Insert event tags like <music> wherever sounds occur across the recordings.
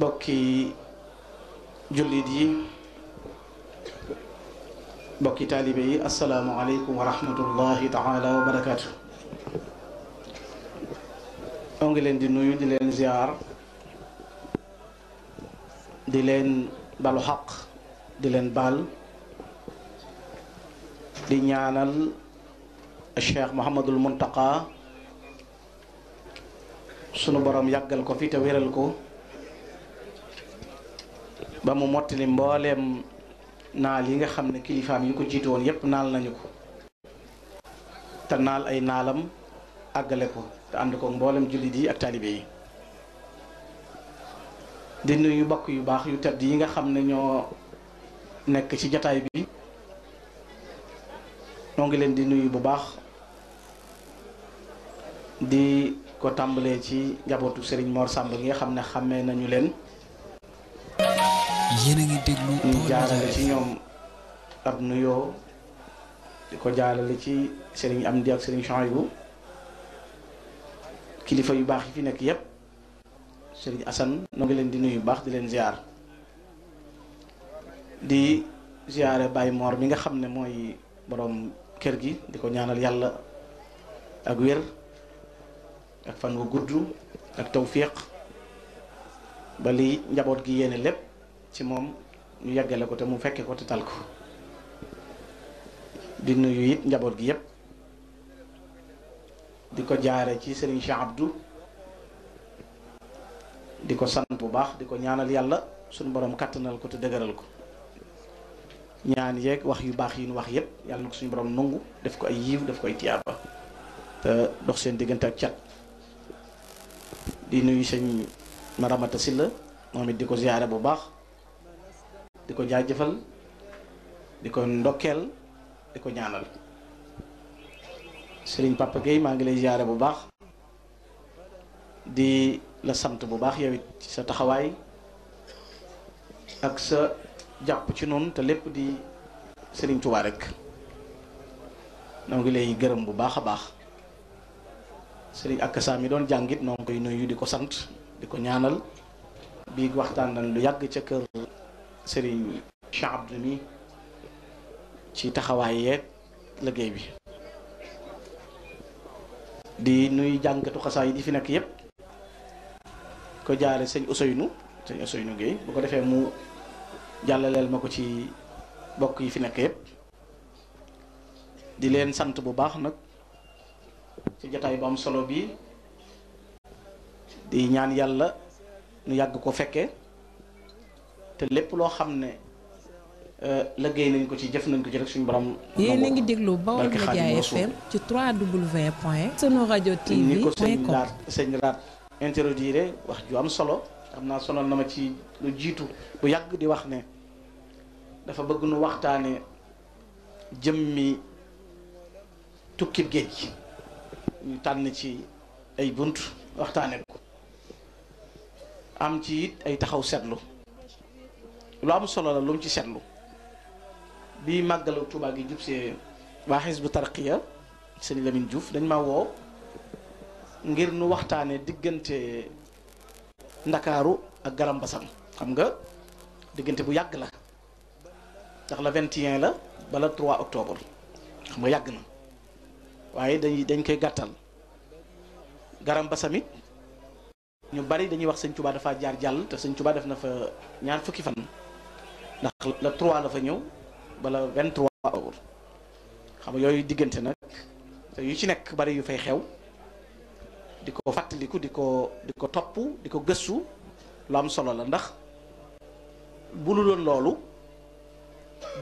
بكي جلدي بكي تالبي السلام عليكم ورحمة الله تعالى وبركاته أنجلين دي نيو دي لين زيار دي لين بالو حق دي لين بال دي نيانال الشيخ محمد المنتقى سنو برام يقل كفيت ويرل كو فيتا ba mu mottali mbooleem naal yi nga xam ne kilifaam yi ko jiitu woon yépp naal nañu ko te naal ay naalam àggale ko te ànd ko mboolem jullit yi ak taalibe yi di nuyu bokk yu baax yu tedd yi nga xam ne ñoo nekk ci jataay bi ñoo ngi leen di nuyu bu baax di ko tàmbalee ci njabootu Serigne Mor Sàmb gi nga xam ne xàmmee nañu leen yéen a ngi déglu jaarale ci ñoom ab nuyoo di ko jaarale ci Serigne Amdi ak Serigne Chouaïbou kilifa yu baax yi fi nekk yépp Serigne Assane noo ngi leen di nuyu baax di leen ziar di ziare Baye Mor mi nga xam ne mooy borom kër gi di ko ñaanal yàlla ak wér ak fan wu gudd ak tawfiq ba li njaboot gi yéene lépp ci moom ñu yeggale ko te mu fekkee ko te tal ko di nuyu it njaboot gi yépp di ko jaare ci Serigne Cheikh Abdou di ko sant bu baax di ko ñaanal yàlla suñu borom kàttanal ko te dëgëral ko ñaan yeeg wax yu baax yi ñu wax yépp yàlla na ko suñu boroom nungu def ko ay yiiw def ko ay tiyaaba te dox seen diggante ak cat di nuyu sëñ Maramata Silla moom it di ko ziyaare bu baax di ko diko di diko di ñaanal serigne Papa gay ma ngi lay ziaré bu baax di la sante bu baax yow ci sa taxaway ak sa japp ci non te lepp di sering Touba rek noo ngi lay gërëm bu baaxa baax serigne ak saa mi doon jangit noo ngi koy nuyu diko sante diko ñaanal bi waxtaan lu yagg ci kër Serigne Cheikh mi ci taxawaay yeeg liggéey bi di nuy jàngatu xasaa yi di fi nekk yépp ko jaare sëñ Ousseynou sëñ Ousseynou Guèye bu ko defee mu jàllaleel ma ko ci bokk yi fi nekk yépp di leen sant bu baax nag ci jotaay bu am solo bi di ñaan yàlla nu yàgg ko fekkee te lépp loo xam ne euh, liggéey nañ ko ci jëf nañ ko ci rek suñu borom. yéen a ngi déglu Baol Média FM ci 3W point. sunu rajo TV ni ko sëñ Laat sëñ Laat introduire wax ju am solo xam naa solo na ma ci lu jiitu bu yàgg di wax ne dafa bëgg nu waxtaane jëmmi tukkib géej gi ñu tànn ci ay bunt waxtaane ko am ci it ay taxaw seetlu. lu am solo la lu mu ci seetlu bi màggalu Tuubaa gi jub see bu Hizbu ya sëñ Lamine Diouf dañ ma woo ngir nu waxtaane diggante ndakaaru ak garam basam xam nga diggante bu yàgg la ndax la 21 la bala 3 octobre xam nga yàgg na waaye dañ dañ koy gàttal garam basam it ñu bari dañuy wax sëñ tubaa dafa jaar jàll te sëñ tubaa def na fa ñaar fukki fan ndax le 3 la fa ñëw bala 23 août xam yooyu diggante nag yu ci nekk bari yu fay xew di ko fàttaliku di ko di ko topp di ko gëstu lu am solo la ndax bu lu loon loolu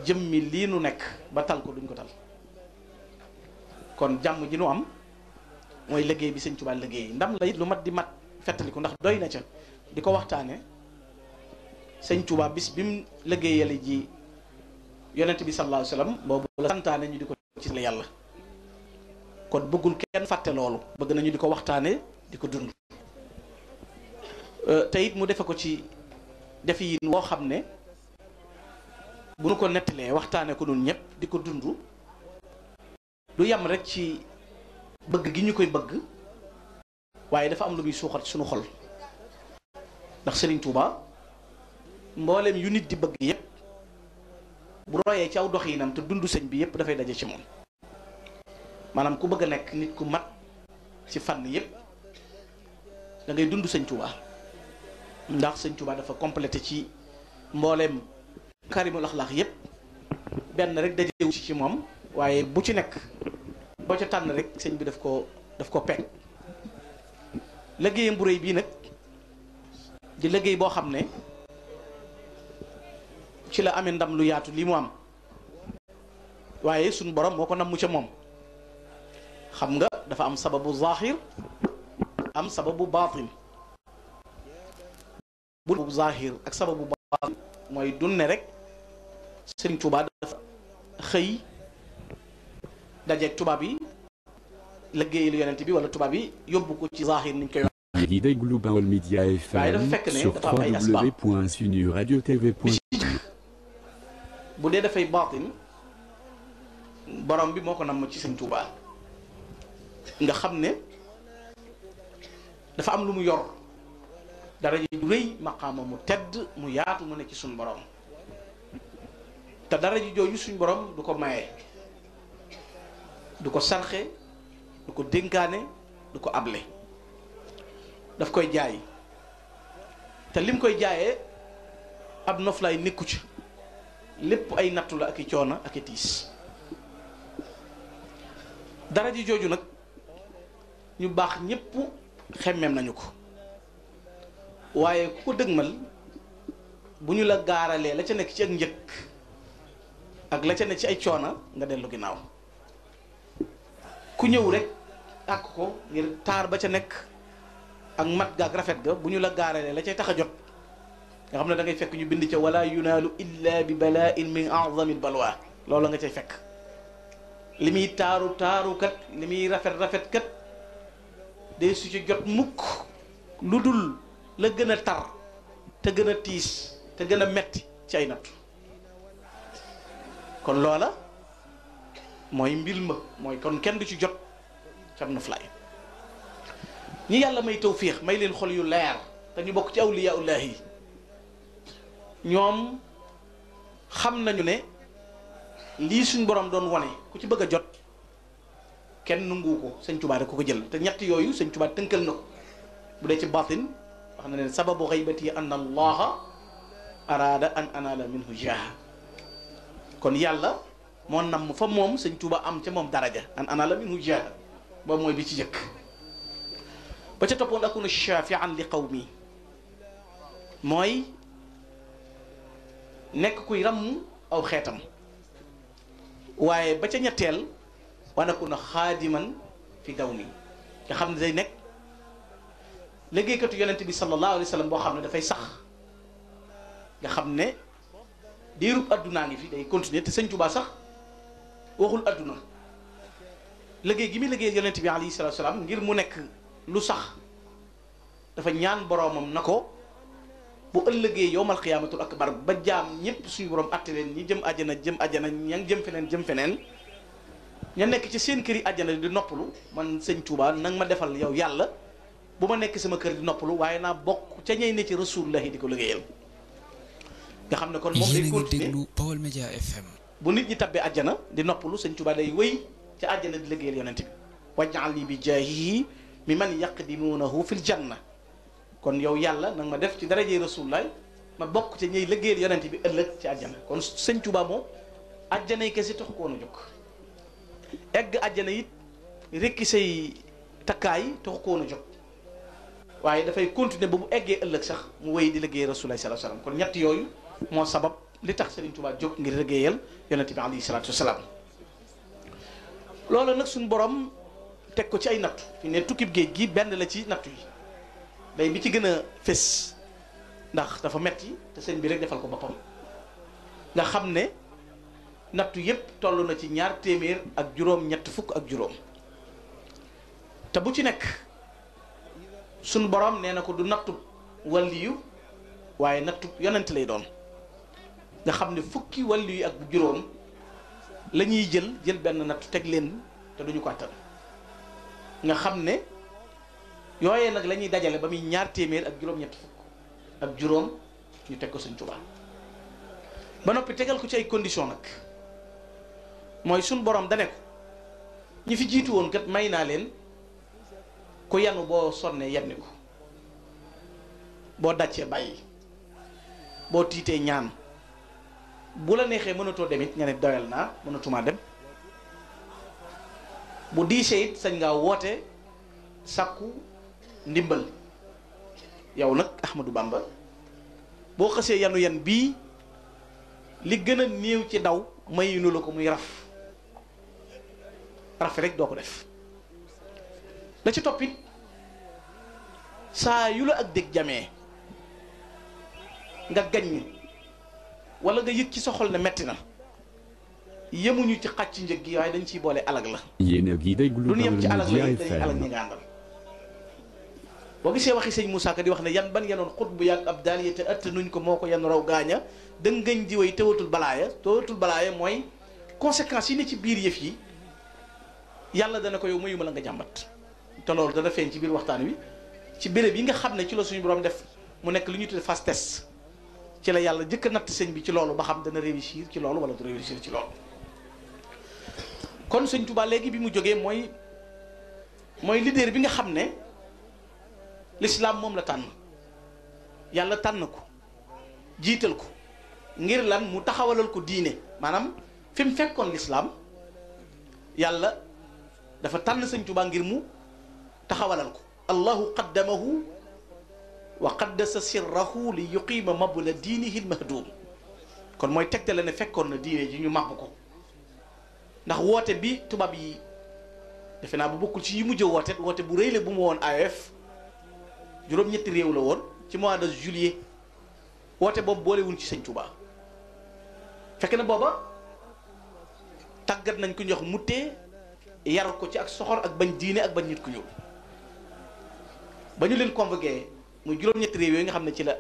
jëmmi lii nu nekk ba tal ko duñ ko tal kon jàmm ji nu am mooy liggéey bi sëñ Tuubaa liggéey ndam la it lu mat di mat fettaliku ndax doy na ca di ko waxtaane sëñ Touba bis bi mu liggéeyale ji yonent bi sallallahu alayhi wasallam boobu la santaane ñu di ko ci la yàlla kon bëggul kenn fàtte loolu bëgg nañu di ko waxtaane di ko dund euh, te mu defe ko ci defe yi woo xam ne bu nu ko nettalee waxtaane ko nun ñëpp di ko dund lu yam rek ci bëgg gi ñu koy bëgg waaye dafa am lu muy suuxat suñu xol ndax Serigne Touba mboolem yu nit di bëgg yépp bu royé ci aw doxinam te dundu sëñ bi yépp fay dajé ci mom manam ku bëgg nek nit ku mat ci fànn yépp da ngay dundu sëñ touba ndax sëñ Tuubaa dafa complété ci mboolem karimul akhlaq yépp ben rek dajewu ci ci mom waaye bu ci nek bo ci tan rek sëñ bi daf ko daf ko pek liggéeyam bu reuy bi nak di liggéey bo xamné ne ci la amé ndam lu yaatu li mu am waye suñu borom moko ko nam mu ca moom xam nga dafa am sababu zahir am sababu batin bu zahir ak sababu baatin mooy dunne rek serigne touba dafa xëy dajeeg tubaab yi liggéeyal yonent bi wala touba bi yóbbu ko ci zahir niñ koy di déglu Baolmedias FM sur www.sunuradiotv.com bu dee dafay baatin borom bi moo ko nam ci sëñ Tuubaa nga xam ne dafa am lu mu yor dara ji ju rëy maqaama mu tedd mu yaatu mu ne ci suñ borom te dara ji jooju suñ borom du ko maye du ko sarxe du ko dénkaane du ko able daf koy jaay te lim koy jaaye ab noflaay nekku ci lépp ay nattu la ak i coona ak i tiis dara ji jooju nag ñu baax ñépp xemmeem nañu ko waaye ku ko dëgmal bu ñu la gaaralee la ca nekk ci ak njëkk ak la ca nekk ci ay coona nga dellu ginnaaw ku ñëw rekk àkk ko ngir taar ba ca nekk ak mat ga ak rafet ga bu ñu la gaaralee la cay tax a jot nga xam ne da ngay fekk ñu bind ca wala yunaalu illa bi bala'in min a'zami balwa loolu nga cay fekk li muy taaru kat limi rafet rafet kat day su ci jot mukk ludul dul la gën tar te gën a te gën metti ci ay nat kon loola moy mbil ma mooy kon kenn du ci jot xam na fly ñi yàlla may tawfiq may leen xol yu leer te ñu bok ci awliya allah ñoom xam nañu ne lii suñ boroom doon wone ku ci bëgg a jot kenn nangu ko sëñ Tuubaa rek ku ko jël te ñett yooyu sëñ Tuubaa tënkal na ko bu dee ci batin wax na leen sababu xaybati an allaha araada an anala minhu jaaha kon yàlla moo namm fa moom sëñ Tuubaa am ca moom daraja an anala minhu jaaha boobu mooy bi ci jëkk ba ca toppoon akuna shafian li qawmi mooy nekk kuy ràmm aw xeetam waaye ba ca ñetteel wanaku na xaadiman fi daw mi nga xam ne day nekk liggéeykatu yonent bi sallallahu alayhi wa sallam boo xam ne dafay sax nga xam ne diirub àddunaa ngi fi day continuer te sëñ Tuubaa sax waxul àdduna liggéey gi muy liggéey yonent bi alayhi salaatu wa ngir mu nekk lu sax dafa ñaan boroomam na ko bu ëllëgee yowmal xiyaamatul barab ba jaam ñëpp suñu borom atte leen ñi jëm àjjana jëm àjjana ña jëm feneen jëm feneen ña nekk ci seen kër yi àjjana di noppalu man sëñ Touba nang ma defal yow yàlla bu ma nekk sama kër noppalu waaye naa bokk ca ñay ne ci rasulullahi di ko liggéeyal nga xam ne kon moom day continuer Baol Média FM bu nit ñi tabbee àjjana di noppalu sëñ Touba day wéy ca àjjana di liggéeyal yonent bi waj'alni bi jaahihi mimman yaqdimunahu fil janna kon yow yàlla nag ma def ci darajee rasulullaay ma bokk ci ñiy liggéeyal yonent bi ëllëg ci àjjana kon sëñ Tuubaa moom àjjana yi kese tax koon a jóg egg àjjana it rekki say takkaay tax koon a jóg waaye dafay continuer ba bu eggee ëllëg sax mu wéy di liggéeyal rasulullaay sallallahu alayhi wasallam kon ñett yooyu moo sabab li tax sëriñ Tuubaa jóg ngir liggéeyal yonent bi alayhi salaatu salaam loolu nag suñu boroom teg ko ci ay nattu fi ne tukkib géej gi benn la ci nattu yi day bi ci gën a fés ndax dafa metti te sëñ bi rek defal ko boppam nga xam ne nattu yépp toll na ci ñaar téeméer ak juróom ñett fukk ak juróom te bu ci nekk suñ boroom nee na ko du nattu waliyu waaye nattu yonent lay doon nga xam ne fukki waliyu ak juróom lañuy jël jël benn nattu teg leen te duñu ko attan nga xam ne yooyee nag lañuy dajale ba muy ñaar téeméer ak juróom-ñett fukk ak juróom ñu teg ko Sëñ Tuubaa ba noppi tegal ko ci ay condition nag mooy suñ borom dane ko ñi fi jiitu woon kat may naa leen ku yanu boo sonnee yenni ko boo dàccee bàyyi boo tiitee ñaan bu la neexee mënatoo dem it nga ne doyal naa mënatumaa dem bu diisee it sañ ngaa woote sakku ndimbal yow nag Ahmadou Bamba boo xasee yanu yan bii li gën a néew ci daw mayinu la ko muy raf rafe rek doo ko def la ci toppit saa yu la ak dégg jamee nga gaññ wala nga yëg ci sa xol ne metti na yemuñu ci xàcc njëg gi waaye dañ ciy boole alag la. yéen a ngi lu yem ci alag la day alag ñi nga àndal boo gisee waxi sëñ Moussa Ka di wax ne yan ban yanoon xut bu yàgg ab daal yi te ëtt nuñ ko moo ko yan raw gaaña dëngañ di way tewatul balaaya tewatul balaaya mooy conséquences yi ne ci biir yëf yi yàlla dana ko yow mayu ma la nga jàmbat te loolu dana feeñ ci biir waxtaan wi ci bërëb yi nga xam ne ci la suñu borom def mu nekk li ñu tuddee phase test ci la yàlla jëkk natt sëñ bi ci loolu ba xam dana réussir ci loolu wala du réussir ci loolu sëñ Touba léegi bi mu jógee mooy mooy leader bi nga xam ne lislaam moom la tànn yàlla tànn ko jiital ko ngir lan mu taxawalal ko diine maanaam fi mu fekkoon lislaam yàlla dafa tànn sëñ Tuubaa ngir mu taxawalal ko allahu qaddamahu wa qaddasa sirrahu li yuqiima mabla diinihi lmahdum kon mooy tegtale na fekkoon na diine ji ñu màbb ko ndax woote bi tubaab yi defe naa bu bokkul ci yi mujj woote woote bu rëy la bu mu woon AOF juróom-ñetti réew la woon ci mois de juillet woote boobu boolewuñ ci sañ tubaa fekk na booba tàggat nañ ko jox muttee yar ko ci ak soxor ak bañ diine ak bañ nit ku ñëw ba ñu leen convoqué mu juróom-ñetti réew yooyu nga xam ne ci la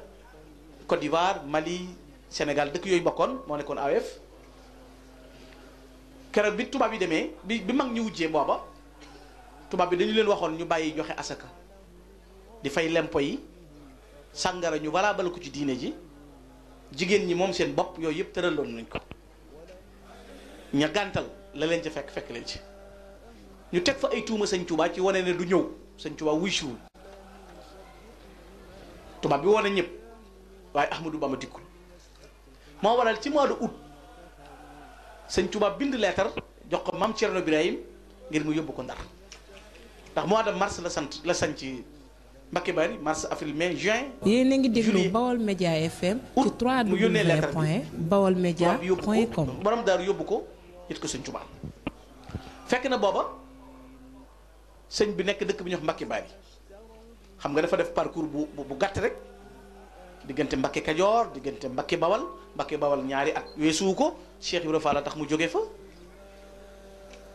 Côte d'Ivoire Mali Sénégal dëkk yooyu bokkoon moo nekkoon AOF keroog bi tubaab yi demee bi bi mag ñu wujjee booba tubaab bi dañu leen waxoon ñu bàyyi joxe asaka di fay lempo yi sàngara ñu valable ko ci diine ji jigéen ñi moom seen bopp yooyu yëpp tëraloon nañ ko ña gàntal la leen ca fekk fekk leen ci ñu teg fa ay tuuma sëñ Tuubaa ci wane ne du ñëw sëñ Tuubaa wuy siwul tubaab bi wane ñëpp waaye Ahmadou Bamba dikkul moo waral ci mois de août sëñ tubaab bind leetar jox ko maam Cerno Birahim ngir mu yóbbu ko Ndar ndax mois de mars la sant la sañ ci Mbacké Bari mars avril mais juin. yéen a ngi déglu Bawol Média FM. ci 3 mu yónnee lettre bi Bawol Média point borom daaru yóbbu ko it ko sëñ Tuubaa fekk na booba sëñ bi nekk dëkk bi ñuy wax Mbacké xam nga dafa def parcours bu bu gàtt rek diggante Mbacké Kajoor diggante Mbacké Bawal Mbacké Bawal ñaari at weesuwu ko Cheikh Ibrahima Fall tax mu jóge fa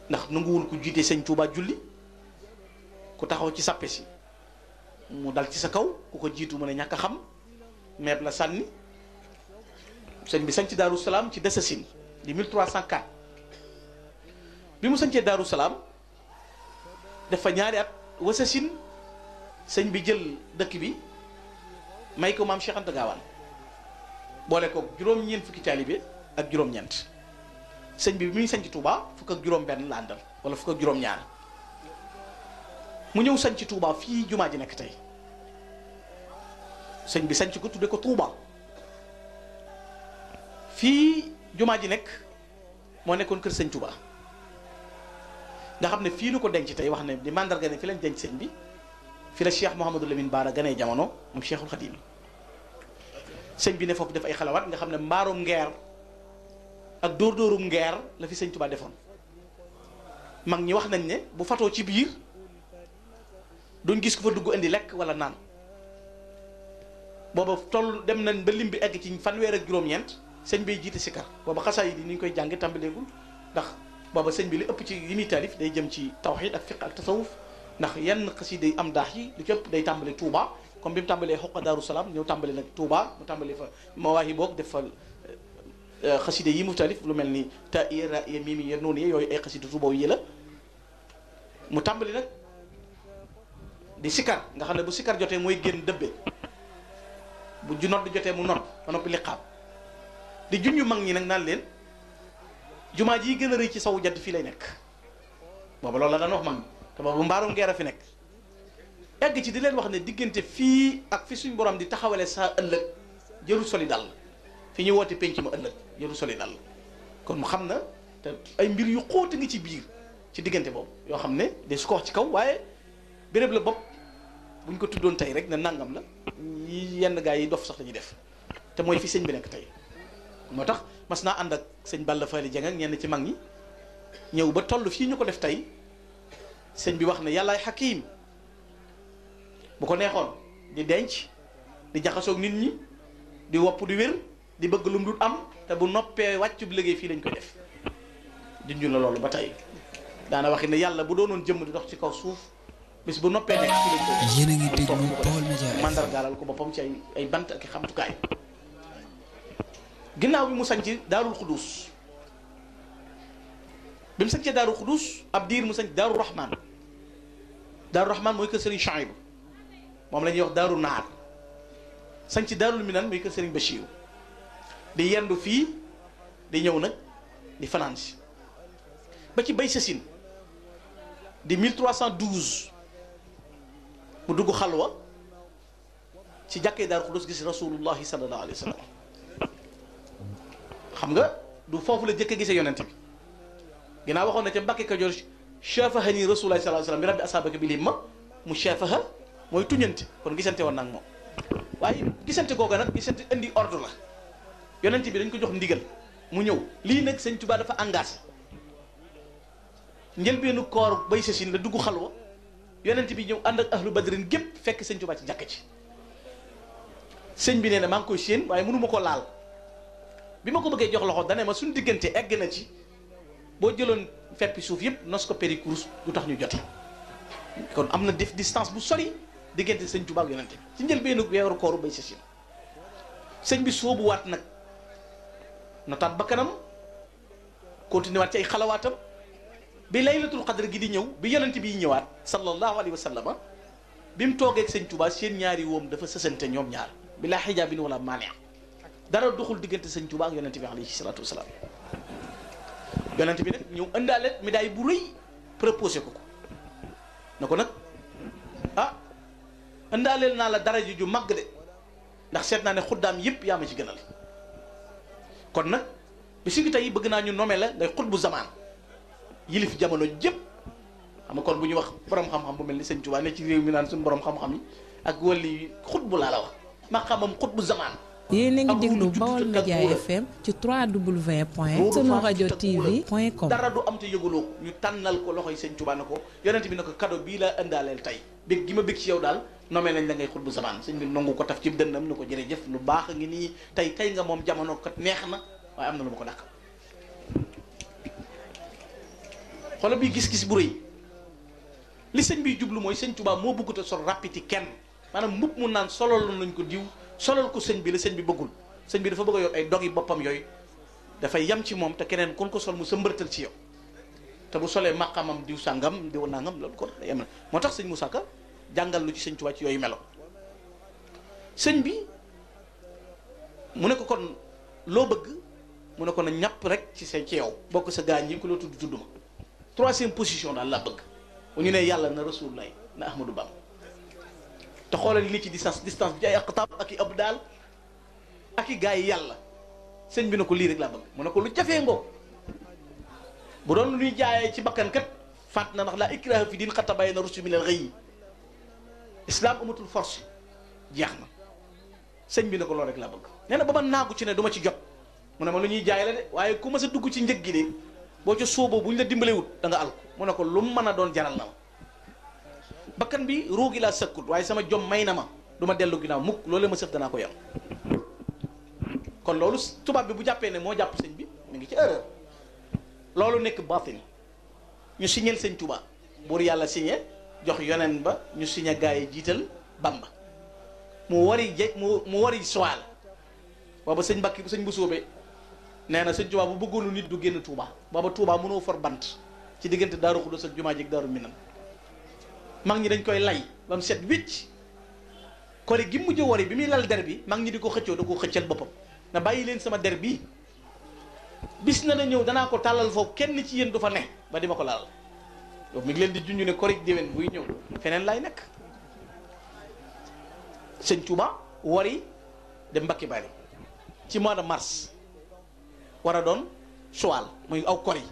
ndax nanguwul ku jiite sëñ Tuubaa julli ku taxaw ci sàppe si. mu dal ci sa kaw ku ko jitu mu ne ñaka xam meeb la sanni señ bi ci daru salam ci dessasin di 1304 bi mu ci daru salam dafa ñaari at wessasin señ bi jël dekk bi may ko mam Cheikh Anta gawal bolé ko juroom ñeen fukki talibé ak juroom señ bi bi ci Touba fuk ak juroom ben landal wala fuk ak juroom ñaar mu sañ ci Touba fi ji sëñ bi sanc ko tudde ko Touba fii jumaa ji nekk moo nekkoon kër sëñ Touba nga xam ne fii lu ko denc tey wax ne di mandarga ne fi lañ denc sëñ bi fi la Cheikh Mouhamadou Lamine Bara ganee jamono moom Cheikhul Khadim sëñ bi ne foofu def ay xalawaat nga xam ne mbaarum ngeer ak dóor dóorum ngeer la fi sëñ Touba defoon mag ñi wax nañ ne bu fatoo ci biir duñ gis ku fa dugg indi lekk wala naan booba toll dem nañ ba lim bi egg ci fanweer ak juróom-ñeent sëñ bay jiite sikar booba xasaayid yi ni ñu koy jàng tàmbaleegul ndax booba sëñ bi li ëpp ci yi muy taalif day jëm ci tawxiid ak ak tasawuf ndax yenn xasida yi am daax yi lu ci ëpp day tàmbale Touba comme bi mu tàmbalee xoqa Daaru Salaam ñëw tàmbali nag Touba mu tàmbale fa mawaahi boog def fa euh, euh, xasida yi mu taalif lu mel ni ta iya ra iya mii mi ya noonu yooyu ay xasida Touba yi la mu tàmbali nag di sikar nga xam ne bu sikar jotee mooy génn dëbbe bu ju nodd jotee mu nodd ba noppi liqaam di junj mag ñi nag naan leen jumaa ji gën a rëy ci sawu jadd fii lay nekk booba loolu la daan wax mag ñi te boobu mbaarum geer a fi nekk egg ci di leen wax ne diggante fii ak fi suñ borom di taxawale sa ëllëg jëru soli dal fi ñu woote penc ma ëllëg jëru soli dal kon mu xam na te ay mbir yu xóota ngi ci biir ci diggante boobu yoo xam ne de su ko wax ci kaw waaye béréb la bopp buñ ko tuddoon tey rek ne nangam la yi yenn gaa yi dof sax dañuy def te mooy fi sëñ bi nekk tey moo tax mas naa ànd ak sëñ Balla Fally Dieng ak ñenn ci mag ñi ñëw ba toll fii ñu ko def tey sëñ bi wax na yàllaay xakiim bu ko neexoon di denc di jaxasoog nit ñi di wopp du wér di bëgg lu mu am te bu noppee wàccu bi liggéey fii lañ koy def junju la loolu ba tey daana waxi ne yàlla bu doonoon jëmm di dox ci kaw suuf bis bu noppee nekk ci lañ ko. yéen a ngi dégg ñu Baol Médias mandargaalal ci ay bant ak i xamtukaay ginnaaw bi mu sañ ci daarul xudus bi mu sañ ci daarul xudus ab diir mu sañ ci daarul rahman daarul rahman mooy kër Serigne Chouaib moom lañuy wax daarul naar sañ ci daarul minan mooy kër Serigne Bachir di yendu fii di ñëw nag di fanaan si ba ci bay sasin di 1312. mu dugg xalwa ci jàkkee daal Xudus gis rasulullahi sallallahu alayhi wa sallam xam nga du foofu la jëkk a gisee yonent bi ginnaaw waxoon na ca Mbàkke Kajoor shafaha nii rasulullahi sallallahu alayhi wa sallam bi rabbi asaabaka bi lim ma mu shafaha mooy tuñante kon gisante woon naa ak moom waaye gisante googa nag gisante indi ordre la yonent bi dañ ko jox ndigal mu ñëw lii nag sëñ Tuubaa dafa engagé njëlbeenu koor bay sasin la dugg xalwa yonent bi ñëw ànd ak ahlu badrin gépp fekk sëñ Tuubaa ci jàkk ci sëñ bi nee na maa ngi koy séen waaye mënuma ko laal bi ma ko bëggee jox loxo dane ma suñ diggante egg na ci boo jëloon feppi suuf yëpp nos ko péricrous du tax ñu jote kon am na def distance bu sori diggante sëñ Tuubaa ak yonent bi ci njëlbéenu weeru kooru bay sësin sëñ bi soobu waat nag notaat ba kanam waat ci ay xalawaatam bi laylatul qadr gi di ñëw bi yonent bi ñëwaat sallallahu alayhi wa sallam bi mu toogee ak sëñ Touba seen ñaari woom dafa sësante ñoom ñaar bi laa xijaabin wala maane dara doxul diggante sëñ Touba ak yonent bi alayhi salaatu wa salaam yonent bi nag ñëw ëndaale médaille bu rëy proposé ko ko na ko nag ah ëndaaleel naa la daraja ju màgg de ndax seet naa ne xuddaam yëpp yaa ma ci gënal kon nag bi si ngi tey bëgg naa ñu nommer la ngay xutbu zamaan. yilif jamono jëpp xam nga kon bu ñu wax borom xam-xam bu mel ni sëñ Tuubaa ne ci réew mi naan suñu borom xam-xam yi ak wàllu bu laa la wax maqaamam xutbu zamaan. yéen a ngi déglu Baol Média FM ci 3W point sunu rajo TV point com. dara du am te ñu tànnal ko loxoy sëñ Tuubaa ne ko yonent bi ne ko bii laa indaaleel tey bég gi ma bég ci yow daal nommé nañ la ngay xutbu zamaan sëñ bi nangu ko taf ci dënnam ne ko jërëjëf lu baax a ngi nii tey tey nga moom jamono ko neex na waaye am na lu ma ko dàq xol bi gis-gis bu reuy li señ bi jublu moy señ Tuubaa mo bëggu ta sol rapiti kenn manam mbubb mu naan solal nañ ko diw solal ko señ bi la señ bi bëggul señ bi dafa bëgg yor ay dogi yi yoy da fay yam ci mom te keneen kon ko sol mu sembeertal ci yow te bu solé maqamam diw sangam diw nangam loolu kon yam motax señ musaka jangal lu ci señ Tuubaa ci yoy melo señ bi mu ne ko kon lo bëgg mu ne ko na ñap rek ci señ ci yow bokk sa gañ yi ku lo tuddu troisième position daal laa bëgg bu ñu nee yàlla na rasulullah na Ahmadou Bam te xoolal li ci distance distance bi ci ay aqtaab ak i abdaal ak i gaa yi yàlla sëñ bi na ko lii rek laa bëgg mu ne ko lu jafee ngoo bu doon luy jaayee ci bakkan kat fàtt na ndax laa ikraha fi diin xat tabayyana rushdu na al ghayy islam amatul force jeex na sëñ bi na ko loolu rek laa bëgg nee na ba ma naagu ci ne du ci jot mu ne ma lu ñuy jaay la de waaye ku ma ci njëg gi de. bo ci sobo buñ la dimbalé wut da nga al mu ne ko lu mëna doon jaral na bakkan bi rugi la sekkul waye sama jom maynama duma delu ginaaw muk lolé ma seuf dana ko yam kon lolou tuba bi bu jappé né mo japp señ bi mi ngi ci erreur lolou nek batin ñu signal señ tuba bur yalla signé jox yonen ba ñu signé gaay jital bamba mu wari mu wari soal wa ba señ bakki bu señ bu soobé neena seigne sëñ bu bëggono nit du genn Touba baba Touba mëno for bant ci digënté daru Xuddoos seigne jumaa jik daru minan mag ñi dañ koy lay bam set wicc le gimu mujj wori bi mi lal derbi mag ñi diko xëccio xëccël bopam na bayi leen sama derbi bis na na ñew dana ko talal foofu kenn ci yeen du fa ne ba di ma ko laal mi leen di ne kori diwen buy ñew fenen lay nak seigne touba wari dem mbacke Bari ci mois de mars war a doon suwaal muy aw kori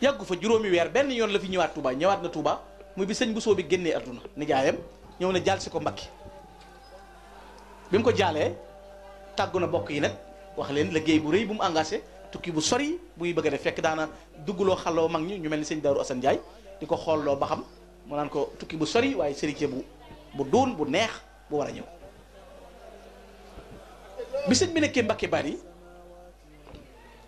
yàggu fa juróomi weer benn yoon la fi ñëwaat Touba ñëwaat na Touba muy bi sëñ Bousso bi génnee adduna nijaayam ñëw na jaal si ko Mbacke bi mu ko jaalee tàggu na bokk yi nag wax leen liggéey bu rëy bu mu engagé tukki bu sori buy bëgg a fekk daana duggloo xaloo mag ñu ñu mel ni sëñ Darou Assane Ndiaye di ko xoolloo ba xam mu naan ko tukki bu sori waaye sëriñ bu bu doon bu neex bu war a ñëw bi sëñ bi nekkee Mbacke bari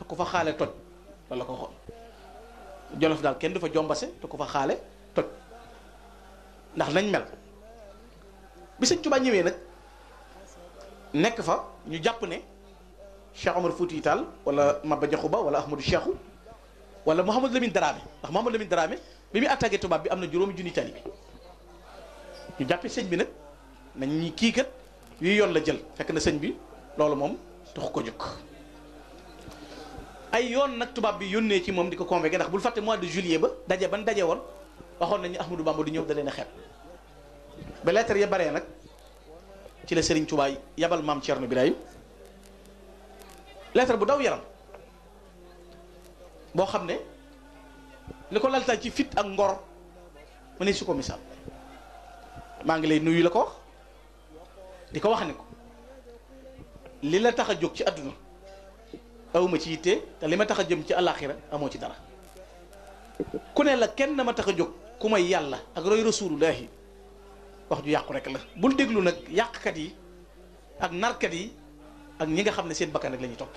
te ku fa xaale toj loolu la ko jolof daal kenn du fa jombase te ku fa xaale toj ndax nañ mel bi sëñ Tuubaa ñëwee nag nekk fa ñu jàpp ne Cheikh Omar Fouti Tall wala Maba Jaxu Ba wala Ahmadou Cheikhou wala Mouhamadou Lamine Dramé ndax Mouhamadou Lamine Dramé bi muy attaqué tubaab bi am na juróomi junni tali bi ñu jàppee sëñ bi nag nañ ñi kii kat yuy yoon la jël fekk na sëñ bi loolu moom taxu ko jóg ay yoon nag tubaab bi yónnee ci moom di ko convoqué ndax bul fàtte mois de juillet ba daje ban daje woon waxoon nañu Ahmadou Bamba du ñëw da leen a xeeb ba lettre ya baree nag ci la Serigne Touba yabal maam Thierno Birahim lettre bu daw yaram boo xam ne li ko laltaay ci fit ak ngor mu ne su ko misaal maa ngi lay nuyu la ko di ko wax ne ko li la tax a jóg ci àdduna awma ci yitte te li ma tax a jëm ci àllaaxira amoo ci dara ku ne la kenn ma tax a jóg ku may yàlla ak roy rasulullahi wax ju yàqu rek la bul déglu nag yàqkat yi ak narkat yi ak ñi nga xam ne seen bakkan rek la topp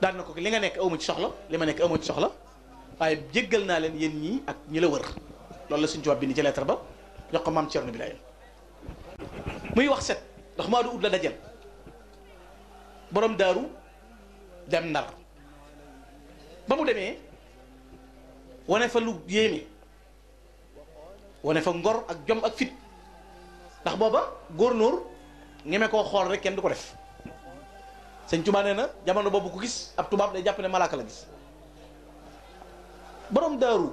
daan na ko li nga nekk awma ci soxla li ma nekk awma ci soxla waaye jëggal naa leen yéen ñii ak ñi la wër loolu la suñ bi ni ci lettre ba jox ko maam Thierno Birahim muy wax set ndax maa du ut la dajal borom daaru dem ndar ba mu demee wone fa lu yéeme wone fa ngor ak jom ak fit ndax booba góor góornóor ñeme koo xool rek kenn du ko def sëñ Tuubaa nee na jamono boobu ku gis ab tubaab day jàpp ne malaaka la gis borom daaru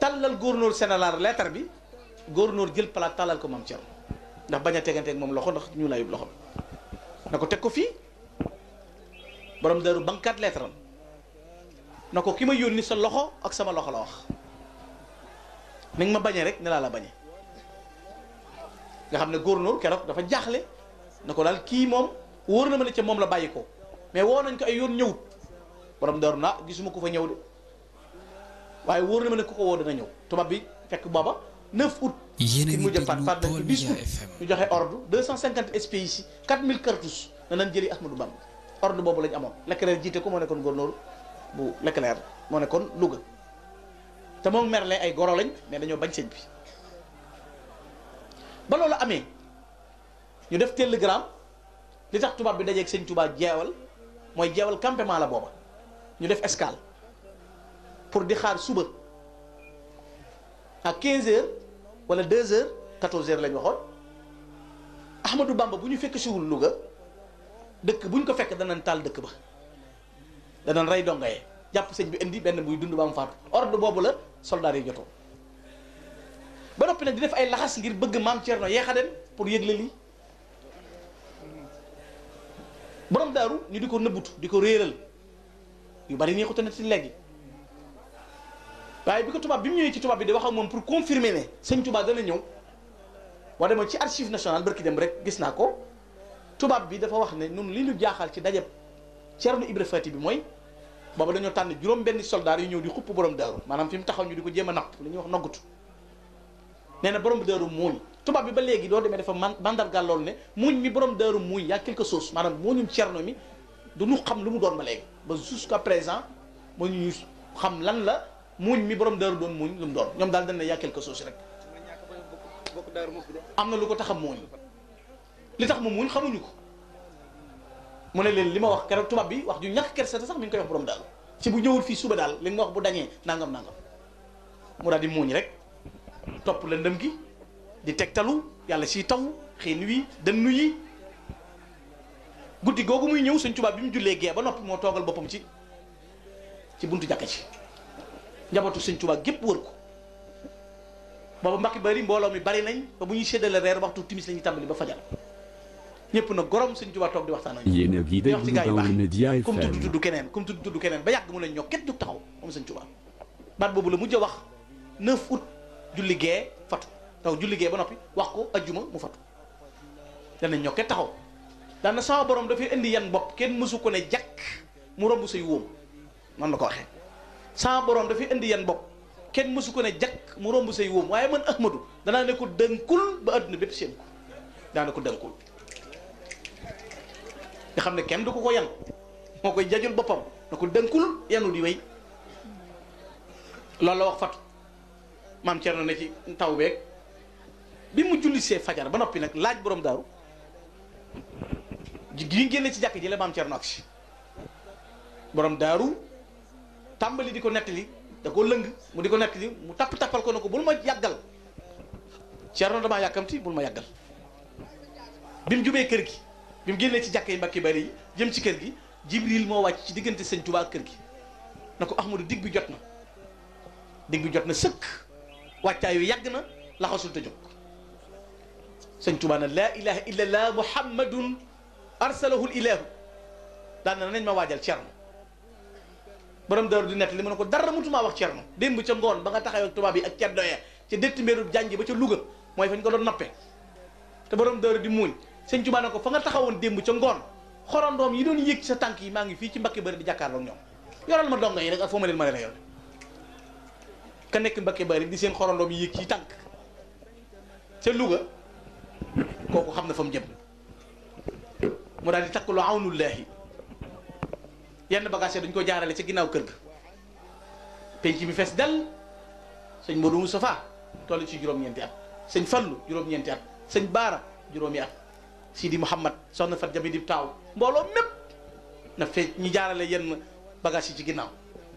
tàllal góornóor Sénégal leetar bi góor nóor jël palaat tàllal ko moom Cerno ndax bañ a teganteeg moom loxo ndax ñu laayub loxo bi na ko teg ko fii borom daru bankat lettre nako kima yoni sa loxo ak sama loxo la wax ning ma bañe rek ne la bañe nga xamne ne gouverneur keroog dafa jaxlé nako dal ki mom worna ma ne ci mom la bayiko mais wo nañ ko ay yoon ñëwut borom deru na gisuma ko fa ñew de waye worna ma ne ku ko woo dana ñew tuba bi fekk baba 9 août yéen a ngi fat Polonia FM ñu joxe ordre 250 SP ici 4000 cartouches nañ jëli Ahmadou Bamba ordre boobu lañ amoon Leclerc jiite ko moo nekkoon gouverneur bu Leclerc moo ne nekkoon Louga te moom Merlin ay goro lañ mais dañoo bañ sëñ bi ba loolu amee ñu def télégramme li tax tubaab bi dajeeg sëñ tubaab jeewal mooy jeewal campement la booba ñu def escale pour di xaar suba ak quinze heures wala 2 heures 14 heures lañ waxoon Ahmadou Bamba bu ñu fekk siwul Louga. dëkk buñ ko fekk danan taal dëkk ba danañ rey donga yee jàpp sëñ bi indi benn buy dund ba am faatu ordre boobu la soldaar yi jotoo ba noppi nag di def ay laxas ngir bëgg maam Thierno yeexa dem pour yëgle lii borom daaru ñu di ko nëbbutu di ko réeral yu bari nii xuta na ci léegi waaye bi ko tubaab bi mu ñëwee ci tubaab bi di wax moom pour confirmer ne sëñ tubaab dana ñëw wax demoon ci archive nationale barki dem rek gis naa ko tubab bi dafa wax ne nun li ñu jaaxal ci dajab cernu Ibra fati bi moy booba dañu tan juróom benn soldat yu ñëw di xuppu borom daaru manam fim taxaw ñu diko jema nap li ñu wax noggutu neena borom daaru muuñ tubab bi ba legi do demé dafa mandargaal loolu ne muñ mi borom daaru muuñ ya quelque chose manam mo muñum cernu mi du ñu xam lu mu doon ba legi ba jusqu'à présent mo ñu xam lan la muñ mi borom daaru doon muñ lu mu doon ñom dal dañ ne ya quelque chose rek amna lu ko taxam a li tax mu muñ xamuñu ko mu ne leen li ma wax keroog tubaab bi wax ju ñàkk kersa sax mi ngi koy wax borom daal ci bu ñëwul fii suba daal li nga wax bu dañee nangam nangam mu daal di muuñ rek topp lëndëm gi di tegtalu yàlla siy taw xiin wi dënnu yi guddi googu muy ñëw suñ tubaab bi mu jullee gee ba noppi moo toogal boppam ci ci buntu jàkka ci njabootu suñ tubaab gépp wër ko booba mbakki bari mbooloo mi bari nañ ba bu ñuy séddale reer waxtu timis la ñuy tàmbali ba fajal ñëpp nag gorom suñ tuba toog di waxtaan ak yéen ak yi day ci gaay baax kum tudd tudd keneen kum tudd tudd keneen ba yàgg mu leen ñoo kenn du taxaw moom suñ tuba baat boobu la mujj wax 9 août julli gee fatu taw julli gee ba noppi wax ko ajjuma mu Fat. danañ ñoo kenn taxaw daan na sama borom dafay indi yan bopp kenn mësu ko ne jàkk mu romb say wóom man la ko waxee sama borom dafay indi yan bopp kenn mësu ko ne jàkk mu romb say wóom waaye man ahmadu danaa ne ko dënkul ba àdduna bépp seen ko danaa ko dënkul te xamne kenn du ko ko yan moo koy jajul boppam na ko yanu di way lol la wax fat mam cerno ne ci tawbek bi mu se fajar ba nopi nak laaj borom daru gi ngeen ci jàkk ji la maam cerno borom daru tambali di netti da ko leung mu diko netti mu tap tapal ko nako bul ma yagal cerno dama yakamti bul ma yagal bim keur bi mu génnee ci jàkk yi mbakki bari yi jëm ci kër gi jibril moo wàcc ci diggante sañ Tuubaa kër gi na ko ahmadu digg bi jot na digg bi jot na sëkk wàccaayu yàgg na laxasul te jóg sëñ Tuubaa na laa ilaha illa allah muhammadun arsalahul ilahu daan na nañ ma waajal cerno borom daaru di nett li mu ne ko dara mutumaa wax cerno démb ca ngoon ba nga taxaw ak tubaab yi ak ceddoyee ca détti mbéerub jàngi ba ca Louga mooy fañ ko doon noppee te borom daaru di sëñ Tuubaa ko fa nga taxawoon démb ca ngoon xorondoom yi doon yéeg sa tànk yi maa ngi fii ci Mbàkke Bari di jàkkaarloog ñoom yoral ma donga yi rek ak foo ma leen mën a la yor ka nekk Mbàkke Bari di seen xorondoom yi yéeg tànk ca Louga kooku xam na fa mu jëm daal di takk lu awnullaahi yenn bagage dañ ko jaarale ca ginnaaw kër ga penc mi fees dell sëñ Modou Moustapha toll ci juróom-ñeenti at sëñ Fallu juróom-ñeenti at sëñ Baara juróomi at Sidi Mouhamad soxna Fatou Jabi di taaw mbooloo mépp na fee ñu jaarale yenn bagage yi ci ginnaaw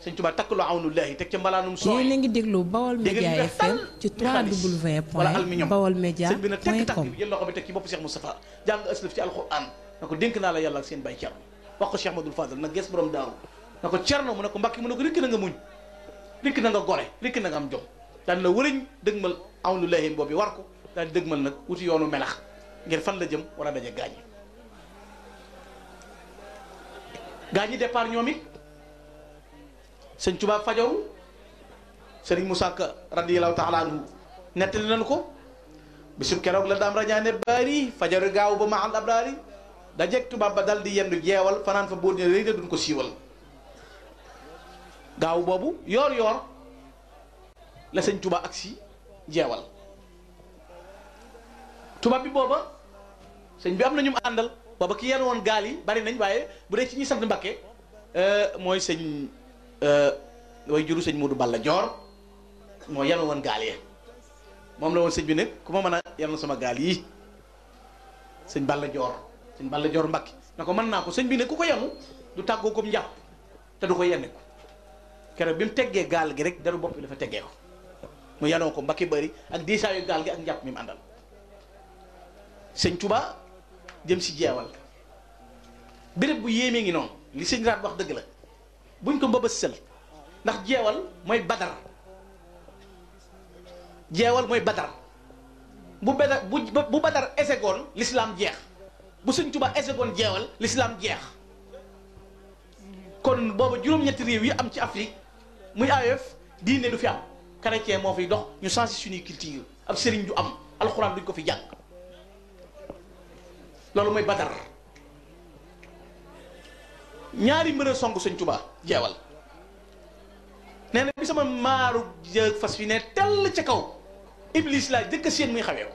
sëñ Tuubaa takk loo awnullahi teg ca mbalaanum soo yéen a ngi déglu Bawol Média FM ci 3W point Bawol Média sëñ na tekk tànk bi bi teg ci bopp Cheikh Moustapha jàng aslëf ci alquran na ko dénk naa la yàlla ak seen bay Cerno wax ko Cheikh Madul Fadal na ges borom daaw na ko Cerno mu ne ko Mbàkke mu ne ko rikk na nga muñ rikk na nga gore rikk na nga am jom daan la wëriñ dëgmal awnullahi bi war ko daal di dëgmal nag wuti yoonu melax ngir fan la jëm gaji, a daje gañi départ ñomi señ tuba Tuubaa señ musa Ka radiyallahu taala nu netal nañ ko bisub keroog la dam rañane bari fajar gaaw ba mahal abraari dajeeg tuba ba dal di yendu jeewal fanaan fa bóor reey rëy duñ ko yor gaaw bobu yor yor la señ tuba aksi jeewal tuba bi boba sëñ bi am na ñu mu àndal booba ki yenu woon gaal yi bari nañ waaye bu dee ci ñi sant Mbakke euh, mooy sëñ euh, way juru sëñ Modou Balla Joor moo yenu woon gaal yi moom la woon sëñ bi nag ku ma mën a yenul sama gaal yi sëñ Balla Joor sëñ Balla Joor Mbakke na ko mën naa ko sëñ bi nag ku ko yenu du tàggoo ko njàpp te du ko yenniku keroog bi mu teggee gaal gi rek daru bopp bi dafa teggee ko mu yanoo ko Mbakke bari ak diisaayu gaal gi ak njàpp mi mu àndal sëñ Touba. jëm si jeewal béréb bu yéemee ngi noonu li sëñ raat wax dëgg la buñ ko mbëbës sël ndax jeewal mooy badar jeewal mooy badar bu badar bu bu badar esegoon lislaam jeex bu sëñ Tuubaa esegoon jeewal lislaam jeex kon booba juróom-ñetti réew yi am ci Afrique muy AOF e diine du fi am chrétien moo fiy dox ñu changé suñuy culture ab sëriñ du am alxuraan duñ ko fi jàng loolu mooy badar ñaari mbër a song sëñ Tuubaa jeewal nee na bi sama maaru jëg fas fi ne tell ci kaw iblis laa jëkk seen muy xawee ko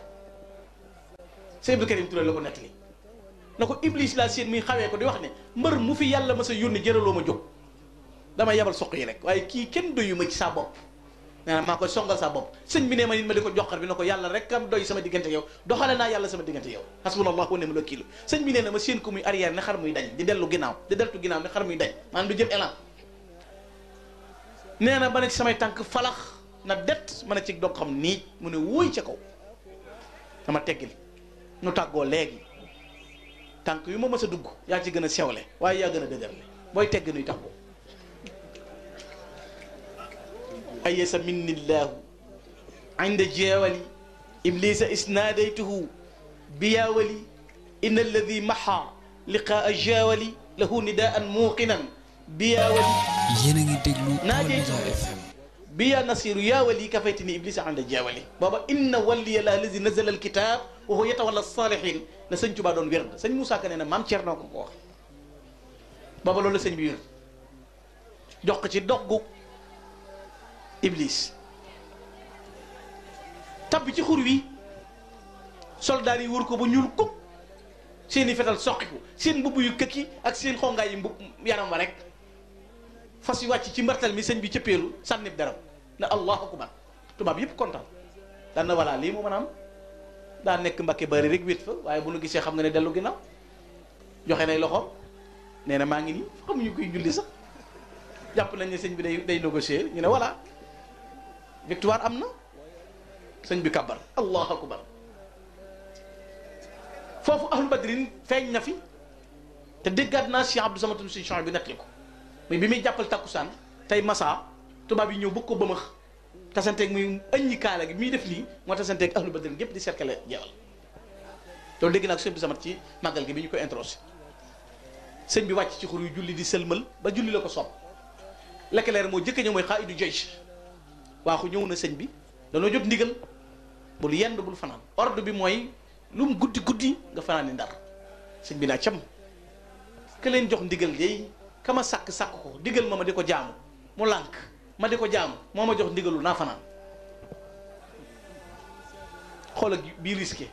sëñ Abdou Karim Touré la ko nettali na ko iblis laa seen muy xawee ko di wax ne mbër mu fi yàlla ma sa yónni jëraloo ma jóg dama yabal soq yi rek waaye kii kenn doyu ma ci saa bopp naan maa koy songal sa bopp sëñ bi ne ma nit ma di ko joxar bi na ko yàlla rek am doy sama diggante yow doxale naa yàlla sama diggante yow hasbunallahu wa ni'mal wakiil sëñ bi nee na ma séen ko muy arrière ne xar muy dañ di dellu ginnaaw di deltu ginnaaw ne xar muy dañ maanaam du jëm élan nee na ba ne samay tànk falax na det mën a ci dog xam nii mu ne wuy ca kaw dama teggil nu tàggoo léegi tànk yu ma mës a dugg yaa ci gën a sewle waaye yaa gën a dëgër ne booy tegg nuy tàggoo أيس من الله عند جاولي إبليس إسناديته بياولي إن الذي محى لقاء جاولي له نداء موقنا بياولي ناجيته بيا نصير يا ولي كفيتني إبليس عند جاولي بابا إن ولي الله الذي نزل الكتاب وهو يتولى الصالحين نسن تبا دون ورد سن موسى كان أنا مام تشيرنا بابا لولا سن بيور دوخ سي دوغ Iblis tabb ci xur wi soldaar yi wër ko ba ñuul kub seen i fetal soqiku seen mbubb yu këkki ak seen xongaay yi mbub yaram wa rek fas yu wàcc ci mbartal mi sëñ bi cëppeelu sànnib daram ne allahu akbar tubaab yëpp kontaan daan na lii moo mën daa nekk mbakke bari rek wét fa waaye bu nu gisee xam nga ne dellu ginnaaw joxe nay loxo nee na maa ngi nii xamuñu koy julli sax jàpp nañ ne sëñ bi day day ñu ne voilà victoire amna na sëñ bi kàbbar allahu akbar foofu ahlu badrin feeñ na fi te déggaat naa Cheikh Abdou Samad si champs bi nettali mais bi jàppal takkusaan tey massa tubaab yi ñëw bëgg ko bëmax tasanteeg muy ëññi kaala gi muy def nii moo tasanteeg ahlu badrin gépp di cercle jeewal loolu dégg naa ko Cheikh Abdou Samad ci màggal gi bi ñu koy introsé sëñ bi wàcc ci xur yu julli di sëlmal ba julli la ko soob Leclerc moo jëkk ñëw mooy xaa waaxu ñëw na sëñ bi danoo jot ndigal bul yend bul fanaan ordre bi mooy lu mu guddi guddi nga fanaani ndar sëñ bi naa cam ka leen jox ndigal day kama sàkk sàkk ko digal ma ma di ko jaamu mu lànk ma di ko jaamu moo ma jox ndigalul naa fanaan xool ak bii risqué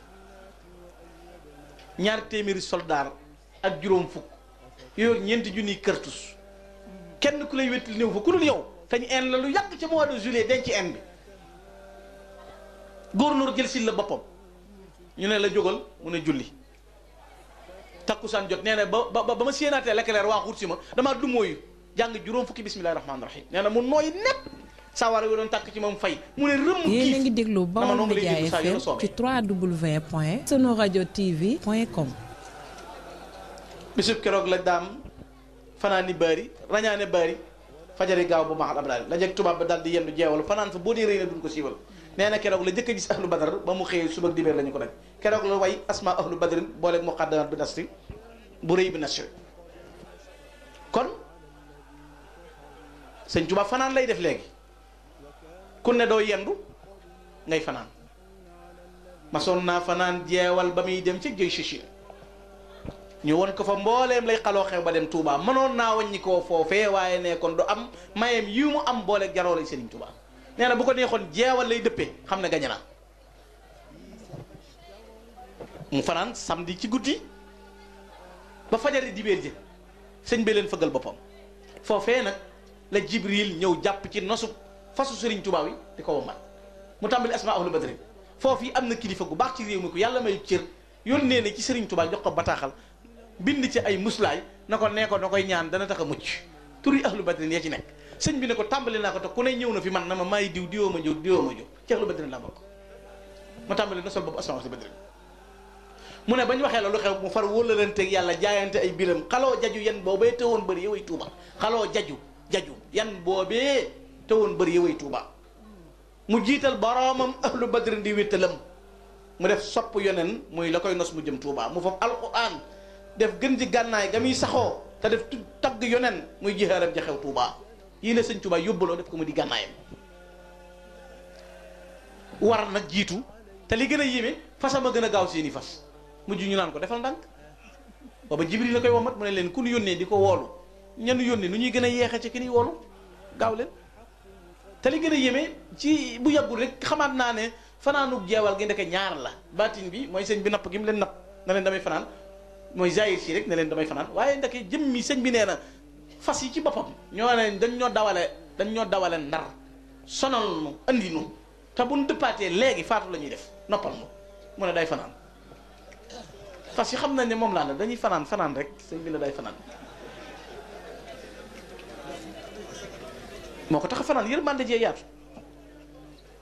ñaar téeméeri soldaar ak juróom fukk yooyu ñeenti junniy kërtus kenn ku lay wetti néew fa ku dul yow te ñu en la lu yàgg ci mois de juillet denc en bi góornóor jël si la boppam ñu ne la jógal mu ne julli takkusaan jot nee ba ba ba ma séenaatee lekkereer waa wut si ma damaa dumóoyu jàng juróom fukki bismillahi rahmaani rahim nee na mu nooy nepp sawara wi doon tàkk ci moom fay mu ne rëmm kiif yéen a ngi déglu Baol Médias FM ci 3W point sunu rajo tv point keroog la daam fanaani bari rañaane bari fajari gaaw bu maaxal abraari la jeg tubaab ba daal di yendu jeewal fanaan fa boo dee rëy na duñ ko siiwal nee na keroog la jëkk a gis ahlu badar ba mu xëyee suba dibéer la ñu ko def keroog la way asma ahlu badrin booleeg muqaddamat bi nasri bu rëy bi nasri kon sëñ Tuubaa fanaan lay def léegi ku ne doo yendu ngay fanaan masoon naa fanaan jeewal ba muy dem ci jëy chichir ñu won ko fa mbooleem lay xaloo xew ba dem tuubaa mënoon naa wàññi koo foofee waaye ne kon du am mayeem yi mu am boole jaroo lay Serigne Touba nee na bu ko neexoon jeewal lay dëppee xam ne gañe na mu fanaan samedi ci guddi ba fajari dibéer ji sëñ bi leen fëggal boppam foofee nag la Jibril ñëw jàpp ci nosu fasu sëriñ Touba wi di ko wombat mu tàmbali asma ahlu badri foofu yi am na kilifa gu baax ci réew mi ko yàlla mayu cër yónnee ne ci Serigne Touba jox ko bataaxal bind ci ay muslaay na ko nee ko da koy ñaan dana tax a mucc turi ahlu badrin ya ci nekk sëñ bi ne ko tàmbali naa ko te ku ne ñëw na fi man na ma maay diw diwoo ma jóg diwoo ma jóg ci ahlu badrin laa bokk mu tàmbali na sol bopp asmaa si badrin ne bañ waxee la lu xew mu far wóolalanteeg yàlla jaayante ay biram xaloo jaju yan boobee te woon bëri yoway tuuba xaloo jaju jaju yan boobee te woon bëri yoway tuuba mu jiital boroomam ahlu badrin di wéttalam mu def sopp yonen muy la koy nos mu jëm tuuba mu foofu alquran def gën ji gànnaay ga muy saxoo te def tagg yonen muy jihaaram ja xew Touba yii la sëñ Touba yóbbaloo def ko mu di gànnaayam war nag jiitu te li gën a yéeme fasam a gën a gaaw seeni fas mujj ñu naan ko defal ndànk booba Jibril la koy womat mu ne leen ku yónnee di ko woolu ñanu yónnee nu ñuy gën a yeexe ci ki nuy woolu gaaw leen te li gën a yéeme ci bu yàggul rek xamaat naa ne fanaanug jeewal gi ndeke ñaar la baatin bi mooy sëñ bi napp mu leen na leen damay fanaan mooy jaayir si rek ne leen damay fanaan waaye ndeke jëmmi sëñ bi nee na fas yi ci boppam ñoo ne dañ ñoo dawale dañ ñoo dawale ndar sonal nu andi nu te bu nu dëppaatee léegi faatu la ñuy def noppal nu mu ne day fanaan fas yi xam nañ ne moom laa la dañuy fanaan fanaan rek sëñ bi la day fanaan moo ko tax a fanaan yërmande jee yaatu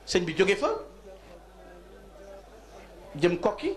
sëñ bi jóge fa jëm kokki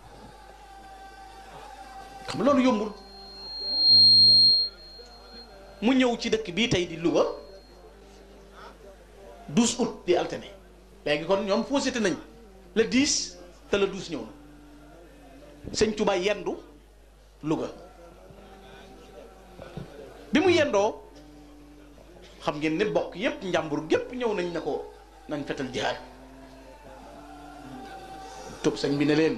xam loolu yombul mu ñëw ci dëkk bii tey di Louga 12 août di alterné léegi kon ñoom posité nañ le 10 te le 12 ñëw na sëñ Touba yendu Louga bi mu yendoo xam ngeen ni bokk yépp njàmbur gépp ñëw nañ ne ko nañ fetal jihaad tub sëñ bi ne leen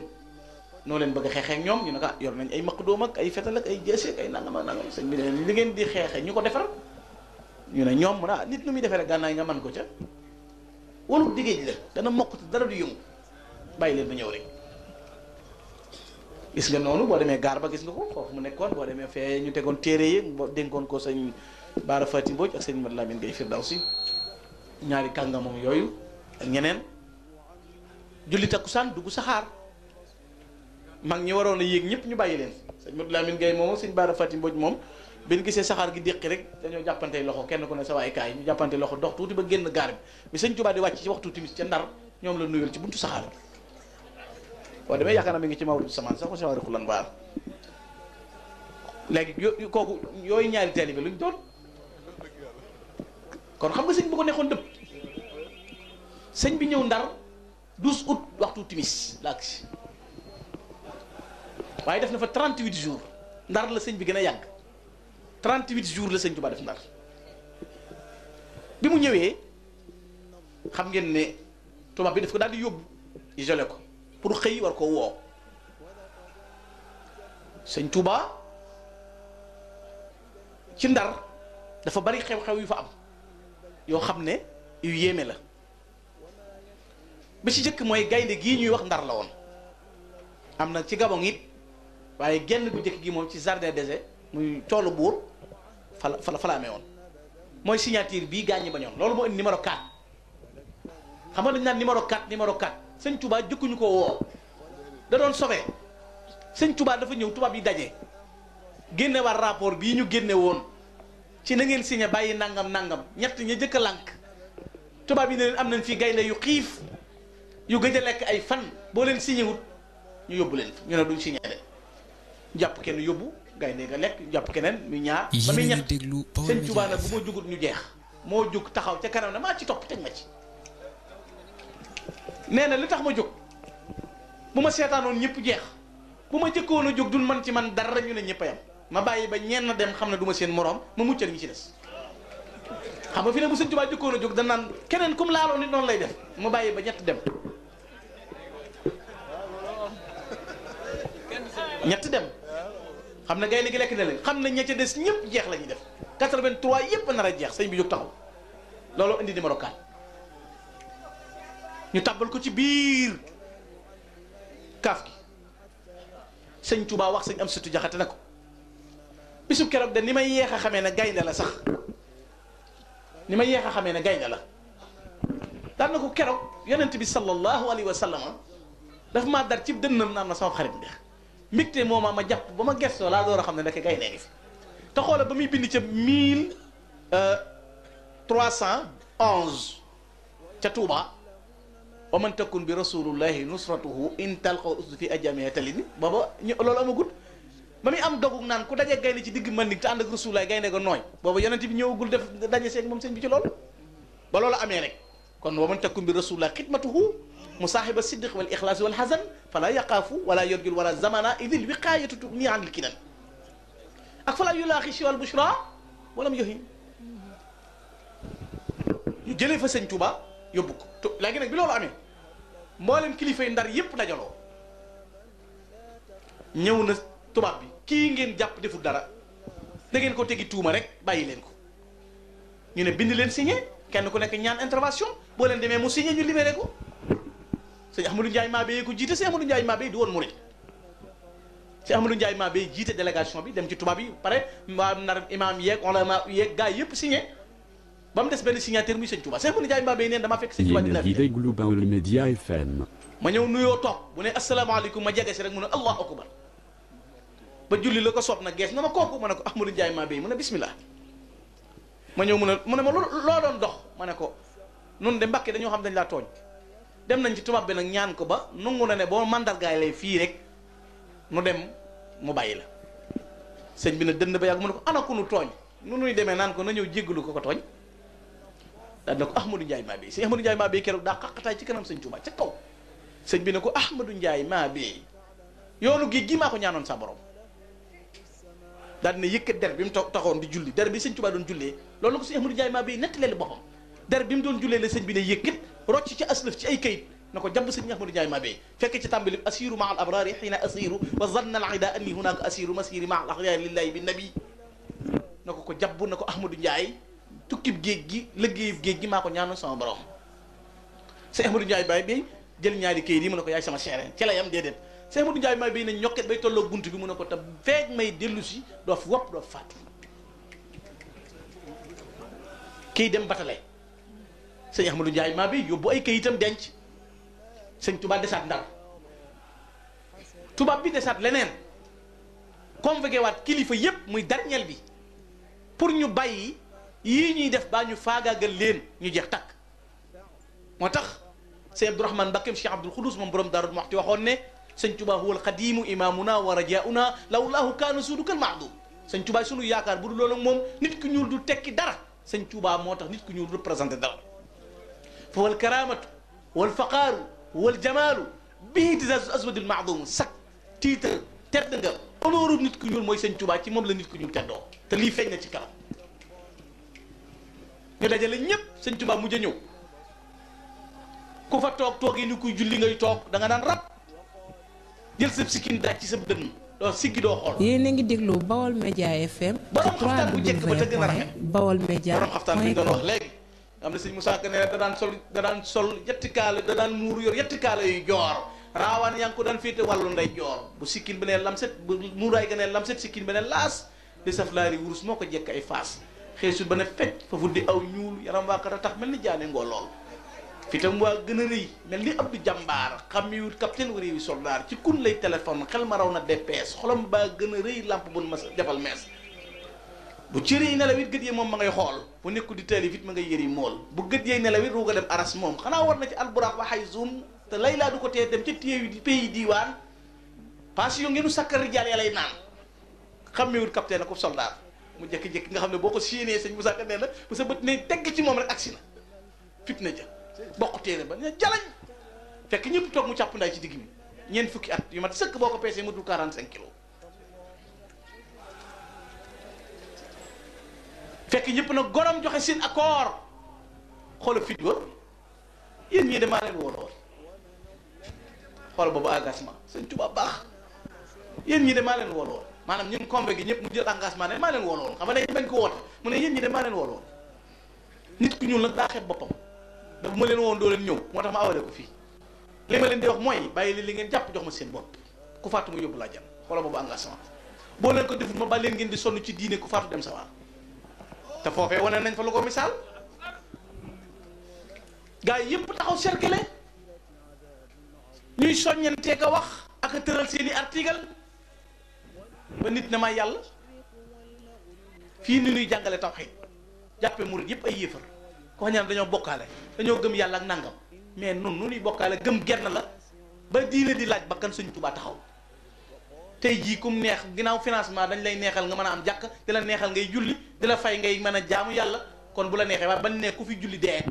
noo leen bëgg a xeexee ak ñoom ñu ne ko ah yor nañ ay maq doom ak ay fetal ak ay jeese ak ay nangam ak nangam sëñ bi ne li ngeen di xeexee ñu ko defar ñu ne ñoom mu ne ah nit nu muy defee rek gànnaay nga man ko ca walu diggéej la dana mokk te dara du yëngu bàyyi leen ba ñëw rek gis nga noonu boo demee gaar ba gis nga ko foofu mu nekkoon boo demee fee ñu tegoon téere yi boo dénkoon ko sëñ Baara Fatim Mbodj ak sëñ Mat Lamine Gueye Firdawsi ñaari kàngamam yooyu ak ñeneen julli takkusaan dugg saxaar mag ñi waroon a yéeg ñëpp ñu bàyyi leen sëñ Modou Lamine Gueye moom sëñ Bara Fati Mbodj moom bi ñu gisee saxaar gi déqi rek dañoo jàppante loxo kenn ku ne sa waay kaay ñu jàppante loxo dox tuuti ba génn gaar bi bi sëñ Touba di wàcc ci waxtu timis ca ndar ñoom la nuyul ci buntu saxaar waaw damay yaakaar na mi ngi ci Maodo Samaan sax mosawari ku lan baar léegi yo kooku yooyu ñaari taalibe luñ doon kon xam nga sëñ bu ko nekkoon dëpp sëñ bi ñëw ndar 12 août waxtu timis si waaye def na fa 38 jours ndar la sëñ bi gën a yàgg 38 jours la sëñ Tuubaa def ndar bi mu ñëwee xam ngeen ne tubaab bi daf ko daal di yóbbu isolé ko pour xëy war koo woo sëñ Tuubaa ci ndar dafa bari xew-xew yu fa am yoo xam ne yu yéeme la ba si jëkk mooy gaynde gii ñuy wax ndar la woon am na ci gabon it waaye genn gu njëkk gi moom ci jardin des mu toolu buur fala fala fala amee woon mooy signature bii gaañ ñi bañoon loolu moo indi numéro 4 xam nga dañ naan numéro 4 numéro 4 sëñ Touba jëkkuñu ko woo da doon sobee sëñ Touba dafa ñëw tubaab yi daje génne war rapport bii ñu génne woon ci na ngeen signé bàyyi nangam nangam ñett ña jëkk a lànk tubaab yi ne leen am nañ fi gaynde yu xiif yu gëj a lekk ay fan boo leen signé wut ñu yóbbu leen ñu ne duñ signé jàpp kenn yóbbu gaynde nga lekk jàpp keneen ñu ñaar. ba muy ñett sëñ Tuubaa nag bu ma jugut ñu jeex moo jug taxaw ca kanam na maa ci topp teg ma ci. nee na li tax ma jóg bu ma seetaanoon ñëpp jeex bu ma jëkkoon a jóg dul man ci man dara ñu ne ñëpp a ma bàyyi ba ñenn dem xam ne duma ma seen moroom ma muccal ñi ci des. xam nga fi ne bu sëñ Tuubaa jëkkoon a jóg da naan keneen kum laaloo nit noonu lay def ma bàyyi ba ñett dem. ñett dem. xam na gaynde gi lekk na leen xam na ña ca des ñëpp jeex la ñuy def 83 yëpp nar jeex sëñ bi jóg taxaw loolu indi numéro 4 ñu tàbbal ko ci biir kaaf gi sëñ Touba wax sëñ am sutu jaxate na ko bisub keroog de ni may yeex a xamee ne gaynde la sax ni may yeex a xamee ne gaynde la daan ko keroog yonent bi sallallahu alayhi wa sallam daf maa dar ci dënnam naan na sama xarit bi moom mooma ma jàpp ba ma gestoo laa door a xam ne ndeke gaynde ngi fi te xoola ba muy bind ca mille euh, trois cent onze ca Touba wa man takun bi rasulullahi nusratuhu in talqaw usdu fi ajamee talini booba ñu loolu amagul ba muy am dogug naan ku daje gaynde ci digg man nig te ànd ak rasulullahi gaynde ga nooy booba yonent bi ñëwagul def daje seeg moom sëñ bi ci loolu ba loolu amee rek kon wa man takun bi rasulullahi xidmatuhu مصاحب الصدق والإخلاص والحزن فلا يقاف ولا يرجل ولا الزمن إذ الوقاية تغني عن الكلل أفلا يلاقي شوى البشرى ولم يهين يجلي فسن توبا يبوك لكنك بلول أمي مولم كليفه اندار يب نجلو نيو نس توبا بي كي نجين جاب دفو دارا نجين كو تيجي توما رك باي لنكو نيو نبيني لنسيني كأنه كنا كنيان انترفاسيون بولن دمي موسيني نيو ليبريكو sëñ Ahmadou Ndiaye Mabé ko jiite sëñ Ahmadou Ndiaye Mabé di woon murid sëñ Ahmadou Ndiaye Mabé jiite délégation bi dem ci tubaab yi pare waa nar imaam yeeg olama yeeg gars yëpp signé ba mu des benn signature muy sëñ Touba sëñ Ahmadou Ndiaye Mabé neen damaa fekk sëñ Touba dina fi déglu Baol Média FM ma ñëw nuyoo toog bu ne asalaamaaleykum ma jege si rek mu ne allahu akbar ba julli la ko soob na gees na ma kooku ma ne ko Ahmadou Ndiaye Mabé mu ne bismillah ma ñëw mu ne mu ne ma loo doon dox ma ne ko nun de Mbàkke dañoo xam dañ laa tooñ dem nañ ci tubaab bi nag ñaan ko ba nangu na ne boo màndargaay lay fii rek nu dem mu bàyyi la sëñ bi na dënd ba yàgg mu ne ko ana ku nu tooñ nu nuy demee naan ko na ñëw jéggalu ko ko tooñ daan na ko Ahmadou Ndiaye maa bi sëñ Ahmadou Ndiaye maa bi keroog daa xaqataay ci kanam sëñ Tuubaa ca kaw sëñ bi ne ko Ahmadou Ndiaye maa bi yoonu géej gii maa ko ñaanoon sa borom daal dina yëkkat der bi mu taxoon di julli der bi sëñ Tuubaa doon jullee loolu ko sëñ Ahmadou Ndiaye maa bi nettali boppam der bi mu doon jullee la sëñ bi ne yëkkat روتش تي اسلف تي اي كيد نكو جاب سيني احمد جاي ما بي فك تي تامبل اسير مع الابرار حين اسير وظن العداء اني هناك اسير مسير مع الاخيار لله بالنبي نكو كو جاب نكو احمد جاي توكيب جيجي لغي جيجي ماكو نيانو سون بروم سي احمد جاي باي بي جيل نياري كيدي مونكو ياي سما شيرين تي لا يام ديدت سي احمد جاي ما بي نيوكيت باي تولو بونت بي مونكو تا فيك ماي ديلوسي دوف ووب دوف فات كي ديم باتالاي sëñ Ahmadou Ndiaye maa bi yóbbu ay kayitam denc sëñ Touba desaat ndar tubaab bi desaat leneen convoqué waat kilifa yépp muy dernier bi pour ñu bàyyi yii ñuy def baa ñu faagaagal leen ñu jeex takk moo tax sëñ Abdourahmane Mbakkeem Cheikh Abdoul Khoudous moom borom Daaru Muxti waxoon ne sëñ Touba huwa alxadimu imaamuna wa rajauna lawlaahu kaana suudukal maadum sëñ Touba sunu yaakaar bu du loolu moom nit ku ñuul du tekki dara sëñ Touba moo tax nit ku ñuul représenté dara فهو الكرامة والفقار والجمال به اعتزاز الأسود المعظوم sax tiitar tedd nga honoru nit ku ñuul mooy Sëñ Tuubaa ci moom la nit ku ñuul teddoo te lii feeñ na ci kanam ñu dajale ñëpp Sëñ Tuubaa mujj a ñëw ku fa toog toog yi ni kuy julli ngay toog danga daan rab jël sa sikkin daaj ci sa dënn doo siggi doo xool. yéen ngi déglu Baol Média FM. borom xaftaan bu njëkk ba te gën a rafet. Baol Média borom xaftaan bi nga wax léegi. am na sëñ Moussa Ka ne da daan sol da daan sol yetti kaala da daan muur yor yetti kaala yu joor raawaan yaa ngi ko daan féete wàllu nday joor bu sikkin bi ne lamset bu muuraay ga ne lamset sikkin bi ne laas di saf laari wurus moo ko jekk ay faas xeesul ba ne fecc fa fuddi aw ñuul yaram waa kat tax mel ni jaane ngoo lool fitam waa gën a rëy mel ni ab du jàmbaar xam yu capitaine wa soldaar ci kun lay téléphone xel ma raw na DPS xolam baa gën a rëy lamp bun ma defal mees bu cër yi nelawit gët yi moom ma ngay xool bu nekku di taalif it ma ngay yëri mool bu gët yey nelawit ruuga dem aras moom xanaa war na ci alburax waxay zoom te lay laa du ko tee dem ca téyewi di pays diiwaan parce que yo ngeenu sakkar rijaal ya lay naan xammewul capitaine ak soldat mu jékki-jékki nga xam ne boo ko séenee sañ Moussa Ka nee na bu sa bët ne tegg ci moom rek agsi na fit na ja bokk téere ba ne jalañ fekk ñëpp toog mu càpp ndaay ci digg bi ñeent at yu mat sëkk boo ko peesee mu dul 45 kilos fekk ñëpp nag gorom joxe seen accord xoola fit ba yéen ñii damaa leen woolu woon xoola boobu engagement sëñ Tuubaa baax yéen ñii damaa leen woolu woon maanaam ñeen convoqué gi ñëpp mu jël engagement ne maa leen woolu woon xam nga dañ bañ ko nit ku ñuul nag daa xeeb boppam daf ma leen woon doo leen ñëw moo tax ma awale ko fii li ma leen di wax mooy bàyyi leen li ngeen jàpp jox ma seen bopp ku faatu mu yóbbu laa jàmm xoola boobu engagement boo leen ko defut ma ba leen ngeen di sonn ci diine ku faatu dem sa te foofee wane nañ fa lu ko misal gaa iya, yi yëpp taxaw cercle ñuy soññantee ka wax ak a tëral seeni article ba nit na ma yàlla fii ni ñuy jàngale tawxiid jàppe murid yëpp ay iya, yéefar ko ñaan dañoo bokale, dañoo gëm yàlla ak nangam mais nun ñuy bokkaale gëm genn la ba di laaj taxaw tey jii kum neex ginaaw financement dañ lay neexal nga man a am jàkk di la neexal ngay julli di fay ngay mën a jaamu yàlla kon bu la neexee waaye bañ ne ku fi julli dee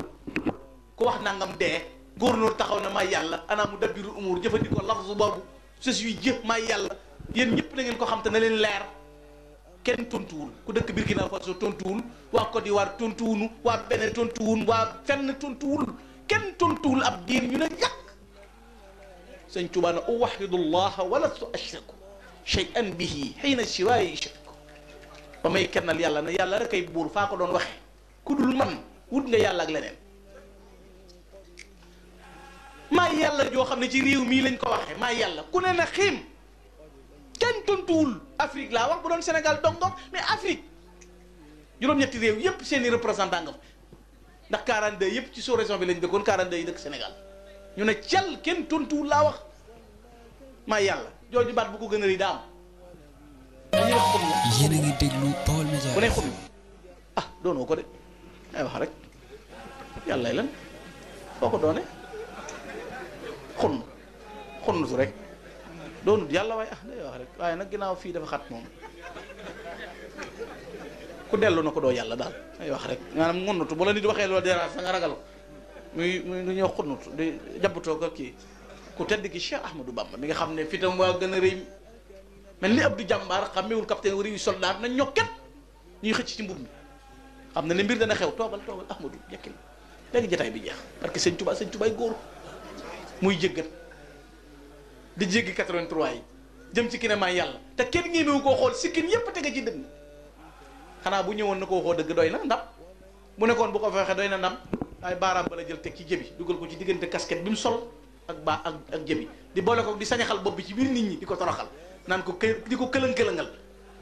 ku wax nangam dee góornóor taxaw na may yàlla anaa mu dabiru umur jëfandikoo lafzu boobu su suis Dieu may yàlla yéen ñëpp na ngeen ko xam te na leen leer kenn tontuwul ku dëkk Burkina Faso tontuwul waa Côte d'Ivoire tontuwunu waa Bénin tontuwun waa fenn tontuwul kenn tontuwul ab diir ñu ne yàq sëñ Tuubaa ne uwaxidullah wala su ashriku shay'an bihi xëyna si waaye shirku ba may kennal yàlla na yàlla rek ay buur faa ko doon waxe ku dul man wut nga yàlla ak leneen maa yàlla joo xam ne ci réew mii lañ ko waxe maa yàlla ku ne na xiim kenn tontuwul Afrique laa wax bu doon Sénégal dong-dong mais Afrique juróom-ñetti réew yépp seeni représentant nga fa ndax 42 yépp ci sous-région bi lañ dëkkoon 42 yi dëkk Sénégal ñu ne cal kenn tontuwul laa wax maa yàlla jooju baat bu ko gën a rëy daa am. Ah. dañuy ah doonoo ko de ay wax rek yàlla lan foo ko doone xunn xunnutu rek doonut yàlla waaye ah day wax rek waaye nag ginnaaw fii dafa xat moom ku dellu na ko doo yàlla daal ay wax rek maanaam xunnutu bu la nit waxee loolu dérange nga ragal muy muy lu ñuy wax di jabbutoo ko kii ku tedd ki Cheikh Ahmadou ba mi nga xam ne fitam waa gën a rëy mel ni Abdou Jàmbaar xàmmewul capitaine réew soldat nañ ñokket ñuy xëcc ci mbub mi xam na ne mbir dana xew toogal toogal Ahmadou jekkil léegi jataay bi jeex parce que sëñ Tuubaa sëñ Tuubaay góor muy jéggat di jéggi 83 yi jëm ci kinema yàlla te kenn ñemewu koo xool sikkin yépp a tege ci dënn xanaa bu ñëwoon na ko waxoo dëgg doy na ndam bu nekkoon bu ko fexe doy na ndam ay baaraam bala jël teg ci jëbi dugal ko ci diggante casquette bi mu sol ak baa ak ak jëbi di boole ko di sañaxal bopp bi ci biir nit ñi di ko toroxal naan ko kë di ko këlëng-këlëngal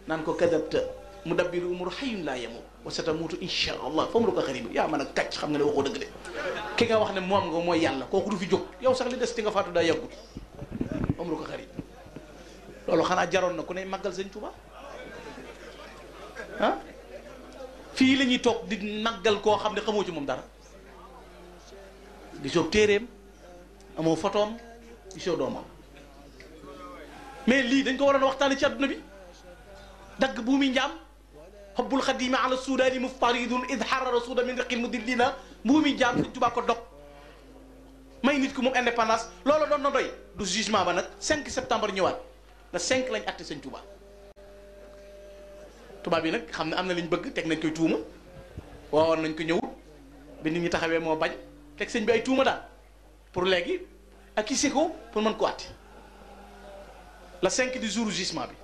naan ko kadabta mu dabbiru umur xayun laa yemu laa satamuutu insha allah fa mu ru ko xaribu yaa mën a kàcc xam nga ne waxoo dëgg de ki nga wax ne moom nga mooy yàlla kooku du fi jóg yow sax li des ti nga faatu daa yàggut ko xarib loolu xanaa jaroon na ku ne màggal sañ Tuubaa ah fii la ñuy toog di màggal koo xam ne xamoo ci moom dara di soob téeréem amoo photoom gisoo doomam mais lii dañ ko waroon waxtaane ci adduna bi dagg buumi njaam xobbul xadimi ala suudaani muftaridun id xarara suuda min riqil mudillina buumi njaam Sëriñ Tuubaa ko dog may nit ku moom indépendance loola doon na doy du jugement ba nag 5 septembre ñëwaat na 5 lañ atte Sëriñ Tuubaa tubaab yi nag xam ne am na liñ bëgg teg nañ koy tuuma woowoon nañ ko ñëwut bi nit ñi taxawee moo bañ teg sëñ bi ay tuuma daal pour léegi acquis ko pour mën ko àtte la cinq du jour jugement bi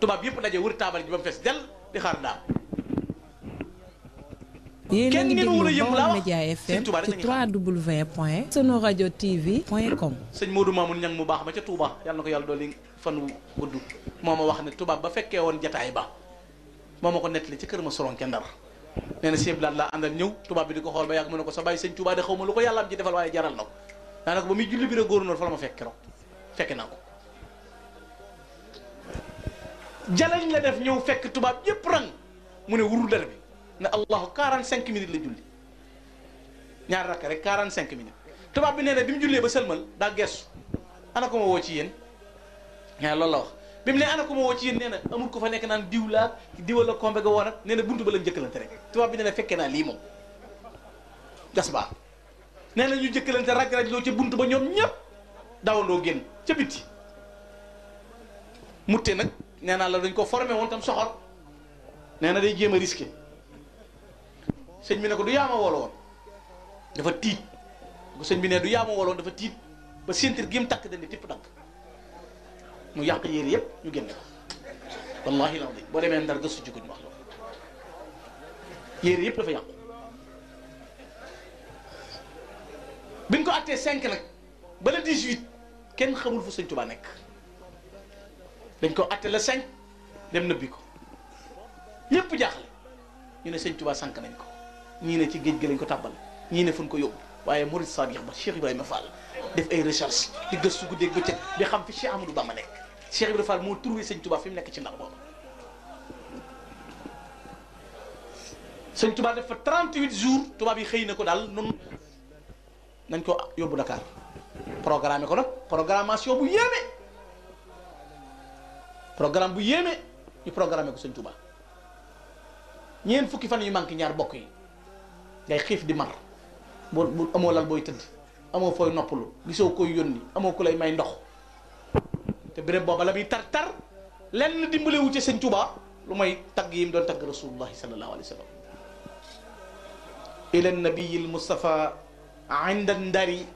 tubaab yëpp daje wër taabal ji ba mu fees dell di xaar daam. kenn ngeen wër a yëpp laa wax sëñ Touba mu baax ma ca Touba yàlla ko yàlla dolli fan wu gudd moo ma wax ne tubaab ba fekkee woon jataay ba moo ma ko nettali ci kër ma soron kenn dara nee na sëñ Blaat laa àndal ñëw tubaab bi di ko xool ba yàgg mu ne ko sa bàyyi sëñ Touba de xaw ma lu ko yàlla am ci defal waaye jaral na ko. daanaka ba muy julli bi rek góor noonu fa la ma fekk keroog fekke naa ko jalañ la def ñëw fekk tubaab yëpp rang mu ne wuru dara bi ne allahu 45 minutes la julli ñaar rakk rek 45 minutes tubaab bi nee na bi mu jullee ba sëlmal daa gestu ana ko ma woo ci yéen yaa loolu la wax bi mu ne ana ko ma woo ci yéen nee na amul ko fa nekk naan diw laa diwa la kombe ga woon ak nee na buntu ba lañ jëkkalante rek tubaab bi nee na fekkee naa lii moom gas nee na ñu jëkkalante raj raj loo ca bunt ba ñoom ñëpp dawandoo génn ca bitti mutte nag nee naa la dañ ko formé woon tam soxor nee na day jéem a risqué sëñ bi ne ko du yaama wolo woon dafa tiit ko sëñ du yaama dafa tiit ba séentir gi takk dandi tipp dakk mu yàq yére yëpp ñu génne ko wallahi la boo demee ndar gëstu ci ko wax la yére yëpp dafa yàqu bin ko acté 5 nag ba le 18 ken xamul fu seigne Touba nek dañ ko acté le 5 dem nëbbi ko ñëpp jaaxle ñu ne seigne Touba sank nañ ko ñi ne ci géej gi lañ ko tabal ñi ne fuñ ko yob waaye Mouride Sadiq ba Cheikh Ibrahima Fall def ay recherches di gëstu guddeeg bëccëg di xam fi Cheikh Amadou bama nek Cheikh Ibrahima Fall mo trouvé seigne Touba fi mu nekk ci ndax boobu. seigne Touba def fa 38 jours touba bi xeyna ko dal noonu. nañ ko yobbu Dakar programme ko program programmation bu yéeme programme bu yéeme ñu programme ko sëñ Touba ñeen fukki fan yu manki ñaar bokk yi ngay xif di mar bu amo lal boy teud amo foy noppulu gisoo koy yoni amo ku lay may ndox te bëre bobu la bi tar tar lenn dimbale wu ci sëñ Touba lu may tag yi don tag rasulullah sallallahu alaihi wasallam. ila nabiyil mustafa inda ndari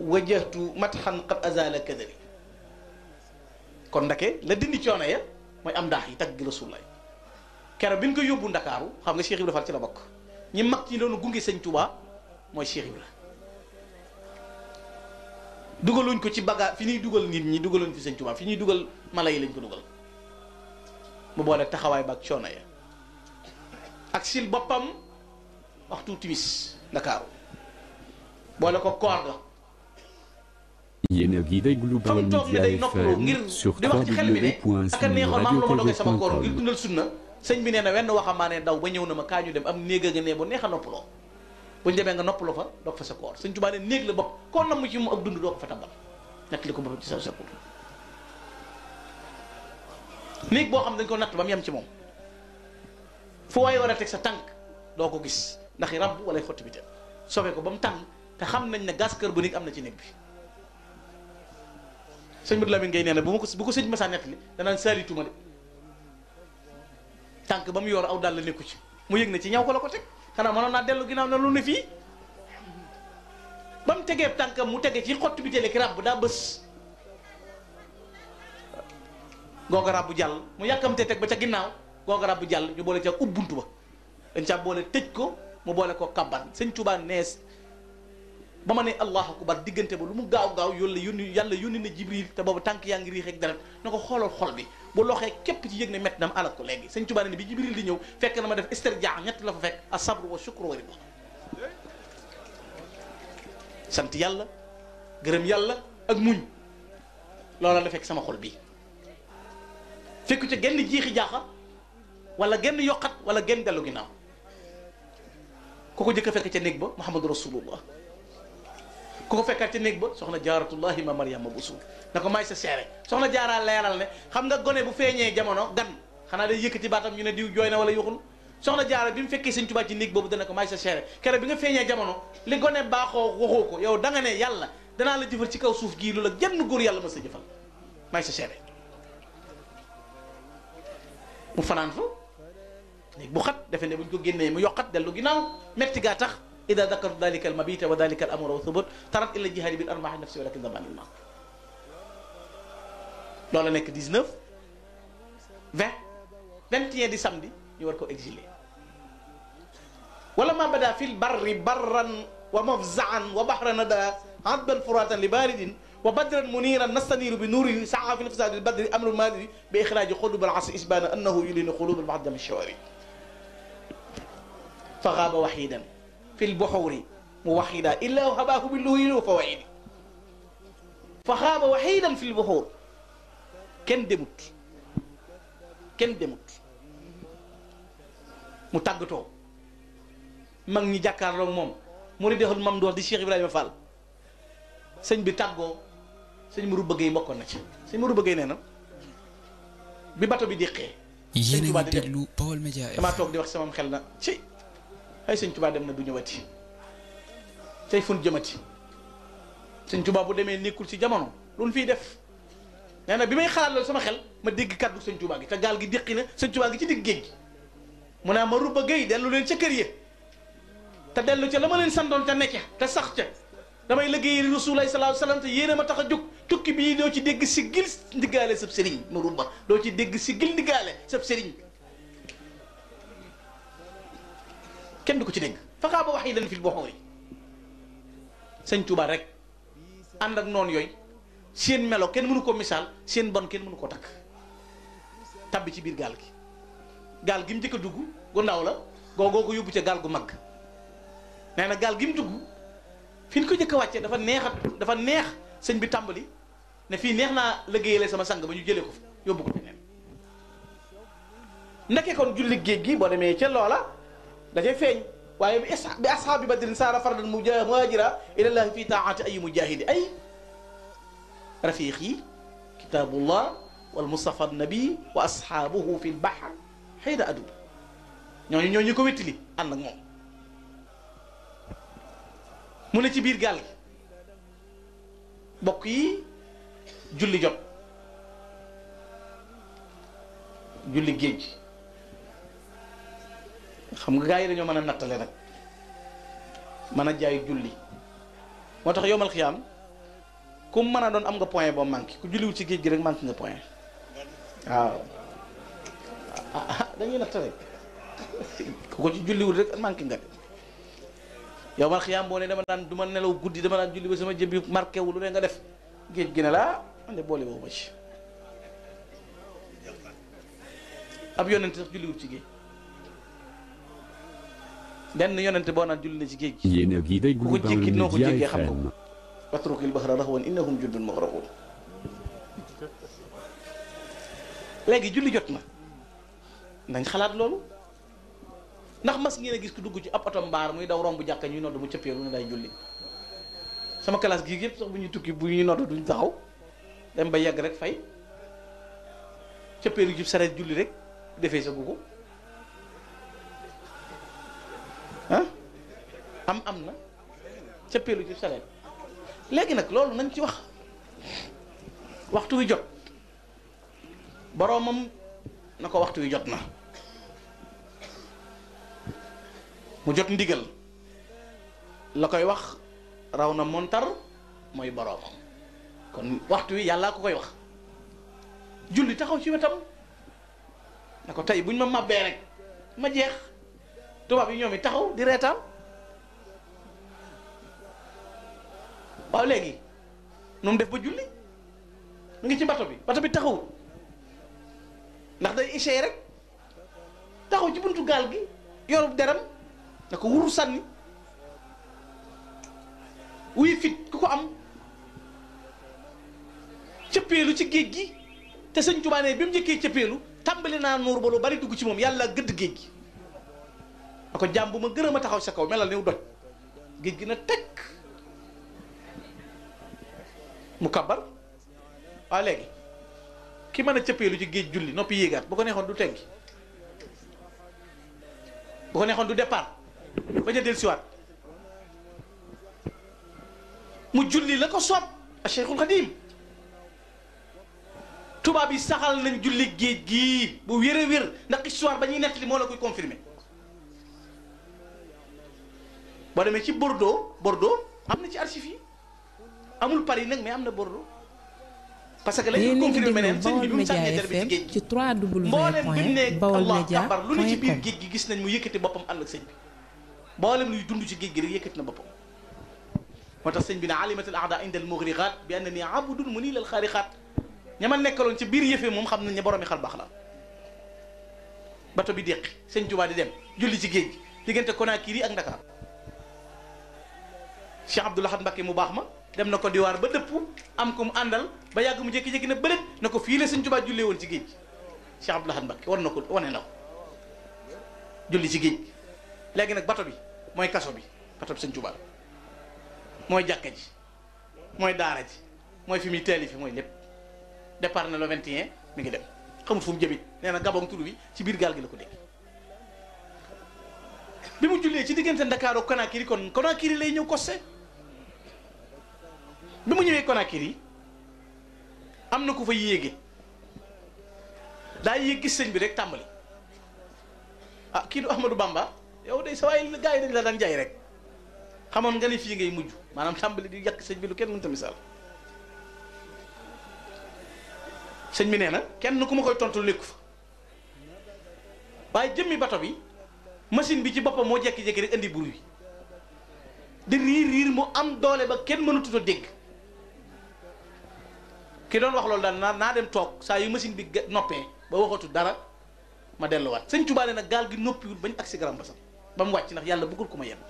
wajahtu matxan qad azala kadari kon ndake la dindi coono ya mooy am daax yi tagg rasulaay kero bi ñu ko yóbbu ndakaaru xam nga Cheikh Ibra Fall ci la bokk ñi mag ci loonu gunge sëñ Touba mooy Cheikh Ibra dugaluñ ko ci bagage fi ñuy dugal nit ñi dugaluñ fi sëñ Touba fi ñuy dugal mala yi lañ ko dugal mu boole taxawaay ba ak coono ya ak sil boppam waxtu timis ndakaaru boole ko koor ga yéen a ngi déglu Baol Média FM sur www.sunuradiotelevsion.com sama koor ngir dundal sunna sëñ bi nee na wenn waxambaane daw ba ñëw na ma kaa ñu dem am néeg a nga nee bu neex a noppaloo bu ñu demee nga noppaloo fa doog fa sa koor sëñ Tuubaa ne néeg la bopp koo namm ci mu ak dund doo ko fa tabal natt li ko boppam ci sa néeg boo xam dañ ko natt ba mu yem ci moom fu waaye war a teg sa tànk doo ko gis ndax i rab wala xotti bi te sobe ko ba mu tàng te xam nañ ne gaz carbonique am na ci néeg bi sëñ Modou Lamine Gueye nee na bu ma ko bu ko sëñ Massa nettali danaan saalituma de tànk ba mu yor aw dal la nekku ci mu yëg na ci ñaw ko la ko teg xanaa mënoon naa dellu ginnaaw na lu ne fii ba mu tegee tànkam mu tege ci xott bi télé ki ràbb daa bës googa ràbbu jàll mu yàkkamtee teg ba ca ginnaaw googa ràbbu jàll ñu boole ca bunt ba dañ caa boole tëj ko mu boole ko kabban sëñ Tuubaa nees ba ma ne allahu akbar diggante ba lu mu gaaw gaaw yàlla yónni yàlla yónni na jibril te boobu tànk yaa ngi riix ak deret na ko xoolal xol bi bu loxee képp ci yëg ne métti na ma alal ko léegi sëñ Tuubaa ne bi jibril di ñëw fekk na ma def istirjaa ñett la fa fekk a sabru wa shukru wa riba sant yàlla gërëm yàlla ak muñ loola la fekk sama xol bi fekku ca genn jiixi jaaxa wala genn yokkat wala genn dellu ginnaaw ku ko jëkk a fekk ca néeg ba muhammadu rasulullah ku ko fekkaat ci néeg ba soxna jaaratullahi ma Mariama bu suuf na ko may sa seere soxna la leeral ne xam nga gone bu feeñee jamono gan xanaa day yëkkati baatam ñu ne diw jooy na wala yuxul soxna jaara bi mu fekkee sëñ Tuubaa ci néeg boobu dana ko may sa seere kere bi nga feeñee jamono li gone baaxoo waxoo ko yow da ne yàlla danaa la jëfal ci kaw suuf gii lu la genn góor yàlla ma sa jëfal may sa seere mu fanaan fa néeg bu xat defe ne buñ ko génnee mu yokkat dellu ginnaaw metti gaa tax إذا ذكر ذلك المبيت وذلك الأمر والثبوت ترد إلى الجهاد بالأرباح النفس ولكن ضمان الله لولا نك 19 20 21 دي سامدي يوركو اكزيلي ولما بدا في البر برا ومفزعا وبحر ندى عذبا فراتا لبارد وبدرا منيرا نستنير بنوره سعى في نفس هذا البدر امر مادي باخراج قلوب العصر اسبانا انه يلين قلوب البعض من الشوارع فغاب وحيدا fil buxuuri mu waxida illaa habaahu bi luhuyi fa waidi fa xaaba waxidan fil buxuur kenn demut kenn demut mu tàggatoo mag ñi jàkkaarloog moom mu di dexul mam dox di Cheikh Ibrahima Fall sëñ bi tàggoo sëñ Mourou Bëggey bokkoon na ci sëñ Mourou bëggee nee na bi bato bi déqee yéen a ngi déglu Baol Média FM damaa na ay sëñ Tuubaa dem na du ñëwati tey fun jëmati sëñ Tuubaa bu demee nekkul ci jamono loolu ñu def nee na bi may xalaat loolu sama xel ma dégg kàddu sëñ Tuubaa gi te gaal gi déqi na sëñ Tuubaa gi ci digg géej gi mu naa ma rubba géy dellu leen ca kër ya te dellu ca la ma leen ca te ca te sax ca damay liggéey rasulullahi sallallahu alayhi wasallam te yéen a ma tax a jóg tukki bii doo ci dégg si gil ndigaale sab sëriñ ma rubba doo ci dégg si gil sab sëriñ kenn du ko ci dégg faxaa ba wax yi lan fii boo xoori sëñ Touba rek ànd ak noonu yooy seen melo kenn mënu ko misaal seen bon kenn mënu ko takk tabbi ci biir gaal gi gaal gi mu njëkk a dugg gu ndaw la googoo ko yóbbu ca gaal gu mag nee na gaal gi mu dugg fi ñu ko njëkk a wàccee dafa neex dafa neex sëñ bi tàmbali ne fii neex naa liggéeyale sama sang ba ñu jëlee ko fa yóbbu ko feneen ndeke kon julli géej gi boo demee ca loola دا جاي فيغ واي بي اصحاب بدر سار فرد المهاجر الى الله في طاعه اي مجاهد اي رفيقي كتاب الله والمصطفى النبي واصحابه في البحر حين ادو ñoo ñoo ñi ko wittili and ak mom mu ne ci biir gal bokk yi julli jot julli geejgi xam nga gaay dañu mëna natalé nak mëna jaay julli motax yowmal yomal kum mëna don am nga point bo manki ku wu ci geej gi rek manki nga point waaw ah, ah, dañu natalé <laughs> ku ko ci wu rek manki nga yomal xiyaam bo ne dama nan duma nelaw guddii dama nan julli ba sama jëbbi marqué wu lu ne nga def geej gi ne la ande bolé bo ba ci ab yonent sax wu ci geej denn yonente boo naan julli na ci géej gi. yéen a ngi déglu ku ko jékki noo ko jékkee xam ko. watrukil bahra rahwan innahum juddun muxraqun léegi julli jot na nañ xalaat loolu ndax mas ngeen a gis ku dugg ci ab oto mbaar muy daw romb jàkka ñuy nodd mu cëppeelu ne day julli sama kalaas gii yëpp sax bu ñuy tukki bu ñuy nodd duñ taxaw dem ba yàgg rek fay cëppeelu jub sareet julli rek defee sa gugu am am na cëppeelu ci sareet léegi nag loolu nañ ci wax waxtu wi jot boroomam na ko waxtu wi jot na mu jot ndigal la koy wax raw na montar mooy boroomam kon waxtu wi yàlla ko koy wax julli taxaw ci wetam na ko tey buñ ma màbbee rek ma jeex tubaab yi ñoom yi taxaw di reetaan waaw léegi nu def ba julli mu ngi ci bato bi bato bi taxawul ndax day échec rek taxaw ci buntu gaal gi yorub deram na ko wuru sànni wuy fit ku ko am cëppeelu ci géej gi te sëñ Tuubaa ne bi mu njëkkee cëppeelu tàmbali naa nuur ba lu bari dugg ci moom yàlla gëdd géej gi na ko jàmm bu ma gërëm a taxaw sa kaw melal new doj géej gi na tekk mu kabar waaw léegi ki mën a cëppeelu ci géej julli noppi yéegaat boo ko neexoon du teggi bu ko neexoon du départ bañ del dellusiwaat mu julli la ko soob a Cheikhul Khadim tubaab yi saxal nañ julli géej gii bu wér wér ndax histoire ba ñuy nettali moo la koy confirmer boo demee ci Bordeaux Bordeaux am na ci archives yi amul par yi nag mais am na Bordeaux. parce que lañuy confirmer leen sëñ bi bi mu sànnee dara bi ci géej gi mboolem bi mu ne Allah kabar lu ne ci biir géej gi gis nañ mu yëkkati boppam ànd ak sëñ bi mboolem luy dund ci géej gi rek yëkkati na boppam moo tax sëñ bi ne alimatul ahda indal mughriqat bi anna ni abudun mu nii lal xaariqaat ña ma nekkaloon ci biir yëfee moom xam nañ ne boromi xal baax la bato bi déqi sëñ Tuubaa di dem julli ci géej gi diggante Conakry ak Ndakaar Cheikh Abdoul Ahad mu baax ma dem na ko diwaar ba dëpp am ko mu àndal ba yàgg mu jékki-jékki na bëlet na ko fii la sëñ Tuubaa jullee woon ci géej Cheikh Abdou Lahad Mbacké war na ko wane na ko julli ci géej léegi nag bato bi mooy kaso bi bato sëñ Tuubaa mooy jàkka ji mooy daara ji mooy fi muy teeli fi mooy lépp na le 21 mi ngi dem xamul fu mu nee na gabon ci biir gaal gi la ko dégg bi jullee ci diggante Ndakaaru Conakry kon Conakry lay ñëw kose bi mu ñëwee Conakry am na ku fa yéege daa yéeg gis sëñ bi rek tàmbali ah kii du Ahmadou Bamba yow de sa waaye gars yi dañ la daan jaay rek xamoon nga ne fii ngay mujj maanaam tàmbali di yàq sëñ bi lu kenn mënta misaal sëñ bi nee na kenn ku ma koy tontu lékku fa waaye jëmmi bato bi machine bi ci boppam moo jekki-jekki rek indi bruit bi di riir riir mu am doole ba kenn mënatut a dégg ki doon wax loolu daal naa naa dem toog saa yu machine bi noppee ba waxatu dara ma delluwaat sëñ Tuubaa nag gaal gi noppiwul bañ ak si Grand Bassam ba mu wàcc ndax yàlla bëggul ku ma yenn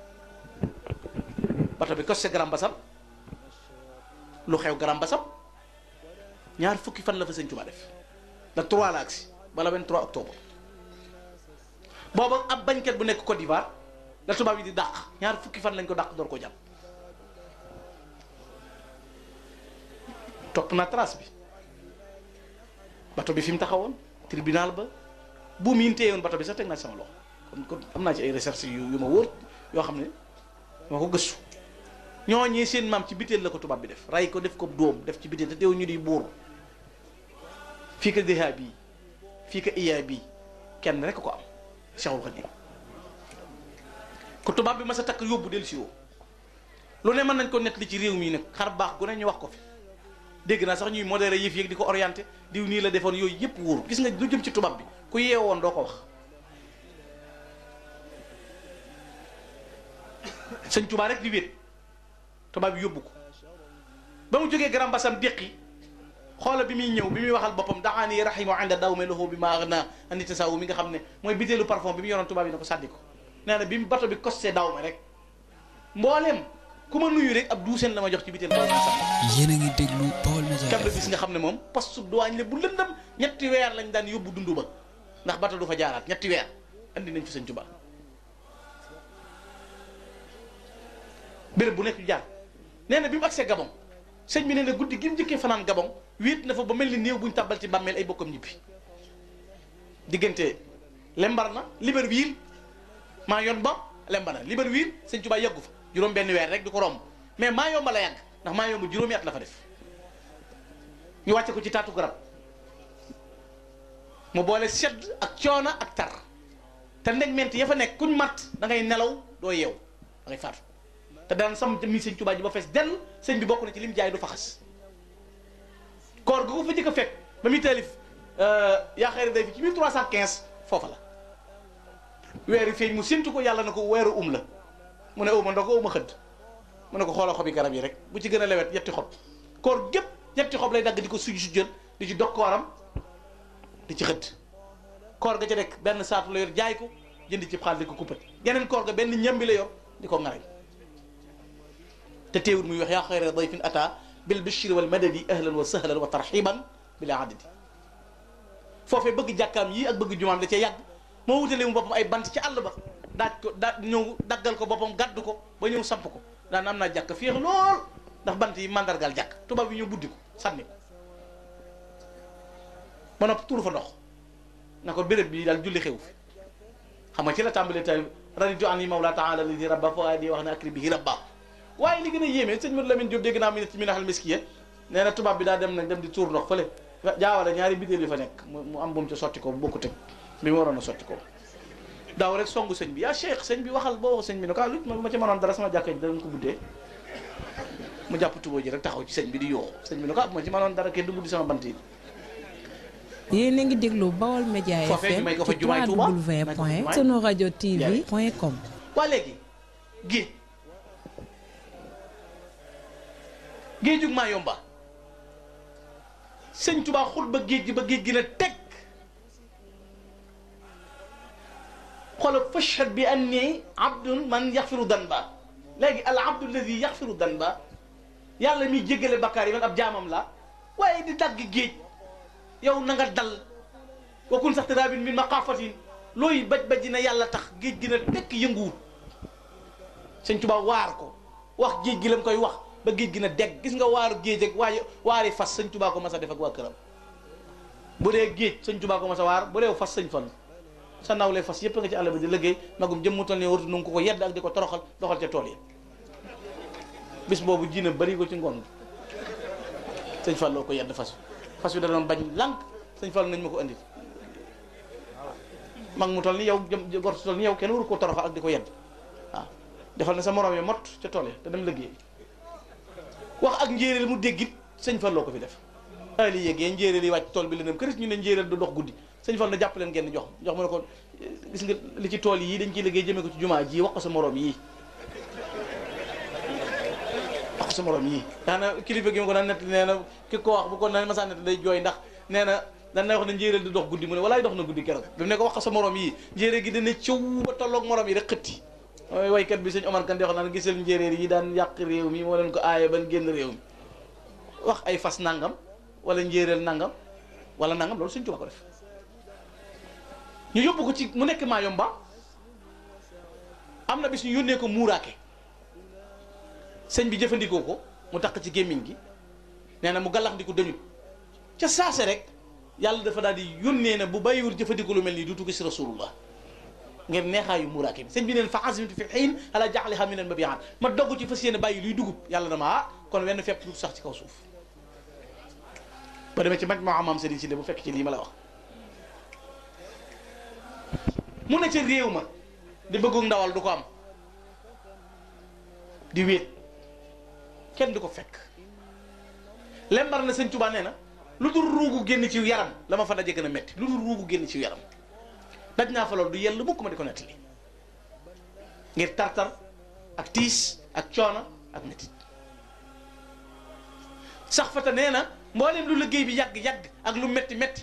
bato bi kos si Grand Bassam lu xew Grand Bassam ñaar fukki fan la fa sëñ Tuubaa def le 3 la agsi bala 23 octobre booba ab bañkat bu nekk Côte d'Ivoire la tubaab yi di dàq ñaar fukki fan lañ ko dàq door ko jàpp topp naa trace bi bato bi fi mu taxawoon tribunal ba bu mu téye woon bato bi sax teg naa sama loxo kon kon am naa ci ay recherche yu yu ma wóor yoo xam ne ma ko gëstu ñooñee seen maam ci biteel la ko tubaab bi def ray ko def ko dóom def ci biteel te teew ñu di buur fii ka déha bii fii ka iyaa kenn rek ko am Seexul Xadiim ko tubaab bi ma sa takk yóbbu dellu si woo lu ne mën nañ koo nekk li ci réew mi nag xar baax gu ne ñu wax ko fi dégg naa sax ñuy modéré yëf yek diko orienter diw ni la defoon yoy yep wóor gis nga du jëm ci tubab bi ku yeewoon doo ko wax sëñ tuba rek di wéet tubab bi yobuko ba mu joggé Grand Bassam déqi xol bi mi ñëw bi mi waxal bopam da'ani rahimu 'inda daw me loxo bi maa na andi tasaawu mi nga xamne moy mooy parfum bi mi yoron tubab bi na sadiko sàddi bi mu bato bi costé dawma rek mbooleem ku ma nuyu rek ab duuseen la ma jox ci bitim tool sax yéen a ngi déglu Baol Médias Cap Régis nga xam ne moom poste douane la bu lëndam ñetti weer lañ daan yóbbu dundu ba ndax bata du fa jaaraat ñetti weer andi nañ fi Sëñ Tuubaa béréb bu nekk jaar nee na bi mu agsee Gabon sëñ bi nee guddi gi mu fanaan Gabon wéet na fa ba mel ni néew buñ tàbbal ci bàmmeel ay bokkam ñibbi diggante Lembarna Libreville maa yoon ba Lembarna Libreville Sëñ Tuubaa yàggu fa juróom benn weer rek du ko romb mais maa yomba la yàgg ndax maa yomb juróomi at la fa def ñu wàcce ko ci taatu garab mu boole sedd ak coono ak tar te ndeg menti ya fa nekk kuñ mat da ngay nelaw doo yeew da ngay faatu te daan sam mi sëñ Tuubaa ji ba fees dell sëñ bi bokk na ci lim jaay du faxas koor gu ko fa jëkk fekk ba muy taalif euh, yaa day fi ci 1315 foofa la weeru feeñ mu séntu ko yàlla na ko weeru um la mune ne uma ndoko uma ma mu mune ko xolo xobi garab yi rek bu ci gëna lewet yetti xob koor gep yetti xob lay dag di ko suñ su jël di ci dog kooram di ci xëdd koor ga ci nekk ben saatu la yor jaay ko jënd ci xal di ko kuppat geneen koor ga ben ñambi la yor diko ngaray te teewul muy wax ya xayra dayfin ata bil bishr wal madadi ahlan wa sahlan wa tarhiban bil adadi fofé bëgg jàkkaam yi ak bëgg jumaam da ci yag mo wutale mu bopam ay bant ci àll ba daaj ko daaj ñëw daggal ko boppam gàddu ko ba ñëw samp ko daan am naa jàkk féex lool ndax bant yi mandargal jàkk tubaab yi ñu buddi ko sànni ko ba noppi tuur fa ndox na ko béréb bii daal julli xew fi xam nga ci la tàmbalee tey raditu an yi mawla taala lidi rabba faadi wax na akri bihi rabba waaye li gën a yéeme sëñ Modou Lamine Diop dégg naa mu ne ci bi daa dem nag dem di tuur ndox fële jaawale ñaari bidéel fa nekk mu am bu mu ca sotti ko bu bokkut ak bi mu waroon a sotti ko daw rek songu sëñ bi ya cheikh sëñ bi waxal bo sëñ bi no ka lut ma ci mënoon dara sama jakkay ji danañ ko buddee mu japp tuboo ji rek taxaw ci sëñ bi di yo sëñ bi no ka ma ci mënoon dara ke du budi sama banti yi ngi deglu bawol media FM ci 3w point sunu rajo tv point com waa gi, gi géejug maa yomba sëñ Tuubaa xut ba géej gi ba géej gi na tek بشر بأني عبد من يغفر ذنبا لكن العبد الذي يغفر ذنبا يالا مي جيغل بكاري من اب جامم لا واي دي داغ جيج يو نغا دال وكون سخت رابين من مقافتين لوي بج بجنا يالا تخ جيج جينا تك ينغو سيغ توبا واركو واخ جيج جي لام كوي واخ با جيج جينا دك غيس نغا وار جيج اك واي واري فاس سيغ توبا كو مسا ديفك وا كرام بودي جيج سيغ توبا كو مسا وار بودي فاس سيغ فون sa nawle fas yëpp nga ci àll bi di léggéey magum jëm mu toll ne wartu nu ko ko yedd ak di ko toroxal doxal ca tool yi bis boobu jiina bari ko ci ngoon sëñ Falloo ko yedd fas fas wi da doon bañ lank sëñ Fallou nañ ma ko andil mag mu toll ni yow jëm gor su toll yow kenn waru ko toroxal ak di ko yedd waaw defal na sa moroom yi mott ca tool yi te dem liggéey wax ak njéeréel mu déggit sëñ Falloo ko fi def ali yéegee njéeréel yi wàcc tool bi lëndëm këris ñu ne njéeréel du dox guddi sëñ Fall na jàpp leen ngeen jox jox mu ne ko gis nga li ci tool yii dañ ciy liggéey jëmee ko ci jumaa ji wax ko sa morom yii yii daana kilifa gi ko daan nett nee na ki ko wax bu ko na masaa nett day jooy ndax nee na dan na wax ne njéeréer di dox guddi mu ne walaay dox na guddi keroog bi mu ne ko wax ko sa morom yii njéeréer gi dana ciw ba tolloog morom yi rek xëtti waykat bi sëñ Omar Kane di wax naan gisal njéeréer yi daan yàq réew mi moo leen ko aaye ban génn réew mi wax ay fas nangam wala njéeréer nangam wala nangam loolu sëñ ñu yóbbu ko ci mu nekk Mayomba am na bis ñu yónnee ko muuraake sëñ bi jëfandikoo ko mu takk ci gémmiñ gi nee na mu gàllax ndiku dañu ca saase rek yàlla dafa daal di yónnee na bu bàyyiwul jëfandikoo lu mel nii duutu gis rasulullah ngir neexaayu muuraake bi sëñ bi neen fa azimtu fi xiin ala jaxliha min al mabiat ma dogg ci fas yéene bàyyi luy dugub yàlla dama ah kon wenn fepp lu sax ci kaw suuf ba demee ci maj moo amaam sëriñ si bu fekk ci ma la wax mu ne ca réew ma di bëggu ndawal du ko am di wéet kenn du ko fekk lembar na sëñ Tuubaa nee na lu dul ruugu génn ci yaram la ma fa daje gën a lu dul ruugu génn ci yaram daj naa fa loolu du yell mukk ma di ko nettali ngir tartar ak tiis ak coono ak métit sax fata nee na mboolem lu liggéey bi yàgg-yàgg ak lu métti metti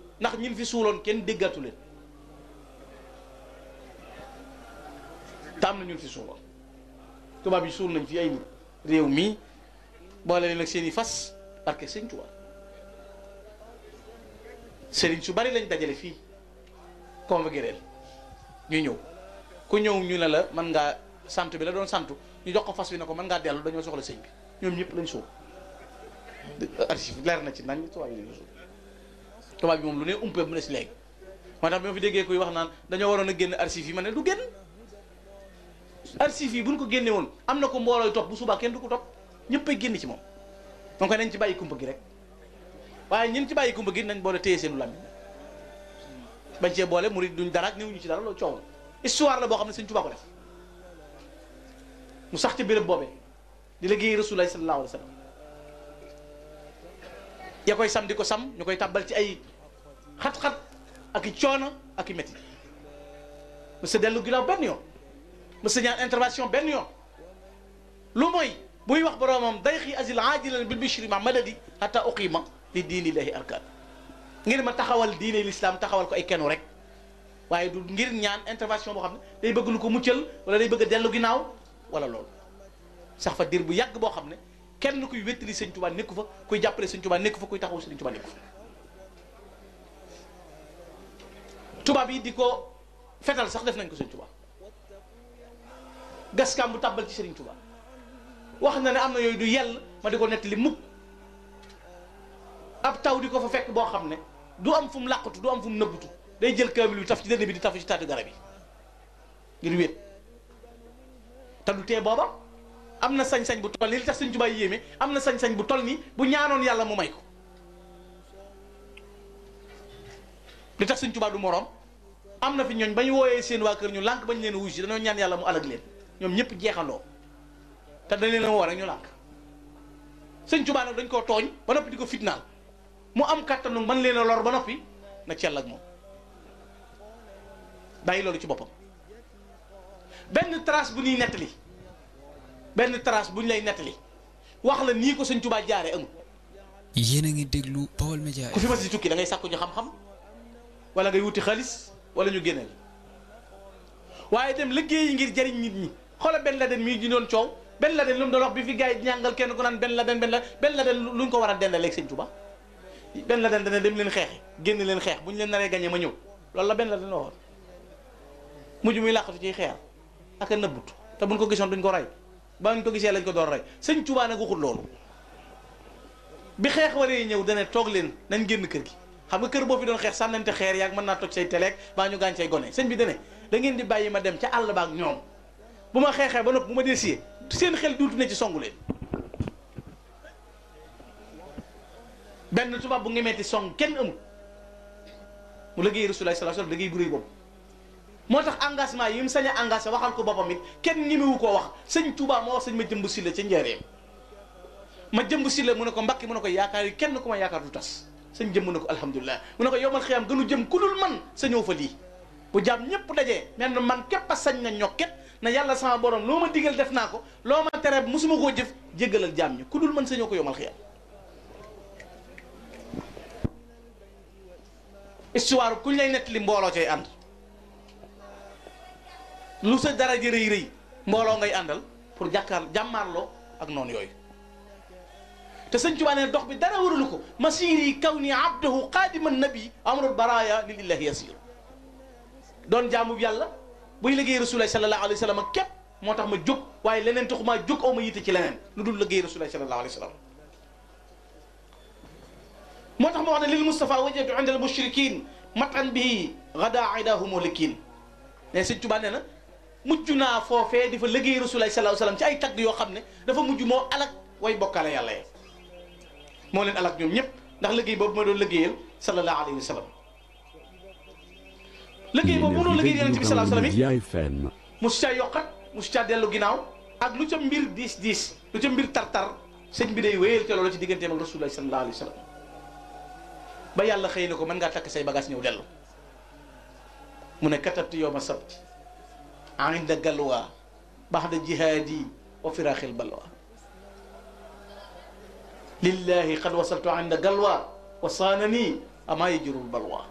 ndax ñim fi suuloon kenn déggatu tam na ñun fi suuloon tubaab yi suul nañ fi ay nit réew mii boole leen ak seen i fas barke sëñ Tuubaa sëriñ su bari lañ dajale fii convoqué ñu ñëw ku ñëw ñu ne la mën ngaa sant bi la doon santu ñu jox ko fas bi ne ko mën ngaa dellu dañoo soxla sëñ bi ñoom ñëpp lañ suul archive leer na ci nañ tubaab yi lañ suul tuba bi mom lu ne umpee mu ne si léegi moo tax bi fi déggee koy wax naan dañu waroon a génn archive yi mané du génn archive yi buñ ko génne won amna ko mbolo top bu suba kenn du ko topp ñëppay génn ci mom donc ko nañ ci bayyi kumpa gi rek waye ñin ci bayyi kumpa gi nañ boole téye seenu lambi bañ ci boole mourid duñ dara ak néewuñu ci dara loolu coow histoire la bo xamné ne Sëñ ko def mu sax ci béréb bobé di liggéey Rasulullah sallallahu alaihi wasallam ya koy sam diko sam ñukoy tabal ci ay xat-xat ak i coono ak i métti mësa dellu ginnaaw benn yoon mësa ñaan intervention benn yoon lu mooy buy wax boroomam day xii asil aajilan bil bishri ma madadi hatta uqima li diinillahi arkaan ngir ma taxawal diine lislaam taxawal ko ay kenu rek waaye du ngir ñaan intervention boo xam ne day bëgg lu ko muccal wala day bëgg a dellu ginnaaw wala loolu sax fa diir bu yàgg boo xam ne kenn kuy wéttali sëñ Tuubaa nekku fa kuy jàppale sëñ Tuubaa nekku fa kuy taxaw sëñ Tuubaa nekku fa tubaab yi di ko fetal sax def nañ ko sëñ Tuubaa gaskaam bu tàbbal ci sëriñ Tuubaa wax na ne am na yooyu du yell ma di ko li mukk ab taw di ko fa fekk boo xam ne du am fu mu làqatu du am fu mu nëbbutu day jël kaamil bi taf ci dënn bi di tafu ci taatu garab yi ngir wéet te du tee booba am na sañ-sañ bu toll nii li tax sëñ tubaay yéeme am na sañ-sañ bu toll nii bu ñaanoon yàlla mu may ko li tax sëñ Tuubaa du morom am na fi ñooñ ba ñu wooyee seen waa kër ñu lànk bañ leen a wuyu si dañoo ñaan yàlla mu alag leen ñoom ñëpp jeexandoo te dañ leen a woo rek ñu lànk sëñ Tuubaa nag dañ koo tooñ ba noppi di ko fitnaal mu am kàttanu mën leen a lor ba noppi na cell ak moom bàyyi loolu ci boppam benn trace bu nuy nettali benn trace bu ñu lay nettali wax la nii ko sëñ Tuubaa jaaree amul. yéen a ngi déglu Baol Média. ku fi mas di tukki da ngay sàkku ñu xam-xam. wala ngay wuti xaalis wala ñu génneel waaye dem liggéeyi ngir jariñ nit ñi benn Ben Laden mii ñu doon coow Ben Laden lu mu doon wax bi fi gars yi ñàngal kenn ku naan Ben Laden Ben Laden Ben Laden luñ ko war a dendaleeg sëñ Tuba Ben Laden dana dem leen xeexe génn leen bu ñu leen naree gañe ma ñëw loolu la Ben Laden waxoon mujj muy làqatu ciy xeer ak te buñ ko gisoon duñ ko rey ba ñu ko gisee lañ ko doon rey sëñ Tuba nag loolu bi xeex waree ñëw dana toog leen nañ génn kër gi xam nga kër boo fi doon xeex sànnante xeer yaag mën naa toj say teleeg baa ñu gaañ say gone sëñ bi dane da ngeen di bàyyi ma dem ca àll baak ñoom bu ma xeexee ba nopp bu ma desiyee seen xel duutu ne ci songu leen benn tubaab bu ngi metti song kenn amul mu liggéey Rasulullah sallallahu alayhi wasallam liggéey bu réy moo tax engagement yi mu sañ a engagé waxal ko boppam it kenn ñemewu koo wax sëñ Touba moo wax sëñ ma jëmb ci ca njareem ma jëmb silla mu ne ko mbakki mu ne ko yaakaar kenn ku ma yaakaar du tas sëñ jëm mu ko alhamdulilah mu ne ko yow man xiyam gënu jëm ku man sa fa lii bu jàmm ñëpp dajee mel na man képp a sañ na ñokket na yàlla sama borom loo ma digal def naa ko loo ma tere musuma koo jëf jéggalal jaam ñi ku dul man sa ñëw ko yomal xiyam histoire kuñ lay nettali mbooloo cay ànd lu sa dara ji rëy rëy mbooloo ngay àndal pour jàkkaar jàmmaarloo ak noon yooyu te sëñ Tuubaa nee dox bi dara warulu ko masiri kaw ni abdahu qaadiman nabi amrul baraya lillahi yasir doon jaamu yàlla buy liggéey rasulullah sallallahu alayhi wa sallam képp moo tax ma jóg waaye leneen taxumaa jóg aw ma yitte ci leneen lu dul liggéey rasulullah sallallahu alayhi wa sallam moo tax ma wax ne lil Mustafa wajatu indal mushrikin matan bihi gada idahu muhlikin ne sëñ Tuubaa nee na mujj naa foofee di fa liggéey rasulullah sallallahu alayhi wa sallam ci ay tagg yoo xam ne dafa mujj moo alak way bokkaale yàlla ya moo leen alak ñoom ñëpp ndax liggéey boobu ma doon liggéeyal sallallahu alayhi wa sallam liggéey boobu mënoon liggéey yonent bi sallallahu alayhi wa dellu ginnaaw ak lu ca mbir diis diis lu ca mbir tar-tar sëñ bi day wéyal te loolu ci digganteem ak rasulullahi sallallahu alayhi wa sallam ba yàlla xëy na ko mën ngaa takk say bagage ñëw dellu mu ne katabtu yowma sabt inda galwa baxda jihaadi wa firaaxil balwa لله قد وصلت عند قلوى وصانني أما يجر البلوى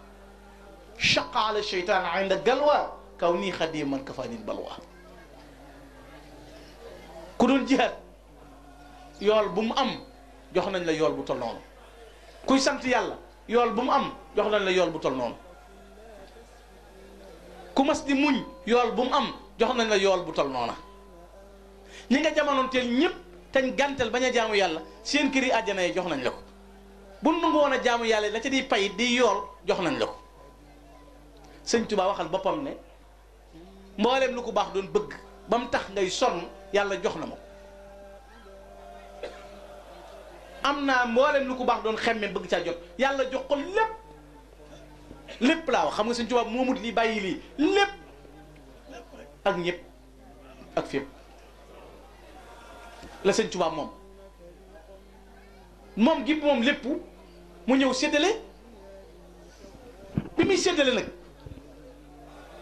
شق على الشيطان عند قلوى كوني خديم من كفاني البلوى كل جهة يول بوم أم جوخنا لا يول بوتل نون كوي سانت يالا يول بوم أم جوخنا لا يول بوتل نون ku mas di muñ yool أم mu am jox nañ la yool bu تيل noona tañ gàntal bañ a jaamu yàlla seen kër yi àjjana yi jox nañ la ko bu nu ngoon a jaamu yàlla la ca di pay di yool jox nañ la ko sëñ Tuubaa waxal boppam ne mbooleem lu ko baax doon bëgg ba mu tax ngay sonn yàlla jox na ma ko am naa mbooleem lu ko baax doon xemmeen bëgg caa jot yàlla jox ko lépp lépp laa wax xam nga sëñ Tuubaa moomut lii bàyyi lii lépp ak ñëpp ak fépp la sëñ Tuubaa mom mom gi mom lépp mu ñëw sédélé bi mi sédélé nak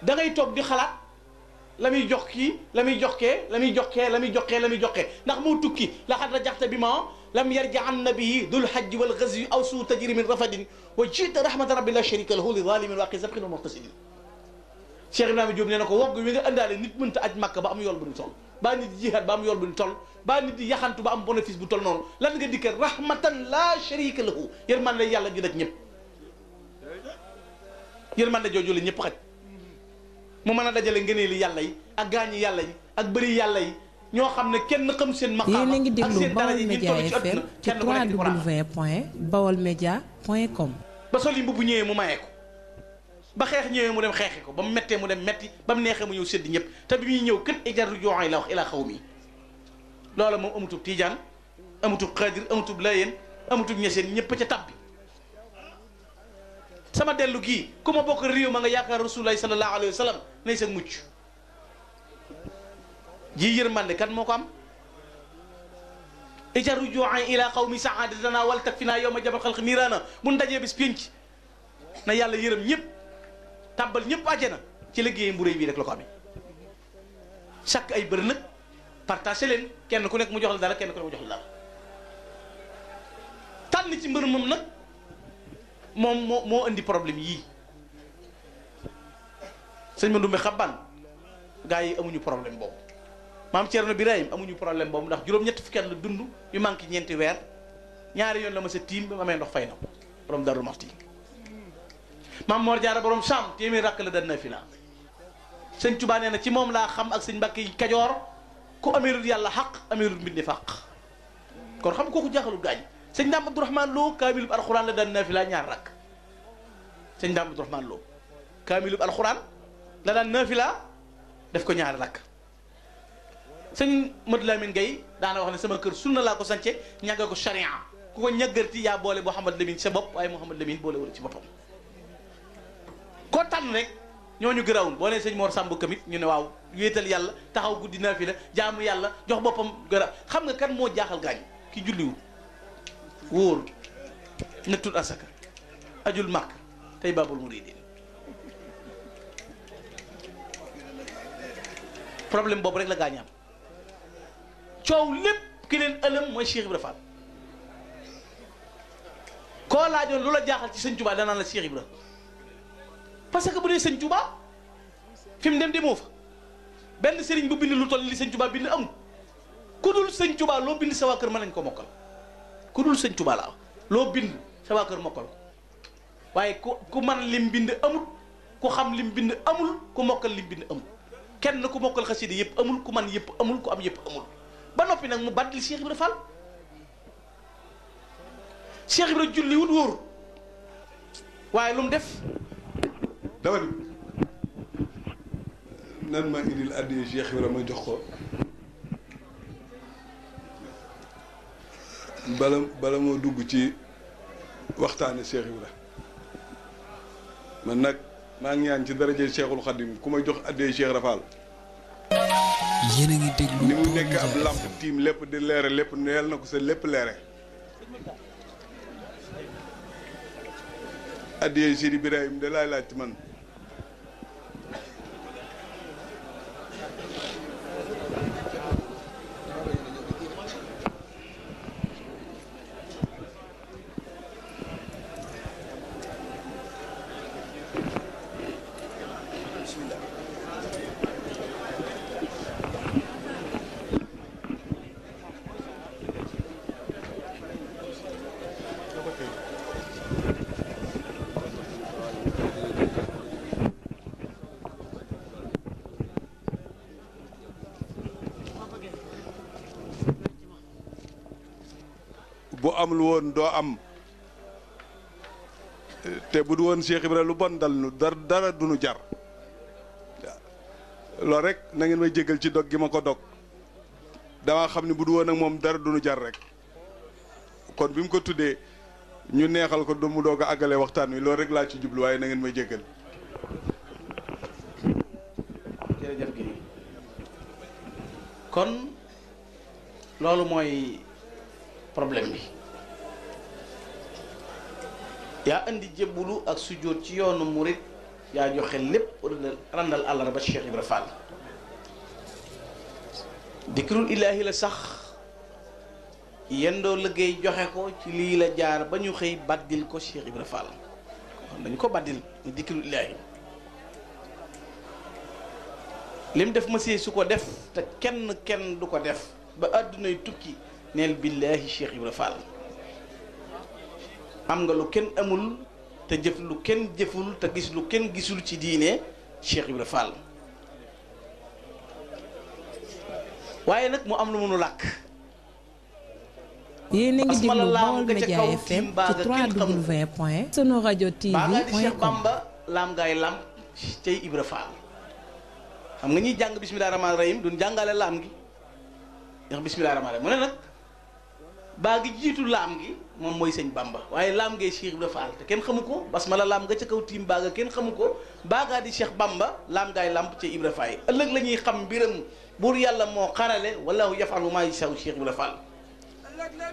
da ngay tok di xalat la jox ki la muy jox kee la muy jox kee la muy jox kee la muy jox kee ndax moo tukki laxat rajaxta bi ma lam yarji an nabii dul hajji wal gazi aw suu tajri min rafadin wa jiita rahmata rabbi la sharika lahu li zalimin waaqi wa muqtasidin Cheikh Ibrahima Diop nee na ko wogg wi nga ëndaale nit mënta aj màkk ba am yool bu ñu toll baa nit di jihaad ba am yool yaxantu ba am bénéfice bu toll noonu lan nga dikke rahmatan la sharika lahu yërmande yàlla ji daj ñëpp yërmande jooju la ñëpp xaj mu mën a dajale ngëneeli yàlla yi ak gaañi yàlla yi ak bëri yàlla yi ñoo xam ne kenn xam seen maqaama yéen a ngi déglu Baol Média FM ci 3w point baolmedia point com ba sol yi mbubb ñëwee mu mayee ko ba xeex ñëwee mu dem xeexi ko ba mu mettee mu dem metti ba mu neexee mu ñëw séddi ñëpp te bi muy ñëw kën ijaru jooxoy la wax ilaa xaw mi loola moom amutub tiijaan amutub xaadir amutub layeen amutub ñeseen ñëpp ca tab bi sama dellu gii ku ma bokk réew ma nga yaakaar rasulullah sallallahu alayhi wa sallam nay sa mucc ji yërmande kan moo ko am ijaru jooxoy ilaa xaw mi saxaadi danaa wal tag fi naa yow ma jabal xalq niiraana mun ndajee bis pénc na yàlla yërëm ñëpp tàbbal ñëpp àjjana ci liggéey bu réy bii rek la ko amee sàkk ay bër nag partagé leen kenn ku nekk mu jox la dara kenn ku jox la dara tànn ci mbër moom nag moom moo moo indi problème yii sëñ ma ndumbe xaban gaa yi amuñu problème boobu maam Thierno Birahim amuñu problème boobu ndax juróom-ñetti fukki at la dund yu manqué ñeenti weer ñaari yoon la ma sa tiim ba ma amee ndox fay na ko borom Darou Mouhty maam jaar Jaara borom Saam téeméer rakk la dana fi la sëñ Tuubaa nee ci moom laa xam ak mbakk yi Kajoor ku amirul yàlla xaq amirul mbindi faq kon xam kooku jaaxalul gaañ sëñ Daam Abdourahman Lo kaamilub alxuraan la daan naafila ñaar rakk sëñ Daam Abdourahman Lo kaamilub alxuraan la daan naafila def ko ñaari rakk sëñ Modou Lamine Gueye daana wax ne sama kër sunna laa ko sance ñàgga ko charia ku ko ñàggarti yaa boole Mouhamad Lamine sa bopp waaye Mouhamad Lamine boole wala ci boppam koo tànn rek ñooñu gërawul boo nee sëñ moo Sàmb kamit ñu ne waaw wéetal yàlla taxaw guddi naa fi la jaamu yàlla jox boppam gëra xam nga kan moo jaaxal gaañ ki julliwul wóor na tut asaka ajul màkk tey baabul muridiin problème boobu rek la gaañ am coow lépp ki leen ëlëm mooy Cheikh Ibra Fall koo laajoon lu la jaaxal ci sëñ Tuubaa danaan la Cheikh Ibra parce que bu dey seigne Touba fim dem demoo fa ben seigne bu bind lu toll li seigne Touba bind am kudul seigne Touba lo bind sa wa keur man lañ ko mokal ku seigne Touba la lo bind sa wa keur mokal waye ku ku man lim bind amul ku xam lim bind amul ku mokal lim bind amul kenn ku mokal xasida yep amul ku man yep amul ku am yep amul ba nopi nak mu baddil Cheikh ibrahim Fall Cheikh ibrahim julli wul wor waye lum def dama ni nan ma indil àddiyee Cheikh ma jox ko bala bala moo dugg ci waxtaane Cheikh Ibrahima man nag maa ngi ñaan ci daraje Cheikhul Khadim ku ma jox àddiyee Cheikh Rafaal yéen mu nekk ab làmp tiim lépp di leere lépp neel na ko sa lépp leere àddiyee Cheikh Ibrahima da laay laaj ci man amul won do am té bu du woon Cheikh Ibra lu bon dal nu dar dara du nu jar lo rek na ngeen may jégal ci dog gi mako dog dama xam ne bu du ak mom dar du nu jar rek kon bimu ko tuddé ñu neexal ko do mu doga agalé waxtaan wi lo rek la ci jublu way na ngeen may jégal. kon lolu moy problème bi. yaa indi jébbulu ak sujjóot ci yoonu murit yaa joxe lépp randal àllarba Cheikh Ibra Fall dikrul ilaahi la sax yendoo liggéey joxe ko ci lii la jaar ba ñu xëy baddil ko Cheikh Ibra Fall kon dañu ko baddil ñu dikrul ilaahi lim def monsieur su ko def te kenn kenn du ko def ba àdduna àddunay tukki neel billaahi Cheikh Ibra Fall am nga lu kenn amul te jëf lu kenn jëful te gis lu kenn gisul ci diine Cheikh Ibra Fall waaye nag mu am lu mënu làkk yéen a ngi déglu Baol Média FM ci 3W point sunu rajo TV point com Bamba laam ngaay lam cay Ibra Fall xam nga ñuy jàng bismillah rahmaan rahim duñ jàngale laam gi ndax bismillah rahmaan rahim mu ne nag baa gi jiitu laam gi moom mooy sëñ Bamba waaye laam ngay Cheikh Ibra Fall te kenn xamu ko bas ma la laam nga ca kaw tiim baa nga kenn xamu ko baa gaa di Cheikh Bamba laam ngaay làmp ca Ibra Fall ëllëg la xam mbiram buur yàlla moo xarale wallahu yafalu maa yashaa Cheikh Ibra Fall ëllëg la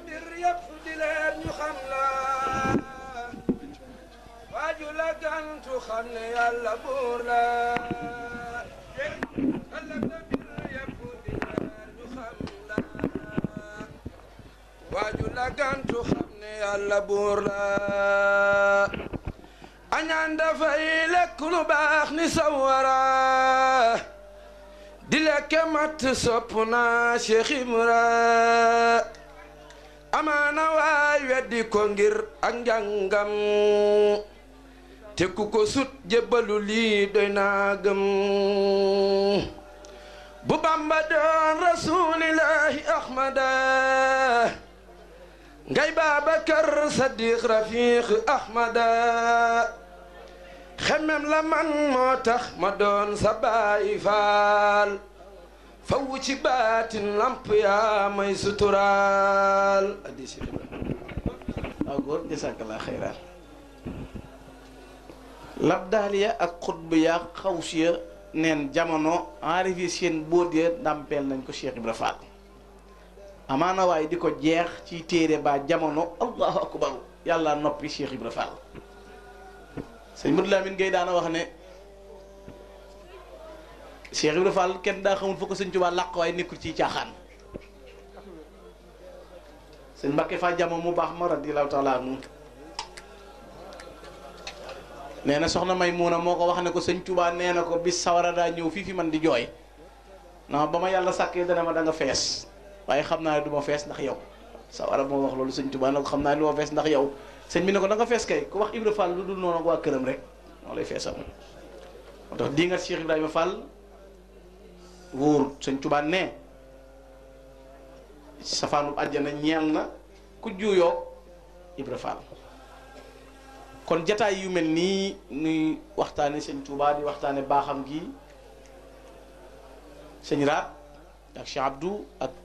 waaju la gantu xam ne yàlla buur la añaan dafay lekk lu baax ni sawara di lekke mat sopp naa Cheikh Ibra amaana waay weddi ko ngir ak njàng te ku ko sut jébbalu lii doy naa gëm bu Bamba doon rasulillahi ahmada ngay Babacar Sadiq Rafiq Ahmada xemem la man moo tax ma doon sa baay faal faw ci baatin lamp yaa may suturaal addis waaw góor jasakalaa xayraan labdaaliya ak xutb yaa xawsiya neen jamono enrivi seen bóot ya ndàmpeel nañ ko Cheikh Ibra Fall amaana waaye di ko jeex ci téere ba jamono allahu akbaru yàlla noppi Cheikh Ibra Fall sëñ Modou Lamine Gueye daana wax ne Cheikh Ibra Fall kenn daa xamul foo ko sëñ Tuubaa làq waaye nekkul ci caaxaan sëñ Mbàkke fa jamo mu baax ma radiyallahu taala anhu nee na soxna may muuna moo ko wax ne ko sëñ Tuubaa nee na ko bi sawara daa ñëw fii fi man di jooy ndax ba ma yàlla sàkkee dana ma da nga fees waye xamna du ma fees ndax yow sa arab mo wax lolou seigne touba nak xamna naa du ma ndax yow seigne bi ne ko da nga fess kay ku wax Ibra Fall lu dul non ak wa këram rek mo lay feesam motax di nga Cheikh ibrahim Fall wóor seigne touba ne safaanub aljana ñeel na ku juuyoo Ibra Fall kon jotaay yu melni ni nuy waxtaane sëñ Tuubaa di waxtane baxam gi seigne rat ak Cheikh Abdou ak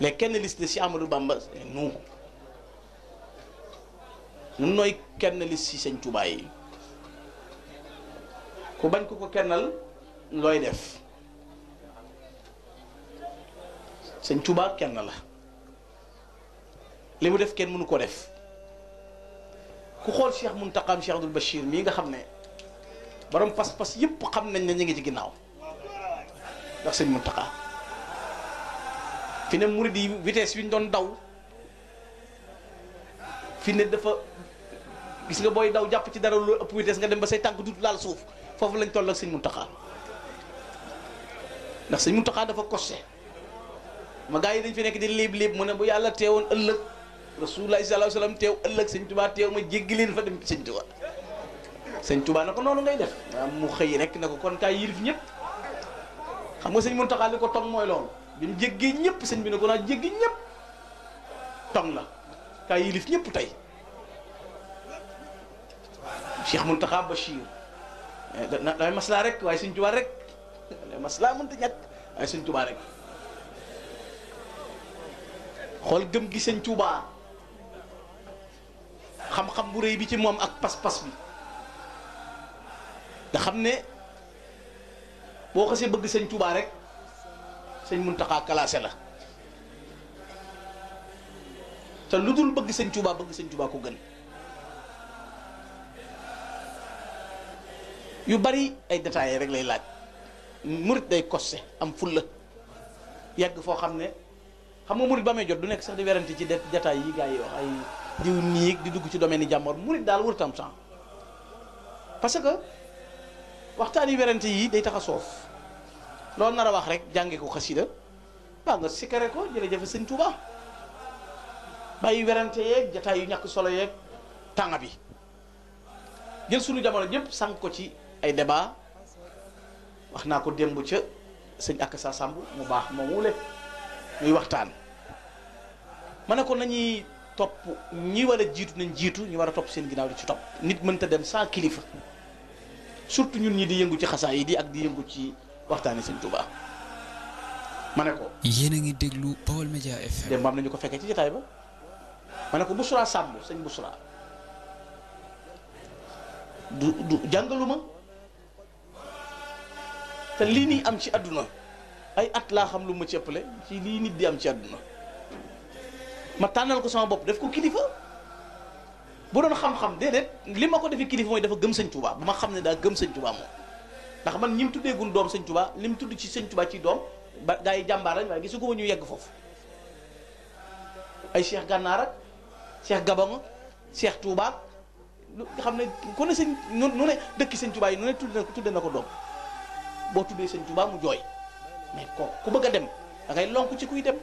les kenn liste de Cheikh Amadou Bamba nous nooy kenn liste si sëñ Tuubaa yi ku bañ ko ko kennal looy def sëñ Tuubaa kenn la li mu def kenn mënu ko def ku xool Cheikh Muntaqaam Cheikh Abdul Bachir mii nga xam ne borom pas-pas yëpp xam nañ ne ñu ngi ci ginnaaw ndax sëñ Muntaqaa fi ne murid yi vitesse bi ñu doon daw fi ne dafa gis nga booy daw jàpp ci dara lu ëpp vitesse nga dem ba say tànk dut laal suuf foofu lañ toll ak sëñ Muntaxa ndax sañ sëñ Muntaxa dafa coché ma gaa yi dañ fi nekk di léeb léeb mu ne bu yàlla teewoon ëllëg rasulullah sallallahu alayhi wasallam teew ëllëg sëñ Tuubaa ma jéggi leen fa dem ci sëñ Tuubaa sëñ Tuubaa na ko noonu ngay def mu xëy rekk ne ko kon kaay yilif ñëpp xam nga sëñ Muntaxa li ko toog mooy loolu bin mu jéggee ñëpp bi ne ko na jéggi ñëpp tam la kaa yilif ñëpp tay cheikh muntaxa bachir eh, damay masla rek way sëñ tubaa rek damay maslaa mënta ñàkk waaye rek xol gëm gi sëñ tubaa xam-xam bu reey bi ci mom ak pas-pas bi da xamne ne boo bëgg sëñ rek sëñ Muntaxa classé la te lu dul bëgg sëñ Tuubaa bëgg sëñ Tuubaa ko gën yu bari ay détails rek lay laaj murit day kosse am fulla yegg foo xam ne xam nga murit ba may jot du nekk sax di werante ci def détails yi gars yi wax ay diw nii di dugg ci domaine yi jàmbur murit daal wërtam temps parce que waxtaan yi werante yi day tax a soof loolu nar a wax rek jànge ko xasida baa nga sikare ko jërëjëf sëñ Touba bàyyi werante yee jataay yu ñàkk solo yeeg tànga bi jël sunu jamono ñëpp sànq ko ci ay débat wax naa ko dem démb ca sëñ ak sa sàmb mu baax moomu lépp muy waxtaan ma ne ko nañuy topp ñi war a jiitu nañ jiitu ñu war a topp seen ginnaaw di ci topp nit mënta dem sans kilifa surtout ñun ñi di yëngu ci xasaa yi di ak di yëngu ci waxtaane seigne Touba ma ne ko. yéen ngi deglu Baol media FM. dem bam nañu ko fekkee ci jotaay ba ma ko Bouchra Samb du du jàngaluma te li ni am ci aduna ay at la xam lu ma ci ëppale ci li nit di am ci aduna ma tanal ko sama bop def ko kilifa bu doon xam-xam dedet Lima ma ko defee kilifa moy dafa gëm seigne Touba bu ma xam ne daa gëm Touba mo ndax man ñi mu tuddeegun doom sëñ Tuubaa li mu tudd ci sëñ Tuubaa ci doom ba gaa yi jàmbaar lañ waaye gisuguma ñu yegg foofu ay Cheikh Gànnaar ak Cheikh Gabon Cheikh Touba ak lu nga xam ne ku ne sëñ nu ne dëkki sëñ Tuubaa yi nu ne tudd na ko tudde na doom boo tuddee sëñ Tuubaa mu jooy ko ku bëgg a dem da ngay lonk ci kuy dem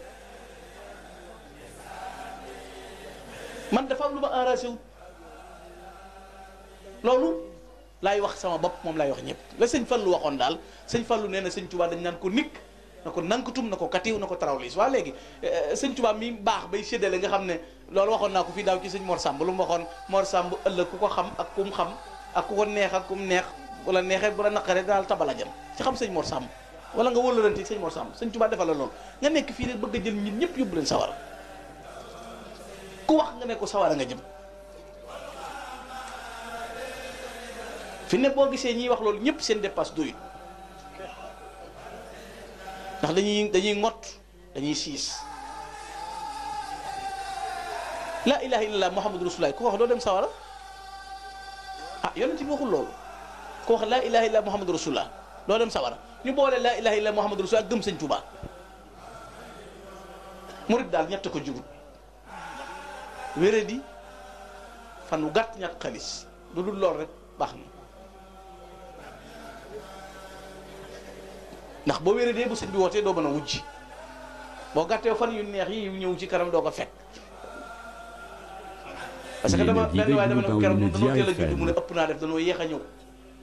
man dafa am lu ma enragé wu loolu laay wax sama bopp moom lay wax ñëpp la sëñ fal lu waxoon daal sëñ Fallu nee na sëñ Tuubaa dañ naan ko nikk na ko nankatum na ko katiw na ko tarawlis waa léegi eh, sëñ Tuubaa mi baax bay séddale nga xam ne loolu waxoon naa ko fii daaw ci sëñ Mor Samb lu mu waxoon Mor Samb ëllëg ko xam ak ku mu xam ak ku ko neex ak ku mu neex bu la neexee bu la naqaree daal tabala jëm xam sëñ Mor Samb wala nga wóolarante sëñ Mor Samb sëñ Tuubaa defal la loolu nga nekk fii rek bëgg a jël ñit ñëpp yóbbu leen sawara ku wax nga ne ko sawara nga jëm fi ne boo gisee ñiy wax loolu ñëpp seen dépasse doyut ndax dañuy dañuy ngott dañuy siis laa ilaha illallah muhammadu rasulullah ku ko wax doo dem sawara ah yonent bi waxul loolu ku wax laa ilaha illallah muhammadu rasulullah doo dem sawara ñu boole laa ilaha illallah muhammadu rasulullah gëm sëñ Tuubaa murid daal ñett ko jurut wéré di fan wu gàtt ñàkk xalis lu dul lool rek baax na ndax boo wéradee bu sëñ bi wootee doo mën a wujj boo gàttee fan yu neex yi ñëw ci kanam doo ko fekk parce que dama benn waaye dama ne ko keroog dañoo teel a judd mu ne ëpp naa def dañoo yéex a ñëw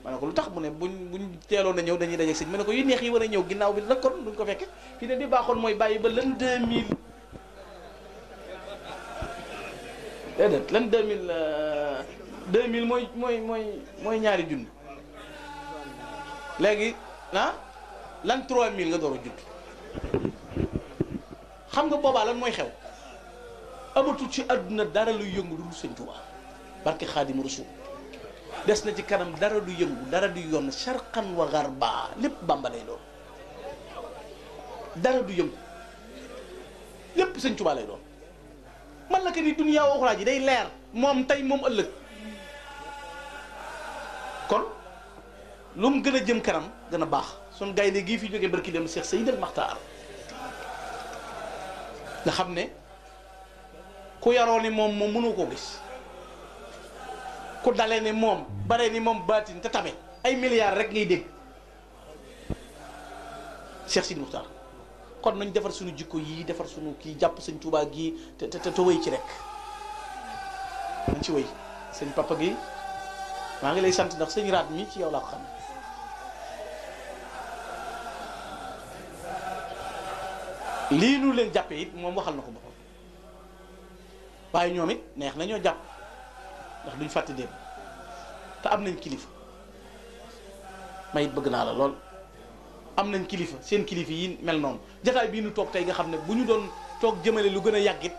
ma ne ko lu tax mu ne buñ buñ teeloon a ñëw dañuy daje sëñ ma ne ko yu neex yi war a ñëw ginnaaw bi nag kon duñ ko fekke fi ne di baaxoon mooy bàyyi ba lan 2000 déedéet lan 2000 euh, mooy mooy mooy mooy ñaari junni léegi ah? lan 3000 nga door a judd xam nga boobaa lan mooy xew amatul ci àdduna dara luy yëngu lu dul sëñ Tuubaa barke Xaadimu Rasuul des na ci kanam dara du yëngu dara du yoon sharqan wa garba lépp Bàmba lay doon dara du yëngu lépp sëñ Tuubaa lay doon man la ko ni dunyaa wa uxraa ji day leer moom tey moom ëllëg kon lu mu gën a jëm kanam gën a baax suñ gaynde gii fi jóge barki dem Cheikh Seydil Maxtaar nga xam ne ku yaroo ni moom moom mënu koo gis ku dale ni moom bare ni moom baatin te tamit ay milliards rek ngay dégg Cheikh Sidi Muxtaar kon nañ defar suñu jikko yii defar suñu kii jàpp sëñ Tuubaa gii te te te wéy ci rek nañ ci wéy sëñ papa gi maa ngi lay sant ndax sëñ raat mi ci yow laa ko xam lii nu leen jàppee it moom waxal na ko boppam waaye ñoom it neex nañoo ñoo jàpp ndax duñ fàtte démb te am nañ kilifa may bëgg naa la lool am nañ kilifa seen kilifa yi mel noonu jataay bii nu toog tey nga xam ne bu ñu doon toog jëmale lu gën a yàggit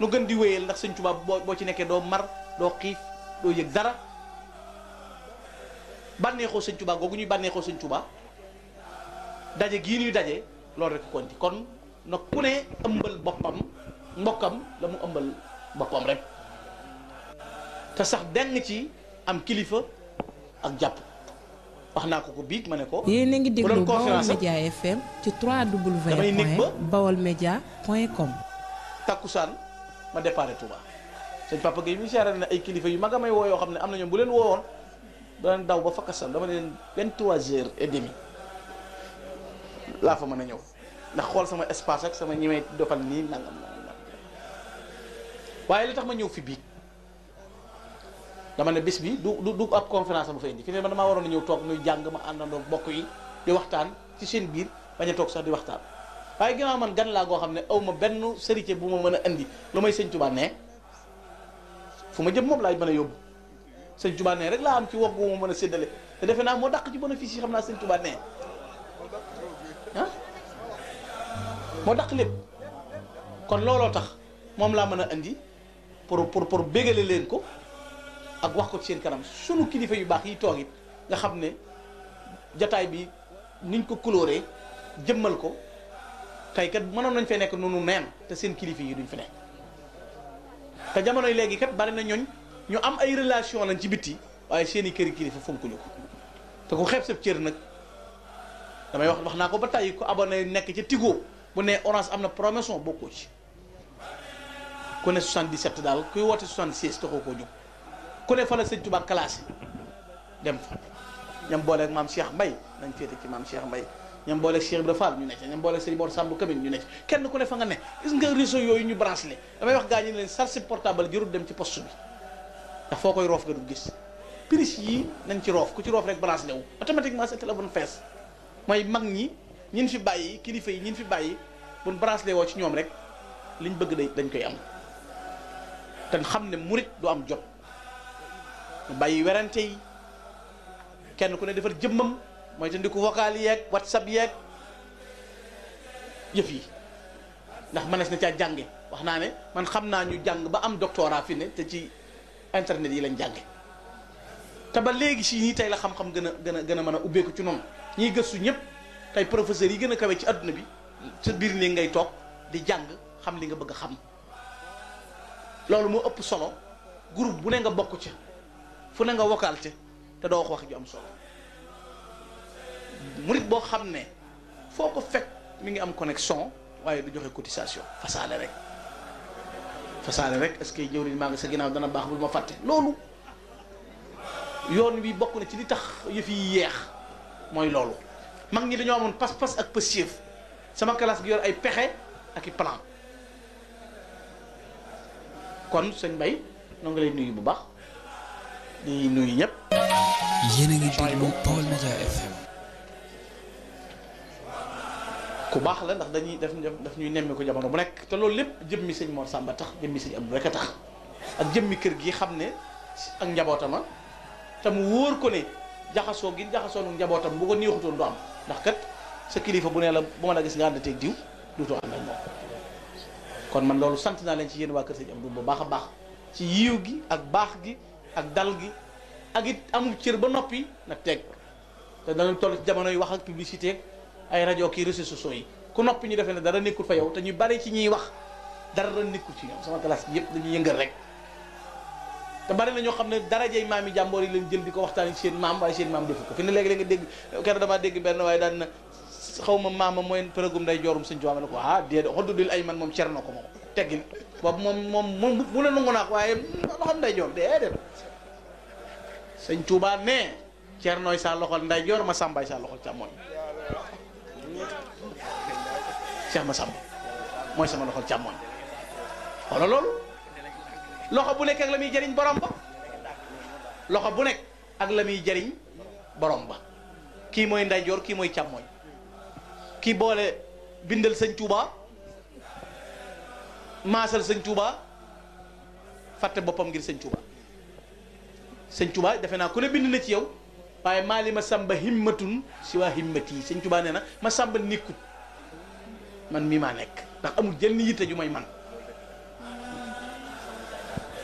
nu gën di wéyal ndax sëñ Tuubaa boo ci nekkee doo mar doo xiif doo yëg dara bànneexoo sëñ Tuubaa googu ñuy bànneexoo sëñ Tuubaa daje gii ñuy daje loolu rek konti kon na ku ne ëmbal boppam mbokkam la mu ëmbal boppam rek te sax deng ci am kilifa ak jàpp wax naa ko ko biig ma ne ko. yéen ngi déglu Baol Média FM ci 3W. damay nekk ba baolmedia.com. takkusaan ma déparé Touba sëñ Papa Gueye mi seere na ay kilifa yu mag a yoo xam ne am na ñoom bu leen woowoon danañ daw ba fakkasan dama ne leen 23 heures et demi laa fa mën a ñëw. ndax xool sama espace ak sama ñi may dofal nii nangam nangam waaye li tax ma ñëw fi biig dama ne bis bi du du du ab conférence ma fa indi fi ne man damaa waroon a ñëw toog nuy jàng ma àndandoo bokk yi di waxtaan ci seen biir bañ a toog sax di waxtaan waaye ginnaaw man gan laa goo xam ne aw oh, ma benn sërite bu ma mën a indi lu may sëñ ne fu ma jëm moom laay mën a yóbbu sëñ tubaa ne rek laa am ci wog bu ma mën a séddale te defe naa moo dàq ci bénéfice yi xam naa sëñ ne ah moo dàq lépp kon looloo tax moom laa mën a indi pour pour pour bégale leen ko ak wax ko ci seen kanam sunu kilifa yu baax yi toog it nga xam ne jataay bi niñ ko coloré jëmmal ko tey kat mënoon nañ fee nekk nunu neen te seen kilifa yi duñ fi nekk te jamonoy léegi kat bari na ñooñ ñu am ay relation lañ ci bitti waaye seen i këri kilifa fonkuñu ko te ku xeeb sa cër nag damay wax wax naa ko ba tàyyi ko abonné nekk ca Tigo bu ne orange am na promotion bokkoo ci ku ne 77 daal kuy woote 76 taxoo koo jóg ku ne fa la sëñ Tuubaa classé dem fa ñam booleeg maam Cheikh Mbaye nañ féete ci maam Cheikh Mbaye ñam booleeg Cheikh Ibra Fall ñu ne ci ñam booleeg sëñ Bor Samb Kamil ñu ne ci kenn ku ne fa nga ne gis nga réseau yooyu ñu branché damay wax gaa ñi ne leen charge portable jërul dem ci poste bi ndax foo koy roof nga du gis prise yi nañ ci roof ku ci roof rek branché wu automatiquement sa téléphone fees mooy mag ñi ñin fi bàyyi kilifa yi ñin fi bàyyi bu bracelet woo ci ñoom rek liñ bëgg dañ koy am te xam ne murit du am jot bàyyi werante yi kenn ku ne defar jëmmam mooy te ndi ko vocal yeeg whatsapp yeeg yëf yi ndax mënees na caa jànge wax naa ne man xam naa ñu jàng ba am doctorat fi ne te ci internet yi lañ jànge te ba léegi si ñii tey la xam-xam gën a gën a gën a mën a ubbeeku ci noonu ñiy gëstu ñëpp tay professeur yi gëna kawé ci aduna bi ci bir ni ngay tok di jang xam li nga bëgg xam loolu mo upp solo groupe bu ne nga bokku ci fu ne nga vocal ci te do wax wax ju am solo murid bo xamne foko fek mi ngi am connexion waye du joxe cotisation fasale rek fasale rek est ce que jëwri ma nga sa ginaaw dana bax bu ma fatte lolu yoon wi bokku na ci li tax yëf yi yeex moy loolu mag ñi dañoo amoon pas-pas ak pësief sama classe gi yor ay pexe ak i plan kon sëñ Mbaye noo ngi lay nuyu bu baax di nuyu ñëpp. yéen ku baax la ndax dañuy daf daf ñuy nemmeeku jamono bu nekk te loolu lépp jëmmi sëñ Mor Samba tax jëmmi sëñ am rek a tax ak jëmmi kër gi xam ne ak njabootama te mu wóor ko ne jaxasoo gi jaxasoo nu njabootam bu ko neexutoon du am. ndax kat sa kilifa bu ne la bu ma la gis nga ànd teeg diw duutoo ànd ak moom kon man loolu sant naa leen ci yéen waa kër sëñ Abdou bu baax a baax ci yiw gi ak baax gi ak dal gi ak it amul cër ba noppi nag teg te danañ toll ci jamono yi wax ak publicité ay rajo kii réseaux sociaux yi ku noppi ñu defee ne dara nekkul fa yow te ñu bari ci ñuy wax dara nekkul ci ñoom sama classe bi yëpp dañuy yëngal rek te bari na ñoo xam ne darajey maam yi jàmboor yi leen jël di ko waxtaan seen maam waaye seen maam defu ko fi ne léegi-léegi dégg keroog damaa dégg benn waaye daan na xaw ma maama mooy përëgum day joorum suñ joama ne ko ah, ay man moom cer na ko moom teggil boobu moom moom moom mu la nangu naak waaye loxoom day joor nooy saa loxol nday joor ma sàmbaay sa loxol càmmooñ Cheikh ma sàmb mooy sama loxol càmmooñ xoolal loolu loxo bu nekk ak la muy jariñ borom ba loxo bu nekk ak la muy jariñ borom ba kii mooy ndeyjoor kii mooy càmmooñ kii boole bindal sëñ Touba maasal sëñ Touba fàtte boppam ngir sëñ Touba sëñ Touba defe naa ku ne bind na ci yow waaye maa li ma sàmba himmatun si waa himmat yi sëñ Touba nee na ma sàmba nikkut man mii maa nekk ndax amul jënn yitte ju may man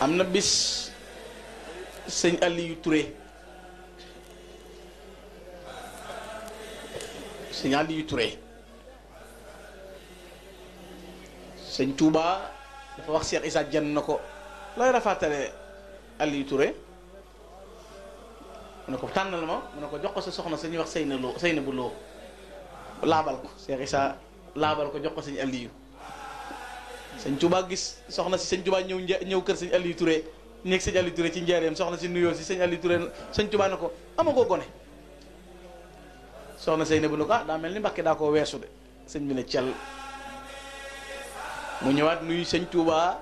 am na bis sëñ Aliou Touré sëñ Aliou Touré sëñ Touba dafa wax Cheikh Issa Dieng na ko looy rafaatale Aliou ture mu ne ko tànnal ma mu ne ko jox ko sa soxna sañuy wax Seyna Lo Seyna bu Lo laabal ko Cheikh Issa laabal ko jox ko sëñ Aliou sëñ Touba gis soxna si sëñ Touba ñëw ñëw kër sëñ Aliou Touré nekk sëñ Aliou Touré ci njaareem soxna si nuyoo si sëñ Aliou Touré sëñ ne ko ama koo gone soxna sëy ne bu ne ko ah daa mel ni mbakke daa koo weesu de sëñ bi ne mu ñëwaat nuyu sëñ Touba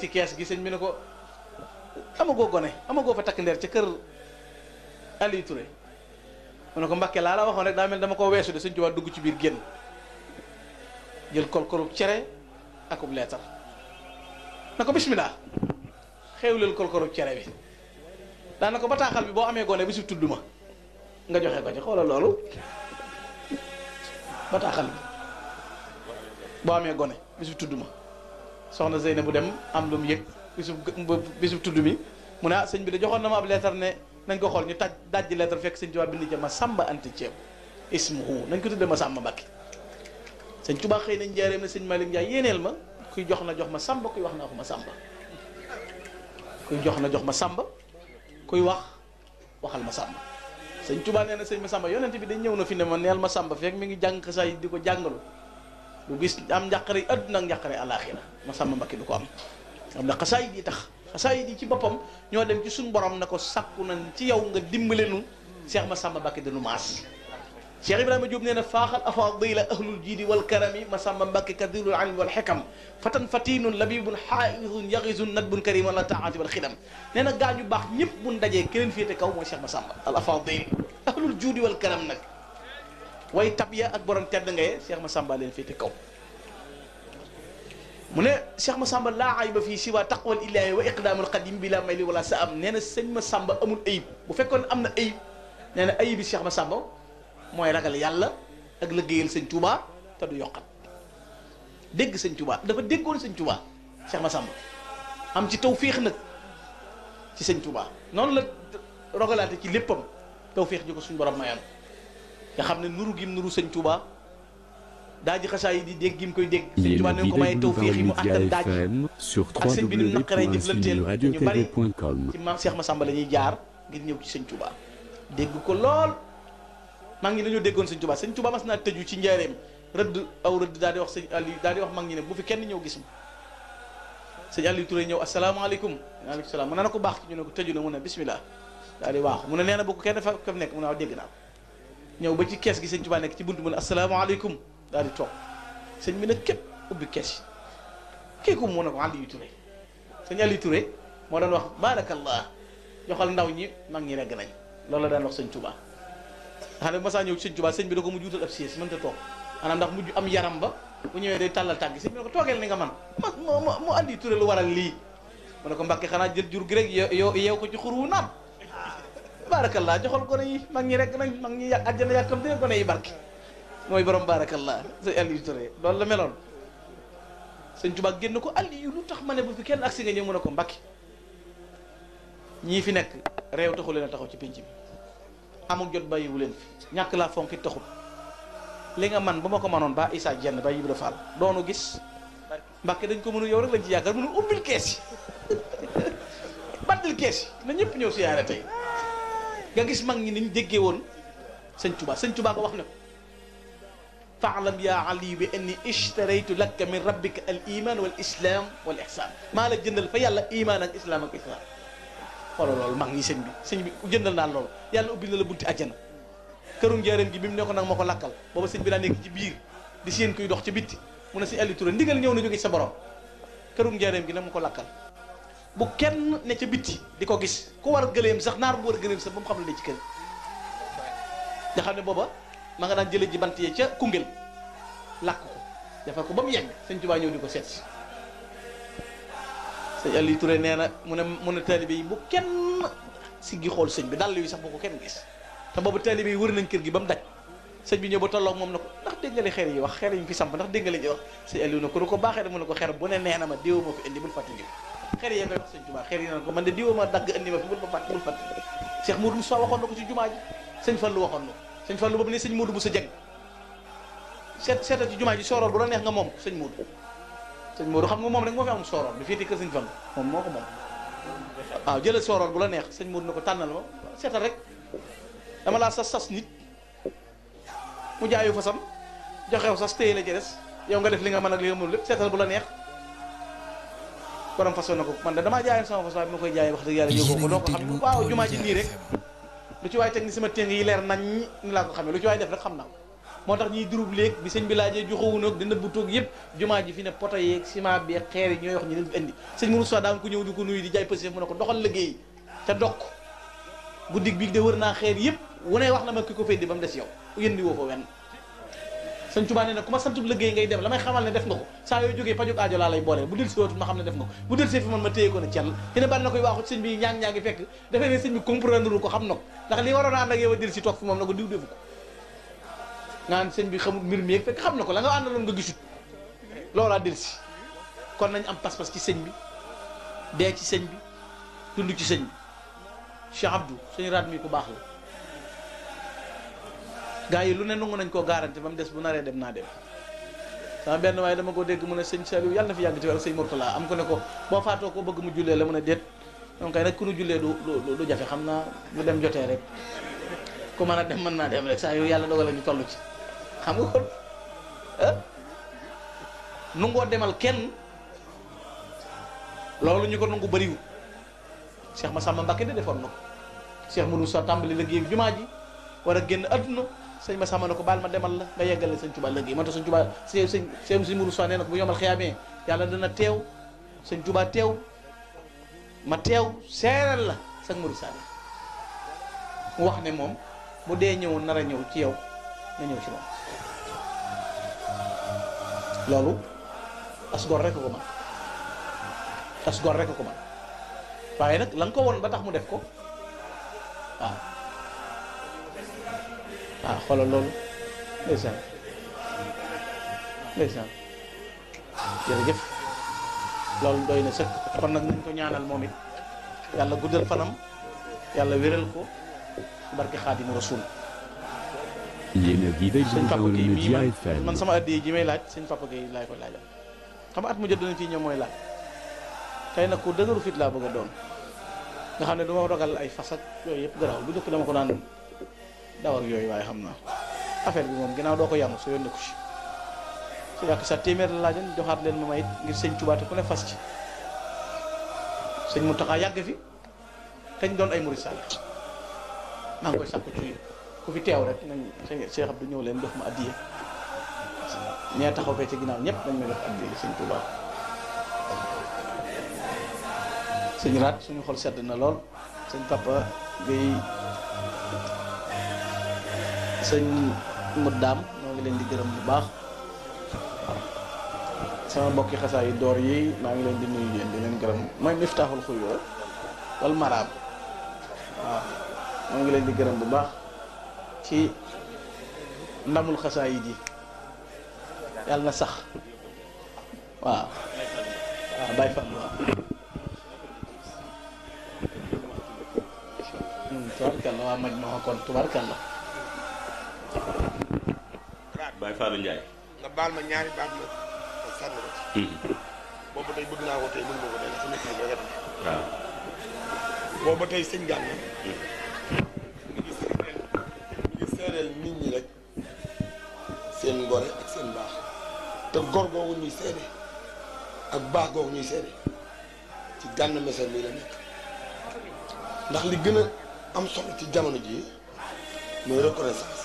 ci kees gi sëñ bi ne ko amagoo gone amagoo fa takk ndeer ca kër Aliou Touré mu ne ko Mbàkke laa la waxoon rek daa mel dama ko weesu de sëñ Touba dugg ci biir génn jël kol kolub cere akub leetar na ko bismillah xéewleel kolkoru cere bi daana ko bataaxal bi boo amee gone bi si tudd ma nga joxe ko ci xoolal loolu bataaxal boo amee gone bisu tudd ma soxna Zeyna bu dem am lu mu yëg bisu bisu tudd mi mu ne ah sëñ bi da joxoon na ma ab leetar ne nañ ko xool ñu taj dajji leetar fekk sëñ Tuubaa bind ca ma sàmba anti ceeb ismuhu nañ ko tudde ma sàmba Mbàkke sëñ Tuubaa xëy nañ jaareem na sëñ Malick Ndiaye yéeneel ma kuy jox na jox ma sàmba kuy wax naa ko ma sàmba jox na jox ma sàmba kuy wax waxal ma sàmba sëñ Tuubaa nee na sëñ ma sàmba yonent bi dañ ñëw na fi ne ma neel ma sàmba fekk mu ngi jàng xasaay di ko jàngalu du gis am njàqare àdduna ak njàqare àlaaxira ma sàmba Mbàkke du ko am am na xasaay di tax xasaay di ci boppam ñoo dem ci suñu borom na ko sàkku nañ ci yow nga dimbale nu Seex ma sàmba Mbàkke dañu maas cheikh ibrahima diop nee na faaxal afadila ahlul jiidi wal karami masamba mbàkke kadirul alim wal xekam fatan fatinun labibun xaaidun yaxisun nadbun karim ala taati wal xidam nee na gaa ñu baax ñëpp buñ dajee keneen féete kaw mooy cheikh masamba al afadil ahlul juudi wal karam nag way tab ya ak borom tedd ngaye cheikh masamba leen féete kaw mu ne cheikh masamba laa ayba fii siwa taqwal illahi wa iqdaamul qadim bila mayli wala sa am nee na sëñ masamba amul ayib bu fekkoon am na ayib nee na ayibi cheikh masamba mooy ragal yàlla ak liggéeyal sañ Touba te du yokkat dégg sëñ Touba dafa déggoon sëñ Touba Cheikh Massamba am ci tawféex nag ci sëñ Touba noonu la rogalaate ci léppam tawféex ji ko suñ borom mayoon nga xam ne nuru gim nuru sëñ Touba daa ji xasaa yi di dégg gim koy dégg sëñ Touba ne ko maye tawféex yi mu àttal daaj ak sëñ bi ni mu naqaree jëflanteel ñu bari ci maam Cheikh Massamba la ñuy jaar ngir ñëw ci sëñ Touba dégg ko lool mag ñi dañoo déggoon sëñ Tuubaa sëñ Tuubaa mas naa tëju ci njaareem rëdd aw rëdd daal di wax sëñ Aliou daal di wax mag ñi ne bu fi kenn ñëw gis ma sëñ Aliou ture ñëw asalaamaaleykum waaleykum salaam mu ne na ko baax ñu ne ko tëju na mu ne bismillah daal mu na bu ko kenn fa ko nekk mu ne waaw dégg naa ko ñëw ba ci kees gi sëñ Tuubaa nekk ci buntu mu ne asalaamaaleykum daal di toog sëñ bi nag képp ubbi kees yi kii ko mu ne ko Aliou Touré sëñ Aliou Touré moo doon wax baarakallah joxal ndaw ñi mag ñi regg nañ loolu la daan wax sëñ Tuubaa xam ne masaa ñëw ci sëñ Tuubaa sëñ bi da ko mujj wutal ab siis mënta toog maanaam ndax mujj am yaram ba bu ñëwee day tàllal tàgg sëñ bi ne ko toogeel ni nga man ma ma mu andi turé lu waral lii mu ne ko mbàkke xanaa jël jur gi rek yow yow ko ci xur wu naan baarakallaa joxal gone yi mag ñi rek nañ mag ñi yàq àjjana yàkkam dina gone yi barke mooy borom baarakallaa sëñ Aliou loolu la meloon sëñ Tuubaa génn ko Aliou lu tax ma ne bu fi kenn agsi nga ñëw mu ne ko mbàkke ñii fi nekk réew taxu leen a taxaw ci pénc bi amul jot bàyyiwu leen fi ñàkk laa fonkit taxut li nga man ba ma ko manoon ba Issa Dieng ba Ibra Fall doonu gis Mbàkke dañ ko mënu yow rek lañ ji yaakaar mënu ubbil kees yi <laughs> bandil kees yi na ñëpp ñëw si tey nga gis mag ñi niñ déggee woon sëñ Tuubaa sëñ Tuubaa wax ne ko faalam yaa ali bi anni ishtaraytu laka min rabbika al iman wal islam wal maa la jëndal fa yàlla iman ak ak xol loolu mag ni sëñ bi sëñ bi jëndal na loolu ya yalla ubbil na la bunti aljana kërum njaareem gi bim neko nak mako lakal ma ko bi daa nek ci biir di seen kuy dox ci biti mu na ci Aliou tour ndigal ñew na sa borom kërum gi ko bu kenn ne ci biti di gis ku war gëleem sax nar bu war gëleem sax bu mu xam ne ci kër da xamne ne ma nga daan ji bant ya ca kungel lakko ko bam yegg tuba ñew diko sëñ Aliou Touré nee na mu ne mu ne taalibe yi bu kenn siggi xool sëñ bi dàll yi sax bu ko kenn gis te boobu taalibe yi wër nañ kër gi ba mu daj sëñ bi ñëw ba tolloog moom na ko ndax dégg nga li xeer yi wax xeer yi ñu fi samp ndax dégg nga wax sëñ Aliou na ko du ko baaxee da mu ne ko xeer bu ne nee na ma diwa ma fi indi bul fàttali xeer yi ngay wax sëñ Tuubaa xeer yi naan ko man de diwa ma dagg indi ma fi bul fàttali bul fàttali Cheikh Moudou Moussa waxoon na ko ci jumaa ji sëñ Fallou waxoon na ko sëñ Fallou boobu sëñ Modou xam nga moom rek moo fi am sooroor bi féete kër sëñ Fang moom moo ko moom waaw jëlal sooroor bu la neex sëñ Modou na ko tànnal ma seetal rek dama laa sas sas nit mu jaayu fasam joxew sas téye la ci des yow nga def li nga mën ak li nga mënul lépp seetal bu la neex borom façon na ko man da damaa jaayoon bi ma koy jaayee wax dëgg yàlla yóbboo ko doo ko xam waaw jumaa ji nii rek lu ci waay teg ni sama téng yi leer nañ ni laa ko xamee lu ci waay def rek xam naa moo tax ñuy durub léeg bi sëñ bi laajee joxowunoog dina bu toog yëpp jumaa ji fi ne poto yeeg ciment bi xeer yi ñooy wax ñu leen fi indi sëñ Mourou Sow daan ko ñëw di ko nuyu di jaay positif mu bi de wër naa xeer yëpp wu ne wax na ma ki ko féddi ba mu des yow yëndi woo fa wenn sëñ Tuubaa nee na ku ma ne def nga ko saa yoo jógee pajuk aajo laa lay boole bu del si wootul ma xam ne def nga ko bu del see fi man ma téye ko ne cell te ne bari na koy waaxu sëñ bi ñaang-ñaangi fekk dafee ne sëñ bi comprendre ko xam na ko ndax li waroon a ànd ak yow del si toog fi moom na ko diw defu ko nan sëñ bi xamul mbir mi yëg fekk xam na ko la nga andalon nga gisut lola del ci kon nañ am pas-pas ci sëñ bi de ci sëñ bi dund ci sëñ bi Cheikh Abdou sëñ raat mi ku bax la gaay lu ne nangu nañ ko garanti bam dess des bu naré dem na dem sama benn way dama ko deg mu ne sëñ Saliou yalla fi yàgg ci wàllu sëñ Mourtala am ko ne ko bo faato ko bëgg mu jullee la mu ne det donc kay nak ku nu jullee du du du jafe xam naa dem jotee rek ku mana dem man na dem rek sa yu yalla dogal ñu tollu ci. am nga kon ah, nungoo demal kenn loolu ñu ko nungu bëriwu ma Massamba Mbacké de defoon na ko mu Mourou sa tàmbali liggéey bi jumaa ji war a génn adduna sëñ Massamba ne ko baal ma demal la nga yeggalee sëñ Touba liggéey moo tax sëñ Touba sëñ sëñ sëñ sa nee na ko bu yomal yàlla dana teew sëñ Touba teew ma teew seeral la sëñ Mourou sa mu wax ne moom mu dee ñëw nar a ñëw ci yow nga ñëw ci moom loolu asgor rek ko man asgor rek ko man waaye nag la nga ko woon ba tax mu def ko waaw waaw xoolal loolu ndeysaan ndeysaan jërëjëf loolu doy na sëkk kon nag nañ ko ñaanal moom it yàlla guddal fanam yàlla wéral ko barke xaadimu rasul yéen a gi day bii man man sama addi ji may laaj sëñ Papa Gueye laay koy laajal xam nga at mu jot dana fii ñoom mooy laaj tey nag ku dëgëru fit laa bëgg doon nga xam ne du ma ay fas ak yooyu yëpp garaaw bu jëkk dama ko daan daw yooyu waaye xam naa affaire bi moom ginnaaw doo ko yàmm su yónnee ko si su yàq joxaat leen ma may ngir sëñ Tuubaa te ku ne fas ci sëñ Muntaxa yàgg fi te ñu doon ay murid sàll koy sàkku ci ku fi teew rek nañ xëy na Cheikh Abdou ñëw leen dox ma addiye ñee taxaw fee ci ginnaaw ñëpp dañ may def addiye sëñ Touba sëñ raat suñu xol sedd na lool sëñ papa gay sëñ muddaam noo ngi leen di gërëm bu baax sama mbokki xasaa yi door yi maa ngi leen di nuyu yéen di leen gërëm mooy miftaaxul xuyoo wal maraab waaw noo ngi leen di gërëm bu baax ci ndamul xasaayid yi yàlla na sax waaw waaw bàyyi hmm, waa maj ma kon tubarkalla Baye Fallou seereel nit ñi rek seen ngore ak seen baax te gor googu ñuy seede ak baax googu ñuy seede ci gànn Messere bi la nekk ndax li gën a am solo ci jamono ji mooy reconnaissance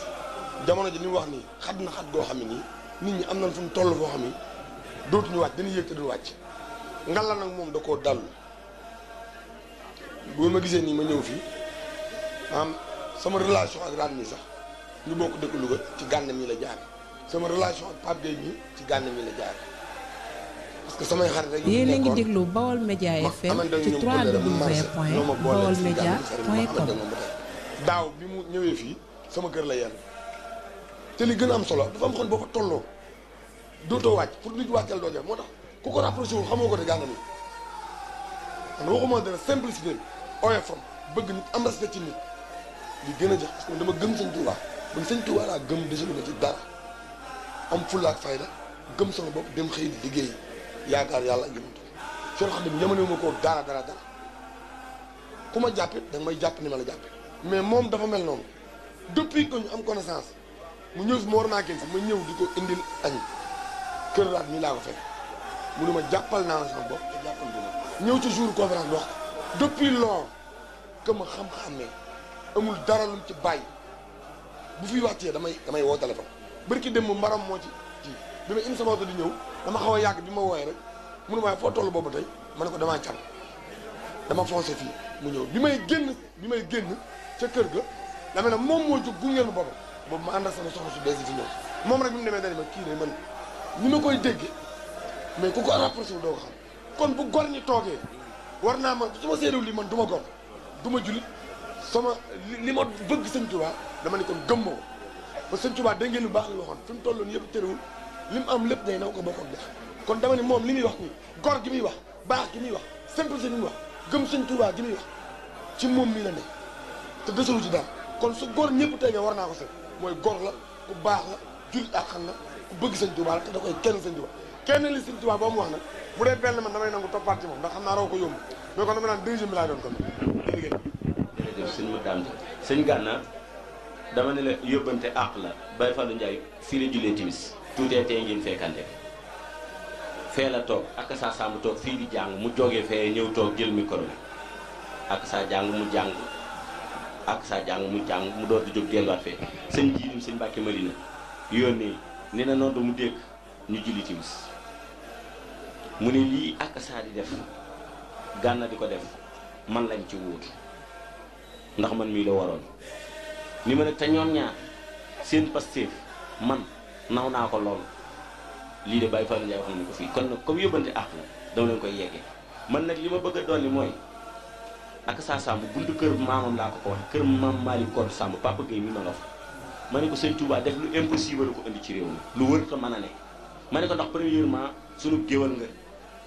jamono ji li wax nii xat na xat goo xam ne nii nit ñi am nañ fu mu toll foo xam ni dootuñu wàcc dañuy yëg te duñu wàcc ngalla nag moom da koo dallu boo ma gisee nii ma ñëw fii am sama relation ak raan mi sax ñu bokk dëkk Louga ci gànn mi la jaar sama relation ak pap Gueye mi ci gànn mi la jaar parce que sama xarit rek yéen ngi déglu Bawol media FM ci 3w Bawol com bi mu ñëwé fi sama kër la yenn té li gën am solo dafa am xoon boko tollo do to wacc pour nit waccal do jëf motax ku ko rapproché wul xamoo ko te gànn mi man waxuma dara simplicité oyofam bëgg nit am respect ci nit li gëna jax parce que dama gëm sëñ Touba man sëñ Tuubaa laa gëm déjeuner ma ci dara am fulla ak fayda gëm sama bopp dem xëy liggéey yaakaar yàlla ak yonent soo xam ne ñamale ma koo dara dara dara ku ma jàppit danga may jàpp ni ma la jàppe mais moom dafa mel noonu depuis que ñu am connaissance mu ñëw fi ma ma ñëw di ko indil añ kër raat nii laa ko ne ma jàppal naa la bopp ñëw ci jour conférence bi wax depuis lors que ma xam-xamee amul dara ci bàyyi bu fiy wàccee damay damay woo téléphone ki dem mu mbaram moo ci ci bi ma indi sama oto di ñëw dama xaw a yàgg bi ma wooyee rek munu maay foo toll boobu tey ma ne ko damaa can dama foncé fii mu ñëw bi may génn bi may génn ca kër ga dama ne moom moo jug gungeel ma boobu ma ànd ak sama soxna su bees yi fi ñëw moom rek bi mu demee dani ma kii ne man ni ma koy dégg mais ku ko rapproché doo ko xam kon bu gor ñi toogee war naa man su ma seedéw lii man du ma du ma julit sama li ma bëgg sëñ Tuubaa dama ne kon gëmmoo ba sëñ Tuubaa dégg ngeen lu baax la waxoon fi mu tolloon yëpp tëriwul li mu am lépp day na ko bokk kon dama ne moom li muy wax nii gor gi muy wax baax gi muy wax simplicité gi muy wax gëm sëñ Tuubaa gi muy wax ci moom mii la ne te desalu ci daal kon su gor ñëpp war naa ko sëñ mooy gor la baax la jullit ak na ku bëgg wax nag bu benn man damay nangu toppaat ci moom ndax xam naa raw ko yomb mais kon dama naan deuxième bi laa kër mu ma daan sëñ gànnaar dama ne la yóbbante àq la Baye Fallou Ndiaye fii la jullee timis tuutee tee ngeen fekkante fee la toog ak saa sàmm toog fii di jàng mu jógee fee ñëw toog jël micro bi ak saa jàng mu jàng ak saa jàng mu jàng mu door di jóg delluwaat fee sëñ jiirim sëñ Mbàkke Marina yónnee ni na noonu mu dégg ñu julli timis mu ne lii ak di def gànna di ko def man lañ ci wóotu ndax man mii la waroon ni ma nag te ñoom ñaar seen Pastef man naw naa ko lool lii de Baye Fallou Ndiaye wax na ko fii kon nag comme yóbbante àq la dama leen koy yeggee man nag li ma bëgg a doon ni mooy ak saa Samb buntu kër maamam laa ko ko kër maam Malick Codé Samb papa Gueye mi ma la ma ne ko sëñ Touba def lu impossible ko indi ci réew mi lu wër te mën a ne ma ne ko ndax premièrement sunu géwal nga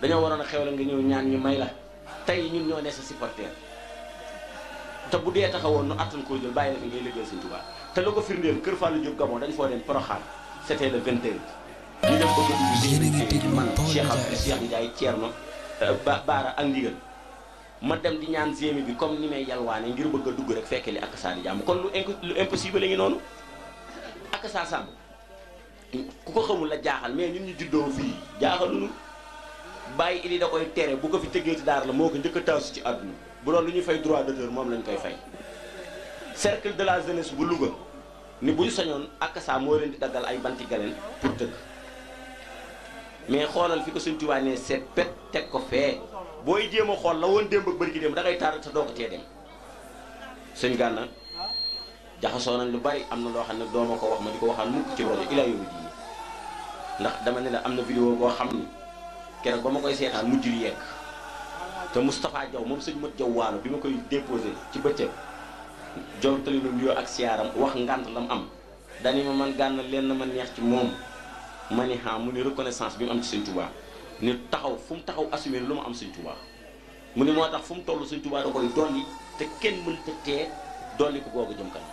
dañoo waroon a xewal nga ñëw ñaan ñu may la tey ñun te bu dee taxawoon nu attan koo jël bàyyi la ngay liggéeyal Sëñ te la ko firndeel kër Fallou Diop Gabon dañ foo dem Porokhane c'était le 22 ñu def bëgg man Cheikh Abdou ceer Ndiaye Thierno euh, Baara ak Ndigal ma dem di ñaan gémi bi comme ni may yalwaane ngir bëgg a dugg rek fekke li ak saa di jàmm kon lu lu impossible la ngi noonu ak saa sàmm ku ko xamul la jaaxal mais ñun ñu juddoo fii jaaxaluñu bàyyi ili da koy tere bu ko fi tëggee ci daara la moo ko njëkk a taasu ci àdduna bu loolu lu ñuy fay droit d'auteur moom lañ koy fay cercle de la jeunesse bu Louga ni buñ sañoon ak saa moo leen di daggal ay banti galeen pour dëkk mais xoolal fi ko suñ tubaanee seet pet teg ko fee boo jéem a xool la woon démb ak bërki démb da ngay sa doo ko tee dem sëñ Gana jaxasoo nañ lu bari am na loo xam ne doo ma ko wax ma di ko waxaan mukk ci rajo ilaa yow ji ndax dama ne la am na vidéo boo xam ni keroog ba ma koy seetaan mujjul yekk te Moustapha Diaw moom sëñ Mat Diaw waalo bi ma koy déposé ci bëccëg jontali nu nuyoo ak siyaaram wax ngànt la mu am dani ma man gànn leen na ma neex ci moom ma ne ha mu ni reconnaissance bi mu am ci sëñ Touba ni taxaw fu mu taxaw assumé lu ma am sëñ Touba mu ne moo tax fu mu toll sëñ Touba da koy dolli te kenn mënta tee dolli ko googu jëm kanam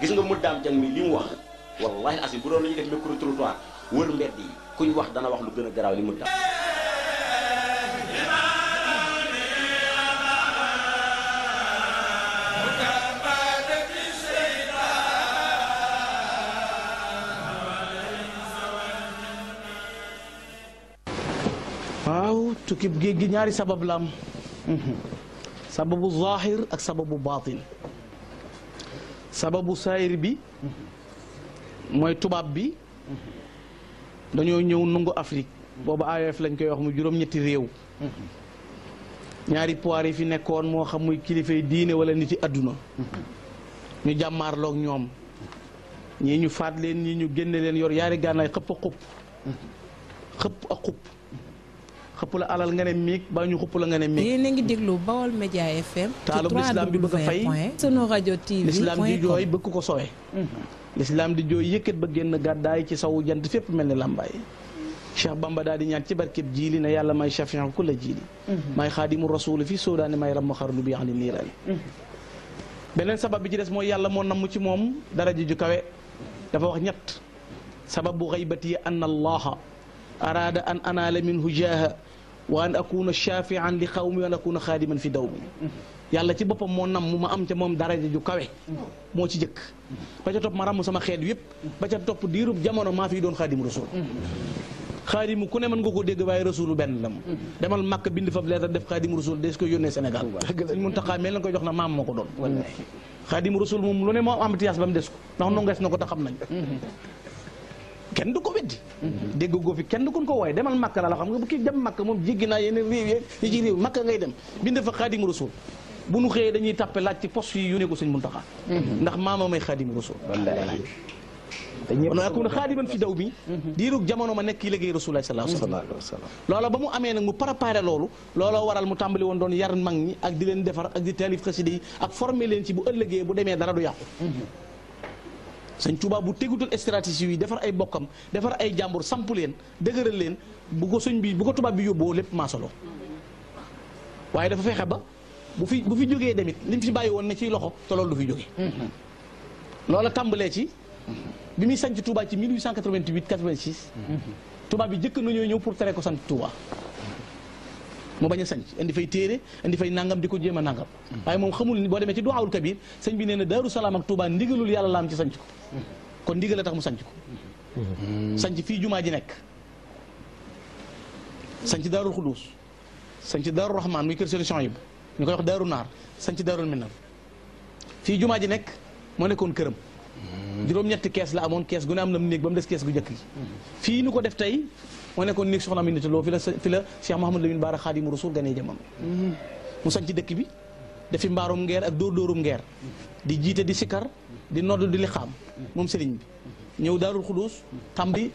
gis nga mu daam jang mi li mu wax wallahi asi bu doon la ñuy def micro trottoir wër mbedd yi kuñ wax dana wax lu gën a garaaw mu daam waaw tukkib géej gi ñaari sabab la am mhm. sababu zahir ak sababu baatin sababu saayir bi mhm, mooy tubaab bi mhm, dañoo ñëw nungu Afrique booba AOF lañ koy wax mu juróom-ñetti réew ñaari pouvoir yi fi nekkoon moo xam muy kilifay diine wala nit yi àdduna ñu jàmmaarloog ñoom ñii ñu faat leen ñii ñu génne leen yor yaari gànnaay xëpp xëpp a xupp xëpp la alal nga ne miig ba ñu xëpp la nga ne miig. yéen a ngi déglu Baol Média FM. taalub lislaam bi bëgg a fay sunu rajo TV. lislaam di jooy bëgg ko sowe. lislaam di jooy yëkkat ba génn gàddaay ci sawu jant fépp mel ni làmbaay. Cheikh Bamba daal di ñaan ci barkeb jiili ne yàlla may chafian ku la jiili. may xaadimu rasuul fi soodaani may ram xarlu bi ani niiraan. beneen sabab bi ci des mooy yàlla moo namm ci moom dara ji ju kawe dafa wax ñett sababu wa an akuna shafian li xawmi wa an akuna ni fi dawmi yàlla ci boppam moo nam mu ma am ca moom daraja ju kawe moo ci jëkk ba ca topp ma ràmm sama xeet yëpp ba ca topp diirub jamono maa fi doon xaadimu rasul xaadimu ku ne mën nga ko dégg waaye rasulu benn la mu demal màkk bind fa leetar def xaadimu rasul des ko yónnee Sénégal suñ mun taxaa mel na koy jox na maam moo ko doon xaadimu rasul moom lu ne moo am tiyaas ba mu des ko ndax nongees na ko tax xam nañ kenn du ko weddi dégg goo fi kenn du ko wooye demal Makka la la xam nga bu ki dem makk moom jéggi naa yeneen réew yeeg yi ci ngay dem bind fa Xaadim Rasul bu nu xëyee dañuy tàppe laaj ci poste yi yónnee ko Sëñ Muntaxa mhm. ndax maama may Xaadim Rasul wala akun xaadiman fi daw bi mhm. diirug jamono ma nekk yi liggéey rasulullah sallallahu alayhi wa sallam loola ba mu amee nag mu préparé loolu looloo waral mu tàmbali woon doon yar mag ñi ak di leen defar ak di taalif xasida yi ak formé leen ci bu ëllëgee bu demee dara du yàqu mhm. sëñ Touba bu tegutoon stratégie yi defar ay bokkam defar ay jàmbur samp leen dëgëral leen bu ko sëñ bi bu ko tubaab bi yóbboo lépp maasolo waaye dafa fexe ba bu fi bu fi jógee demit li mu fi bàyyi woon ne ci loxo te loolu du fi jógee. loola tàmbalee ci bi muy sanc Touba ci 1888 86. tubaab bi jëkk nañoo ñëw pour tere ko sant Touba. mu bañ a sanc indi fay téere indi fay nangam di ko jéem a nangam waaye moom xamul ni boo demee ci duwaawul kabir sëñ bi nee na daaru salaam ak Touba ndigalul yàlla la am ci sanc ko kon ndigal a tax mu sanc ko sanc fii jumaa ji nekk sanc daarul xuduus sanc daarul rahmaan muy kër solution yi ñu koy wax daaru naar sanc daarul minan fii jumaa ji nekk moo nekkoon këram juróom-ñetti kees la amoon kees gu ne am na mu néeg ba mu des kees gu njëkk moo nekkoon néeg soxna Aminata Lo fi la fi la Cheikh Mouhamadou Lamine Bara Khadimu Rasul jamono mu sañ ci dëkk bi dafi mbaarum ngeer ak dóor dóorum ngeer di jiite di sikar di nodd di lixaam moom sëriñ bi ñëw daarul xuduus tàmbi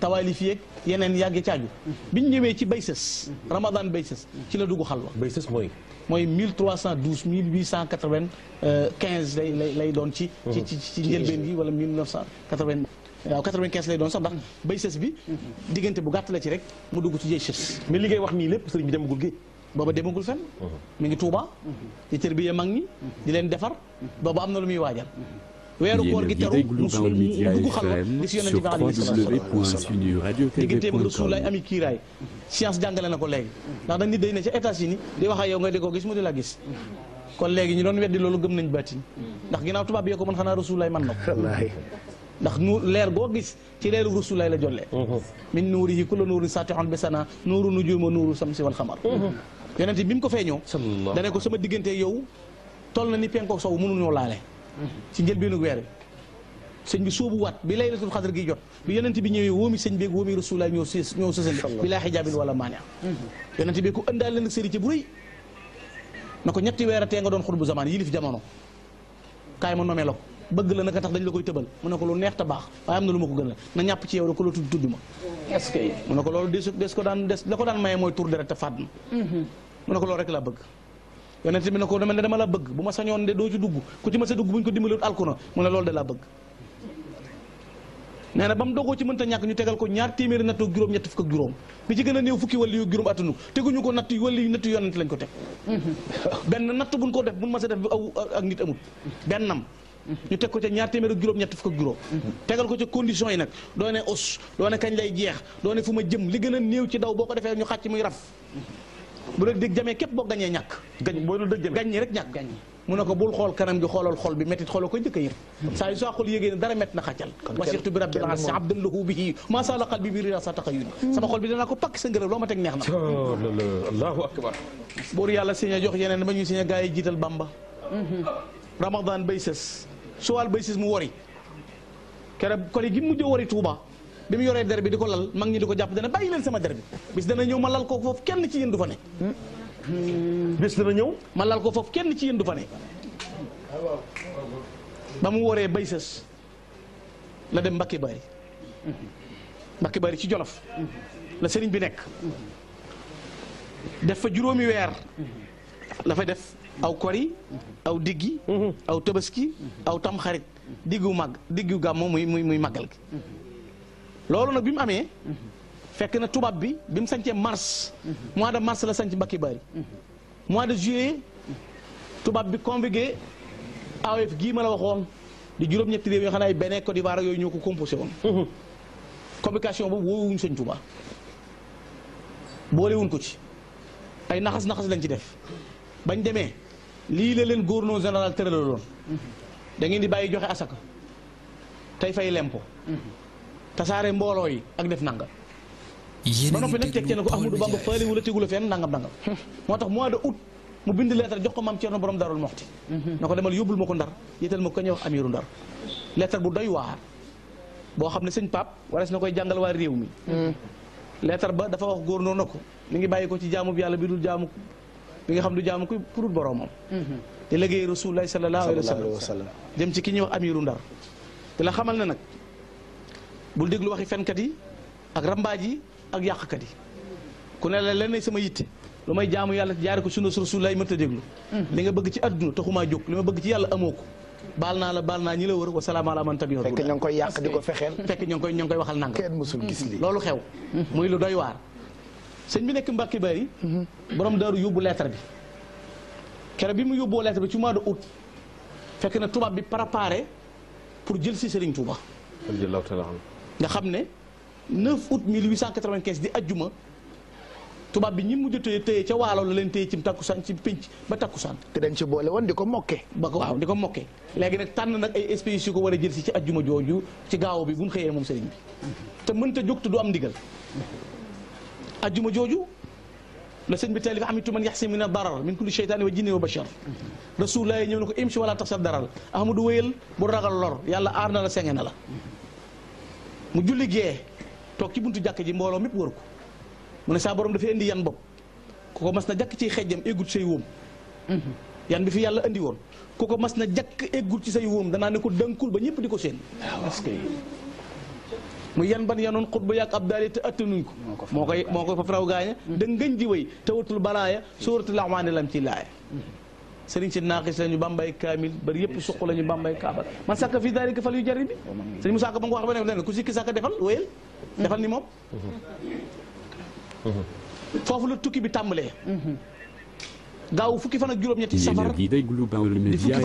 tawaali fi yeeg yeneen yàgg caaju bi ñu ñëwee ci bay sës ramadan bay sës ci la dugg xalwa bay sës mooy mooy 1312 1895 lay lay lay doon ci ci ci njëlbeen gi wala 1980 waaw 95 lay doon sax ndax bay sës bi diggante bu gàtt la ci rek mu dugg ci jëy sës mais li wax nii lépp sëriñ bi demagul géej booba demagul fenn mhm. mi ngi Touba di tërbiye mag ñi di leen defar booba am na lu muy waajal weeru koor gi teru mu dugg xalwa gis yonent bi alayhi salaam digganteem Rasulaay ami kiiraay science jàngale na ko léegi ndax dañ nit day ne ca États-Unis di wax ak nga di ko gis mu di la gis kon léegi ñu doon weddi loolu gëm nañ baatin ndax ginnaaw tubaab bi yoo ko mën ndax nuur leer goo gis ci leeru rusulaay la jolle mhm. min nuuri yi ku la nuuri saatixon bi sana nuuru nujuuma nuuru samsi wal xamar mhm. yonent bi mu ko feeñoo dane ko sama diggante yow toll na ni penkook sow mënuñoo laale mhm. ci njëlbeenu weer bi sëñ bi sóobu waat bi laylatul xadar gi jot bi bi ñëwee wóomi sëñ beeg wóomi rasulaay ñoo sës ñoo sësali bi laa xijaabin wala maania yonent bi ko ëndaal leen ak sëriñ bu rëy na ko ñetti weer a tee nga doon xutbu zamaan yilif jamono kaay ma nomee la bëgg la naka tax dañ la koy tebal mu ne ko lu neex ta bax waaye am na lu ma ko gën na ñap ci yow rek ko la tudd est-ce que mu ne ko lolu des des ko daan des la ko daan maye moy tur direct te fàdd mm-hmm. mu ne ko lolu rek la bëgg yonent bi ne ko dama ne dama la bëgg buma sañon de do ci dugg ku ci ma sa dugg buñ ko dimbalut alkuna mu ne de la bëgg neena bam dogo ci mën ta ñak ñu tegal ko ñaar téeméeri nattu juroom ñett fukk ak bi ci gëna neew fukki wali yu juroom atunu teguñu ñuko natt wali natt yonent lañ ko tek mm-hmm. <laughs> ben natt buñ ko def buñ def ak nit amut ñu teg ko ca ñaar téeméer ak juróom ñett fukk ak juróom tegal ko ca condition yi nag doo ne os doo ne kañ lay jeex doo ne fu ma jëm li gën a néew ci daw boo ko defee ñu xàcc muy raf bu la dëgg jamee képp boo gañee ñàkk gañ boo dul dëgg jamee gañ rek ñàkk mu ne ko bul xool kanam gi xoolal xol bi méttit xoolal koy njëkk a yëg saa yu soo xol yégée ne dara mett na xàccal wasirtu bi rabbil asi abdan lahu bihi ma sala qalbi bi rida sa taxayuni mm. sama xol bi danaa ko pakk sa ngërëm loo ma teg neex na oh, allahu akbar ba ñuy suwaal bay sis mu wori keroog kori gi mu mujj wori Touba bi mu yoree der bi di ko lal mag ñi di ko jàpp dana bàyyi sama der bi bis dana ñëw ma lal ko foofu kenn ci yéen du fa ne. ñëw. ma ko foofu kenn ci yéen du ba mu woree bay la dem Mbacke Bari Mbacke Bari ci Jolof la sëriñ bi nekk. def fa juróomi weer. la def aw kori aw diggi aw tabaski aw tamxarit diggu màgg diggu gàmmu muy muy muy màggal gi loolu na bi mu amee fekk na tubaab bi bi mu sañcee mars mois de mars la sañc Mbacke Bari mois de juillet tubaab bi convoqué AOF gii ma la waxoon di juróom-ñetti réew yoo xam ne ay Bénin Côte d'Ivoire yooyu ñoo ko composé woon convocation boobu woowuñ sëñ boole wuñ ko ci ay naxas naxas lañ ci def bañ demee lii la leen noo gouverneur général tëraloon da ngeen di bàyyi joxe asaka tey fay lempo tasaare mbooloo yi ak def nanga ba noppi nag teg cee ne ko Ahmadou Bamba faale wala tegula fenn moo tax mois de août mu bind lettre jox ko maam Thierno borom darul moxti mhm. na ko demal yóbbul ma ko ndar yéetal ma ko ñuy wax amiru ndar bu doy waar boo xam ne sëñ Pape warees na koy jàngal waa réew mi. Mhm. lettre ba dafa wax góor noonu na ko mi ngi bàyyi ko ci jaamu bi yàlla bi dul jaamu bi nga xam du jaamu ko pour boromam. Mm-hmm. di liggéey Rasulullah sallallahu alayhi wa sallam dem si ki ñuy wax amiru ndar di la xamal na nag bul déglu waxi fenkat yi ak rambaaj yi ak yàqkat yi ku ne la leneen sama yitte lu may jaamu yàlla jaare ko sunna Rasulullah mënta déglu. Mm-hmm. li nga bëgg ci adduna taxumaa jóg li ma bëgg ci yàlla amoo ko. baal naa la baal naa ñi la wër wa salaam ala man fekk ñoo koy yàq di ko fexeel. fekk ñoo koy ñoo ngi koy waxal nangam. kenn mësul gis lii loolu xew. Mm-hmm. muy lu doy sëñ bi nekk Mbacke Bari borom daaru yóbbu lettre bi kene bi mu yóbboo lettre bi ci mois de août fekk na tubaab bi préparé pour jël si Serigne Touba. nga xam ne 9 août 1895 di ajjuma tubaab bi ñi mujj tëye tëye ca waalo la leen tëye takku takkusaan ci pénc ba takkusaan te dañ ci boole woon di ko mokke ba ko waaw di ko mokke léegi nag tànn nag ay espèces yu ko war a jël si ci ajjuma jooju ci gaaw bi bu mu xëyee moom Serigne bi te mënta jóg te du am ndigal ajjuma jooju la sëñ bi teel fa amitu man yaxsi min darar min kulli cheytaani wa jinne wa bachar rasulullah ñëw na ko imsi wala tax sa daral ahmadu wéyal bu ragal lor yàlla aar na la senge na la mu julli gee toog ci buntu jàkk ji mbooloo mépp wër ko mu ne saa borom dafay indi yan bopp ku ko mas na jàkk ciy xejjam éggut say wóom yan bi fi yàlla indi woon ku ko mas na jàkk éggut ci say wóom danaa ne ko dënkul ba ñëpp di ko seen mu yan ban yanun khutba yak Abdali te atunuñ ko mokay koy moo koy fa faraw gaaña mm. da ngën ji way tawatul balaaya mm. suratul amaane lam ci laaya mm. sëriñ si naaqis lañu bambay kamil bari yep suq lañu bambay kaabal man sàkka fi dalika fal yu jarribi serigne musa ko bang wax ba ku sikki sàkka defal wéyal mm-hmm. defal ni mom mm-hmm. mm-hmm. fofu la tukki bi tàmbalee gaaw fukki fan ak juroom ñetti safar di day glu ba le media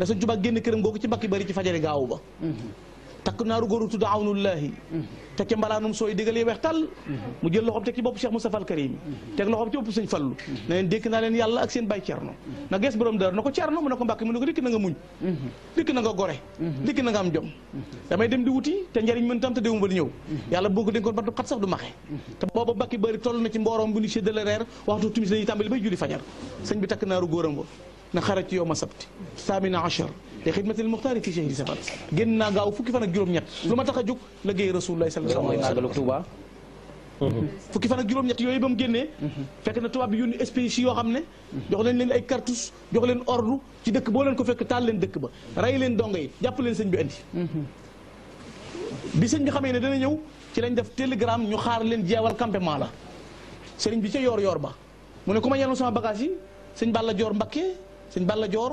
la sa juba genn kërëm goku ci mbakki bari ci fajare gaaw ba takk naaru góoru tudd awnullahi mm. te ca mbalaanum sooy digalee weex tàll mm-hmm. mu jël loxoom teg ci bopp Cheikh Moustapha al Karim mm-hmm. teg loxoom ci bopp sëñ Fallu mm-hmm. na leen dékk naa leen yàlla ak seen bay cerno na gees borom dër na ko cerno mu ne ko mbàkk mu ne ko dikk na nga muñ dikk na nga gore dikk na nga am jom damay dem di wuti te njariñ mën tam te déwum ba di ñëw yàlla booba mbàkki bari toll na ci mboorom bu ñu séddale reer waxtu timis lañuy tàmbali bay julli fajar sëñ bi takk naaru góoram te xidmatil muxtaari fii chehri safar génn naa gaaw fukki fan ak juróom a jóg ñett yooyu ba mu génnee fekk na tubaab bi yónni espèces yoo ne jox leen leen ay cartouches jox leen ordre ci dëkk boo leen ko fekk taal leen dëkk ba rey leen dongo yi jàpp leen sëñ bi andi bi sëñ bi xamee ne dana ñëw ci lañ def télégramme ñu xaar leen jeewal campement la sëriñ bi ca yoor yoor ba mu ne ku ma yenu sama bagage yi sëñ Balla Joor Mbakke sin Balla jor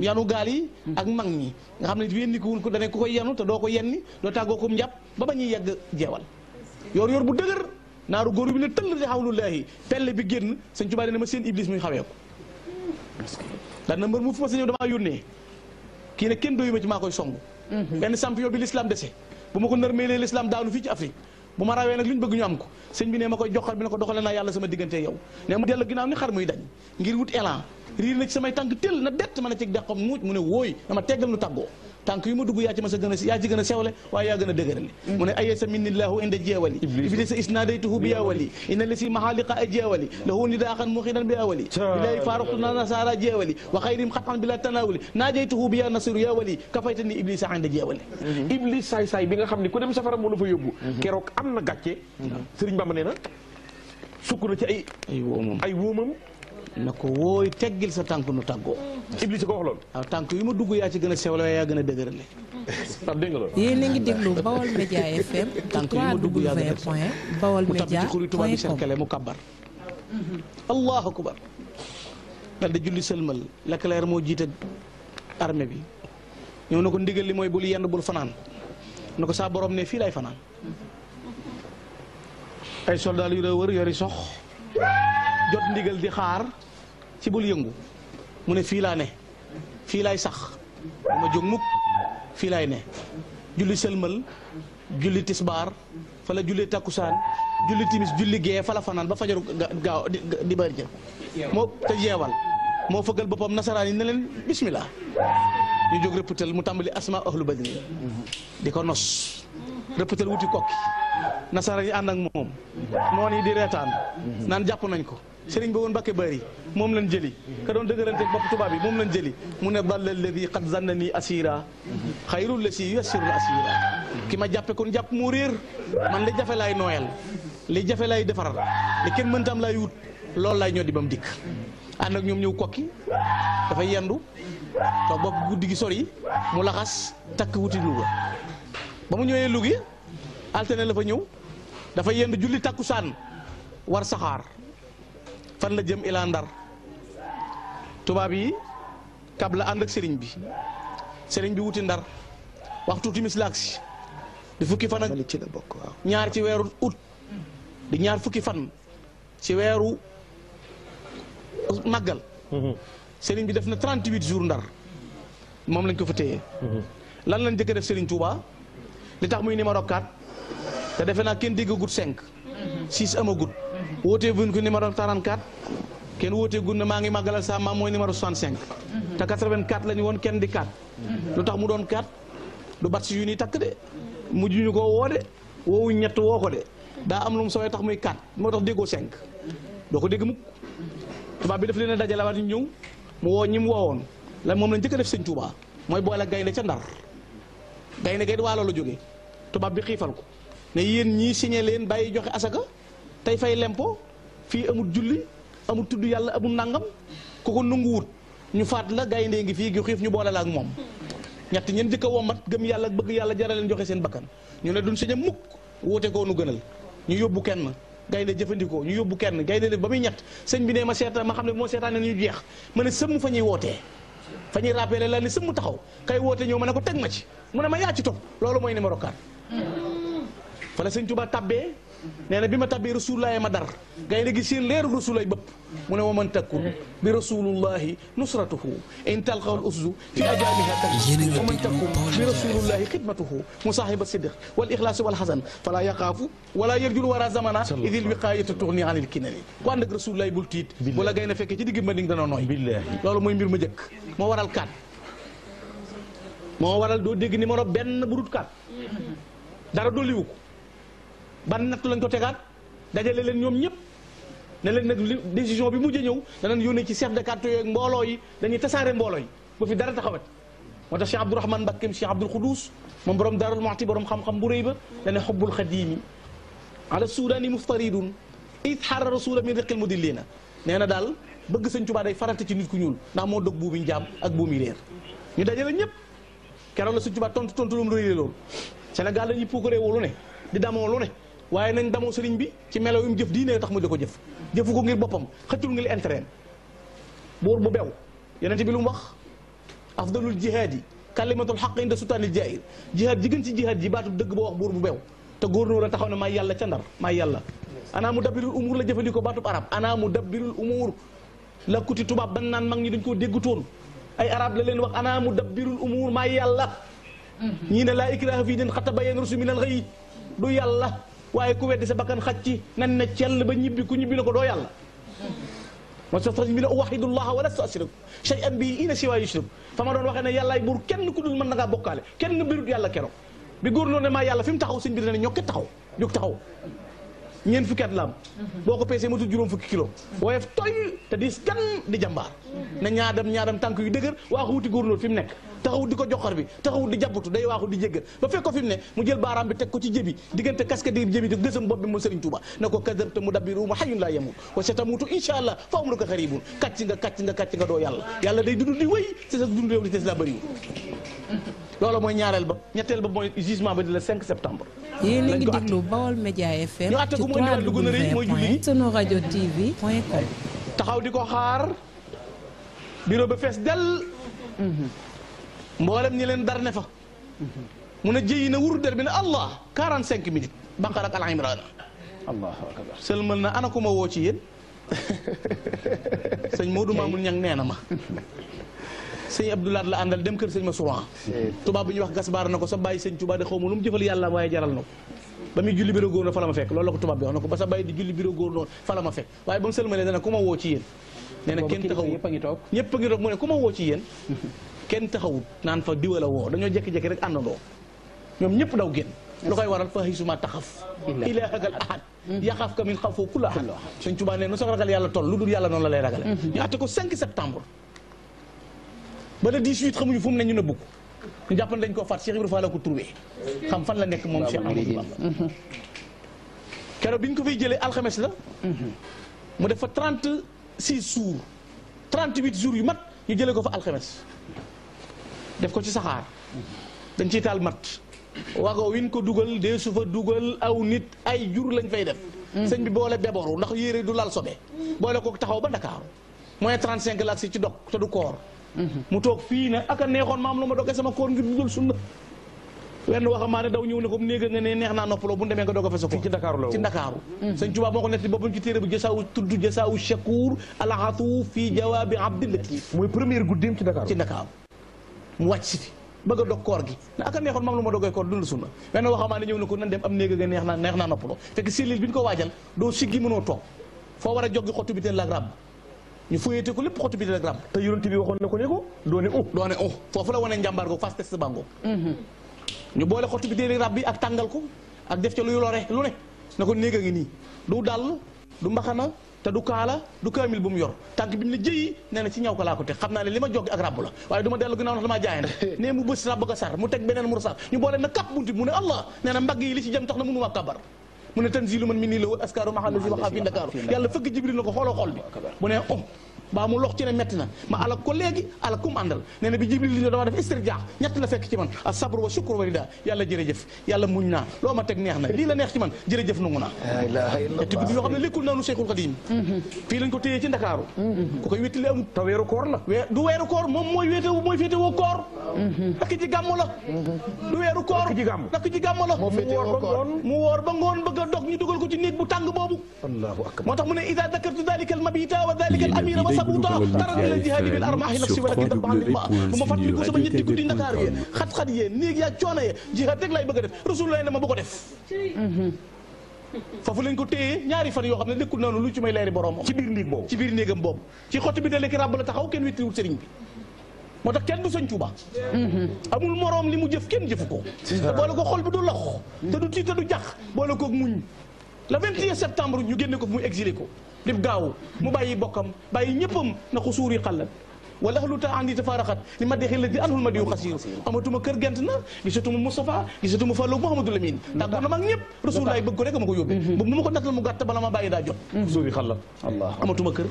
yanu gali ak mag ni nga xam ne wénnikuwul ko dane ku koy yanu te do ko yenni do tago ko ba ba yegg yor yor bu deugar naaru góor bi ne li hawlu xawlulaahi tel bi génn ma seen iblis muy xawé ko nomor mbeur mu fu ma kendo ñëw ki ne ken doyuma ci maa koy song champion bi l'islam dese bu ma ko l'islam daanu fi ci Afrique bu ma rawee nag bëgg ñu am ko bi ne ma koy joxal bi ne ko doxale na yalla sama digënté yow ne mu delu ginaaw ni xar muy dañ ngir wut élan riir na ci samay tànk tël na bett mën a ceg deqam muuc mu ne wooy dama teggal nu tàggoo tànk yu ma dugg yaa ci sa gën a yaa ci gën a sewle waaye yaa gën a dëgërale mu ne ayesa minnillahu inda jeewali iblisa isnaadaytuhu bi a jeewali lahu nidaaxan bi yaa nasiru mm-hmm. iblis saay saay bi nga xam ne ku dem safara moo la fa yóbbu mm-hmm. keroog am na gàcce mm-hmm. sëriñ Bamba nee na sukk na ci ay ay na ko wooy teggil sa tànk nu tàggoo. Iblis ko wax loolu. waaw ah, tànk yu ma dugg yaa ci gën a sewla yaa gën a dëgërale. ndax dégg nga tànk yu ma dugg yaa gën a sewla mu tabb ci xuri tubaab yi mu kàbbar. allahu akbar. dal di julli sëlmal Leclerc moo jiite armée bi. ñëw na ko ndigal li mooy bul yenn bul fanaan. na ko saa borom ne fii lay fanaan. ay soldat yu la wër yori sox. jot ndigal di xaar ci bul yëngu mu ne fii laa sax ma jóg mukk fii laay ne julli sëlmal julli tisbaar fa la julli takkusaan julli timis julli gee fa fanaan ba fajaru gaaw di bari moo te jeewal moo fëggal boppam nasaraan yi ne leen bismillah ñu jóg rëppatal mu tàmbali asma ahlu badri di ko nos rëppatal wuti kokki nasara yi ànd ak moom noon yi di reetaan naan jàpp nañ ko sëriñ ba woon bakke bari moom lañ jëli ka doon dëgërante bopp tubaab yi moom lañ jëli mu ne dalla alladi qad zannani asira xayrul la si yasirul asira ki ma jàppe kon jàpp mu réer man li jafe laay nooyal li jafe laay defar li kenn mëntam laay wut lay laay di ba mu dikk ànd ak ñoom ñëw kokki dafa yendu toog bopp guddi gi sori mu laxas takk wuti Louga ba mu ñëwee Louga altine la fa ñëw dafa yend julli saan war saxaar fan la jëm ilaa ndar tubaab yi kab la ànd ak sëriñ bi sëriñ bi wuti ndar waxtu timis laag di fukki fan ak ñaar ci weeru août di ñaar fukki fan ci weeru màggal mhm. sëriñ bi def na 38 jours ndar moom lañ ko fa téye mhm. lan lañ jëkk def sëriñ Touba li tax muy numéro 4 te defe naa kenn déggagut 5. 6 amagut. wootee buñ ko numéro 44. kenn wootee gun ne maa ngi màggalal sa maam mooy numéro 65. te 84 lañu woon kenn di 4. lu tax mu doon 4 du bat yu ni takk de mu ñu ko woo de woowuñ ñett woo ko de daa am lu mu sooy tax muy 4 moo tax déggoo 5. doo ko dégg mukk tubaab bi daf leen dajale dajalawaat ñu ñëw mu woo ñi mu woon la moom la njëkk def sëñ Touba mooy boole gaynde ca ndar gaynde gay waa loolu jógee tubaab bi xiifal ko. ne yéen ñii siñe leen bàyyi joxe asaka tey fay lempo fii amul julli amul tudd yàlla amul nangam ku ko nanguwut ñu faat la gayndee ngi fii gi xiif ñu boole la ak moom ñett ñeen jëkk a womat gëm yàlla ak bëgg yàlla jaraleen joxe seen bakkan ñu ne duñ signé mukk woote koo nu gënal ñu yóbbu kenn gaynde jëfandikoo ñu yóbbu kenn gaynde ne ba muy ñett sëñ bi ne ma seeta ma xam ne moo seetaan ne ñu jeex ma ne sëmm fa ñuy wootee fa ñuy rappelé la ne sëmm taxaw kay woote ñëw ma ne ko teg ma ci mu ne ma yaa ci topp mooy numéro fa la sëñ Tuba tabbee nee na bi ma tabbee rasulullahi ma dar gaynde gi seen leeru rasulullahi bëpp mu ne wa man takkun bi rasulullahi nusratuhu in talqaw al usdu fi ajamiha tak wa man takkun bi rasulullahi xidmatuhu musaahiba sidq wal ixlaasi wal xasan fala yaqaafu wala yarjul wara zamana idil wiqayatu tuxni anil kinani ku ànd ak rasulullahi bul tiit bu la gaynde fekkee ci digg mbanding dana nooy loolu mooy mbir ma jëkk moo waral kat moo waral doo dégg numéro benn bu dut kat dara dolliwu ko ban nattu lañ ko tegaat dajale leen ñoom ñëpp ne leen nag décision bi mujj a ñëw danañ yónnee ci chef de quartier yeeg mbooloo yi dañuy tasaare mbooloo yi bu fi dara taxawet moo tax Cheikh Abdourahmane Mbakkeem Cheikh Abdoul Khoudous moom daaral Daarul Muxti borom xam-xam bu rëy ba dane xubbul xadiimi ala suudaani muftaridun it xara rasula min riqil mudillina nee na daal bëgg sëñ Tuubaa day farata ci nit ku ñuul ndax moo dog buubi njaam ak buumi réer ñu dajale ñëpp keroog la sëñ Tuubaa tontu tontu lu mu rëy loolu Sénégal dañuy puukaree wu lu ne di damoo lu ne waye nañ damo serigne bi ci melaw im jëf diiné tax mu di ko jëf jëfu ko ngir bopam xëccul ngir intérêt buur bu bew yenente bi lu wax afdalul jihaad kalimatul haqq inda sultaanil jaahir jihaad ji gën ci jihad ji baatu deug bo wax buur bu bew te góornóor a taxaw na ma yalla ca ndar ma yalla ana mu dabirul umur la jëfëndiko baatub arab ana mu dabirul umur, la kuti tuba ban nan mag ñi dañ koo déggutoon ay arab la leen wax ana mu dabirul umur ma yalla mm-hmm. ñi ne la ikraha fi din xata rusul min al ghayy du yalla waaye ku weddi sa bakkan xaj ci nan ne cell ba ñibbi ku ñibbi la ko doo yàlla wastastajib la uwahidullaha wa lastu ashriku shay'an bihi ina siwa yushrik fa ma doon waxee ne yàllaay buur kenn ku dul mën na ngaa bokkaale kenn nga birut yàlla keroog bi góor loolu maa yàlla fi mu taxaw sëñ bi ne ñokket taxaw jóg taxaw ñeent fukki at la am boo ko peesee matul juróom fukki kilo woyof toy te diis gan di jàmbaar na ñaadam ñaadam tànk yu dëgër waa ko wuti góor fi mu nekk taxaw di ko joxar bi taxaw di jàppatu day waaxu di jéggal ba fekk ko fi mu ne mu jël baaraam bi teg ko ci jëbi diggante casque di jëbi di gësam bopp bi mu Serigne Touba na ko kadarta mu dabbiru ma xayun laa yemut wa sa tamutu insha allah fa umruka xaribun kàcc nga kàcc nga kàcc nga doo yàlla yàlla day dund di wéy si sa dund yow li des mooy ñaareel ba ñetteel ba mooy jugement ba di la 5 septembre. yéen a ngi déglu taxaw di ko xaar bureau ba fees dell. Mhm. mboolem ñi leen dara ne fa mu ne jëyi na wuru der bi ne allah 45 minutes baqara ak al imran allahu akbar sëlmal na ana ku ma woo ci yéen <laughs> sëñ Modou Mamoun Niang nee na ma sëñ Abdoulaat la àndal dem kër sëñ ma Souran tubaab bu ñuy wax gasbaar na ko sa bàyyi sëñ Touba de xaw ma lu mu jëfal yàlla waaye jaral na ko ba muy julli a góor na fa la ma fekk loolu la ko tubaab bi wax ko ba sa bàyyi di julli biro góor noonu fa la ma fekk waaye ba mu sëlmalee na ngi toog mu ne ma woo ci yéen <laughs> kenn taxawut naan fa diwala woo dañoo jékki-jékki rek àndandoo ñoom ñëpp daw génn lu koy waral fa xisuma taxaf ilaahakal ahad mm. yaxaaf ka min xaw foo kula ahad suñ Tuubaa ne nu soog ragal yàlla toll lu dul yàlla noonu la lay ragale mm-hmm. ñu atte ko 5 septembre ba le 18 xamuñu fu mu ne ñu nëbbu ko ñu dañ koo faat Cheikh Ibrahima ko trouvé mm-hmm. xam fan la nekk moom Cheikh Amadou Bamba mm-hmm. keroog bi ñu ko fiy jëlee alxames la mu def fa 36 jours 38 jours yu mat ñu jëlee ko fa alxames def ko ci saxaar dañ ciy taal mat wago win ko dugal dee su fa dugal aw nit ay jur lañ fay def mm. sëñ bi boole beboru ndax yére du lal sobe boole ko taxaw ba Dakar moins 35 laak si ci te du koor mm-hmm. mu na aka neexoon maam lu ma dogee sama koor ngir dundal sunna wenn waxambaane daw ñëw ne ko néega nga a fesa mm-hmm. ko ci Ndakaaru bi jasaawu tudd jasaawu shakuur alxatu fii jawaabi abdillatif mooy première guddeem ci Ndakaaru mu wàcc si fi bëgg a dog koor gi na aka neexoon moom lu ma dogee koor dund sunna benn waxamaa ne ñëw na ko nan dem am neex naa neex naa fekk sillil bi ñu ko waajal doo siggi mënoo toog foo war a joggi xottu bi teen laak ràbb ñu fuyete ko lépp xottu bi teen laak ràbb te yonent bi ne ne oh. oh. mm-hmm. ko néeg a ngi nii du dàll du mbaxana te du kaala du kamil bum yor tank bi ni jeeyi neena na ci ñaw ko la ko te xamna ne lima jog ak rabbu la waye duma delu ne mu bëss rabbu ko sar mu tek benen mursal ñu boole na kap bunti mu ne allah neena na yi li ci jëm tax na mënu waa kabar mu ne tanzilu man mi nii la wal askaaru maxaana si waxaa fi jibril nako xolo xol bi mu ne um baa mu lox ci ne metti na ma ala ko léegi ala kum àndal nee na bi jibril li dama def istirjaax ñett la fekk ci man a sabru wa shukru wa rida yàlla jërëjëf yàlla muñ naa loo ma teg neex na lii la neex ci man jërëjëf nangu naa ñetti guddi yoo xam ne lékkul naanu Cheikhul Khadim mm-hmm. fii ci Ndakaaru mm-hmm. ku koy wéttali amut te weeru koor la du weeru koor moom mooy wéete mooy féete woo koor dakk mm-hmm. ci gàmmu la du ci gàmmu la mu woor ba ngoon bëgg a dog ñu dugal ko ci néeg bu tàng boobu moo tax mu ne ida dakartu dalika al wa dalika al amira sabouta tarana jihadi bil armahi nafsi wala kitab ba bu ma ko sama mm-hmm. foofu lañ ko téye ñaari fan yoo xam ne nekkul noonu lu ci may leeri boroomam ci biir néeg boobu ci biir néegam boobu ci xott bi da lekki ràbb la taxaw kenn wittiwul sëriñ bi moo tax kenn du sëñ Tuuba mm-hmm. amul moroom li mu jëf kenn jëfu ko te la ko xol bi du lox te du tiit te du jax boole ko muñ le 21 septembre ñu génne ko fu mu exilé ko dib gaaw mu bàyyi bokkam bàyyi ñëppam na ko suuri xallat wala lu tax andi tafaaraxat li ma dexil la di anul ma diw xasiir amatuma kër gent na gisatuma Moustapha gisatuma Fallou Mouhamadou Lamine tàggoon na ma ak ñëpp rasulullaay bëgg ko rek ma ko yóbbee bu ma ko nattal mu gàtt bala ma bàyyi daa jot suuri xallat allah amatuma kër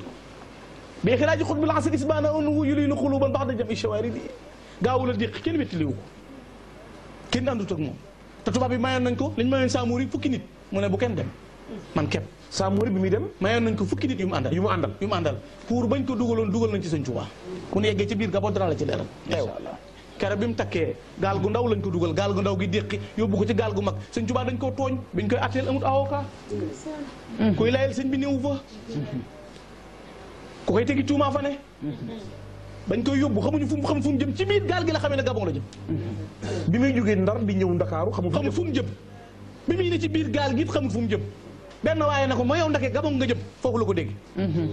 bi xiraaji xut bil asr isbaana un wu yuliinu xuluban baax da jam i shawaari bi gaawul a déq kenn wettiliwu ko kenn àndut ak moom te tubaab bi mayoon nañ ko lañ mayoon saamuur yi fukki nit mu ne bu kenn dem man képp saa mori bi muy dem mayoon nañ ko fukki nit yu mu àndal yu mu àndal yu mu àndal pour bañ ko dugaloon dugal nañ ci sëñ Tuubaa bu nu yeggee biir Gabon dara la ci leeral kere bi mu takkee gaal gu ndaw lañ ko dugal gaal gu ndaw gi déqi yóbbu ko ci gaal gu mag sëñ dañ koo tooñ biñ koy atteel amut awoka mm-hmm. kuy layel sëñ bi néew fa ku koy tegi tuumaa fa ne mm-hmm. bañ koy yóbbu xamuñu fu mu xam fu mu jëm ci biir gaal gi la xamee ne Gabon la jëm mm-hmm. bi muy jógee Ndar bi ñëw Ndakaaru xamul fu mu jëm bi muy ne ci biir gaal gi it xamul mu jëm benn waaye ne ko ma yow ndake gabon nga jëm foofu la ko dégg mhm.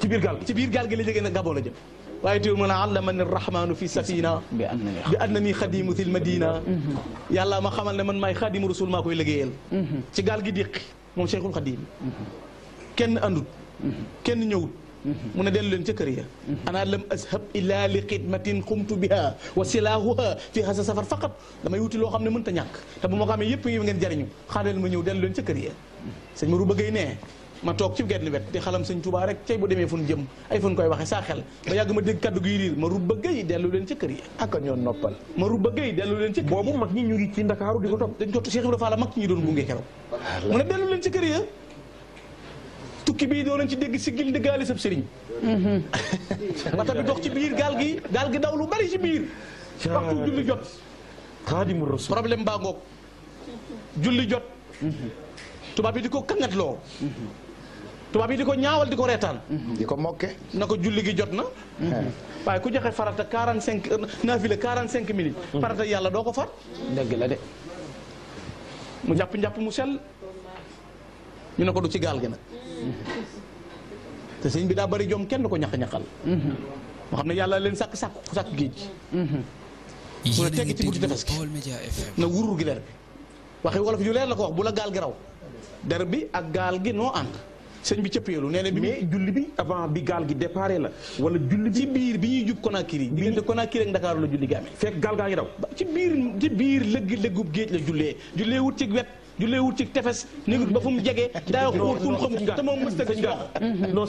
ci biir gaal ci biir gaal gi la jógee ne gabon la jëm waaye teewul mën a allamani rahmaanu fi safina bi annani xadimu til madina mhm. yàlla ma xamal ne man maay xadimu rasul maa koy liggéeyal mhm. ci gaal gi diqi moom cheikhul xadim kenn andut kenn ñëwut mu ne dellu leen ca kër ya ana lam ashab illa xidmatin xumtu biha wa silaahuha fi hasa safar faqat damay wuti loo xam ne mënta ñàkk te bu ma ko amee yëpp ngi ngeen jariñu xaaral ma ñëw dellu leen ca kër ya sëñ ma toog ci genn wet di xalam sëñ Tuubaa rek cay bu demee fu ñu ba yàgg ma dégg kaddu gi riir ma rubba géy dellu leen ca kër yi ak ñoo noppal ma rubba géy dellu leen ca kër yi boobu mag ñi ñu ngi ci Ndakaaru di ko topp dañ ko Cheikh Ibrahima Fall mag ñi doon gunge keroog mu ne dellu leen ca yi tukki bi do lañ ci dégg siggil di gaali sab sëriñ mata mm-hmm. bi dox ci bir gal gi dal gi daw lu bari ci bir waxtu julli jot xaadimu rasul problème ba ngok julli jot mm-hmm. tuba bi di ko lo mm-hmm. tubaab yi di ko ñaawal diko ko diko moké nako na julli gi jot na waaye ku joxe farata 45 nafile 45 minutes farata yalla doko ko far dëgg la de mu japp japp mu sel ñu nako du ci gal gi nak te sëñ bi daa bari jom kenn ko ñaq-ñaqal. moo mhm. xam ne yàlla leen sàkk sàkk ku sàkk géej mhm. gi. yéen a ngi déglu Baol Média FM na wurur gi leer bi. waxi wolof yu la ko wax bu la gaal gi raw. der bi ak gaal gi noo ànd. sëñ bi cëppeelu nee na bi mais julli bi avant bi gaal gi déparé la wala julli bi ci biir bi ñuy jub Conakry diggante Conakry ak Ndakaaru la julli gi amee fekk gaal gaa ngi daw ci biir ci biir lëgg lëggub géej la jullee jullee wut ci wet jullee wut ci tefes ni ba fu mu jege daa wax wut fu mu xamul te moom mës tëgg non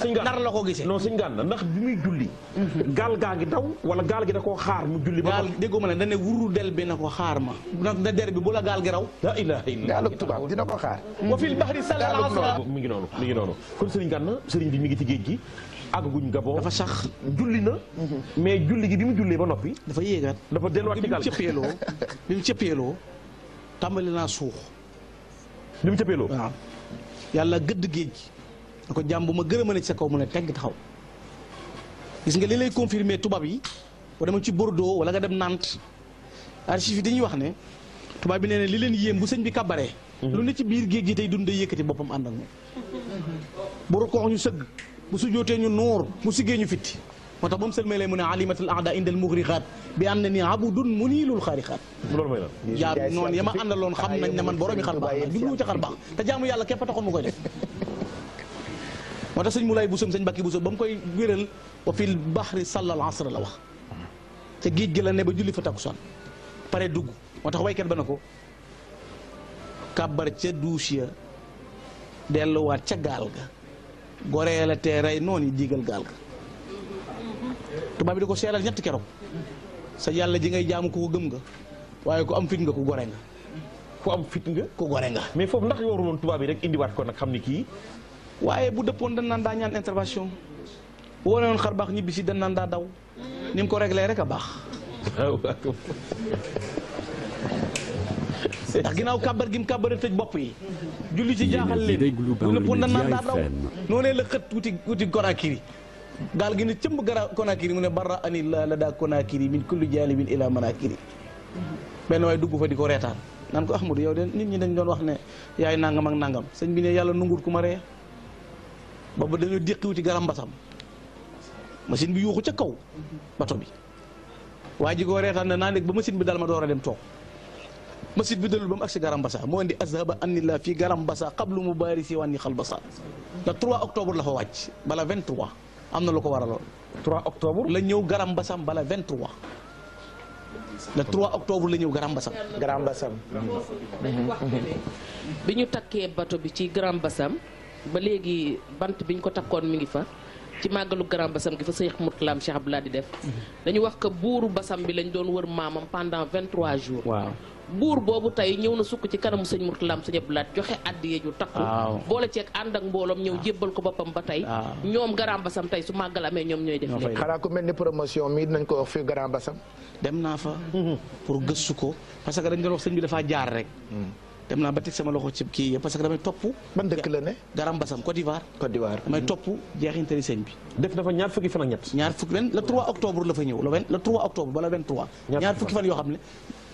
sëñ gaan nar ndax bi muy julli mhm. gaal gaa ngi daw wala gaal gi da koo xaar mu julli ba gaal déggu ma ne dane wuru del na ko la gaal gi raw la ilaha illa gaalug tubaab dina ko ngi noonu mi ngi noonu kon sëriñ gaan sëriñ bi mi ngi ci géej gi àgguñ Gabon dafa sax julli na mhm. mais julli gi bi mu jullee ba noppi dafa yéegaat dafa delluwaat ci gaal bi mu cëppeeloo bi tàmbali naa suux li mu cëppeeloo waaw yàlla gëdd géej gi da ko jàmm bu ma gërëma ne sa kaw mu ne tegg taxaw gis nga li lay confirmer tubaab yi wala dem ci Bordeaux wala nga dem Nantes archives dañuy wax ne tubaab bi nee na li leen yéem bu sëñ bi kabaree mhm. lu ne ci biir géej gi tey dund day yëkkati boppam ànd ak moom bu rukkoo ñu sëgg bu sujjootee ñu noor mu siggee ñu fitti متبوم سر ملء من عالمة الأعداء عند المغرقات بأنني عبد منيل الخارقات يا نون يا ما أنا لون خم من يمن بره مخربا بيجو تخربا تجامو يا الله كيف تكون مغرد متى سن ملاي بوسم سن باكي بوسم بمكوي غيرل وفي البحر سال العصر الله تجيت جل نبجلي فتاكسان فري دوغو متى هواي كربناكو كبر تدوشيا دلوا تجعلك غوريلا تري نوني جيجل جالك tubaab bi diko ko seeral kéro sa yalla ji ngay jaam ku ko gëm nga waye ku am fit nga ku goré nga ku am fit nga ku goré nga mais fofu ndax yoru loon tuba bi rek wat ko nak xamni ki waye bu dëppoon dañ nan da ñaan intervention woné wane xar bax ñibbi si dañ naan daa daw nim ko régler rek a baax ndax ginaaw kabar gi kabar tej bop yi julli ci jaxal leen le dëppoon dañ naan da daw noné la xet wuti wuti gorakiri gaal gi ne cëmb gara Konakiri mu ne barra anillah la daa Konakiri min kulli janibin ila manakiri benn waaye dugg fa di ko reetaan naan ko Ahmadou yow de nit ñi dañ doon wax ne yaay nangam ak nangam sañ bi ne yàlla nungur ku ma ree boobu dañoo déqiwu ci garam basam machine bi yuuxu ca kaw bato bi waa ji koo reetaan ne naa nekk ba machine bi dal ma door a dem toog machine bi dalul ba mu agsi garam basa moo indi azhaba anillah fii garam basa qablu mubarisi wànni xal basa le 3 octobre la fa wàcc bala 23 am na lu ko waraloon. 3 octobre la ñëw Garam Basam bala 23. le 3 octobre la ñëw Garam Basam. Garam mhm. bi ñu takkee bato bi ci Garam Basam ba léegi bant bi ñu ko takkoon mi ngi fa. ci màggalu garam Bassam gi fa Cheikh Moutlam Cheikh Abdoulaye di def mhm. dañu wax que buuru Bassam bi lañ doon wër maamam pendant 23 jours waaw bur bobu tay ñew na sukk ci kanam kanamu sëñ murtalaam sëñ abdulaat joxe addiye ju takku boole ceeg ànd ak mbolom ñew jébal ko bopam ba tay ñom garan basam tay su magal amé ñom ñoy def léegi xala ku melni promotion mi dinañ ko wax fi garan basam dem na fa mhm. pour gëstu ko parce que dañ doon wax sëñ bi dafa jaar rek mhm. dem na batik sama loxo ci ki ya, parce que dama top ban dëkk la ne. garam basam Côte d'Ivoire. Côte d'Ivoire may top mhm. topp jeexintali sëñ bi. def na fa ñaar fukki fan ak ñett. ñaar fukki ben le 3 octobre la fa ñew le 3 octobre ba le 23. ñaar fukki fan yo fukki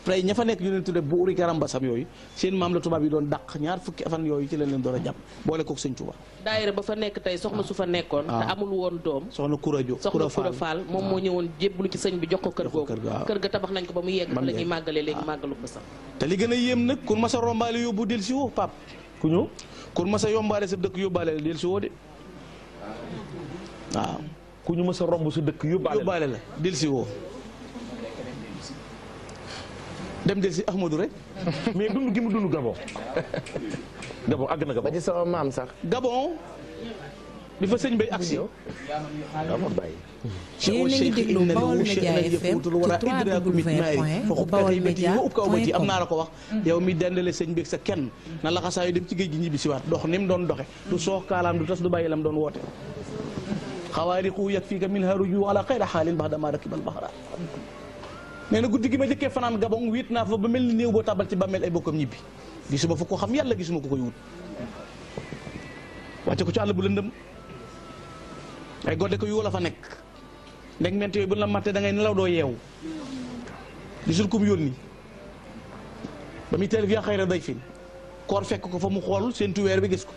après ña fa nekk ñu leen tudde bu uri garambasam yooyu seen maam la tubaab yi doon dàq ñaar fukki fan yooyu ci leen leen doon a jàpp boole kook sëñ Tuubaa daayira ba fa nekk tey soxna ah. su fa nekkoon te ah. amul woon doom soxna Kurajo soxna Kura moom moo ah. ñëwoon jébbalu ci sëñ ko kër googu kër ga tabax nañ ko ba mu yegg la ñuy màggalee léegi màggalu ko sax te li gën a yéem nag kun masa rombaale yóbbu del si woo pap ku ñëw ma sa yombaale sa dëkk yóbbaale la del si woo de waaw ku ñu masa romb sa dëkk yóbbaale la del si woo dem de si Ahmadou rek <laughs> mais dund gi mu dund Gabon Gabon àgg na Gabon. ba ci sama maam sax. Gabon bi fa sëñ bay agsi. Amadou Baye. yéen a ngi déglu Baol Média am naa la ko wax. yow mi dendale sëñ beeg sa kenn na la xasaa yu ci géej gi ñibbi si dox ni mu doon doxe du soox kaalaam du tas du bàyyi lam doon woote. xawaariqu yakfiika minha ruju ala xayra xaalin baxda ma rakibal baxra nee na guddi gi ma jëkkee fanaan gabon wiit naa fa ba mel ni néew boo tabal ci bàmmeel ay bokkam ñibbi gisuma fa ko xam yàlla gisuma ko koy wut wàcce ko ci àll bu lëndëm ay godde ko yoo la fa nekk ndeg ment yooyu bu la mattee da ngay nelaw doo yeewu gisul kum yónni ba muy teel via xayra day fin koor fekk ko fa mu xool seen tu weer bi gis ko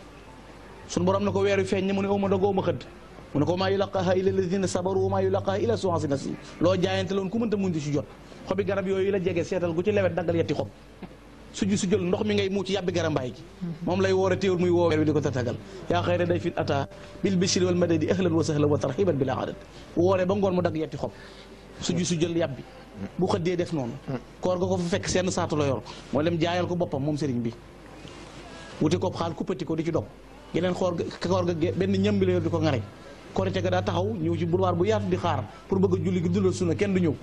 sun borom na ko weer wi feeñ mu ne awma dogoo ma xëdd mu ne ko maa yulaqaaha illa alladina illa suansi nasi jot xobi garab yooyu la jege seetal gu ci lewet dagal yetti xob suju su jël ndox mi ngay muuc yàbbi garambaay gi moom lay woore téewul muy woo weer di ko tatagal yaa xëy day fit ata bil bishri wal madadi ahlan wa sahlan wa tarhiban bila adad woore ba ngoon mu dag yetti xob suju su jël yàbbi bu xëddee def noonu koor ga ko fa fekk seen saatu la yor moo dem jaayal ko boppam moom sëriñ bi wuti ko xaal kuppati ko di ci dog geneen xoor koor ga benn ñam bi la yor di ko ngareñ korite ga daa taxaw ñëw ci boulevard bu yaatu di xaar pour bëgg julli gi dundal suna kenn du ñëw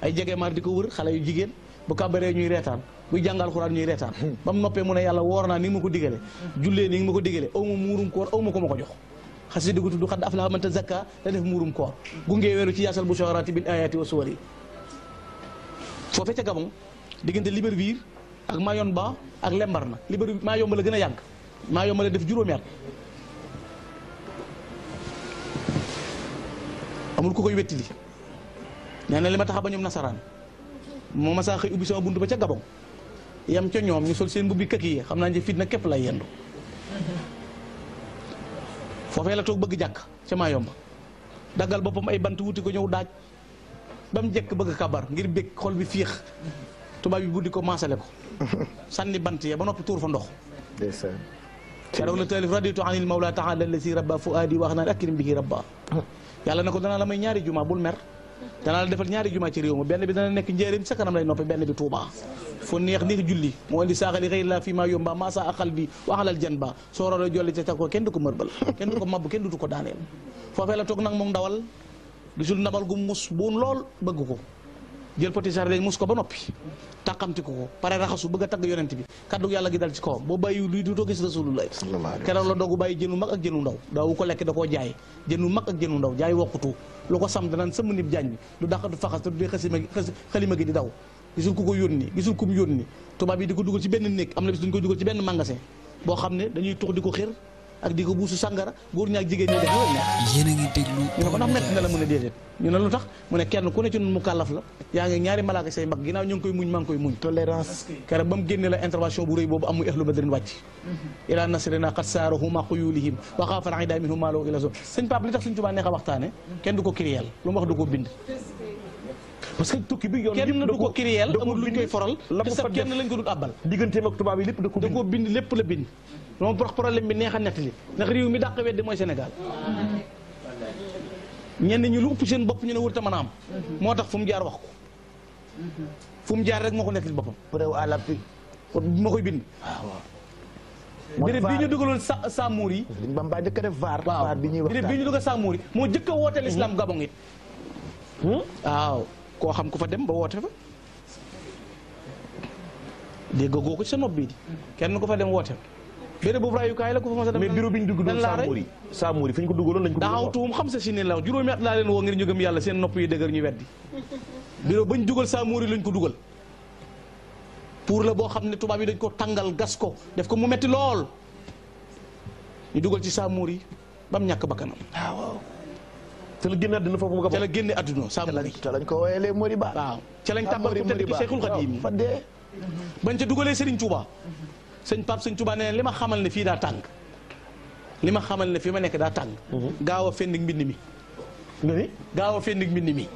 ay jege maar di ko wër xale yu jigéen bu kàbbaree ñuy reetaan buy jàngal xuraan ñuy reetaan ba mu noppee mu ne yàlla woor naa ni ma ko digale jullee ni nga ma ko digale aw ma muurum koor aw ma ko ma ko jox xasida gu tudd xad aflaha man tazakka la def muurum koor gungee weeru ci yaasal bu soxaraati bil ayaati wa suwari foofee ca Gabon diggante Libreville ak ak Lembarna Libreville Mayomba la gën a yàgg Mayomba la def juróomi at amul ku koy wetti nee na li ma taxaba ñum nasaran mo ma saxay ubi sama buntu ba ca Gabon yam ca ñom ñu sol seen mbubbi këkk yi xam naa fitna kep lay yendu fofé la tok bëgg jàkk ca ma yomb dagal bopam ay bant wuti ko ñew daaj bam jekk bëgg kabar ngir bekk xol bi fiix tuba bi buddi ko masalé ko sanni bant ya ba nopi tour ya, fa ndox keroog la taalif raditu anil mawla taala allazi rabba fuadi wa ana akrim bihi rabba <laughs> yalla ya nako dana lamay ñaari juma bul mer danaa la defal ñaari juma ci réew ma benn bi da na nek njëriñ sa kanam lay noppi benn bi Touba fu neex ni julli mo indi saxali xëy la fi maa yomba sa aqal bi waxalal jan ba soo rolo jolli ci takko kenn du ko mërbal kenn du ko mabb kenn du ko daaneel foofee la tok nak mo ndawal du gisul nabal gu mus buun lol bëgg ko jël petit jardin mus ko ba noppi takamti ko ko pare raxasu bëgg tag yonent bi kaddu yalla gi dal ci kawam boo bàyyi luy duutoo gis rasulullah sallallahu alaihi wasallam keroog la dogu bàyyi jënu mak ak jënu ndaw daawu ko lekk da ko jaay jënu mak ak jënu ndaw jaay wokkutu lu ko sam danaan sëmm nib jaañ bi lu daqatu faxas te du dee xasima xalima gi di daw gisul ku ko yónni gisul ku mu yónni tubaab yi di ko dugal ci benn néeg am na bis dañu koy dugal ci benn magasin boo xam ne dañuy tux di ko xër ak di ko buusu sàngara góor ñi ak jigéen ñi def loolu a ñu ne ko ndax métti na la mën a déedéet ñu ne lu tax mu ne kenn ku ne ci nun mu kàllaf la yaa ngi ñaari malaaka say mag ginnaaw ñu ngi koy muñ maa ngi koy muñ mhm. a waxtaane kenn du ko kiriyeel lu mu wax du ko bind parce que tukki bi yoon kenn lañ ko dut àbbal digganteem ak tubaab yi lépp da ko bind lépp la bind moom pour problème bi neex a nettali ndax réew mi dàq weddi mooy Sénégal ñenn ñu lu ëpp seen bopp ñu ne wër ta am moo tax fu mu jaar wax ko fu mu jaar rek moo ko nettali boppam preuve à l'appui kon moo koy bind ah, béréb bi ñu dugaloon sa Samour yi ba mbaa njëkk a def vaar vaar moo jëkk a woote l'islam Gabon it hmm? waaw koo xam ku fa dem ba woote fa dégg goo ci sa nopp di kenn ku fa dem woote béréb boobu raayu kaay la ko fa mos dem. mais bureau bi ñu dugaloon Samori Samori fi ko dugaloon lañ ko. daaw tuum xam sa si ne la juróomi at laa leen woo ngir ñu gëm yàlla seen nopp yi dëgër ñu weddi. bureau bañ dugal Samori lañ ko dugal. pour la boo xam tubaab yi dañ ko tàngal gas ko def ko mu metti lool ñu dugal ci Samori yi ba mu waaw. la la Samori. lañ ko Moriba. waaw lañ tedd Cheikhul Khadim. fa bañ Serigne Touba sëñ Pape sëñ Touba nee li ma xamal ne fii daa tàng li ma xamal ne fi ma nekk daa tàng. Mhm. gaaw a fenn mbind mi. nga ni gaaw a fenn mbind mi.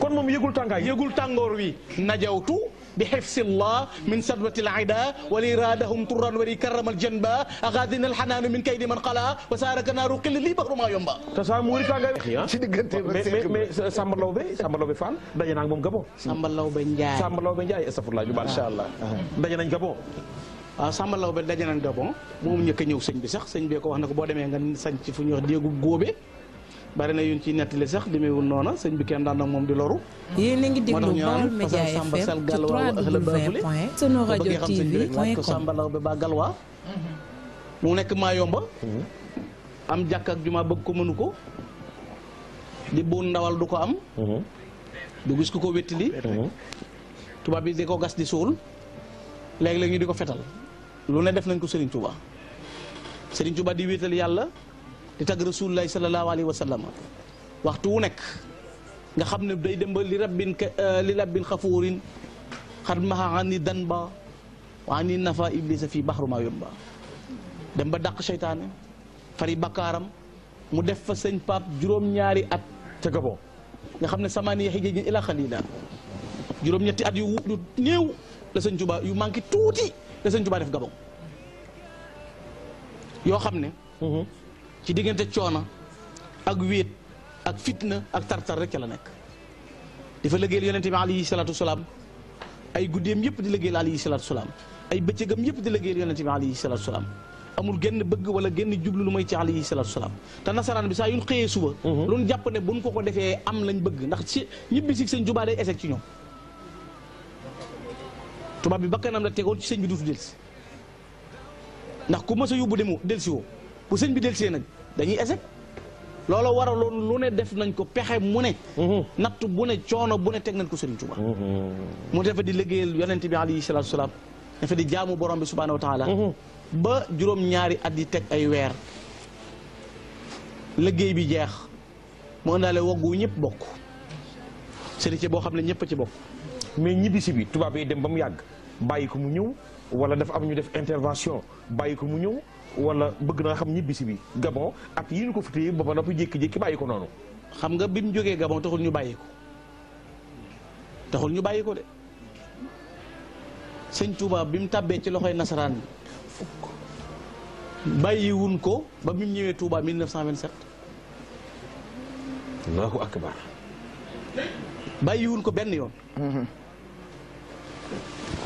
kon moom yëgul tàngaay yëgul tàngoor wi najawtu bi xifsillah min sadwati lida wa liradahum turan wari karramal janba axaadina alxanaanu min kaydi man xala wa saaraka naaru xilli lii baxru maa yomba te saa mu wëri tàngaay ci diggante mais Samba Lawbe Samba Lawbe Fall daje naa ak moom Gabon Samba Lawbe Ndiaye Samba Lawbe Ndiaye astafurlah ju baal incha allah ah. daje nañ Gabon Ah, Samba Law ba dajana nañ Gabon moom ñëkk a ñëw sëñ bi sax sëñ bi ko wax na ko boo demee nga sañ ci fu ñu wax déegu gobé bari na yuñ ci nettali sax démé wu nona sëñ bi kenn daan ak mom di loru yi ni ngi diglu Baol Média FM ci 3w point sunu radio tv point com Samba Law ba galwa mu nekk ma yomba am jakk ak juma bëgg ko mënu ko di bu ndawal du ko am du gis ko ko li tuba bi di ko gas di sul leg leg ñu di ko fetal lu ne def nañ ko Serigne Touba Serigne Touba di wéetal yàlla di tagg rasulullahi sallallahu alayhi wa waxtu wu nekk nga xam ne day dem ba li rabbin euh, li rabbin xafuurin xat maha ani dan ba waa ni nafa iblisa fii baxruma yomba dem ba dàq seytaane fari bakaaram mu def fa sëñ Pape juróom-ñaari at ca nga xam ne samaani yaxi jéejin ila xalila juróom-ñetti at yu néew la sëñ Tuubaa yu manqué tuuti la sëñ Tuubaa def Gabon yoo xam ne mhm. ci diggante coono ak wéet ak fitna ak tartar rek la nekk dafa liggéeyal yonent bi alayhi salaatu salaam ay guddeem yëpp di liggéeyal alayhi salaatu salaam ay bëccëgam yëpp di liggéeyal yonent bi alayhi salaatu salaam amul genn bëgg wala genn jublu lu may ci alayhi salaatu salaam te nasaraan bi saa yu ñu xëyee suba mhm. lu ñu jàpp ne buñ ko ko defee am lañ bëgg ndax si ñibbi si sëñ Tuubaa day échec ci ñoom tubaab bi bakkanam la tegoon ci sëñ bi duutu delsi ndax ku mës a yóbbu de delsi woo bu sëñ bi delsee nag dañuy échec loolu waraloon lu ne def nañ ko pexe mu ne mhm. natt bu ne coono bu ne teg nañ ko sëriñ Tuubaa mhm. mu dafa di liggéeyal yonent bi alayhi salaatu salaam dafa di jaamu borom bi subhaanahu wa taala mhm. ba juróom ñaari at yi teg ay weer liggéey bi jeex mu ëndaale woggu ñëpp bokk sëriñ ci boo xam ne ñëpp a ci bokk mais ñibbisi bi tubaab yi dem ba mu yàgg bàyyi ko mu ñëw wala dafa am ñu def intervention bàyyi ko mu ñëw wala bëgg naa xam ñibbisi bi Gabon at yi ñu ko fi téye ba ba jékki-jékki bàyyi ko noonu. xam nga bi mu jógee Gabon taxul ñu bàyyi ko taxul ñu bàyyi ko de sëñ Touba bi mu tàbbee ci loxoy nasaraan bi fukk bàyyiwun ko ba bi mu ñëwee Touba 1927. allahu akbar bàyyiwun ko benn yoon. Mm-hmm.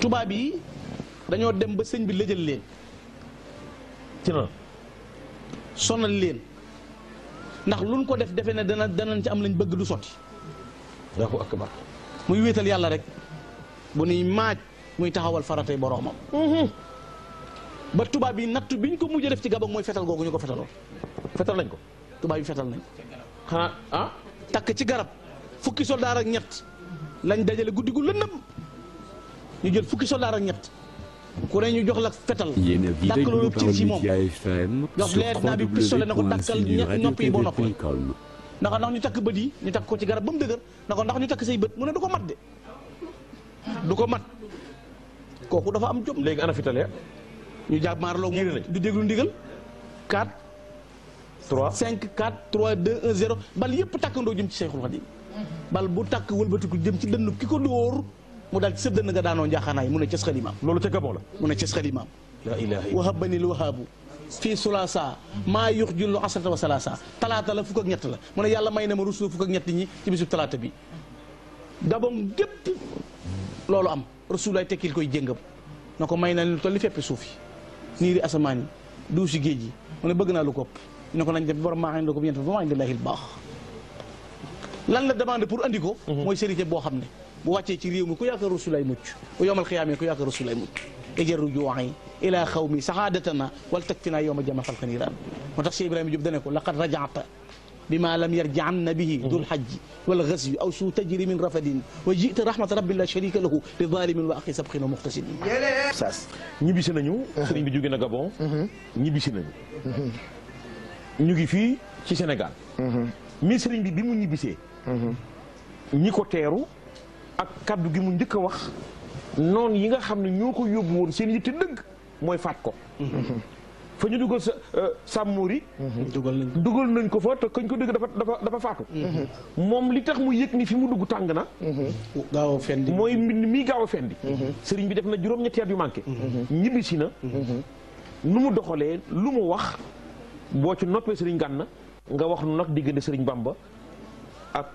tubaab yi dañoo dem ba sëñ bi lëjal leen ci la sonal leen ndax luñ ko def defe ne dana danañ ci am lañ bëgg du sotti allahu akbar muy wéetal yàlla rek bu nuy maaj muy taxawal faratay boroomam mhm. ba tubaab yi nattu biñ ko mujj def ci gabon mooy fetal googu ñu ko fetaloon fetal lañ ko tubaab yi fetal nañ xanaa ah? takk ci garab fukki soldaar ñett lañ dajale guddi gu lëndëm ñu jël fukki soldaar ak ñett ku ne ñu jox la fetal dàkk loolu tir ci moom jox leer naa bi pistolet na ko dàkkal ñett nopp yi boo noppi ndax ndax takk bët yi ñu takk ko ci garab ba mu dëgër na ñu takk say bët mu a du ko mat de du ko mat kooku dafa am jom léegi ana fitale ñu jàmmaarloo moom du déglu ndigal 4 3 5 4 3 2 1 0 bal yëpp takkandoo jëm ci Seexul Xadiim bal bu takk wëlbatiku jëm ci dënn ki ko dóor mu daal ci sëb dënn nga daanoo njaaxaanaay mu ne cës xalimaam loolu ca Gabon la mu ne cës xalimaam la ilaha fii sulaasa maa yux jullu asrata wa salaasa talaata la fukk ak ñett la mu ne yàlla may na ma rusul fukk ak ñett ñi ci bisub talaata bi Gabon gépp loolu am rasul ay tekkil koy jéngam na ko may na lu toll li feppi suuf yi niiri asamaan yi duusi géej yi mu ne bëgg naa lu kopp ne ko nañ def borom maa xam ne ba maa indi lahil baax lan la demandé pour andi ko mhm. mooy sérité boo xam ne بواتي تي ريومي كو ياك ويوم الخيام كو ياك الرسول اي اجر رجوعي الى خومي سعادتنا ولتكتنا يوم جمع خلق نيران ابراهيم جبدنا كو لقد رجعت بما لم يرجعن به ذو الحج والغزو او سو تجري من رفد وجئت رحمه رب لا شريك له لظالم واخي سبخ ومختصم ساس نيبيس نانيو سيرين بي جوغي نا غابون نيبيس نانيو نيغي في سي سنغال مي سيرين بي بيمو نيبيسي نيكو تيرو ak kàddu gi mu njëkk a wax noon yi nga xam ne ñoo ko yóbbu woon seen yitte dëgg mooy faat ko mm-hmm. fa ñu dugal sa euh, sàmmoor yi mm-hmm. dugal nañ ko fa te kañ ko dëgg dafa dafa dafa faatu mm-hmm. moom li tax mu yëg ni fi mu dugg tàng na gaaw a fendi mooy mbind mii gaaw a fendi sëriñ bi def na juróom-ñetti at yu manqué ñibbisi na nu mu doxalee lu mu wax boo ci noppee sëriñ gànna nga wax nu nag diggante sëriñ Bamba ak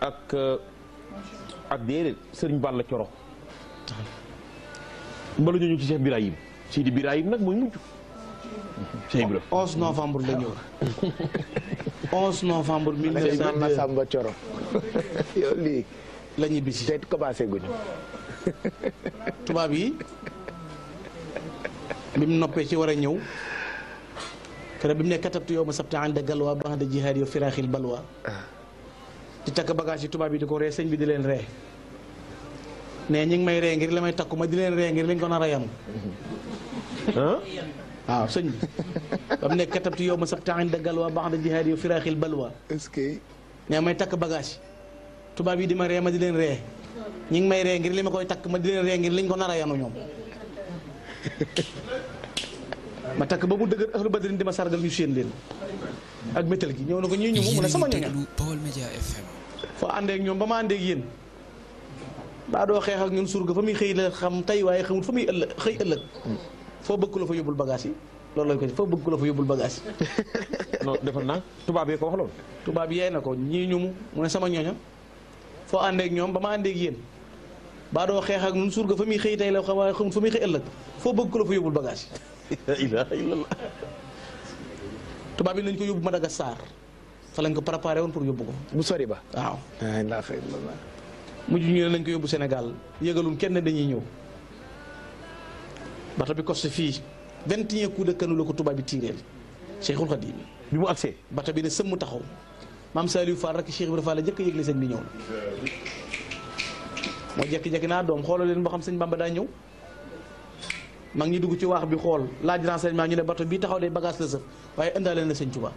ak euh, ak déedéet serigne Balla cioro mbalu ñu ci Cheikh ibrahim Sidi ibrahim nak moy muccu Cheikh Ibrahim 11 novembre la ñëw 11 novembre 1900 Massamba Coro <laughs> yow lii la ñu bisi te commencé guñu tuba bi bim noppé ci wara ñew kéré bim né katatu ne katabtu yow ma sabta ànd galwa ba'da jihad yo firakhil balwa ah. di takk bagage yi tubaab yi di ko ree sëñ bi di leen ree ne ñi ngi may ree ngir li may takk ma di leen ree ngir lañ ko nar a yanu waaw sëñ nekk katabtu yow ma sax que ne may takk bagage tubaab yi di ma ree ma di leen ree ñi ngi may ree ngir li ma koy takk ma di leen ree ngir liñ ko nar a yanu ñoom ma takk ba mu dëgër ahlu badrin di ma sargal ñu séen leen ak métal gi ñëw na ko ñuy ñu mu sama ñoña foo àndeek ñoom ba ma àndee ak yéen doo xeex ak suur ga fa muy xëy la xam tey waaye xamul fa muy ëllëg xëy ëllëg foo bëgg la yi loolu lañ ko foo bëgg la fa yóbbul bagage yi <laughs> tubaab yi ko wax tubaab yeey na ko ñii ñu sama ñooña foo àndee ñoom ba yéen baa xeex ak ñun surga fa muy xëy tey la waaye xamul fa xëy ëllëg foo bëgg la fa yóbbul bagage yi <laughs> la tubaab yi nañ ko yóbbu Madagascar fa lañ ko préparé woon pour yóbbu ko. bu sori ba waaw. mujj ñu ne lañ ko yóbbu Sénégal yëgalun kenn dañuy ñëw bato bi costé fii vingt et un ko tubaab bi tiireel Cheikhul Khadim bi mu agsee bato bi ne sëmm taxaw maam Saliou Fall rek Cheikh Ibrahima Fall jëkk yëgle sëñ bi ñëw na moo jekki-jekki naa doom xoolal leen boo xam sëñ ba daa ñëw mag ñi dugg ci waax bi xool laaj renseignement ñu ne bato bii taxaw day bagage la sëf waaye indaale na sëñ Tuubaa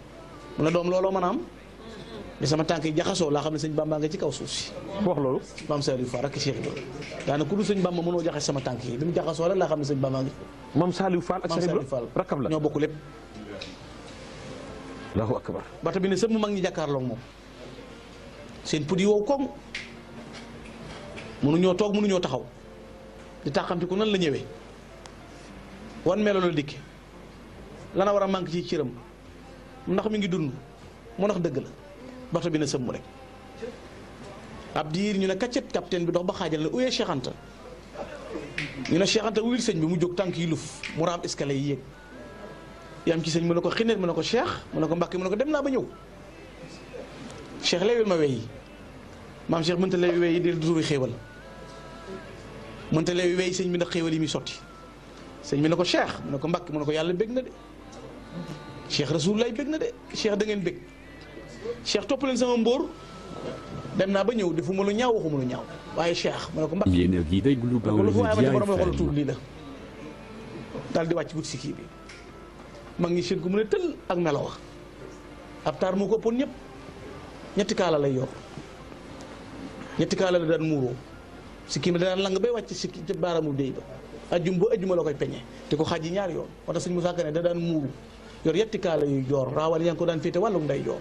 mu ne doom looloo manaam a bi sama tànk yi jaxasoo laa xam ne sëñ bàmbaa ngi ci kaw suuf si wax loolu maam Saliou Fall ak Cheikh Ibrahima daanaka ku dul sëñ bàmba sama tànk yi bi mu la xam ne sëñ bàmbaa nga ci maam Saliou Fall ak Cheikh Ibrahima rakam la ñoo bokk lépp allahu akbar bata bi ne sëpp mu mag ñi jàkkaarloog moom seen put yi wow koŋ mënuñoo toog mënuñoo taxaw di tàqamti ku nan la ñëwee wan meloon la dikke lana war a manque ci cëram ndax mi ngi dund mu ndax dëgg la bato bi na sëmm rek ab diir ñu ne kaccet capitaine bi dox ba xaajal ne uyee Cheikh ñu ne Cheikh Anta wuyul sëñ bi mu jóg tànk yi luf mu raam escalier yi yéeg yam ci sëñ mu ne ko xineet mu ne ko Cheikh mu ne ko Mbàkke mu ko dem naa ba ñëw Cheikh leewil ma mënta leewi weyi di duuri xéewal mënta leewi sëñ bi ndax xéewal yi muy sotti sëñ bi ne ko Cheikh mu ne ko Mbàkke mu ne ko yàlla bég na de cheikh rasoul lay bég na de cheikh da ngeen bég cheikh top leen sama mbor dem na ba ñew defuma lu ñaaw waxuma lu ñaaw waye cheikh ma ko ko mbàkk gi day glu baaw lu fa ay borom xol la dal di wacc wut ci ki bi ma ngi seen ko mu ne teul ak melawa ab taar moo ko ëppoon ñëpp ñetti kala lay yo ñetti kala la daan muuroo sikkim daan lang bay wàcc ci baramu deey ba ajum ba ajuma la koy peñe te ko xaji ñaar yoon moo tax sëñ Moussa Kane da daan muuru yor yetti kaala yu joor raawal yaa ngi ko daan féete wàllu nday joor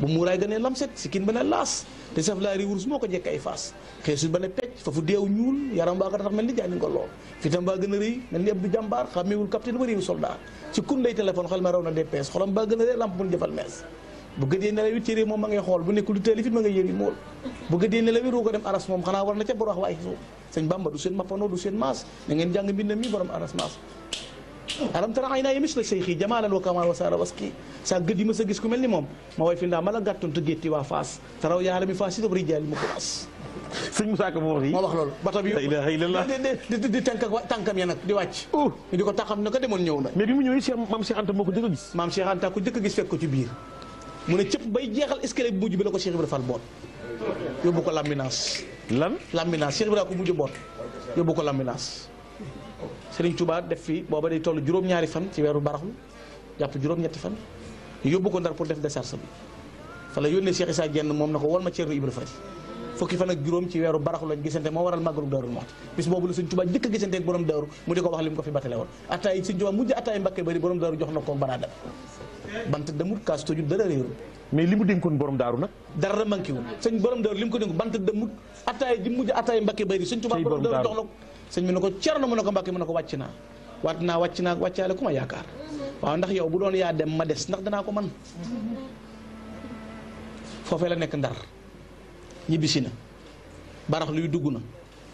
bu muuraay gënee lamset sikkin ba ne laas te saf laa ri moo ko jekk ay faas xeesul ba ne pecc fa fu deew ñuul yaram baa ko tax mel ni jaani ko lool fitam a rëy mel ni abdu jàmbaar xàmmeewul ba réewu a rëy lamp ngeen jàng mbind mi borom aras maas alam tara aynaaya mis la seyxi jamaalan wa kamaa wasaara wasqi saa gëdd yi ma sa gis ku mel ni moom ma way fi ndaa mala gàttuntu gétti waa faas taraw yaala faas itam rijaal mu ko wax yi moo wax oh. ko taxam na ñëw na mais bi mu ñëwee Cheikh Maam Cheikh Anta moo ko jëkk a gis Maam Cheikh Anta jëkk a gis fekk ko ci biir mu ne cëpp bay jeexal escalier bi mujj bi la ko Cheikh Ibra Fall boot ko lambinaas lan ko mujj boot yóbbu ko lambinaas Serigne Touba def fi booba day toll juróom-ñaari fan ci weeru baraxlu jàpp juróom-ñetti fan ñu yóbbu ko ndar pour def décharge bi fa la yónnee Cheikh Issa Dieng moom na ko wol ma Thierno Ibra Faye fukki fan ak juróom ci weeru baraxlu lañ gisante moo waral màggalu Daaru Muxti bis boobu la Serigne Touba njëkk a gisante ak borom Daaru li mu ko fi mujj attaay Mbakke bari borom Daaru jox na ko banaadam bant demut kaas toju dara réeru mais ko dénk bant demut attaay Mbakke bari sëñ bi ne ko cer cerno mu ne ko mbàkke mu ne ko wàcc naa waat naa wàcc naa wàccaale ku ma yaakaar waaw ndax yow bu doon yaa dem ma des ndax danaa ko man foofee la nekk ndar ñibbisi na barax luy dugg na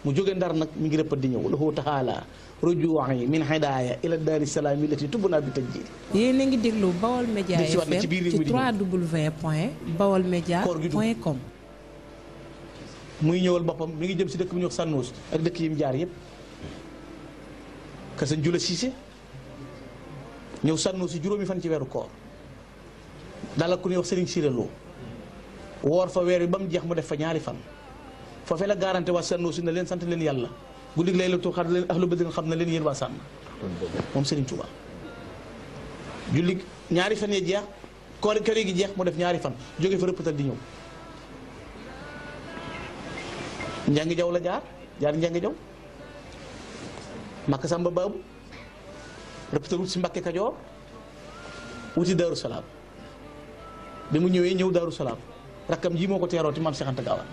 mu jóge ndar nag mu ngi rëppat di ñëw lahu taala rujuwan yi min hidaaya ila daari salaam yi lati tubb naa bi tëj ji yéen a ngi déglu Bawol yi FM ci 3w point Bawol Média point com muy ñëwal boppam mi ngi jëm si dëkk bu ñuy wax sànnuus ak dëkk yi mu jaar yëpp kër sëñ Jula Siise ñëw sànnoo si juróomi fan ci weeru koor dalal ku ñuy wax sëriñ Siré woor fa weer wi ba mu jeex mu def fa ñaari fan foofee la garanté waa sànnoo si ne leen sant leen yàlla guddi gi laylatul xadr leen ahlu badrin xam na leen yéen waa sànn moom sëriñ Tuubaa julli ñaari fan yi jeex koor kër gi jeex mu def ñaari fan jóge fa rëppatal di ñëw njàngi jaw la jaar jaar njàngi jaw maka samba babu répété wut si mbakke kajoor wuti daru salam bi mu ñewé ñew daru salam rakam ji moko téro ci mam Cheikh antaga wa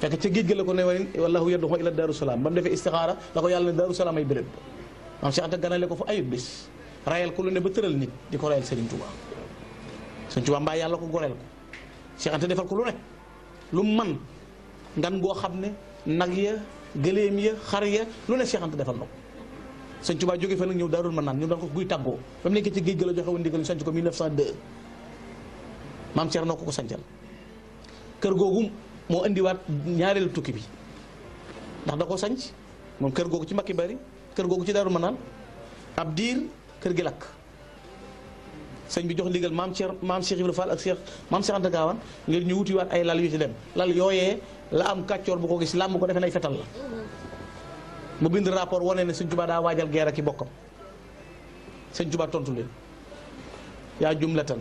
fekk ci géej ga ko ne wallahu yadhu ila daru salam bam defé istikhara lako yalla ne daru salam ay bëreb mam Cheikh antaga ne ko fa ayub bis rayal ko lu ne ba teural nit di rayal Serigne Touba Serigne Touba mba yalla ko gorel ko Cheikh antaga defal ko eh. lu ne lu man ngan go xamne nak ya geleem ya xar ya lu ne Cheikh antaga defal nako sëñ Tuubaa jóge fa nak ñew darul manan ñu dal ko guy taggo fam nek ci geejgal joxe won digal ñu sanc ko 1902 maam Thierno ko ko keur gogum mo andi wat ñaarel tukki bi ndax da ko sanc mom keur gogu ci makki Bari keur gogu ci darul manan abdir keur diir gi bi jox ligal mam Thierno mam Cheikh ibrahim Fall ak Cheikh mam Cheikh Anta ngir ñu wat ay lal yu ci dem lal yoyé la am katchor bu ko gis làmb ko defee nay fetal la مبين bind rapport wone ne seigne touba da wadjal guerre ki bokkam seigne touba tontu len ya jumlatan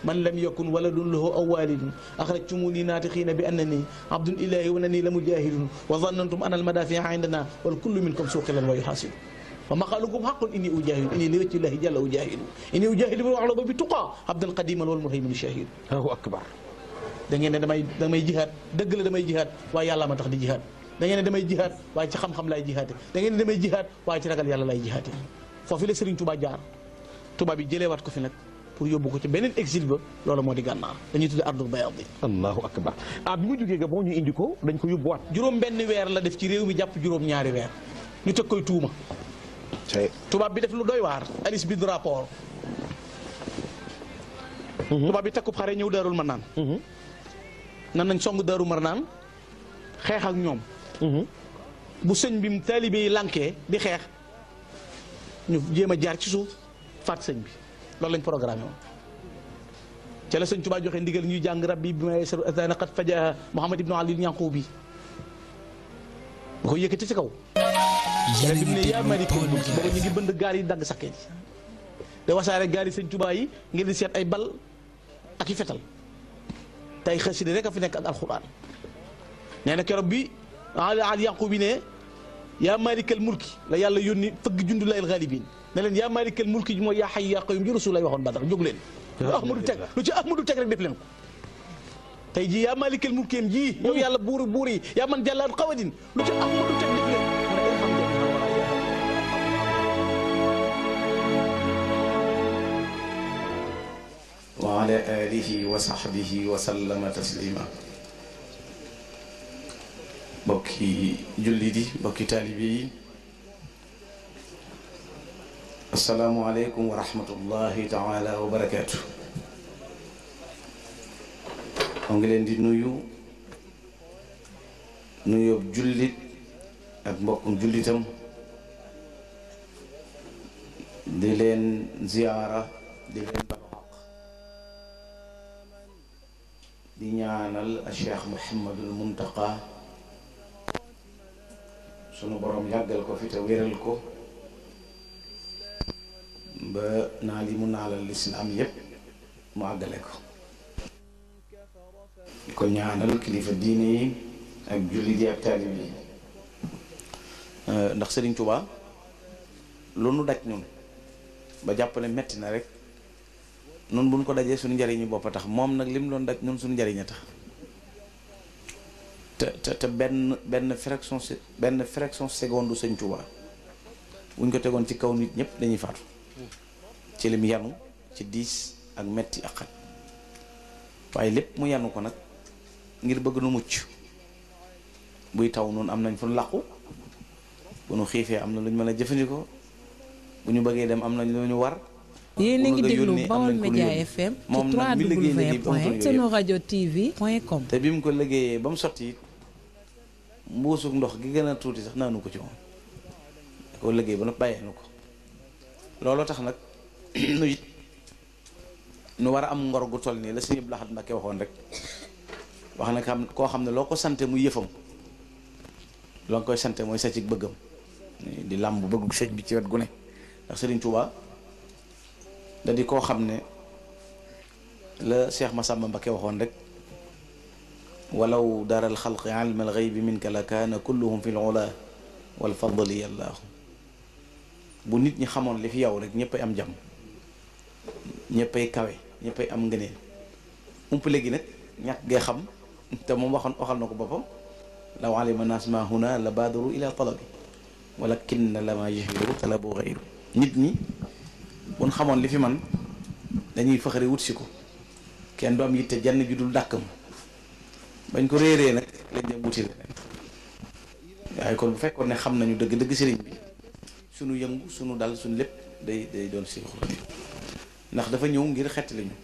من لم يكن ولد له او والد اخرجتموني ناطقين بانني عبد الله وانني لمجاهد وظننتم أنا المدافع عندنا والكل منكم سوق لن ويحاسب فما قالكم حق اني اجاهد اني لوجه الله جل اجاهد اني اجاهد على باب عبد القديم والمهيمن الشهيد هو اكبر دا ngay ne damay damay jihad deug la damay jihad wa yalla ma da damay jihaat waaye ci xam-xam laay jihaate da ngeen damay jihaat waaye ci ragal yàlla laay jihaate foofu la Serigne Touba jaar Touba bi jëleewaat ko fi nag pour yóbbu ko ci beneen exil ba loolu moo di gànnaar dañuy tudde ardul bayad bi ak akbar ah bi mu jógee ga boo ñu indi ko dañ ko yóbbu yóbbuwaat juróom benn weer la def ci réew mi jàpp juróom ñaari weer ñu teg koy tuuma tubaab bi def lu doy waar alice bi rapport mhm. tubaab bi takkub xare ñëw daarul ma naan mhm. nan nañ song daaru mar naan xeex ñoom Mhm. bu señ bi mu taalibe yi di xeex ñu jéma jaar ci suuf fat señ bi loolu lañ programme won ca la señ tuba joxé ndigal ñuy jang rabbi bi may yeesaru azana qad faja Muhammad ibnu Ali Yanqubi ko yëkëti ci kaw ya a ngi déglu ñu ngi bënd gaar yi dagg sakkee ji te gaar yi sëñ Tuubaa yi ngir di ay bal ak rek fi ak bi al al yanqubi ne yaa malikal mulki la yàlla yónni fëgg jundu layl xaalibin ne leen yaa malikal mulki mooy yaa xay yaa qayum ji rasul lay waxoon badar jóg leen lu ahmadu teg lu ci ahmadu teg rek def leen ko tey jii yaa malikal mulkiyam jii yow yàlla buur buur yi yaa man jàllaat xawadin lu ci ahmadu teg def leen wa ala alihi wa sahbihi wa sallama taslima mbokki jullit yi mbokki taalibe yi asalaamualeykum wa rahmatullahi taala wa barakaatu moo ngi leen di nuyu nuyób jullit ak mbokkum jullitam di leen ziyaara di leen balxaq di ñaanal a cheikh muhammadul muntaqa sunu borom yàggal ko fi te wéral ko ba naa li mu naalal lislaam yépp mu àggale ko di ko ñaanal kilifa diine yi ak jullit yi ak taalib yi euh, ndax Sëriñ Tuubaa loolu nu daj ñun ba jàppale metti na rek nun buñ ko dajee suñu njariñu bopp a tax moom nag lim doon daj ñun suñu njariñ a tax te te ben benn benn fraction benn fraction seconde sëñ Tuubaa buñ ko tegoon ci kaw nit ñëpp dañuy faatu ci lim yanu ci diis ak metti laku xat waaye lépp mu yanu ko nag ngir bëgg nu mucc buy taw noonu am nañ fu làqu bu nu am na lu ñu mën a jëfandikoo dem am nañ lu war yéen a ngi déglu Baol Média FM ci 3W point sunu radio tv point com te bi mu ko liggéeyee ba mu sotti mbuusug ndox gi gën a tuuti sax naanu ko ci moom da koo liggéey ba nu bàyyee nu ko looloo tax nag <clears throat> nu war a am ngor gu toll nii la sëñ Abdul Ahad Mbakke waxoon rek wax na xam koo xam ne loo ko sante muy yëfam loo koy sante mooy sa cig bëggam di làmb bëggu sëñ bi ci wet gu ne ndax Sëriñ Tuubaa da koo xam ne la Cheikh ba Mbakke waxoon rek ولو دار الخلق علم الغيب منك لكان كلهم في العلا والفضل يا الله bu nit ñi xamone li fi yaw rek ñëppay am jàmm ñëppay kawe ñëppay am ngeneen umpu legi nak ñak ge xam te moom waxon waxal nako bopam boppam law alima naas ma huna la badru ila talabi walakin lama yashuru talabu ghayr nit ñi bu xamone li fi man dañuy fëxëri wut si ko ken do am yitte jenn ju dul dakam bañ ko réeree nag lañ dem wuti leneen waaye kon bu fekkoon ne xam nañu dëgg dëgg sëriñ bi sunu yëngu sunu dal sunu lépp day day doon si ndax dafa ñëw ngir xett lañu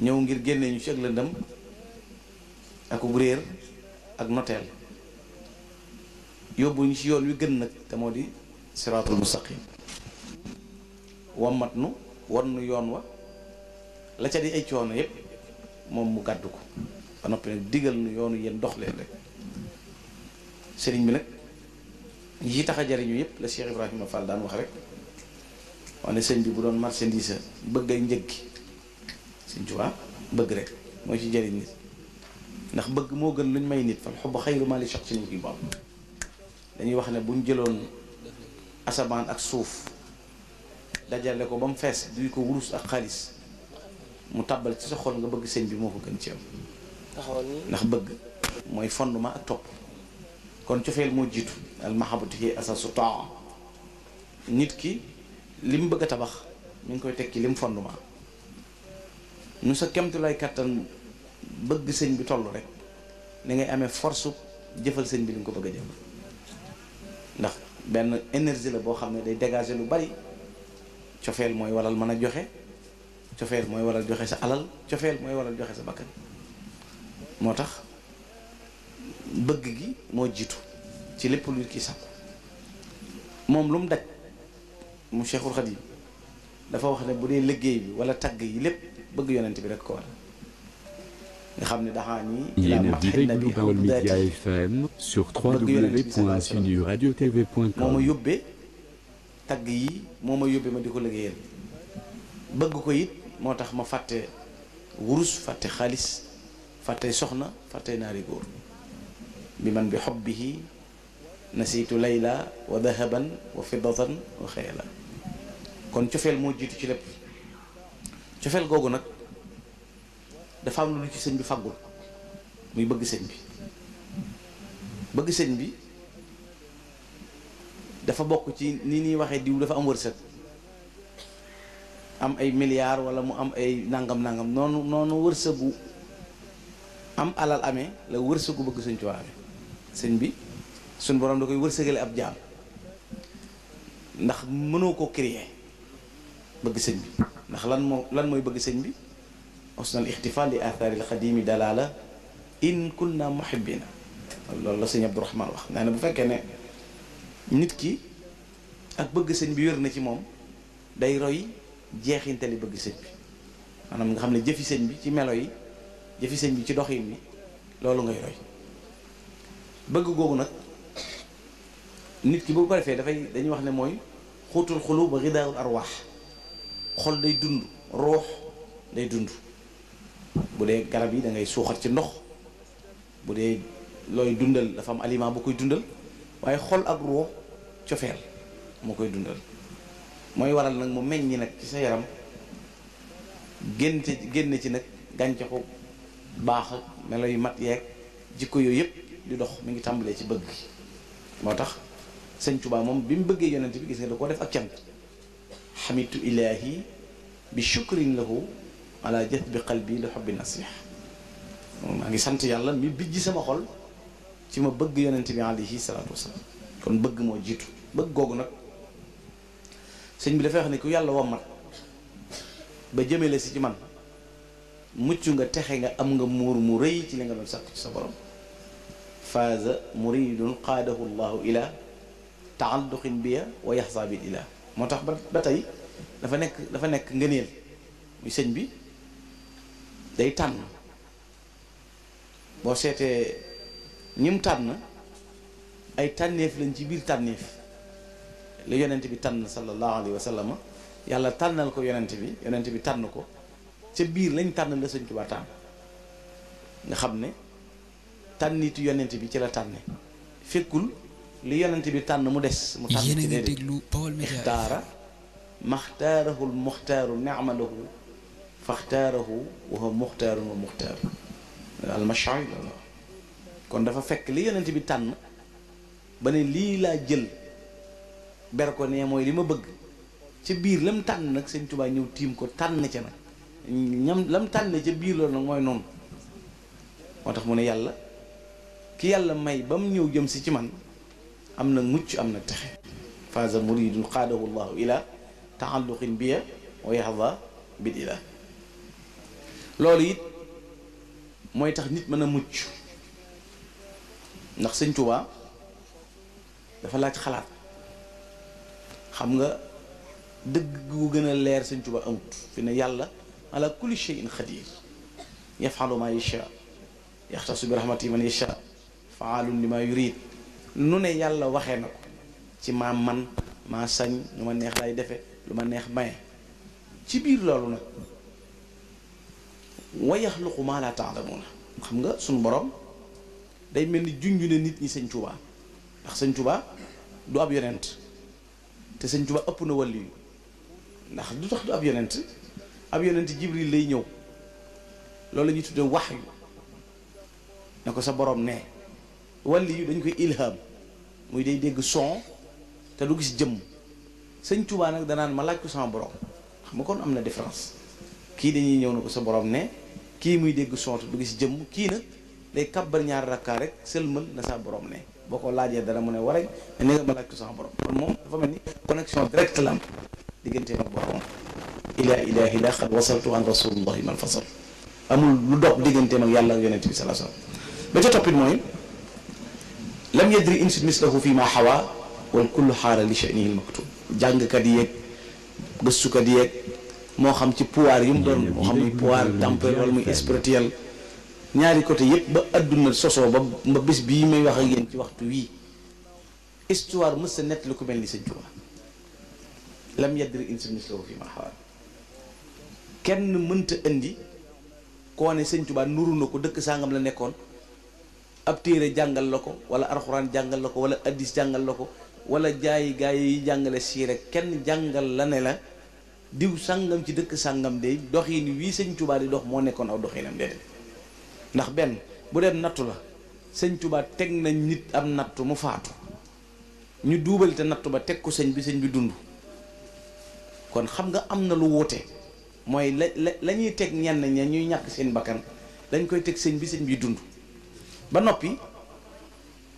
ñëw ngir génne ñu ci ak lëndëm ak bu réer ak noteel yóbbu ñu ci yoon wi gën nag te moo di siraatul mustaqim wammat nu wan nu yoon wa la ca di ay coono yépp moom mu gàdd ko ba noppi nag digal nu yoonu yéen dox leen rek sëriñ bi nag yi tax a jariñu yëpp la Cheikh Ibrahima Fall daan wax rek wax ne sëñ bi bu doon marchandise bëgg ay njëg sëñ Tuubaa bëgg rek mooy ci jariñ nit ndax bëgg moo gën luñ may nit fal xob xayru maa li sox si nit bopp dañuy wax ne buñ jëloon asamaan ak suuf dajale ko ba mu fees duy ko wurus ak xaalis mu tàbbal ci sa xol nga bëgg sëñ bi moo ko gën ci am ndax bëgg mooy fondement ak topp kon cofeel moo jiitu al mahabatu hi asasu taa nit ki li bëgg a tabax mi ngi koy teg ci li mu fondement nu sa kemtu lay kattan bëgg sëñ bi toll rek ni ngay amee force jëfal sëñ bi li nga ko bëgg a jëfal ndax benn énergie la boo xam ne day dégager lu bari cofeel mooy waral mën a joxe cofeel mooy waral joxe sa alal cofeel mooy walal joxe sa bakkan motax bëgg gi mo jitu ci lépp lu ki sax mom lu mu daj mu Cheikhul Khadim dafa wax ne bu dee liggéey bi wala tagg yi lépp bëgg yonent bi rek ko wala nga xamni da xani ila yéen a direct lu Baol Média FM sur 3w.radiotv.com ma yobbe tagg yi moma yobbe ma diko liggéeyal bëgg ko yit motax ma fàtte wurus fàtte khalis fàttey soxna fàttey naari góor bi man bi xobbihi nasiitu layla wa dahaban wa fiddatan wa xeela kon cofeel moo jiitu ci lépp cofeel googu nag dafa am lu ci sëñ bi fàggul muy bëgg sëñ bi bëgg sëñ bi dafa bokk ci ni ñuy waxee diw dafa am wërsëg am ay milliards wala mu am ay nangam nangam noonu noonu wërsëgu am alal ame la wërsëgu bëgg sëñ Tuubaa sëñ bi suñ borom da koy wërsëgale ab jaam ndax mënoo ko créer bëgg sëñ bi ndax lan moo lan mooy bëgg sëñ bi usnal ixtifal li athaaril xadimi dalala in kunna muhibbina loolu la sëñ Abdourahman wax naa ne bu fekkee ne nit ki ak bëgg sëñ bi yor na ci moom day roy jeexintali bëgg sëñ bi maanaam nga xam ne jëfi sëñ bi ci melo yi jëfi sëñ bi ci doxin bi loolu ngay roy bëgg googu nag nit ki bu ko defee dafay dañuy wax ne mooy xuutul xulu ba ridaaru arwaax xol day dund ruux day dund bu dee garab yi da ngay suuxat ci ndox bu dee looy dundal dafa am aliment bu koy dundal waaye xol ak ruux cofeel moo koy dundal mooy waral nag mu meññi nag ci sa yaram génn ci génn ci nag gàncaxu baax ak melo yu mat yeeg jikko yooyu yëpp di dox mi ngi tàmbalee ci bëgg moo tax sëñ Tuubaa moom bi mu bëggee yonent bi gis nga da koo def ak cant xamitu ilaahi bi shukrin lahu ala jëf bi qalbi li xobbi moom maa ngi sant yàlla mi bijji sama xol ci ma bëgg yonent bi alayhi salaatu wasalaam kon bëgg moo jiitu bëgg googu nag sëñ bi dafay wax ne ku yàlla wommat ba jëmele si ci man muccu nga texe nga am nga mur mu rëy ci li nga do sax ci sa borom faza muridun qadahu Allah ila taalluqin biya wa yaxsa bil ila motax tax ba ba dafa nek dafa nek ngëneel muy sëñ bi day tan bo sété ñim tan ay tanef lañ ci bir tanef li yonent bi tan sallallahu alaihi wasallam yàlla tanal ko yonent bi yonent bi tan ko ca biir lañ tànn la sëñ Tuubaa tànn nga xam ne tànnitu yonent bi ci la tànne fekkul li yonent bi tànn mu des mu tànn ci déedéet ixtaara maxtaarahu lmuxtaaru niamalahu faxtaarahu wa huwa muxtaarun wa muxtaaru almashair la kon dafa fekk li yonent bi tànn ba ne lii laa jël ber ko ne mooy li ma bëgg ci biir lam tànn nag sëñ Tuubaa ñëw tiim ko tànn ca nag ñam lam tànne ca biir loolu nag mooy noonu moo tax mu ne yàlla ki yàlla may ba mu ñëw jëm si ci man am na mucc am na texe faasa muridun qaadahu llahu ila taalluqin loolu it tax nit mën a mucc ndax sëñ dafa laaj xalaat xam nga dëgg gu gën a leer sëñ Tuubaa amut fi ne yàlla على كل شيء خدير يفعل ما يشاء يختص برحمته من يشاء فعال لما يريد نوني يالا واخي نكو سي ما من ما ساني لما نيخ لاي دفه لما نيخ ماي سي بير لولو نك ويخلق ما لا تعلمون خمغا سون بروم داي ملني جونجوني نيت ني سيغ توبا داخ سيغ توبا دو اب يوننت تي سيغ توبا اوبنا ولي داخ دو تخ دو اب يوننت ab yonent jibril lay ñëw loolu la ñuy tudde wax yu na ko sa boroom ne wàlli yu dañ koy ilham muy day dégg son te du gis jëmm sëñ Tuubaa nag danaan ma laaj ko sama borom xam nga kon am na différence kii dañuy ñëw na ko sa borom ne kii muy dégg son te du gis jëmm kii nag day kàbbar ñaari rakkaa rek sëlmal na sa borom ne boo ko laajee dana mu ne waree ne nga ma laaj ko sama borom kon moom dafa mel ni connexion directe la diggante mag borom ilaa ilaahi la xad wasaltu an rasulullahi man fasal amul lu dox diggante mag yàlla ak yonente bi salaa sallam ba ca toppit mooy lam yadri insin mislahu fi ma xawaa wal kullu xaala li shanihi l maktub jàngkat yeeg gëstukat yeeg moo xam ci pouvoir yu mu doon moo xam muy pouvoir temporel wala muy spirituel ñaari côté yépp ba adduna sosoo ba ba bis bii may wax ak yéen ci waxtu wii histoire mës a nett lu ko mel ni Sëñ Tuubaa lam yadri insun mislahu fi ma xawaa kenn mënta indi koo ne sëñ Tuubaa nuru na ko dëkk sàngam la nekkoon ab téere jàngal la ko wala arxuraan jàngal la ko wala addis jàngal la ko wala jaayi gaay yi jàngale siire kenn jàngal la ne la diw sàngam ci dëkk sàngam de doxin wii sëñ Tuubaa di dox moo nekkoon aw doxinam de ndax benn bu dee nattu la sëñ Tuubaa teg nañ nit am nattu mu faatu ñu duubal te nattu ba teg ko sëñ bi sëñ bi dund kon xam nga am na lu wuute mooy la la ñuy teg ñenn ña ñuy ñàkk seen bakkan dañ koy teg sëñ bi sëñ bi dund ba noppi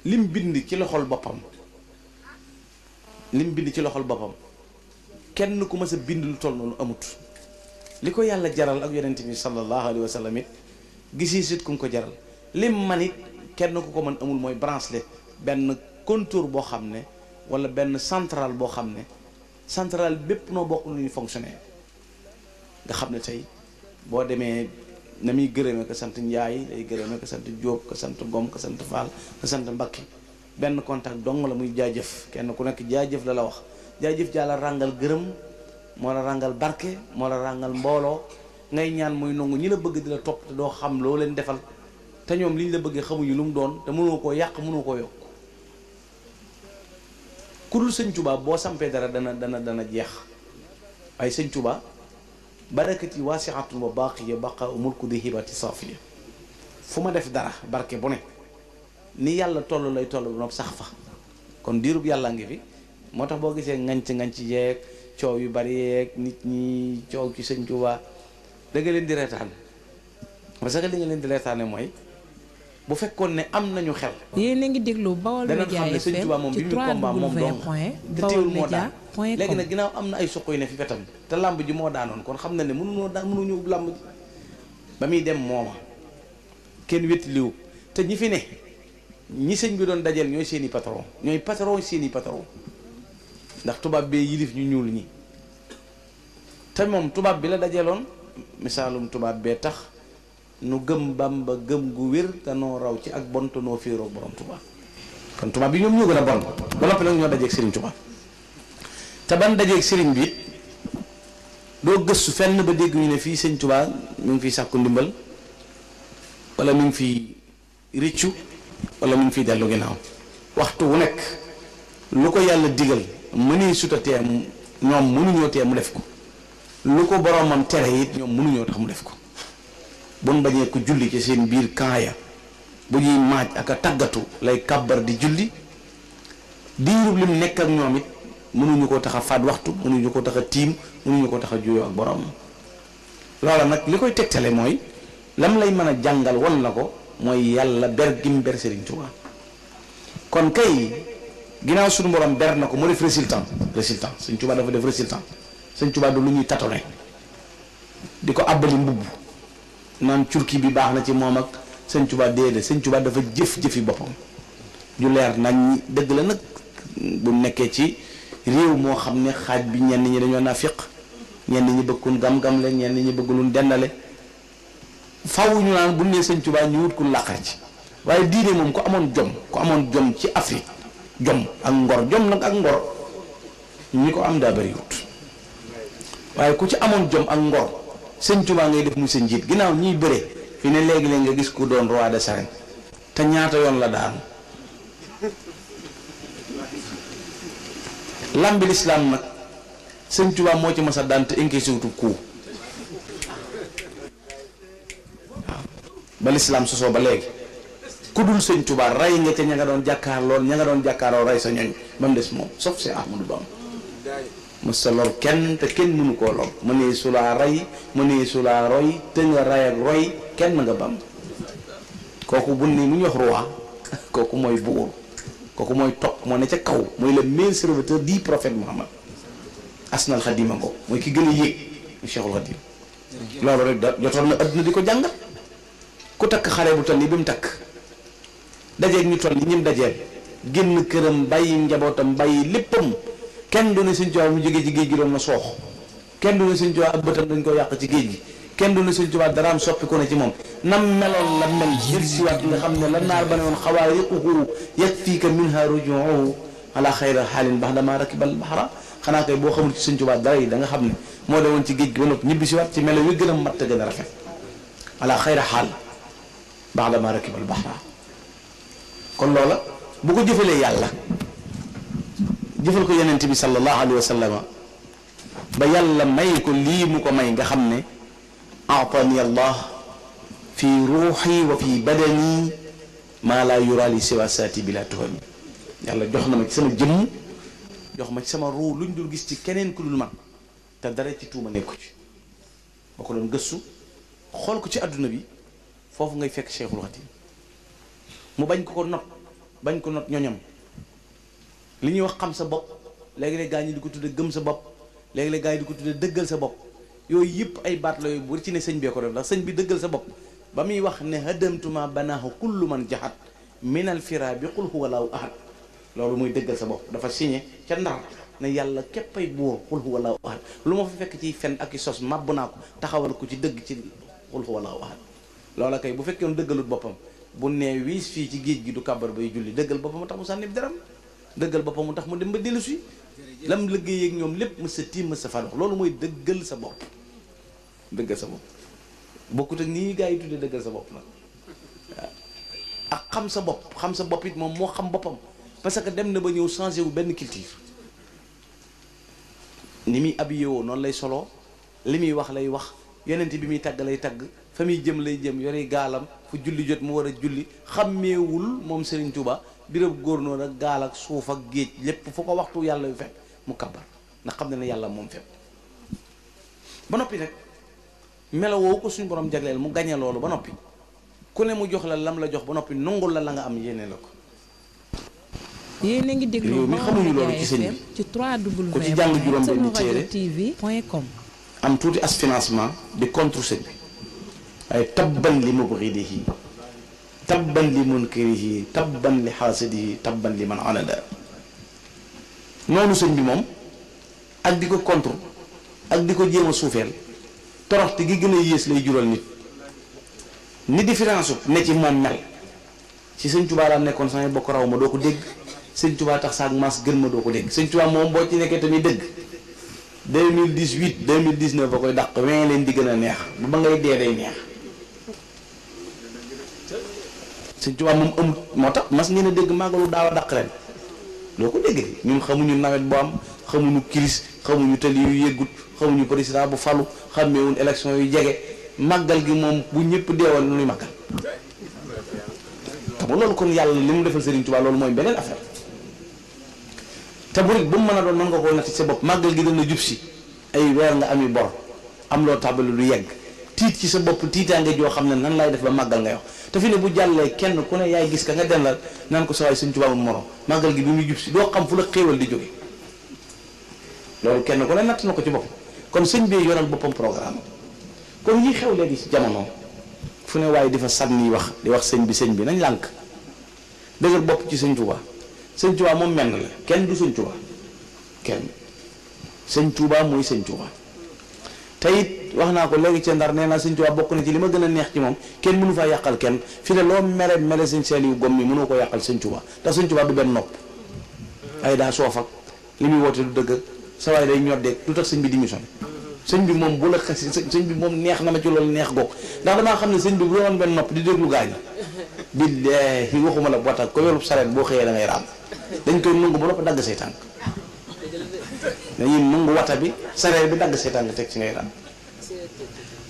lim bind ci loxol boppam lim bind ci loxol boppam kenn ku mas a bind lu toll noonu amut li ko yàlla jaral ak yonent bi sallallahu alayhi wa sallam it gisi sit ku ko jaral lim man kenn ku ko mën amul mooy branché benn contour boo xam ne wala benn central boo xam ne central bépp noo bokk nu ñuy fonctionner nga xam ne tey boo demee na muy gërëme ko sant Njaay lay gërëme ko sant Jóob ko sant Ngom ko sant Faal ko sant Mbakki benn contact dong la muy jaajëf kenn ku nekk jaajëf la la wax jaajëf jàlla ràngal gërëm moo la ràngal barke moo la ràngal mbooloo ngay ñaan muy nangu ñi la bëgg di la topp te doo xam loo leen defal te ñoom liñ la bëggee xamuñu lu mu doon te mënoo koo yàq mënu koo yokk ku dul sëñ Touba boo sampee dara dana dana dana jeex waaye sëñ Touba barakat yi waasiatun wa baaqiya baqa mulku di hibati yi fu ma def dara barke bu ne ni yàlla toll lay toll bu sax fa kon diirub yàlla ngi fi moo tax boo gisee ngañc ngañc yeeg coow yu bari yeeg nit ñi coow ci sëñ Touba da nga leen di reetaan parce que li nga leen di reetaane mooy bu fekkoon ne am nañu xel. yéen a ngi déglu Baol Média FM ci 3 20 point te teewul moo daan léegi nag ginnaaw am na ay soq ne fi fetam te làmb ji moo daanoon kon xam na ne mënuñoo daan mënuñu ub làmb ji ba muy dem mooma kenn wétti liw te ñi fi ne ñi sëñ bi doon dajeel ñooy seeni i ñooy patron seen i patron ndax tubaab bee yilif ñu ñuul ñi te moom tubaab bi la dajeeloon misaalum tubaab bee tax nu gëm Bamba gëm gu wér te noo raw ci ak bon te noo féeroo borom Touba kon Touba bi ñoom ñoo gën a bon ba noppi nag ñoo dajeeg Serigne Touba te ban dajeeg sëriñ bi doo gëstu fenn ba dégg ñu ne fii sëñ Touba mi ngi fiy sàkku ndimbal wala mu ngi fiy rëccu wala mu ngi fiy dellu ginnaaw waxtu wu nekk lu ko yàlla digal mënuy suta tee ñoom mënuñoo tee mu def ko lu ko boromam tere it ñoom mënuñoo tax mu def ko. buñ bañee ko julli ci seen biir kaaya bu ñuy maaj ak a lay kabbar di julli diirub lim nekk ak ñoomit it ñuko taxa tax waxtu mënuñu ñuko taxa tim tiim ñuko taxa juyo ak borom loola nak likoy tektale moy lam lay mëna jangal won la ko mooy yàlla ber gim ber serigne touba kon kay ginaaw suñu borom ber nako mo def resultant resultant serigne touba dafa def resultant serigne touba du lu ñuy tatone diko abali naan turki bi baax na ci moom ak sëñ Tuba déedéet sëñ dafa jëf-jëfi boppam ju leer nañ dëgg la nag bu nekkee ci réew moo xam ne xaaj bi ñenn ñi dañoo naafiq ñenn ñi bëggoon gam-gamle ñenn ñi bëggulun dendale faw ñu naan bu nee sëñ Tuba ñu wut ku làqar ci waaye diine moom ku amoon jom ku amoon jom ci Afrique jom ak ngor jom nag ak ngor ñi ko am daa bëri wut waaye ku ci amoon jom ak ngor sëñ Tuubaa ngay def mu sa njiit ginnaaw ñuy bëre fi ne léegi-léegi nga gis ku doon roi des te ñaata yoon la daanu lambi lislaam nag sëñ Tuubaa moo ci mas a daan te inquisiwutu kuu ba lislaam sosoo ba léegi ku dul sëñ Tuubaa rey nga ca ña nga doon jàkkaarloo ña nga doon jàkkaarloo rey sa ñoñ ba mu des moom sauf si Ahmadou Bamba mësa Ken kenn te ken mun ko lor mané su ray mané mënee roy te nga ray ak roy ken nga bam koku bu ni mu ñox roi koku moy buur koku moy top mo ne ca kaw moy le main serviteur di prophète Muhammad asnal khadima ko moy ki gëna yé cheikhul khadim lolu rek da na aduna di jang ku tak xalé bu tan ni bi mu takk dajeeg ñu tol ñim dajé genn kërëm bayyi njabotam bayyi leppam kenn du ne sëñ Tuubaa mu jógee ci géej gi doon na soox kenn du ne sëñ Tuubaa bëtam dañ ko yàq ci géej gi kenn du ne sëñ Tuubaa daraam soppi ko ne ci moom na meloon la mel jël siwaat nga xam ne la naar ba ne woon xawaar yëpp uxuru yaj fii ka min ha rujuuhu ala xayra xaalin bax damaa rakibal baxra xanaa kay boo xamul ci sëñ Tuubaa yi da nga xam ne moo de ci géej gi ba noppi ñibbi siwaat ci melo yu gën te gën a rafet ala xayra xaal bax damaa rakibal baxra kon loola bu ko jëfalee yàlla jëfal ko yonent bi sallallahu alayhi wa sallam ba yàlla may ko lii mu ko may nga xam ne aatani allah fi ruuxi wa fi badani maa laa yuraali siwa saati bi laa tuhami yàlla jox na ma ci sama jëmm jox ma ci sama lu luñ dul gis ci keneen ku dul man te dara ci tuuma nekku ci boo ko doon gëstu xool ko ci àdduna bi foofu ngay fekk Cheikhul Khadim mu bañ ko ko not bañ ko not ñoñam li ñuy wax xam sa bopp léegi-léeg gaa ñi di ko tudde gëm sa bopp léegi-léeg gaa ñi di ko tudde dëggal sa bopp yooyu yëpp ay baat la yooyu bu ci ne bee ko def ndax sëñ bi dëggal sa bopp ba muy wax ne hadamtuma banaahu kullu man jaxat minal fira bi qul huwa laahu ahad loolu muy dëggal sa bopp dafa signé ca ndar ne yàlla képp ay buur qul huwa lu ma fa fekk ci fen ak i sos màbb naa ko taxawal ko ci dëgg ci qul huwa laahu ahad loola kay bu fekkoon dëggalut boppam bu ne wiis fii ci géej gi du kàbbar bay julli dëggal boppam a tax mu sànni daram dëggal boppam mu tax mu dem ba dellu si lam liggéey ak ñoom lépp mës sa tiim mës sa falox loolu mooy dëggal sa bopp dëggal sa bopp bokkut ak nii gaa yi tuddee dëggal sa bopp nag waaw ak xam sa bopp xam sa bopp it moom moo xam boppam parce que dem na ba ñëw changé wu benn culture ni muy habillé woo noonu lay solo li muy wax lay wax yonent bi muy tàgg lay tàgg fa muy jëm lay jëm yore gaalam fu julli jot mu war a julli xàmmeewul moom Serigne Touba birab góor noonu ak gaal ak suuf ak géej lépp fu ko waxtu yàlla yu fekk mu kabar ndax xam ne ne yàlla moom fépp ba noppi nag melo woowu ko suñu borom jagleel mu gañe loolu ba noppi ku ne mu jox la lam la jox ba noppi nungul la la nga am yéene la ko yéen a ngi déglu xamuñu loolu ci sëñ bi ci 3W ku ci jàng juróom benn téere tv point com am tuuti as financement de contre sëñ bi ay tabban li mubridihi tabban li munkirihi tabban li hasidihi tabban li man anada noonu señ bi mom ak di ko contre ak di ko soufel torox suufeel gi gëna yees lay jural nit ni différence ne ci mom mel ci señ tubaa la nekkon sama bokk raw ma doko deg señ sëñ tax sax maas gën ma doko deg señ sëñ mom bo ci nekké tamit deg 2018 2019 bakoy dak dàq len di gëna neex ba ngay dee day neex sëñ Tuubaa moom amul moo tax mas ngeen a dégg màggalu daaw a dàq ren loo ko déggee ñun xamuñu nawet bu am xamuñu crise xamuñu tali yu yëggut xamuñu président bu falu xàmmeewuñ élection yu jege màggal gi moom bu ñëpp deewal lu ñuy màggal te bu yàlla li mu defal Serigne Touba loolu mooy beneen affaire te bu bu mu mën a doon mën nga koo natt sa bopp màggal gi dana jub si ay weer nga ami bor am loo tàbbali lu yegg tiit ci sa bopp tiitaange joo xam ne nan lay def ba màggal nga wax te fi ne bu jàllee kenn ku ne yaay gis ka nga dellal naan ko sawaay suñ tubaabu morom màggal gi bi muy jub si doo xam fu la xéewal di jóge kenn ku ne natt na ko ci bopp kon sëñ bi yoral boppam programme kon yi xew léegi ci jamono fu ne waaye di fa sànni wax di wax sëñ bi sëñ bi nañ lànk dëgër bopp ci sëñ sëñ Touba moom mel la kenn du sëñ Touba kenn sëñ Touba mooy sëñ Touba te it wax naa ko léegi ca ndar nee naa sëñ Tuubaa bokk na ci li ma gën a neex ci moom kenn mënu faa yàqal kenn fi ne loo mere mere sëñ Saliou Gom mi mënoo ko yàqal sëñ Tuubaa ndax sëñ Tuubaa du benn nopp ay daa soof ak li muy woote du dëgg sa waay day ñoddeeg lu tax bi démission sëñ bi moom bu la xasi sëñ bi moom neex na ma ci loolu neex goog ndax damaa xam ne sëñ bu doon benn nopp di déglu gaañ billaahi waxuma la boota ko yorub sareet boo xëyee da ngay raam dañ koy nungu ba noppi dagg say tànk dañuy nangu wata bi sareer bi dagg seetaan nga teg ci ngay daan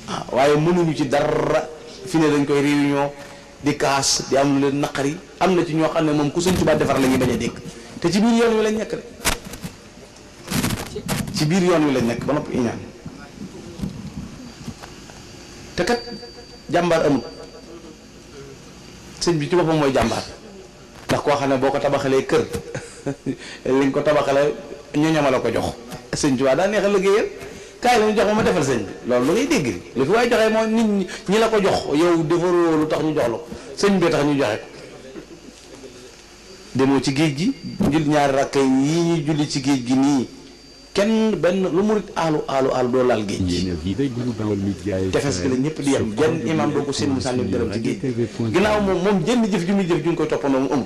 ah, waaye mënuñu ci dara fi ne dañ koy réunion di kaas di am lu leen naqari am na ci ñoo xam ne moom ku sëñ Tuubaa defar la ñuy bañ a dégg te ci biir yoon wi lañ nekk biir yoon wi lañ nekk ba noppi iñaan te kat jàmbaar amul sëñ bi ci boppam mooy jàmbaar ndax koo xam ne boo ko tabaxalee kër lañ <laughs> ko tabaxale ñoñama la ko jox señ Tuubaa daa neex a liggéeyal kaay la jox ma defal señ bi loolu la ngay dégg li fi way joxe mo nit ñi ñi la ko jox yow alu lu tax ñu jox la señ bi tax ñu joxe demo ci geej gi jul ñaar rakay yi ñi julli ci geej gi ni kenn ben lu murit alu alu aalu doo laal géej gi tefes gi la di yam genn imam do ko seen musallim sànni dërëm ci géej ginaaw mom mom jenn jëf ju mi jëf ju ngi koy mu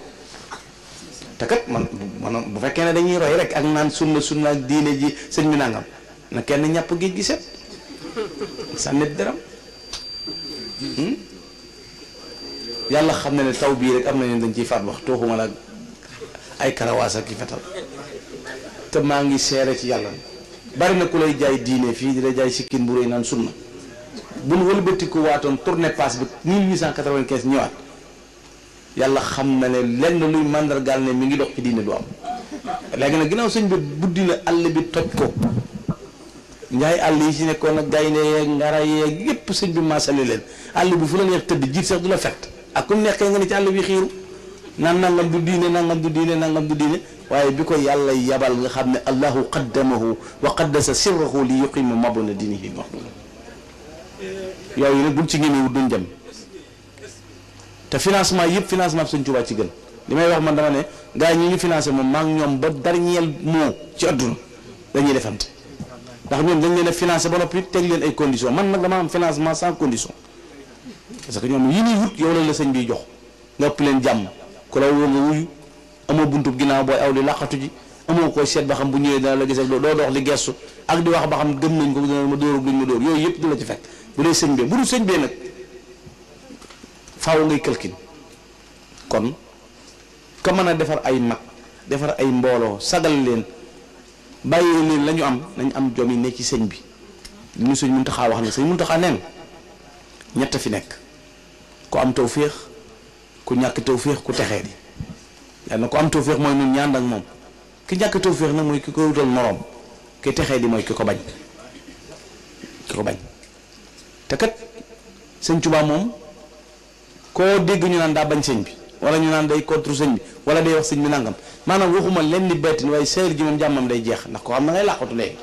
te kat man man bu fekkee ne dañuy roy rek ak naan sunna sunna ak diine ji sëñ bi nangam na kenn ñàpp géej gi set sànnit hmm? yàlla xam na ne taw bii rek am na ñun dañ ciy faat wax tooxuma la ay karawaas ak i fetal te maa ngi seere ci yàlla bari na ku lay jaay diine fii di lay jaay sikkin bu rëy naan sunna bu nu wëlbatiku waatoon tourné pass bi 1895 ñëwaat yàlla xam na ne lenn luy màndargaal ne mi ngi dox ci diine du am léegi nag ginnaaw sëñ bi buddi na àll bi toj ko njaay àll yi ci nekkoon ak gaynde yeeg ngara yeeg yépp sëñ bi maasale leen àll bi fu la neex tëdd jiit sax du la fett ak ku nekkee nga ne ci àll bi xiiru na nangam du diine nangam du diine nangam du diine waaye bi ko yàlla yabal nga xam ne allahu qaddamahu wa qaddasa sirrahu li yuqima mabna diinihi yooyu nag buñ ci ñemewut duñ dem te financement yëpp financement bi Sëñ Tuubaa ci gën li may wax man dama ne gars yi ñi ñu financé moom maa ngi ñoom ba dernier mot ci adduna dañuy defante ndax ñoom dañ leen a ba noppi teg leen ay condition man nag dama am financement sans parce que ñoom yi ñuy wut yow lañ la sëñ bi jox nga ëpp leen jàmm ku la woo nga wuyu amoo buntub ginnaaw booy aw di làqatu ji amoo koy seet ba xam bu ñëwee dana la gis ak doo dox di gestu ak di wax ba xam gëm nañ ko dina ma dóor ak duñ ma dóor yooyu yëpp du la ci fekk bu dee sëñ bi bu dul sëñ bi nag faaw ngay këlkin kon ka mën a defar ay mag defar ay mbooloo sagal leen bàyyi leen la ñu am nañ am jom yi ne ci sëñ bi ñu sëñ Muntaxa wax ne sëñ Muntaxa neen ñett fi nekk ku am tawféex ku ñàkk tawféex ku texee di yàlla na ko am tawféex mooy nun ñaan ak moom ki ñàkk tawféex nag mooy ki ko wutal moroom ki texee di mooy ki ko bañ ki ko bañ te kat sëñ Tuubaa moom koo dégg ñu naan daa bañ sëñ bi wala ñu naan day contre sëñ bi wala day wax sëñ bi nangam maanaam waxuma lenn bett ni waaye sayar ji moom jàmmam day jeex ndax koo xam na ngay làqatu léegi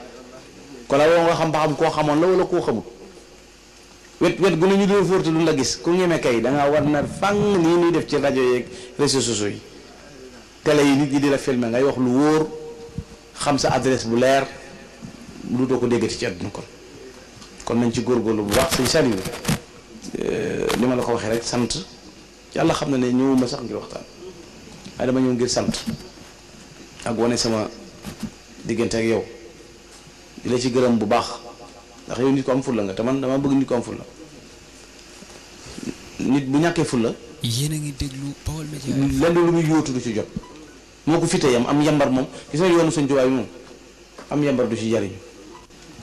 ko la woo xam ba xam koo xamoon la wala koo wet wet gu ne ñu doo fóortu duñ la gis ku ñeme kay dangaa war na fàng nii ñuy def ci rajo yeeg réseaux sociaux yi télé yi nit di la filmer ngay wax lu wóor xam sa adresse bu leer lu doo ko déggati ci àdduna kon kon nañ ci góorgóorlu bu baax suñ saliwu li euh, ma la ko waxee rek sant yàlla xam na ne ñëwuma sax ngir waxtaan waaye dama ñëw ngir sant ak wane sama diggante ak yow di la ci gërëm bu baax ndax yow nit ko am fulla nga te dama bëgg nit ko am fulla nit bu ñàkkee fulla yéen a ngi déglu Baol Médias lenn lu muy yóotu du ci jot moo ko fitee yam am yambar moom gis nga yoonu Sëñ Tuubaa bi moom am yambar du ci jariñu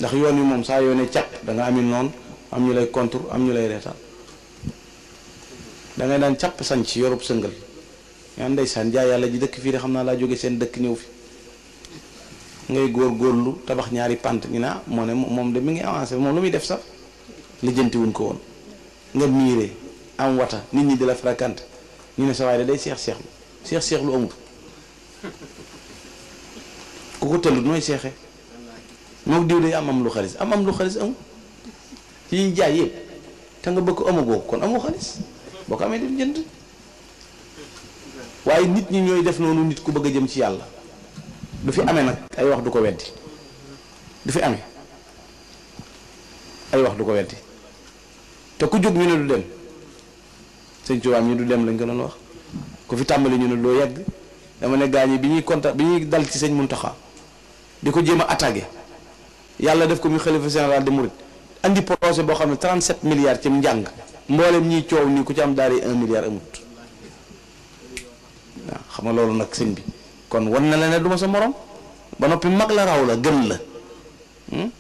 ndax yoon wi moom saa yoone càpp danga nga ami noonu am ñu lay contre am ñu lay reetaan da daan càpp sañ ci yorub sëngal yaa ndeysaan jaay yàlla ji dëkk fii de xam naa laa jóge seen dëkk ñëw fi ngay góor góorlu tabax ñaari pant ñu moo ne moom de mi ngi avancé moom lu muy def sax lijjantiwuñ ko woon nga miiree am wata nit ñi di la fréquente ñu ne sa waay de day seex seexlu seex seexlu amul ku ko tëllut nooy seexee moom diw day am am lu xaalis am am lu xaalis amul yi jaay yëpp te nga bëgg amagoo kon amoo xaalis boo ko amee dem jënd waaye nit ñi ñooy def noonu nit ku bëgg a jëm ci yàlla du fi amee nag ay wax du ko weddi du fi amee ay du ko weddi te ku jóg ñu ne du dem sëñ Tuubaa ñu du dem lañ ko doon wax ku fi tàmbali ñu ne doo yàgg dama ne gaañi bi ñuy contact bi ñuy dal ci sëñ Muntaxa di ko jëm a attaqué yàlla def ko muy xalifa général de Mouride. andi projet boo xam ne 37 milliards ci njàng mboolem ñiy coow nii ku ci am daal di 1 milliard amut waaw xam nga loolu nag sëñ bi kon wan na la ne du ma sa morom ba noppi mag la raw la gën la hmm?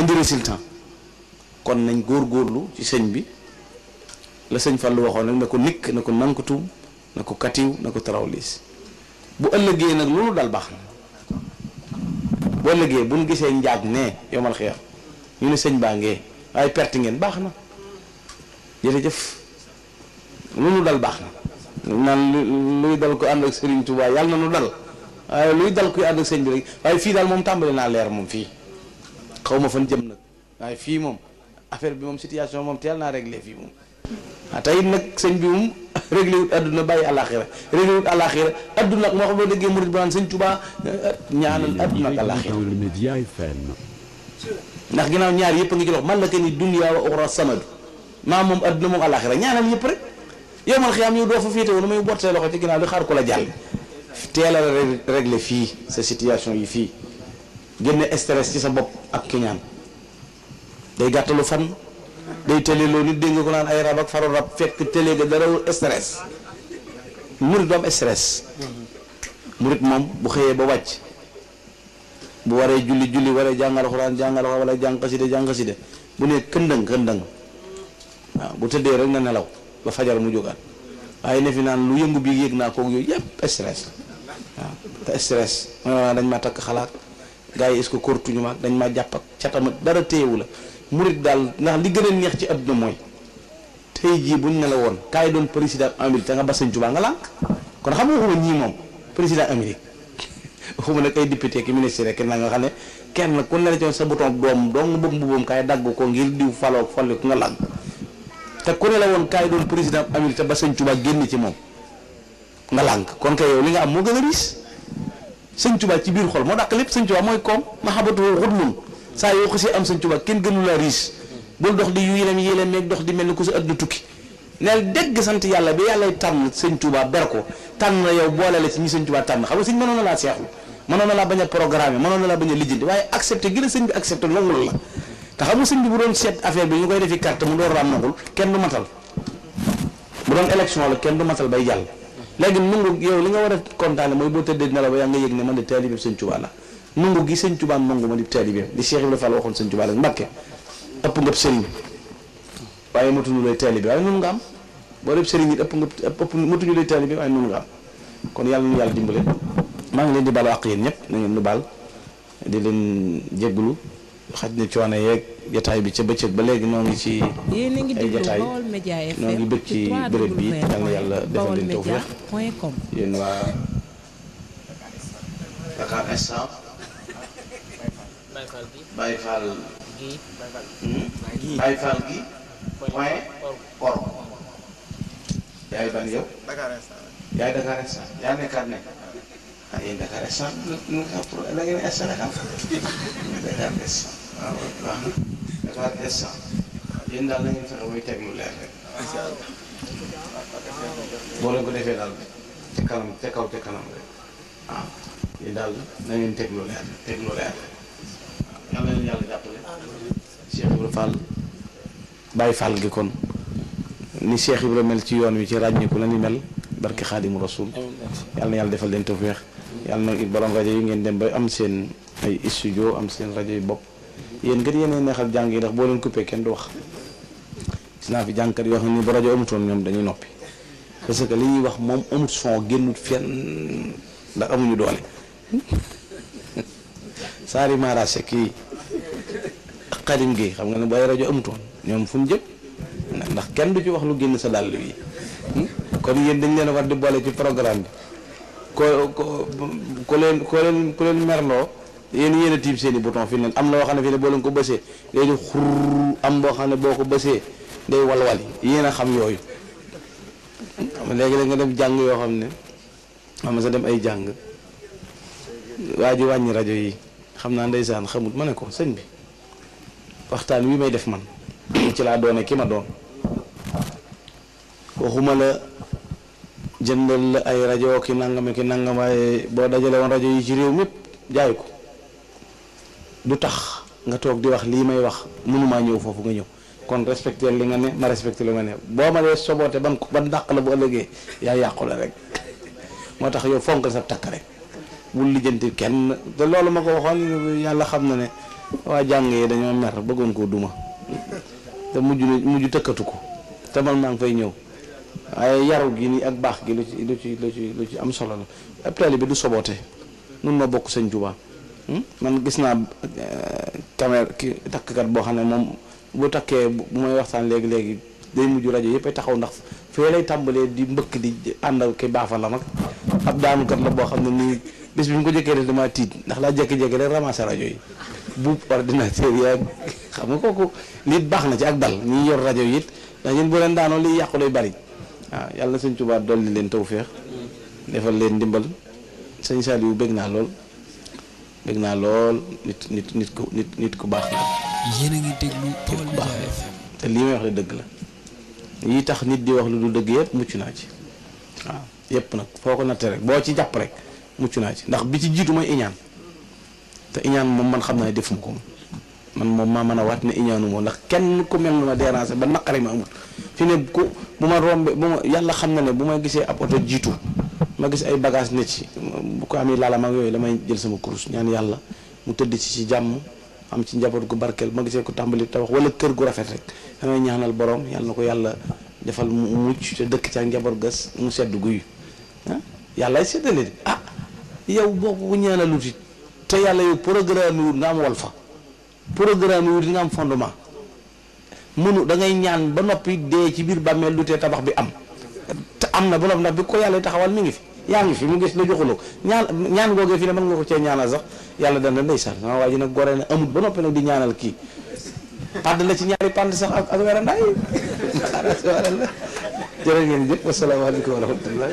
indi résultant kon nañ góor góorlu ci sëñ bi la sëñ fan lu waxoon rek na ko nikk na ko nankutum na ko katiw na ko tarawliis bu ëllëgee nag loolu dal baax na bu ëllëgee buñ gisee njaag ne yomal xiyam ñu ne señ bangé ay perte ngeen baxna na jërëjëf ñu dal baxna nan luy dal ko and ak sëriñ Touba yalla na dal ay luy dal kuy and ak señ bi rek ay fi dal mom tambalé na lèr mom fi xawma fañ jëm nak ay fi mom affaire bi mom situation mom tel na réglé fi mom atay ah, nak señ bi mom <laughs> réglé wut aduna baye alakhir réglé wut àllaaxira àdduna mo xam ne déggee murid bi Touba eh, ñaanal aduna alakhir ndax ginaaw ñaar yépp nga ci wax man la kani dunya wa ukhra samad ma mom aduna mom alakhirah ñaanal yëpp rek yowmal xiyam yu do fa fété woon may bortee loxo ci ginaaw li xaar ko la jall téla régler sa situation yi fi génne stress ci sa bop ak kiñaan day gattalu fan day télé lo nit dénga ko naan ay rab ak faro rab fekk télé ga dara stress murit du stress bu xëyee ba wacc bu waré julli julli waré jangal alquran jangal wa wala jang qasida jang qasida bu ne kendeng, këndëng wa bu tëddee rek na nelaw ba fajar mu jogat ay ne fi nan lu yëngu bi yëg ko yoy yooyu stress waaw stress mooy dañ ma tak xalaat gaay yi est-ce que kortuñu ma dañ ma japp ak chatam dara téyewu la murit dal ndax li gëna neex ci aduna moy tay ji buñ ne la doon président ta nga ba nga lank kon xam nga ko ñi mom président waxuma nag ay député ki ministre ki na nga xam ne kenn ku ne la joon sa bouton doom dong bëgg mbubbam kaay dagg ko ngir diw faloo folli ku nga làgg te ku ne la woon kaay doon président amil te ba sëñ Tuubaa génn ci moom nga lànk kon kay yow li nga am moo gën a riis sëñ Tuubaa ci biir xol moo dàq lépp sëñ Tuubaa mooy koom ma xabatu xudlun saa yoo xasee am sëñ Tuubaa kenn gënu la riis bul dox di yu yélam yélam meeg dox di mel ni ku sa àdduna tukki neel dégg sant yàlla bi yàllay tànn sëñ tubaa ber ko tànn yow boole la ci ñi sëñ Tuubaa tànn xam nga sëñ laa seexlu mënoon laa bañ a programme mënoon na laa bañ a lijjanti waaye accepté gën a sëñ bi accepté nangul la te xam bi bu doon seet affaire bi ñu koy defi carte mu door raam nangul kenn du matal bu doon élection la kenn du matal bay jàll léegi nungu yow li nga war a kontaane mooy boo tëddee nelaw ba yaa nga yëg ne man di taalibe sëñ Tuubaa la nungu gi sëñ Tuubaa nungu ma di taalibe li Cheikh Ibrahima Fall waxoon la Mbàkke ëpp nga sëriñ waaye am boo def sëriñ it ëpp nga ëpp matuñu lay taalibe waaye nun nga am kon yàlla maa ngi leen di baal àq yéen ñëpp na ngeen nu baal di leen jégglu xaj na coono yeeg jataay bi ca bëccëg ba léegi noo ngi ci ay jataay noo ngi bëgg ci béréb bi yal yàlla defal leen tawfeex yéen waa hmm? yaay ban yow ah yéen Dakar la na ngeen fexe muy teg leer boo leen ko defee daal ca kanam te kaw ca kanam rek waaw yéen daal na ngeen teg lu leer teg leer waaw yal na leen yàlla jàppale. Cheikh Ibrahima Fall Baye Fall gi kon ni Cheikh Ibrahima mel ci yoon wi ci ràññeeku la ni mel. barke xaadimu rasul yàlla na yàlla defal leen tawfeex yàlla na borom rajo yi ngeen dem ba am seen ay studio am seen rajo yi bop yeen gën yéen neexal jàng yi ndax boo leen coupé kenn du wax gis naa fi jàngkat yoo xam ne bu rajo amutoon ñoom dañuy noppi parce que li ñuy wax moom amut son génnut fenn ndax amuñu doole <laughs> saari maarase kii xalim gi xam nga ne booy rajo amutoon ñoom fu mu jëm ndax kenn du ci wax lu génn sa dàll bi comme yéen dañ leen war di boole ci programme bi ko ko ko leen ko leen ko leen merloo yéen yéen tiim seen i bouton fi neen am na loo xam ne fii ne boo leen ko bësee day di xur am boo xam ne boo ko bësee day walwali yéen a xam yooyu léegi la nga dem jàng yoo xam ne xam sa dem ay jàng waa ji wàññi rajo yi xam naa ndeysaan xamut ma ne ko sëñ bi waxtaan wi may def man ci laa doone ki ma doon waxuma la jëndal ay rajo ki nangam ki nangam ay bo dajale won rajo yi ci rew mi jaay ko du tax nga tok di wax li may wax ma ñew fofu nga ñew kon respecté li nga ne ma respecté lu nga ne bo ma lay soboté ban ban dak la bo ëlëgé ya yàqu la rek <laughs> motax yow fonk sa tak rek bu lijeenti kenn te loolu mako waxon yalla xamna ne wa jangé dañu mer bëggon ko duma te mujj mujj tëkkatu ko te man maa ngi fay ñew waaye yaru gi nii ak baax gi lu ci lu ci lu ci lu ci am solo la ab taalibe bi du soboote nun noo bokk sëñ Tuubaa hmm? man gis naa eh, caméra ki takkat boo xam ne moom bu takkee bu may waxtaan léegi léegi day mujj rajo yëpp taxaw ndax fee lay tàmbalee di mbëkk di ànd ak baafa la nag ab daanukat boo xam ne nii bis bi ko jëkkee def damaa tiit ndax laa jékki-jékki rek rajo yi bu ordinateur yi ak xam nga kooku lii baax na ci ak dal ñuy yor rajo yi it ndax ñun bu leen daanoo li yàqu lay bari. waaw ah, yàlla na sëñ Tuubaa dolli leen tawféex defal leen ndimbal sëñ Saliou bëgg naa lool bëgg naa lool nit nit nit ku nit nit ku baax la. yéen a ngi déglu te lii may wax de dëgg la yi tax nit di wax lu du dëgg yëpp mucc naa ci waaw yëpp nag foo ko natte rek boo ci jàpp rek mucc naa ci ndax bi ci jiitu mooy iñaan te iñaan moom man xam naa ne defuma ko man moom maa mën a waat ne iñaanu moom ndax kenn ku mel ne ma déranger ba naqari ma amul fi ne ku bu ma rombe bu ma yàlla xam na ne bu ma gisee ab oto jiitu ma gis ay bagage ne ci bu ko amee laala yooyu damay jël sama kurus ñaan yàlla mu tëdd ci ci jàmm am ci njaboot gu barkeel ma gisee ko tàmbali tabax wala kër gu rafet rek damay ñaanal borom yàlla na ko yàlla defal mu mucc te dëkk ca njaboot gas mu sedd guy ah yàlla ay seddale di ah yow boo ko ñaanalutit te yàlla yow programme wut nga am wal fa programme wut nga am fondement mënu da ngay ñaan ba noppi dee ci biir bàmmee lu tee tabax bi am te am na ba noppi ndax bi ko yàlla taxawal mi ngi fi yaa ngi fi mu gis la joxuloo ko ñaan ñaan googee fi ne mën nga ko cee ñaanal sax yàlla dana ndeysaan sama waa ji nag gore na amut ba noppi nag di ñaanal kii pàdd la ci ñaari pàdd sax ak ak werandaay <laughs> jërë ngeen jëf wasalaamaaleykum wa rahmatullahi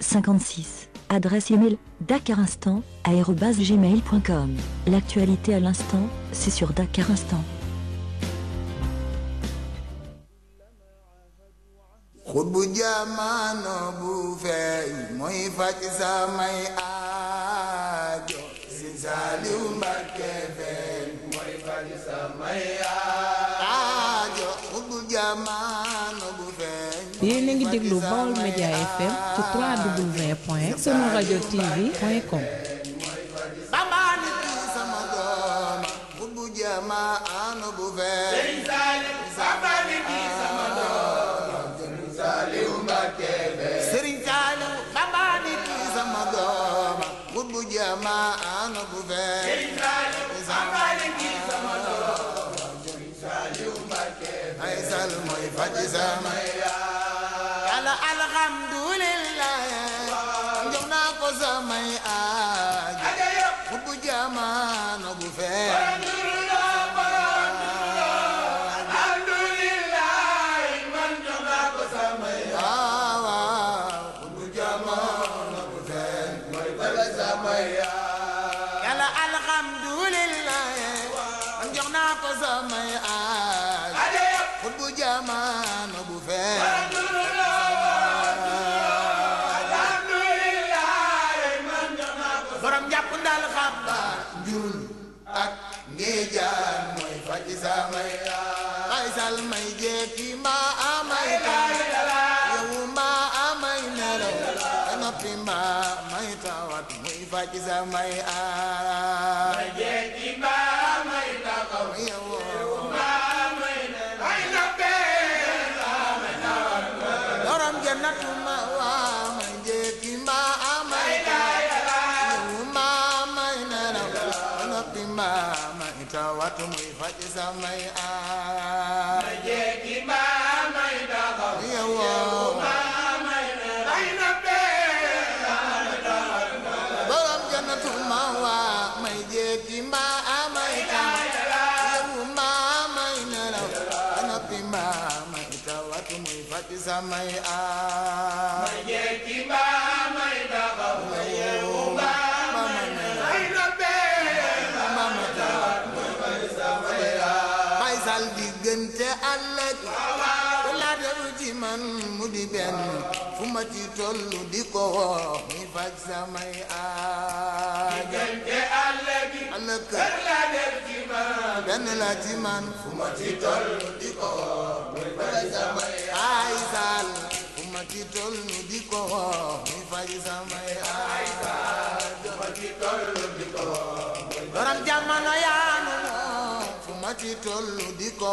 56. Adresse email dakarinstant@gmail.com. L'actualité à l'instant, c'est sur Dakar Instant. yéen a ngi déglu Baol Média FM ci 3W point sunu rajo TV point com. Sama was on my eyes. ci samay aar Mama, it's a what to me, what is a my eye. may a ma jeki ba may daxaw ci man mu di fu ma ci tollu di ko woo mi faj samay a diggante àllëg la def ci benn la ci man fu ma ci fu ma ci toll nu di ko woo muy faj sama ay saal fu ma ci toll di di ko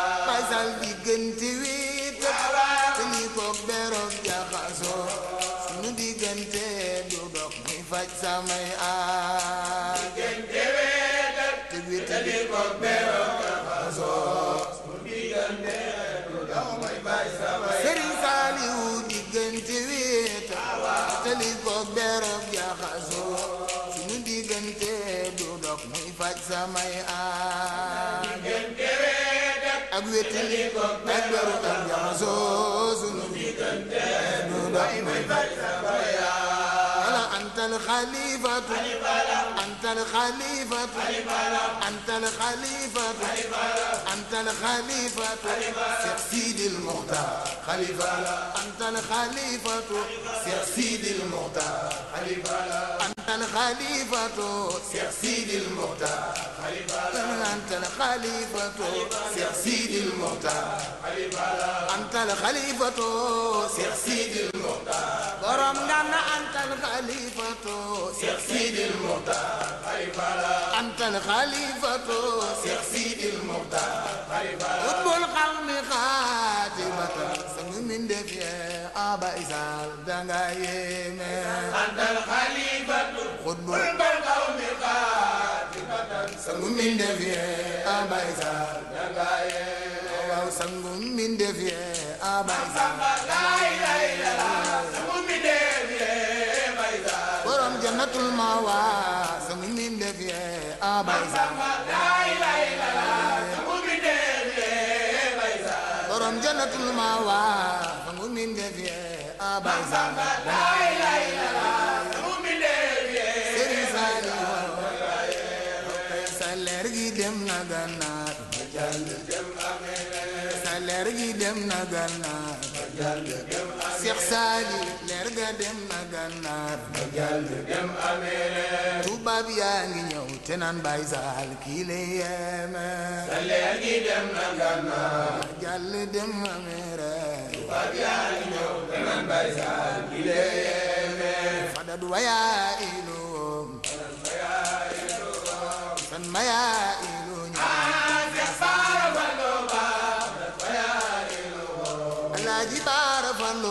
may aar jigéen jeweetal te may baay samay Sëriñ Saaliwu diggante wéetal du dox muy faj samay aar diggante wéetal ak du dox muy faj samay الخليفة الخليفة أنت الخليفة أنت الخليفة سيدي المختار خليفة أنت الخليفة سيدي المختار خليفة أنت الخليفة سيدي المختار خليفة أنت الخليفة سيدي المختار خليفة أنت الخليفة سيدي المختار برمنا أنت الخليفة سيدي المختار أنت الخليفة شيخ سيدي المختار رب القوم خاتمة سن من دفي أبا إسال دنغايم أنت الخليفة رب القوم خاتمة سن من دفي أبا إسال دنغايم sangu min defiye abaysa borom jannatul mawa bay saam borom jannatul mawa fangu min defi a bay saam sëriñ Saliou sa leer gi dem na gannaar sa leer gi dem na gannaar saali leer ga dem na gànnaar ba jàll dem Amérique tubaab yaa ngi ñëw te naan Baay Saal kii la yéeme sa leer gi dem na gànnaar ba jàll dem Amérique tubaab yaa ngi ñëw te naan Baay Saal kii la yéeme fadad wayaa iloom fadad wayaa iloom san mayaa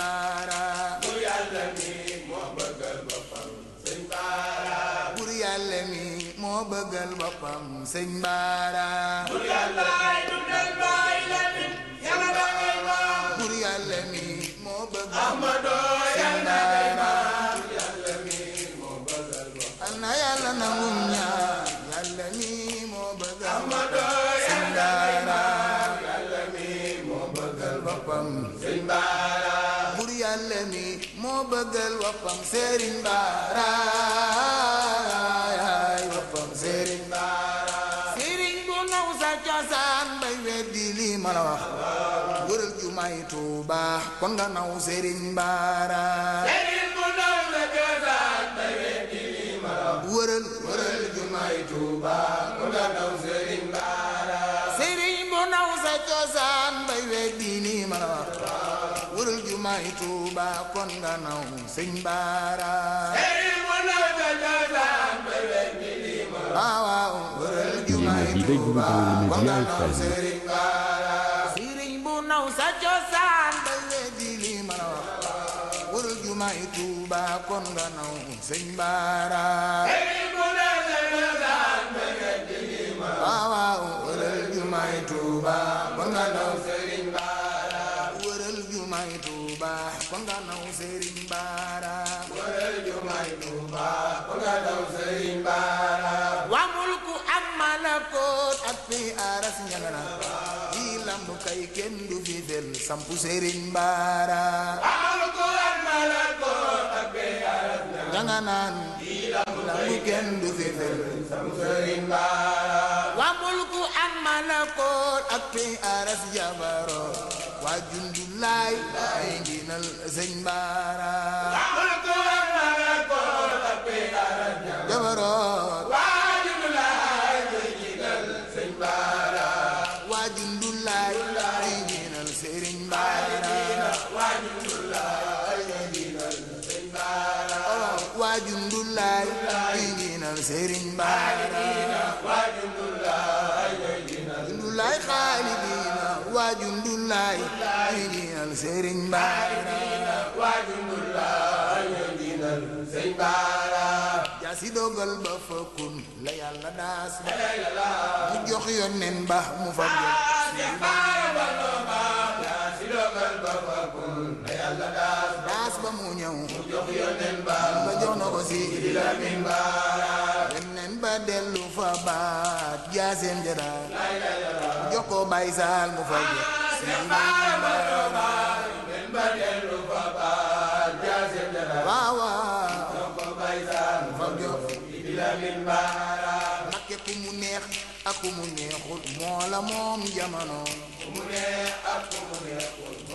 baara bur yàlla moo bëggal boppam sëñ baara bur yàlla moo bëggal boppam sëñ baara bur yàlla moo bëggal Amadou yàlla dangay baar bur yàlla mi moo moo bëggal Amadou sëñ yàlla moo bëggal woppam sëriñ baaraay woppam sëriñ naw sa cosaan bay weddi lii ma la wax wëral ju may tuuba kon nga naw sëriñ baaraay sëriñ bu naw sa cosaan bay weddi lii ma may bu naw sa cosaan ba léegi li ma la wax Tuuba kon nga naw sëñ baara wa mulku am malakoot ak fi aras ñangana wa mulku am malakoot ak fi aras ñangana Serigne Bara dogal ba fakun la yàlla daas daas ba mu ñëw mu jox yonen ba ba jox na ko min baara fa dellu fa baat mu jox ko bay saal mu ku mu neex ak ku mu neexul moo moom jamono ku mu neex ak ku mu neexul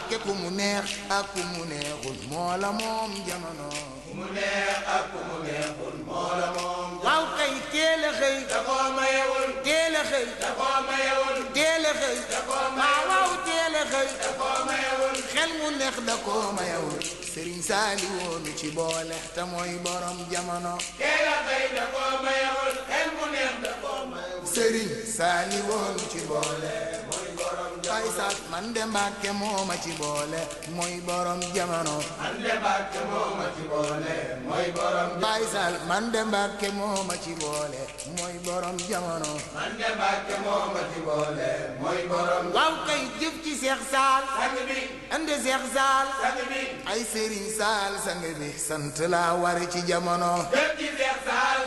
mbàkke ku mu neex ak ku mu neexul moo la moom jamono ku mu neex ak ku mu neexul moo la moom waaw kay teel a xëy da koo mayewul teel a xëy da koo mayewul teel a xëy da koo mayewul waaw teel a xëy da koo mayewul xel mu neex da koo mayewul sëriñ saali woonu ci boole te mooy borom jamono teel a xëy da koo mayewul xel mu neex da koo mayewul sëriñ saali woonu ci boole Baay Saal man de Mbàkke moo ci boole mooy borom jamono man de Mbàkke moo ci boole mooy borom Baay Saal man de Mbàkke moo ci boole mooy borom jamono man de Mbàkke ci Seex Saal sang bi ande Seex Saal sang bi ay Sëriñ Saal sang bi sant laa ci jamono jëf ci Seex Saal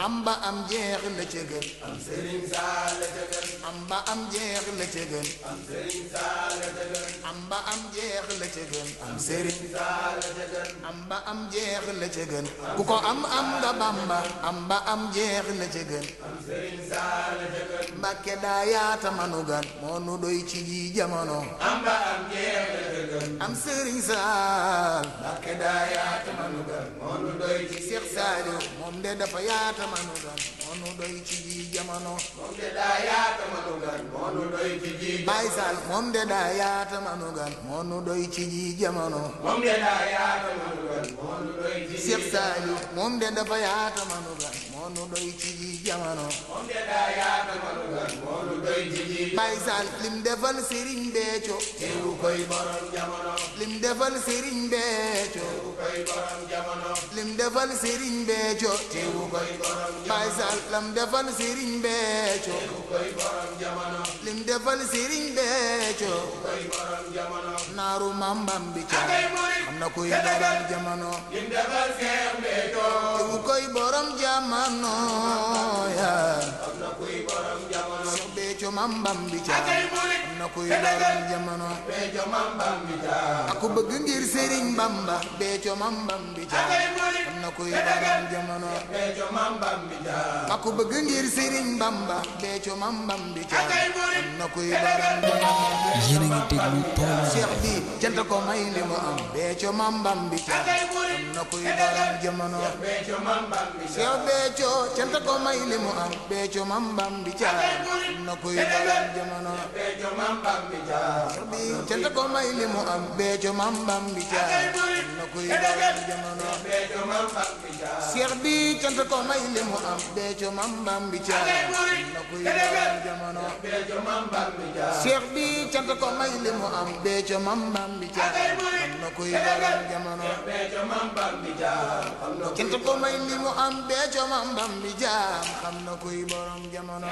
am ba am jeex la ca gën am sëriñ saa la ca gën am ba am jeex la ca gën am sëriñ saa la ca gën am ba am jeex la ca gën am sëriñ saa la ca gën am ba am jeex la ca gën ku ko am am nga bamba am ba am jeex la ca gën am sëriñ saa la ca gën mbàkke daa yaata manu gan moo nu doy ci ji jamono am ba am jeex la ca gën am sëriñ saal mbàkke daa yaata manu gan moo nu doy ci Seex Saaliw moom de dafa yaata manu gan monu doy ci ji jamono moom de daa yaata manu gan monu doy ci ji Baay Sall moom de daa yaata manu gan monu doy ci ji jamono moom de daa yaata manu gan monu doy ci ji Seex lim defal Sëriñ Béthio teewu koy borom jamono lim defal Sëriñ Béthio teewu koy borom jamono lim defal Sëriñ Béthio teewu Baay Saal defal Serigne Béthio lim defal Serigne Béthio naaru mambam bi ca am na kuy borom jamono Cheikh Béthio Maam ko may li mu am Béthio Maam Bambilor am na kuy ko may li mu am Béthio Maam Bambilor na kuy dalal jamono cant ko may li mu am Béthio Mame ko may li am Béthio Mame Bambi bi cant ko may li mu am Béthio Mame am Béthio Mame Bambi na kuy borom jamono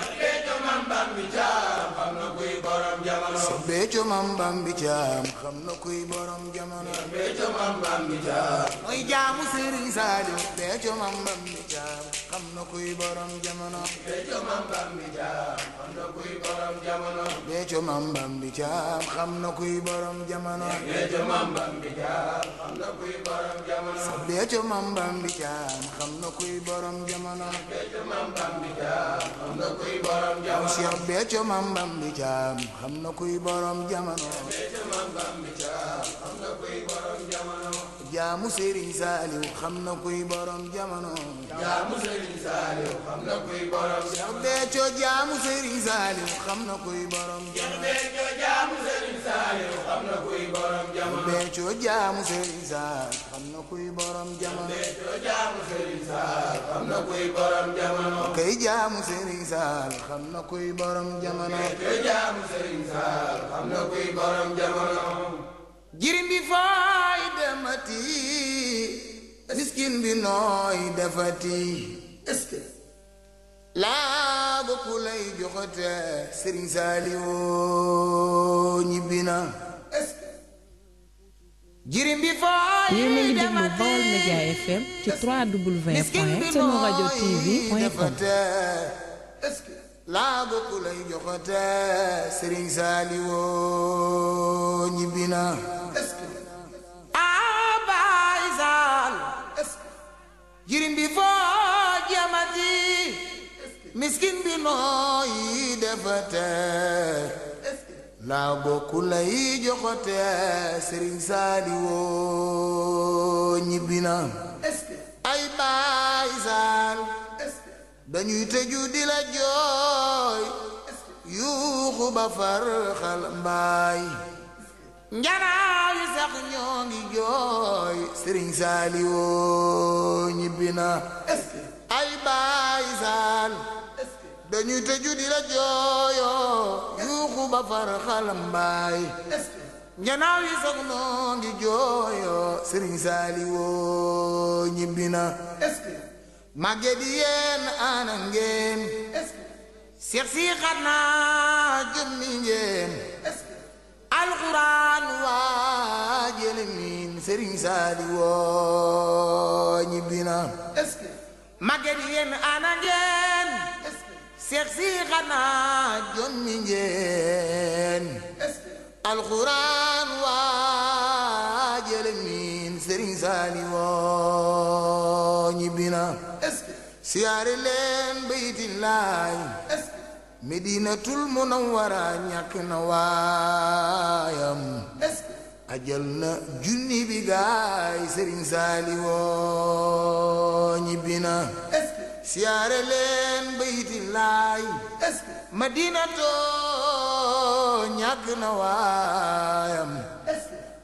Béthio Mame Bambi Thiam xam na kuy borom jamono. Béthio Mame Bambi Thiam. mooy jaamu Serigne Saliou. Béthio Mame Bambi Thiam xam na kuy borom jamono. Béthio Mame Bambi Thiam xam na kuy borom jamono. Béthio Mame Bambi Thiam xam na kuy borom jamono. Béthio Mame Bambi Thiam xam na kuy borom jamono. Béthio Mame Bambi Thiam xam na kuy borom jamono. Béthio Mame Bambi Thiam xam na kuy borom jamono. maam Cheikh Béthio maam Bambi Thiam xam na kuy borom jamono jaamu Serigne Saliou xam na kuy borom jamono jaamu Serigne Saliou xam na kuy borom jamono Cheikh Béthio jaamu Serigne Saliou xam na kuy borom jamono jaamu Serigne Saliou xam na kuy borom jamono Béthio jaamu Serigne Saliou xam na kuy borom jamono Béthio jaamu Serigne Saliou xam na kuy borom jamono kay jaamu Serigne Saliou xam na كوي بارم جمانا جام سرين سار خمنا دماتي مسكين بي دفاتي لا بوكو لاي جوخوتا سرين سالي و نيبينا جيرين بي دماتي مسكين بي نوي دفاتي اسكي laa bëgg lay joxote Serigne Saliou ñibbi na. ay Baay Saal. dañuy tëju di la jooy yuuxu ba far xal mbaay yi sax ñoo ngi jooy sëriñ saaliwoo ñibbi na ay baay saal dañuy tëju di la jooyoo yuuxu ba far xal mbaay sax ñoo ngi jooyoo sëriñ saaliwoo ñibbi na magge di yéen ana ngeen seex si xanaa jëmmi ngeen alxuraan waa jëlëmin sëriñ saali woo ñibbi saali woo ñibbi na siyaare leen baytin laay medinatul munawwara ñàkk na waayam ajal na junni bi gaay sëriñ woo ñibbi na siyaare leen na waayam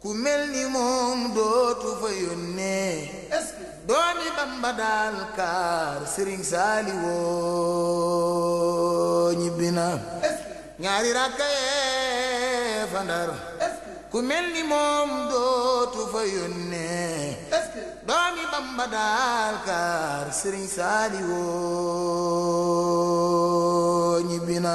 ku mel ni moom dootu fa yónnee doomi Bamba daal kaar Sëriñ Saali woo ñibbi na ñaari rakka yee fa ku mel ni moom dootu fa yónnee doomi Bamba daal kaar Sëriñ Saali woo ñibbi na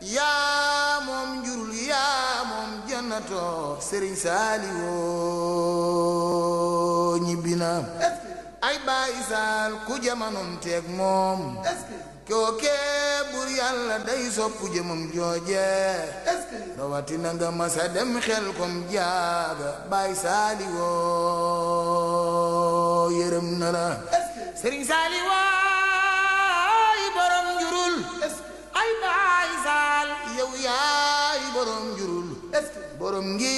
yaa moom njurul yaa moom jannatoo sëriñ saaliwoo ñibbi na ay bàyyi saal ku jamonoom teeg moom kookee bur yàlla day soppu jëmam jooje rawatina nga masa dem xel kom jaaga bàyyi saaliwoo yërëm na la sëriñ saaliwoo ay baay saal yow yaay borom jurul borom ngi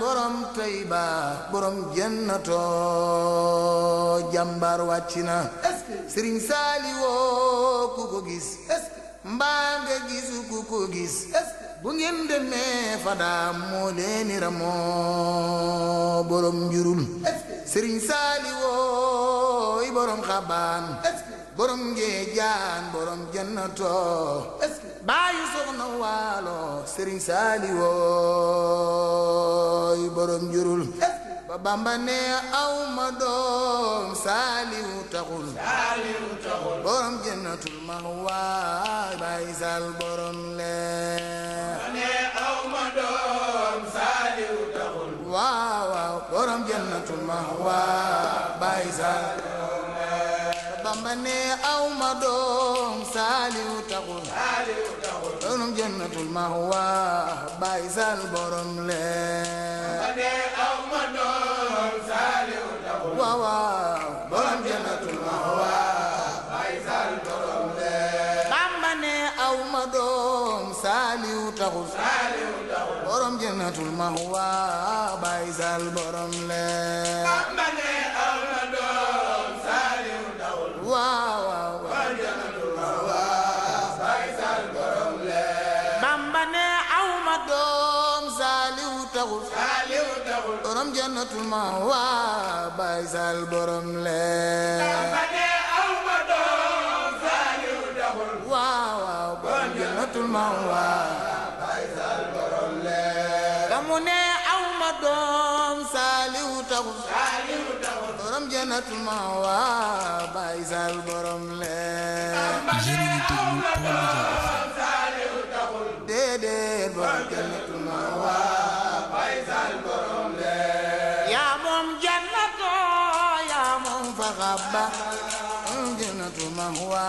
borom tayba borom jannatoo jàmbaar wàcc na sëriñ saaliwoo ku ko gis mbaa gisu ku gis bu ngeen demee fadaam moo leeni ramoo borom jurul sëriñ saaliwooy borom xabaan borom ngee jaan borom jannatoo baayu soxna waalo sëriñ saali wooy borom jurul ba bamba ne aw ma doom saaliw taxul borom jannatul max baay sal borom leer waaw waaw borom jannatul max baay sal ma ne aw ma doom saaliw taxul doonum jannatul mahwa bàyyi sal borom leen ma ne aw ma doom saaliw taxul waaw waaw borom jannatul mahwa bàyyi sal borom leen bamba ne aw ma doom saaliw taxul borom jannatul mahwa bàyyi sal borom leen jannatul mawa bay sal borom leer kamu ne aw ma doom saaliwu taxul borom jannatul mawa bay sal borom leer déedéet borom jannatul mawa mahabba jannatu mahwa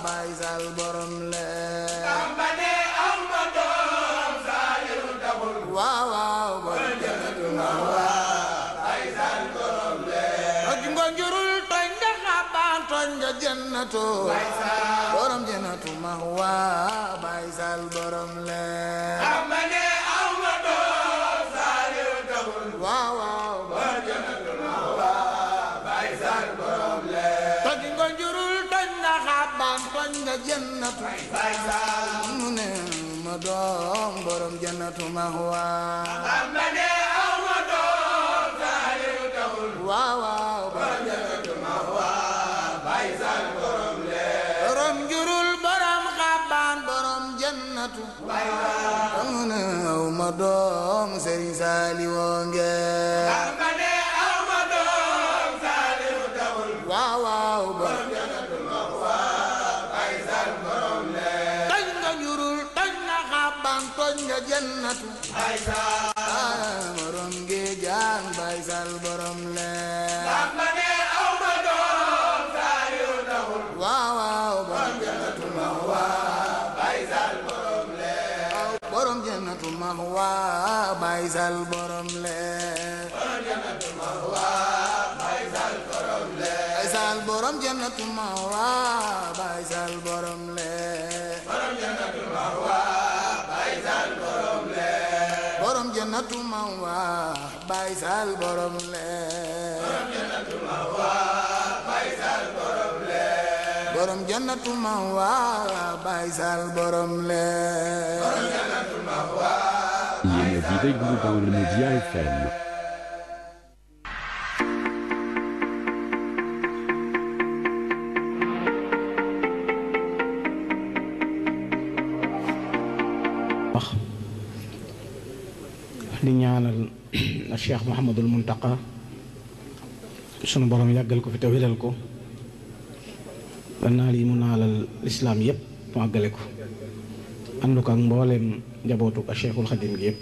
bay sal borom le tambane am ba doom saliru dawul waaw waaw borom jannatu mahwa bay sal borom le ak nga njurul toñ nga xabaan toñ nga jannatu borom jannatu mahwa bay sal borom le jannatu mahwa waaw waaw ba jannatu mahwa bay sal borom le borom jurul borom xabaan borom jannatu bay sal aw ma doom Serigne Saliou wonge borom jannatu mawa baysal borom waa Baay Saal borom leer borom jannatu ma waa Baay Saal borom leer. Il y a une vie dans le média FM. di ñaanal Cheikh Mouhamadul Muntaqa sunu borom yàggal ko fi te wéral ko ba naal yi mu naalal lislaam yëpp mu àggale ko ànd ko ak mbooleem njabootu ak Cheikhul Xadim gi yëpp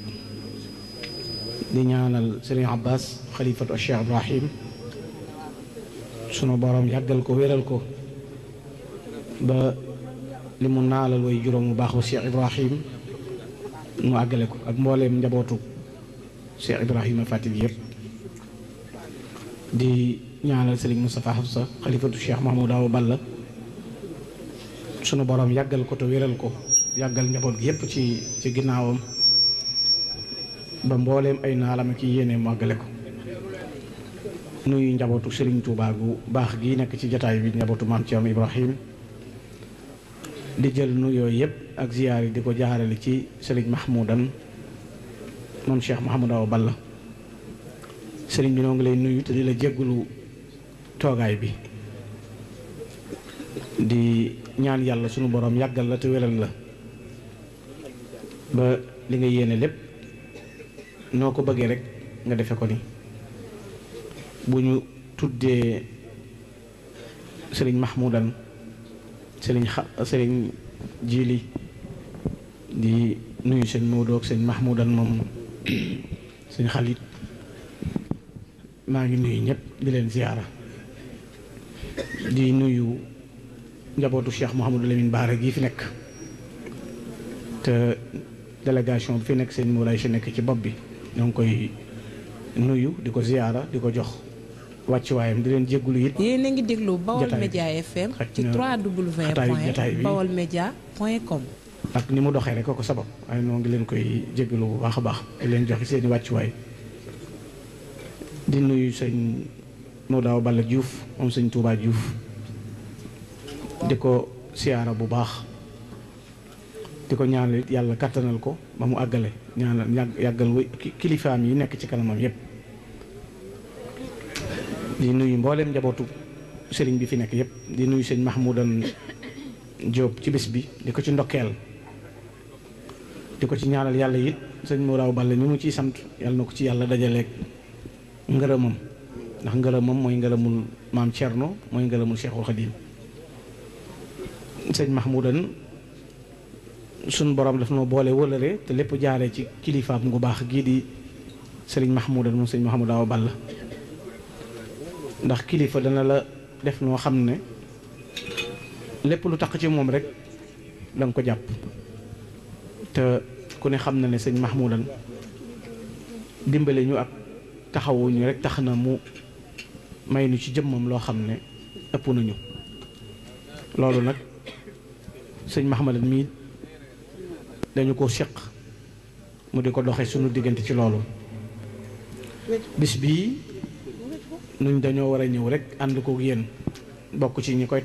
di ñaanal Serigne Abbas xalifatu ak Cheikh Ibrahim sunu borom yàggal ko wéral ko ba li mu naalal way juróom bu baax wa Cheikh Ibrahim mu àggale ko ak mbooleem njabootu Cheikh Ibrahima fatil yeb di ñaanal Serigne Moustapha Hafsa khalifatu Cheikh Mahmoud Awa Balla sunu borom yagal ko to wéral ko yagal njabot gi yëpp ci ci ginnaawam ba mbollem ay naalam ki yene magale ko nuyu njabootu Serigne Touba gu bax gi nek ci jotaay bi Ibrahim di jël nuyo yeb ak diko jaarale ci Serigne Mahmoudan moom Cheikh Mouhamadou Awa Balla sëriñ bi noo lay nuyu di la jéggulu toogaay bi di ñaan yàlla sunu borom yàggal la te la li nga yéene lépp noo ko bëggee rek nga defe ko ni bu ñu tuddee sëriñ Mahmoudan sëriñ xa sëriñ Jili di nuyu seen Maodo ak sëñ Mahmoudan moom suñu <clears throat> xalit maa ngi nuyu ñëpp di leen ziyaara di nuyu njabootu Cheikh Mouhamadou Lamine Baara gii fi nekk te delegation bi fi nekk seen Moulay si nekk ci bopp bi ñoo ngi koy nuyu di ko ziyaara di ko jox wàccuwaayam di leen jégalu it. yéen a ngi déglu Bawol Média FM. ci 3W point Bawol ak ni mu doxee rek ko sabab waaye noo ngi leen koy jégalu bu baax a baax di leen joxe seeni i wàccuwaay di nuyu sëñ Modaw Balla juuf moom sëñ Touba Diouf di ko siyaara bu baax di ko ñaanal yàlla kàttanal ko ba mu àggale ñaanal yàggal kilifaam yi nekk ci kanamam yépp di nuyu mbooleem njabootu sëriñ bi fi nekk yépp di nuyu sëñ Mahmoudan Diop ci bis bi di ko ci ndokkeel di ko ci ñaanal yàlla it sëñ Mourao Balla mi mu ciy sant yàlla na ko ci yàlla dajaleeg ngërëmam ndax ngërëmam mooy ngërëmul maam Thierno mooy ngërëmul Cheikhul Khadim sëñ Mahmoudan suñ borom daf noo boole wëlëre te lépp jaaree ci kilifaam gu baax gii di sëriñ Mahmoudan moom sëñ Mouhamadou Awa Balla ndax kilifa dana la def noo xam ne lépp lu tax ci moom rek danga ko jàpp te ku ne xam na ne sëñ Mahmoudan dimbale ñu ak taxawuñu rek tax mu may nu ci jëmmam loo xam ne ëpp nañu loolu nag sëñ Mahmoudan mi dañu ko seq mu diko ko suñu diggante ci loolu bis bii nuñ dañoo war a ñëw rek ànd kook yéen bokk ci ñi koy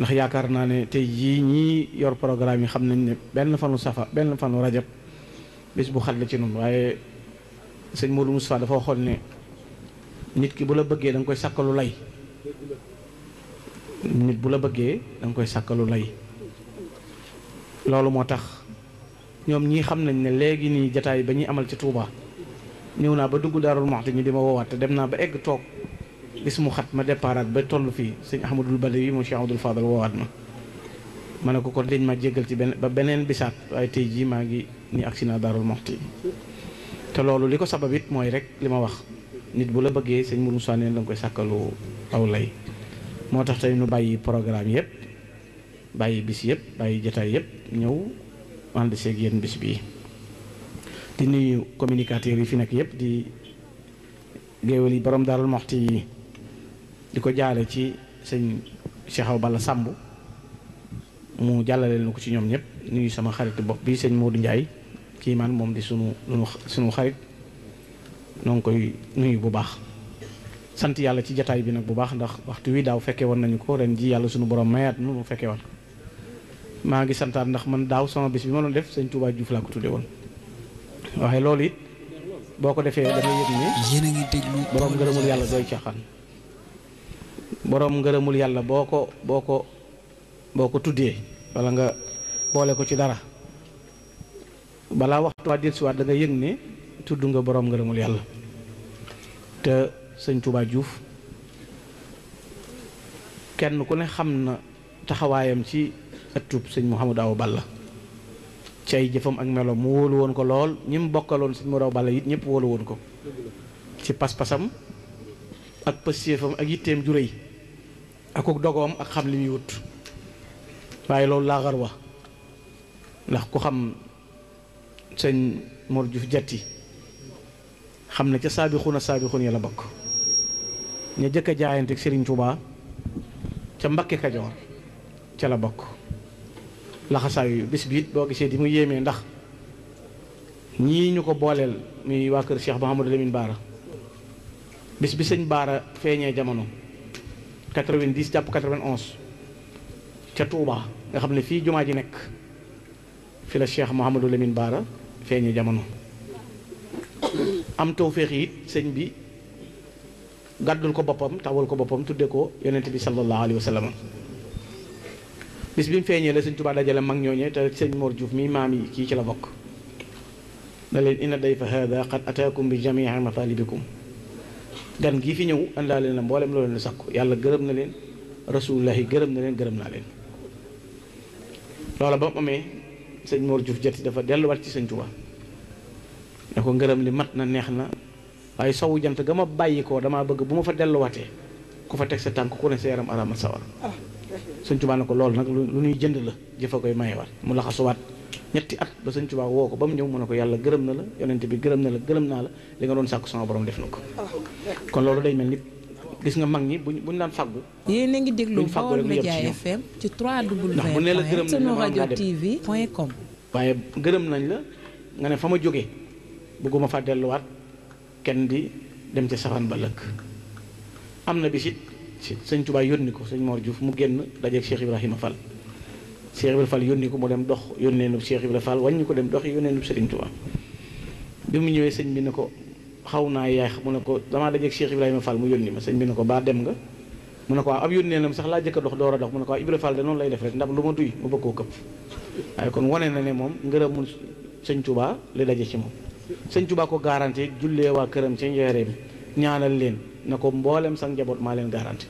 ndax yaakar naa ne tey yii ñii yor programme yi xam nañ ne benn fanu safa benn fanu rajab bis bu xal ci nun waaye sëñ Modou Moustapha dafa waxoon ne nit ki bu la bëggee da nga koy sàkkalu lay nit bu la bëggee da nga koy sàkkalu lay loolu moo tax ñoom xam nañ ne léegi nii jataay ba amal ci Touba ñëw naa ba dugg Darul moxte ñu di ma woowaat dem naa ba egg toog bis mu xat ma déparaat ba toll fii sëñ ahmadul bale bi moom Cheikh abdou Fadal woowaat ma ma ko kon dañ ma jéggal ci ben ba benen bisat way tay ji ma ngi ni aksina darul muhti te lolou liko sababit moy rek lima wax nit bu la bëggee seigne Mourou sané neen la nga koy sàkkalu aw lay motax tay ñu programme yépp bayyi bis yëpp bàyyi jataay yëpp ñëw ànd seeg yeen bis bi di nuyu communicateur yi fi nekk yépp di geewali borom darul muhti di ko jaale ci sëñ Cheikh Awa Balla Samb mu jàllaleel na ko ci ñoom ñëpp nuyu sama xaritu bopp bi sëñ Modou Ndiaye kii man moom di sunu sunu xarit noo koy nuyu bu baax. sant yàlla ci jataay bi nag bu baax ndax waxtu wi daaw fekke woon nañu ko ren ji yàlla sunu borom mayaat nu mu fekkee woon. maa ngi santaat ndax man daaw sama bis bi ma doon def sëñ Touba Diouf laa ko tuddee woon waaye loolu it boo ko defee dafay yëg ne. borom gërëmul yàlla doy caaxaan. boroom ngërëmul yàlla boo ko boo ko boo ko tuddee wala nga boole ko ci dara balaa waxtu waa dir siwaat da yëg ne tudd nga boroom ngërëmul yàlla te sëñ Touba Diouf kenn ku ne xam na taxawaayam ci ëttub sëñ Mouhamadou Awa Balla ci ay jëfam ak meloom mu wóolu woon ko lool ñi mu bokkaloon sëñ Mouhamadou Awa Balla it ñëpp wóolu woon ko ci pas-pasam ak pëstéefam ak yitteem ju akuk dogoom ak xam li muy wut waaye loolu laa xar wa ndax ku xam sëñ Mor Diouf Diatty xam na ca saabixuuna saabixuun ya la bokk ña jëkk a jaayante Serigne Touba ca Mbakke Kajoor ca la bokk laxasaayu bis bi boo gisee di mu yéemee ndax ñii ñu ko booleel muy waa kër Cheikh Mouhamadou Lamine Baara bis bi sëñ Baara feeñee jamono 90 jàpp 91 ca Touba nga xam ne fii jumaa ji nekk fi la Cheikh Mouhamadou Lamine Baara feeñe jamono am tawféex it sëñ bi gàddul ko boppam tawal ko boppam tudde ko yonent bi sallallahu alayhi wa sallam bis bi mu feeñee la sëñ Touba dajale mag ñooñee te sëñ Mor Diouf mii maam yi kii ci la bokk na leen inna dayfa haada qad ataakum bi jamii matalibikum gan gii fi ñëw àndaale na mboolem loolu leen ko yàlla gërëm na leen rasulullahi gërëm na leen gërëm naa leen loola ba mu amee sëñ Mor Diouf jati dafa delluwaat ci sëñ Tuubaa ne ko ngërëm li mat na neex na waaye sowu jant ga ma bàyyi koo damaa bëgg bu ma fa delluwaatee ku fa teg sa tànk ku ne sa yaram aramat sawar ah. sëñ Tuubaa ne ko loolu nag lu ñuy jënd la jëfa koy mayewaat mu laxasuwaat ñetti at ba sëñ Tuubaa woko bam ba mu ñëw mu ko yàlla gërëm na la yonent bi gërëm na la gërëm na la li nga doon sàkku sama borom def nako kon lolu day melni gis nga mag ñi buñ buñ daan fàggu yéen a ngi rek Baol Médias FM ci 3 wtvcom waye bu la nañ la nga ne fama joggé jógee bëgguma fa wat kenn di dem ci safan ba lekk amna bi ci sëñ Tuubaa yónni ko sëñ Mor Diouf mu genn dajeeg Cheikh Ibrahima Fall Cheikh Ibrahima Fall yónni ko mu dem dox yónnee nu Cheikh Ibrahima Fall wàññi ko dem dox yónnee nu Serigne Touba bi mu ñëwee sëñ bi ne ko xaw naa yaay mu ne ko damaa dajeeg Cheikh Ibrahima fal mu yónni ma señ bi ne ko baa dem nga mu ne ko waaw ab yónnee nam sax laa jëkk dox door a dox mu ne ko waaw Ibrahima Fall de noonu lay def rek ndab lu ma duy mu bëgg koo këpp waaye kon wane na ne moom ngërëmul sëñ tubaa li daje ci moom sëñ tubaa ko garante jullee waa këram ci njeereem ñaanal leen na ko mboolem sa njaboot maa leen garanti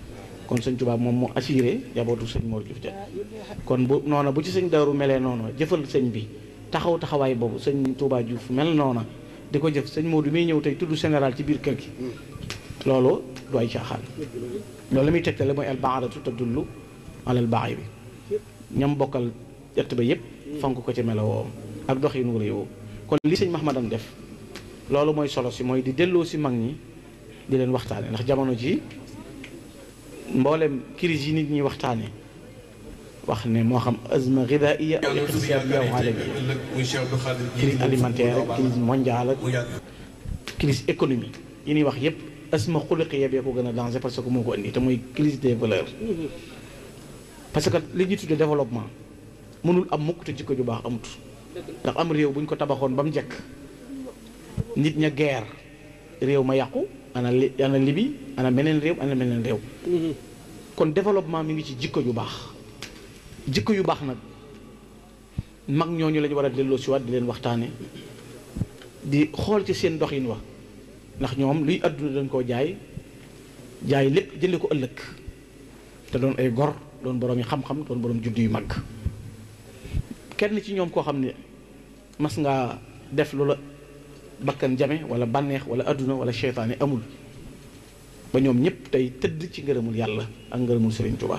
kon sëñ Tuubaa moom moo assuré jabootu sëñ Mor Diouf Dieng kon bu noona bu ci sëñ Daaru melee noona jëfal sañ bi taxaw taxawaay boobu sëñ Tuubaa Diouf mel noona di ko jëf sëñ Modou may ñëw tey tudd général ci biir kër gi loolu du ay caaxaan loolu la muy tegtale mooy albaaratu dullu alal baax bi ñam mbokkal jett ba yépp fonk ko ci melawoo ak dox yi nu réewoo kon li sëñ Mahmadan def loolu mooy solo si mooy di delloo si mag ñi di leen waxtaane ndax jamono ji mbooleem crise yi nit ñi waxtaane wax ne moo xam azma ghidaiya ak iqtisadiya wa crise alimentaire ak crise mondiale crise économique yi ñuy wax yépp azma xuliqiya bee ko gën a danger parce que moo ko indi te mooy crise des valeurs parce que li ñuy développement mënul am mukk te jikko ju baax amut ndax am réew bu ñu ko tabaxoon ba mu jekk nit ña guerre réew ma yàqu ana li ana libi ana meneen réew ana meneen réew. Mm-hmm. kon développement mu ngi ci jikko yu baax jikko yu baax nag mag ñooñu la ñu war a delloo si waat di leen waxtaane di xool ci seen doxin wa ndax ñoom luy àdduna dañ koo jaay jaay lépp jënde ko ëllëg te doon ay gor doon borom yi xam-xam doon borom juddu yu mag kenn ci ñoom koo xam ne mas ngaa def loola. bakkan jame wala banex wala aduna wala shaytané amul ba ñom ñep tay teud ci ngeerumul yalla ak ngeerumul serigne touba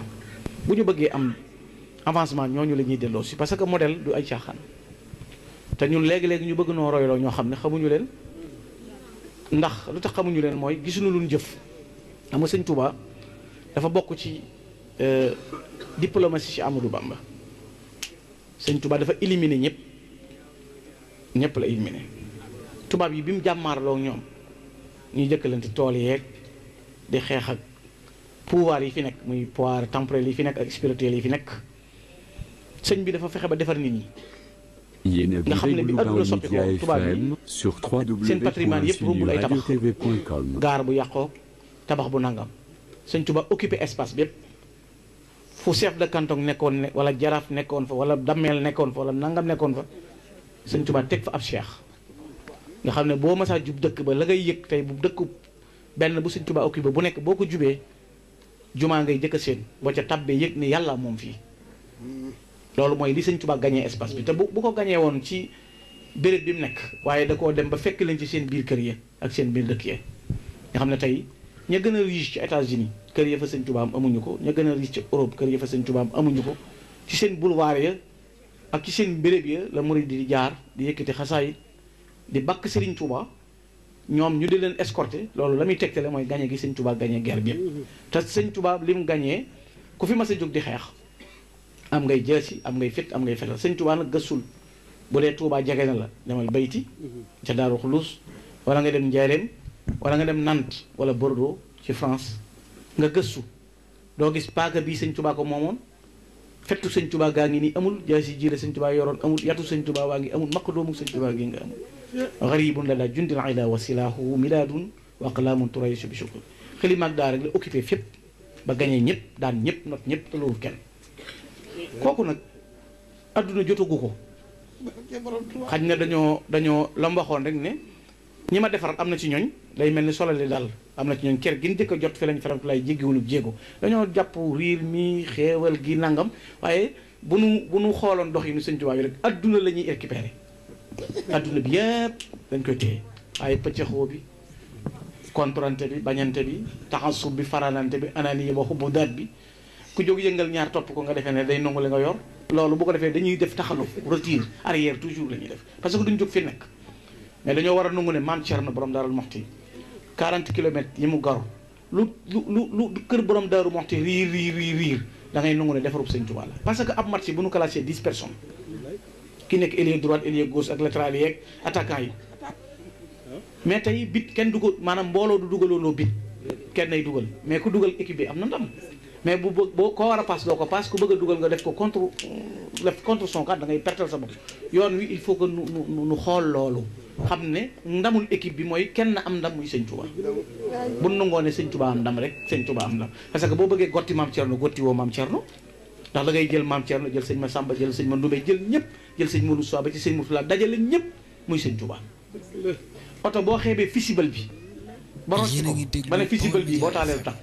buñu bëggé am avancement ñoñu lañuy délo ci parce que modèle du ay xaxan té ñun légui légui ñu bëgg no lo ño xamné xamuñu len ndax lutax xamuñu len moy gisunu luñu jëf am serigne touba dafa bokku ci euh diplomatie ci amadou bamba serigne touba dafa éliminer ñep ñep la éliminer tubaab yi bi mu jàmmaarloo ñoom ñuy jëkkalante tool yeeg di xeex ak pouvoir yi fi nekk muy pouvoir temporel yi fi nekk ak spirituel yi fi nekk sëñ bi dafa fexe ba defar nit ñi. nga xam ne bi adduna soppi ko tubaab yi seen patrimoine yëpp rumbul ay tabax gaar bu yàqoo tabax bu nangam sëñ Tuba occupé espace bi yëpp fu chef de canton nekkoon ne wala jaraaf nekkoon fa wala dammeel nekkoon fa wala nangam nekkoon fa sëñ Tuba teg fa ab cheikh nga xam ne boo masaa jub dëkk ba la ngay yëg tey bu dëkk benn bu Sëñ Tuubaa ba bu nekk boo ko jubee jumaa ngay jëkk seen boo ca tabbee yëg ni yàlla moom fii loolu mooy li Sëñ Tuubaa gañee espace bi te bu bu ko gañee woon ci béréb bi mu nekk waaye da koo dem ba fekk leen ci seen biir kër ya ak seen biir dëkk ya nga xam ne tey ña gën a riche ci états uni kër ya fa Sëñ Tuubaa am amuñu ko ña gën a riche ci Europe kër ya fa Sëñ Tuubaa am amuñu ko ci seen boulevard ya ak ci seen béréb ya la murid di jaar di yëkkati xasaayit di bàkk Serigne Touba ñoom ñu di leen escorter loolu la muy tegtale mooy gañe gi Serigne Touba gañe guerre bi te Serigne Touba li mu gañee ku fi mas a jóg di xeex am ngay jësi am ngay fekk am ngay fetal Serigne Touba nag gëstul bu dee Touba jege na la demal bayti ca Daaru Xulus wala nga dem Njaareem wala nga dem nant wala Bordeaux ci France nga gëstu doo gis paaga bi Serigne Touba ko moomoon fettu sëñ tubaa gaa ngi nii amul jaay si jiile sëñ tubaa yoroon amul yatu sëñ tubaa waa ngi amul maq doomu sëñ tubaa gi nga amul gharibun la la jundil ila wasilahu miladun wa qalamun turaysu bi shukr xilima ak daara la occupé fépp ba gagné ñëpp daan ñëpp not ñëpp te loolu kenn kooku nag adduna jotagu ko xañ na dañoo dañoo lam waxoon rek ne ñi ma defaral am na ci ñooñ day mel ni solali daal am na ci ñooñ ker gin jëkk a jot fi lañ faram lay jéggiwulub jéego dañoo jàpp riir mi xéewal gi nangam waaye bu nu bu nu xooloon dox yi nu sëñ tubaab yi rek adduna bi yëpp dañ koy téye waaye pëccëxoo bi kontrante bi bañante bi taxasub bi faralante bi ananiya waxu bu daat bi ku jóg yëngal ñaar topp ko nga defee ne day nangu li nga yor loolu bu ko defee dañuy def taxaluf retire arrière toujours la ñuy def parce que duñ jóg fi nekk mais dañoo war a nangu ne maam Cerno borom Daaru Muxti 40 kilomètres yi mu garu lu lu lu lu kër borom Daaru Muxti riir riir riir riir da ngay ne defarub parce que ab marché bu nu classé 10 personnes ki nekk ailier droite ailier gauche ak latéral yeeg attaquant yi mais tey bit kenn du ko maanaam mbooloo du dugalooloo bit kenn ay dugal mais ku dugal équipe bi am na ndam mais bu boo ko war a paas ko paas ku bëgg dugal nga def ko contre def contre son da ngay pertal sa yoon wi il faut que nu nu xool loolu xam ne ndamul équipe bi mooy kenn am ndam muy sëñ Touba bu nangoo ne sëñ Touba am ndam rek sëñ Touba am ndam parce que boo bëggee gotti maam Thierno gotti woo maam Thierno ndax da ngay jël maam Thierno jël sëñ ma Samba jël sëñ ma Ndumbe jël ñëpp jël sëñ Modou Sow ba ci sëñ Moutula dajale ñëpp muy sëñ Touba oto boo xeebee fisibal bi ba rocci ko ba ne fisibal bi boo taalee tàkk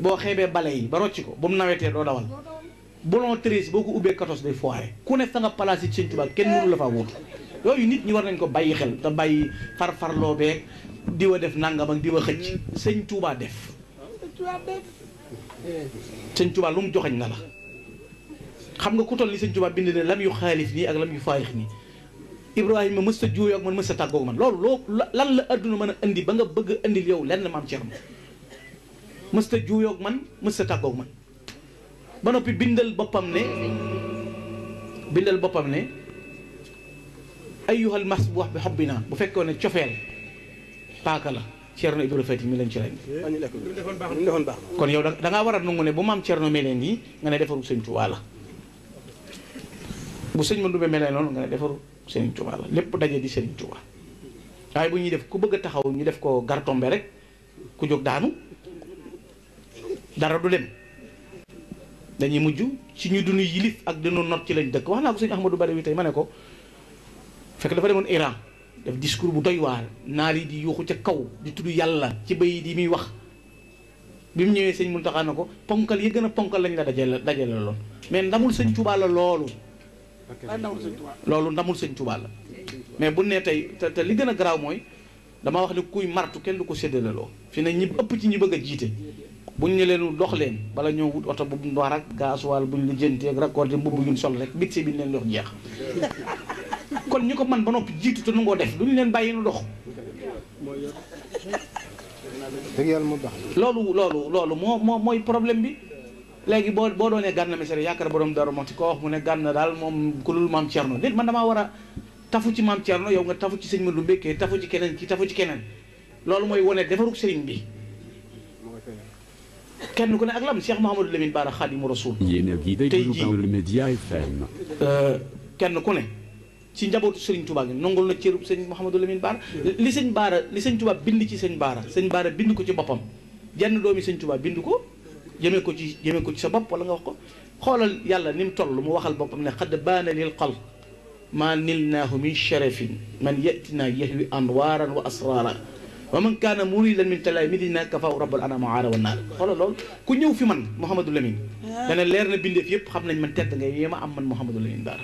boo xeebee bale yi ba ba mu nawetee doo dawal bolon treize boo ko ubbee quatorze ku ne fa nga place yi sëñ Touba kenn mënu la faa wóotu nit ñi war nañ ko bàyyi xel te bàyyi farfarloo beeg di wa def nangam ak di wa xëcc sëñ Touba def sëñ Touba lu mu joxañ nga la xam nga ku toll ni sëñ Tuubaa bind ne lam yu xaalis nii ak lam yu faayix nii Ibrahima ma ta juuyoo ak man mës ta tàggoo man loolu loo lan la adduna mën a indi ba nga bëgg a yow lenn maam Cerno mës ta juuyoo man mës ta noppi bindal boppam ne bindal boppam ne ayyuhal mas bu wax bi xobbi naa bu fekkoon ne cofeel paaka la Cerno Ibra Faty mi lañ ci rey kon yow da dangaa war a nangu ne bu maam Cerno meleen yi nga ne defaru sëñ Tuubaa la bu sëñ Mandoumbe melee noonu nga ne defaru Serigne Touba la lépp daje di Serigne Touba waaye bu ñuy def ku bëgg a taxaw ñu def ko gartombe rek ku jóg daanu dara du dem dañuy mujj ci ñu dunu yilif ak dinu not ci lañ dëkk wax naa ko sëñ Ahmadou Bari wi tey ma ne ko fekk dafa demoon iraan def diskuur bu doy waar naar yi di yuuxu ca kaw di tudd yàlla ci bayit yi muy wax bi mu ñëwee sëñ Muntaxa na ko ponkal yi gën a ponkal lañ la daje dajale lool mais ndamul sëñ Touba la loolu loolu ndamul sëñ Tuubaa la mais bu ne tey te li gën a garaaw mooy dama wax ne kuy martu kenn du ko séddaleloo fi ne ñi ëpp ci ñi bëgg a jiite buñ ñu leen dox leen bala ñoo wut oto bu ndox ak gaasuwaal buñ la jëntee ak raccordé mbubb yuñ sol rek bit si biñ leen dox jeex kon ñi ko man ba noppi jiitu te nu ngoo def duñ leen bàyyi nu dox loolu loolu loolu moo moo mooy problème bi léegi boo boo doonee Gana Messere yaakaar borom dara moo ci koo wax mu ne Gana daal moom ku dul maam Thierno déet man damaa war a tafu ci maam Thierno yow nga tafu ci sëñ Maodo Mbékkee tafu ci keneen ki tafu ci keneen loolu mooy wone defarug sëriñ bi kenn ku ne ak lam Cheikh Mouhamadou Lamine Bara Khadimu Rasul tey jii euh, kenn ku ne ci njabootu sëriñ Touba gi nongul na cërub sëñ Mouhamadou Lamine Bara li sëñ Bara li sëñ Touba bind ci sëñ Bara sëñ Bara bind ko ci boppam jenn doomi sëñ Touba bind ko يقول ما نلناه من شرف من يأتنا يهوي أنوارا وأسرارا ومن كان مريدا من تلاميذنا كفاو رب العالمين معارا والنار خلا لول كنيو في من محمد الأمين لأن لير نبين في يب خبنا من تات يما أم من محمد الأمين دار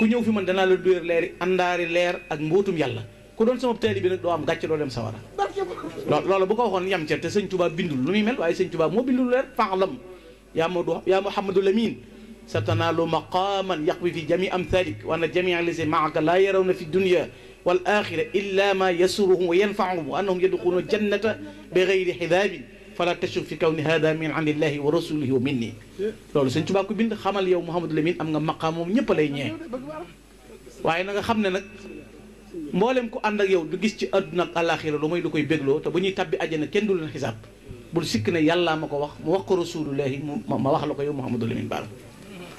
كنيو في من دنا لدير لير أندار لير أجمعتم يلا كودون سما بتالي بين دو ام غاتي لولم سوارا لولو بوكو وخون يام تي سيغن توبا بيندول لومي ميل واي سيغن توبا مو بيندول لير فخلم يا مودو يا محمد لامين ستنال مقاما يقوي في جميع امثالك وان جميع الذين معك لا يرون في الدنيا والاخره الا ما يسرهم وينفعهم انهم يدخلون الجنه بغير حذاب فلا تشك في كون هذا من عند الله ورسوله ومني لولو سيغن توبا كو بيند خمال محمد لامين امغا مقامو نيبالاي ني واي ناغا mboolem ku ànd ak yow du gis ci àdduna ak àllaaxira lu mooy lu koy bégloo te ba ñuy tàbbi àjjana kenn du leen xisaab bul sikk ne yàllaa ma ko wax mu wax ko rasulullahi ma wax la ko yow Mouhamadou Lamine Bara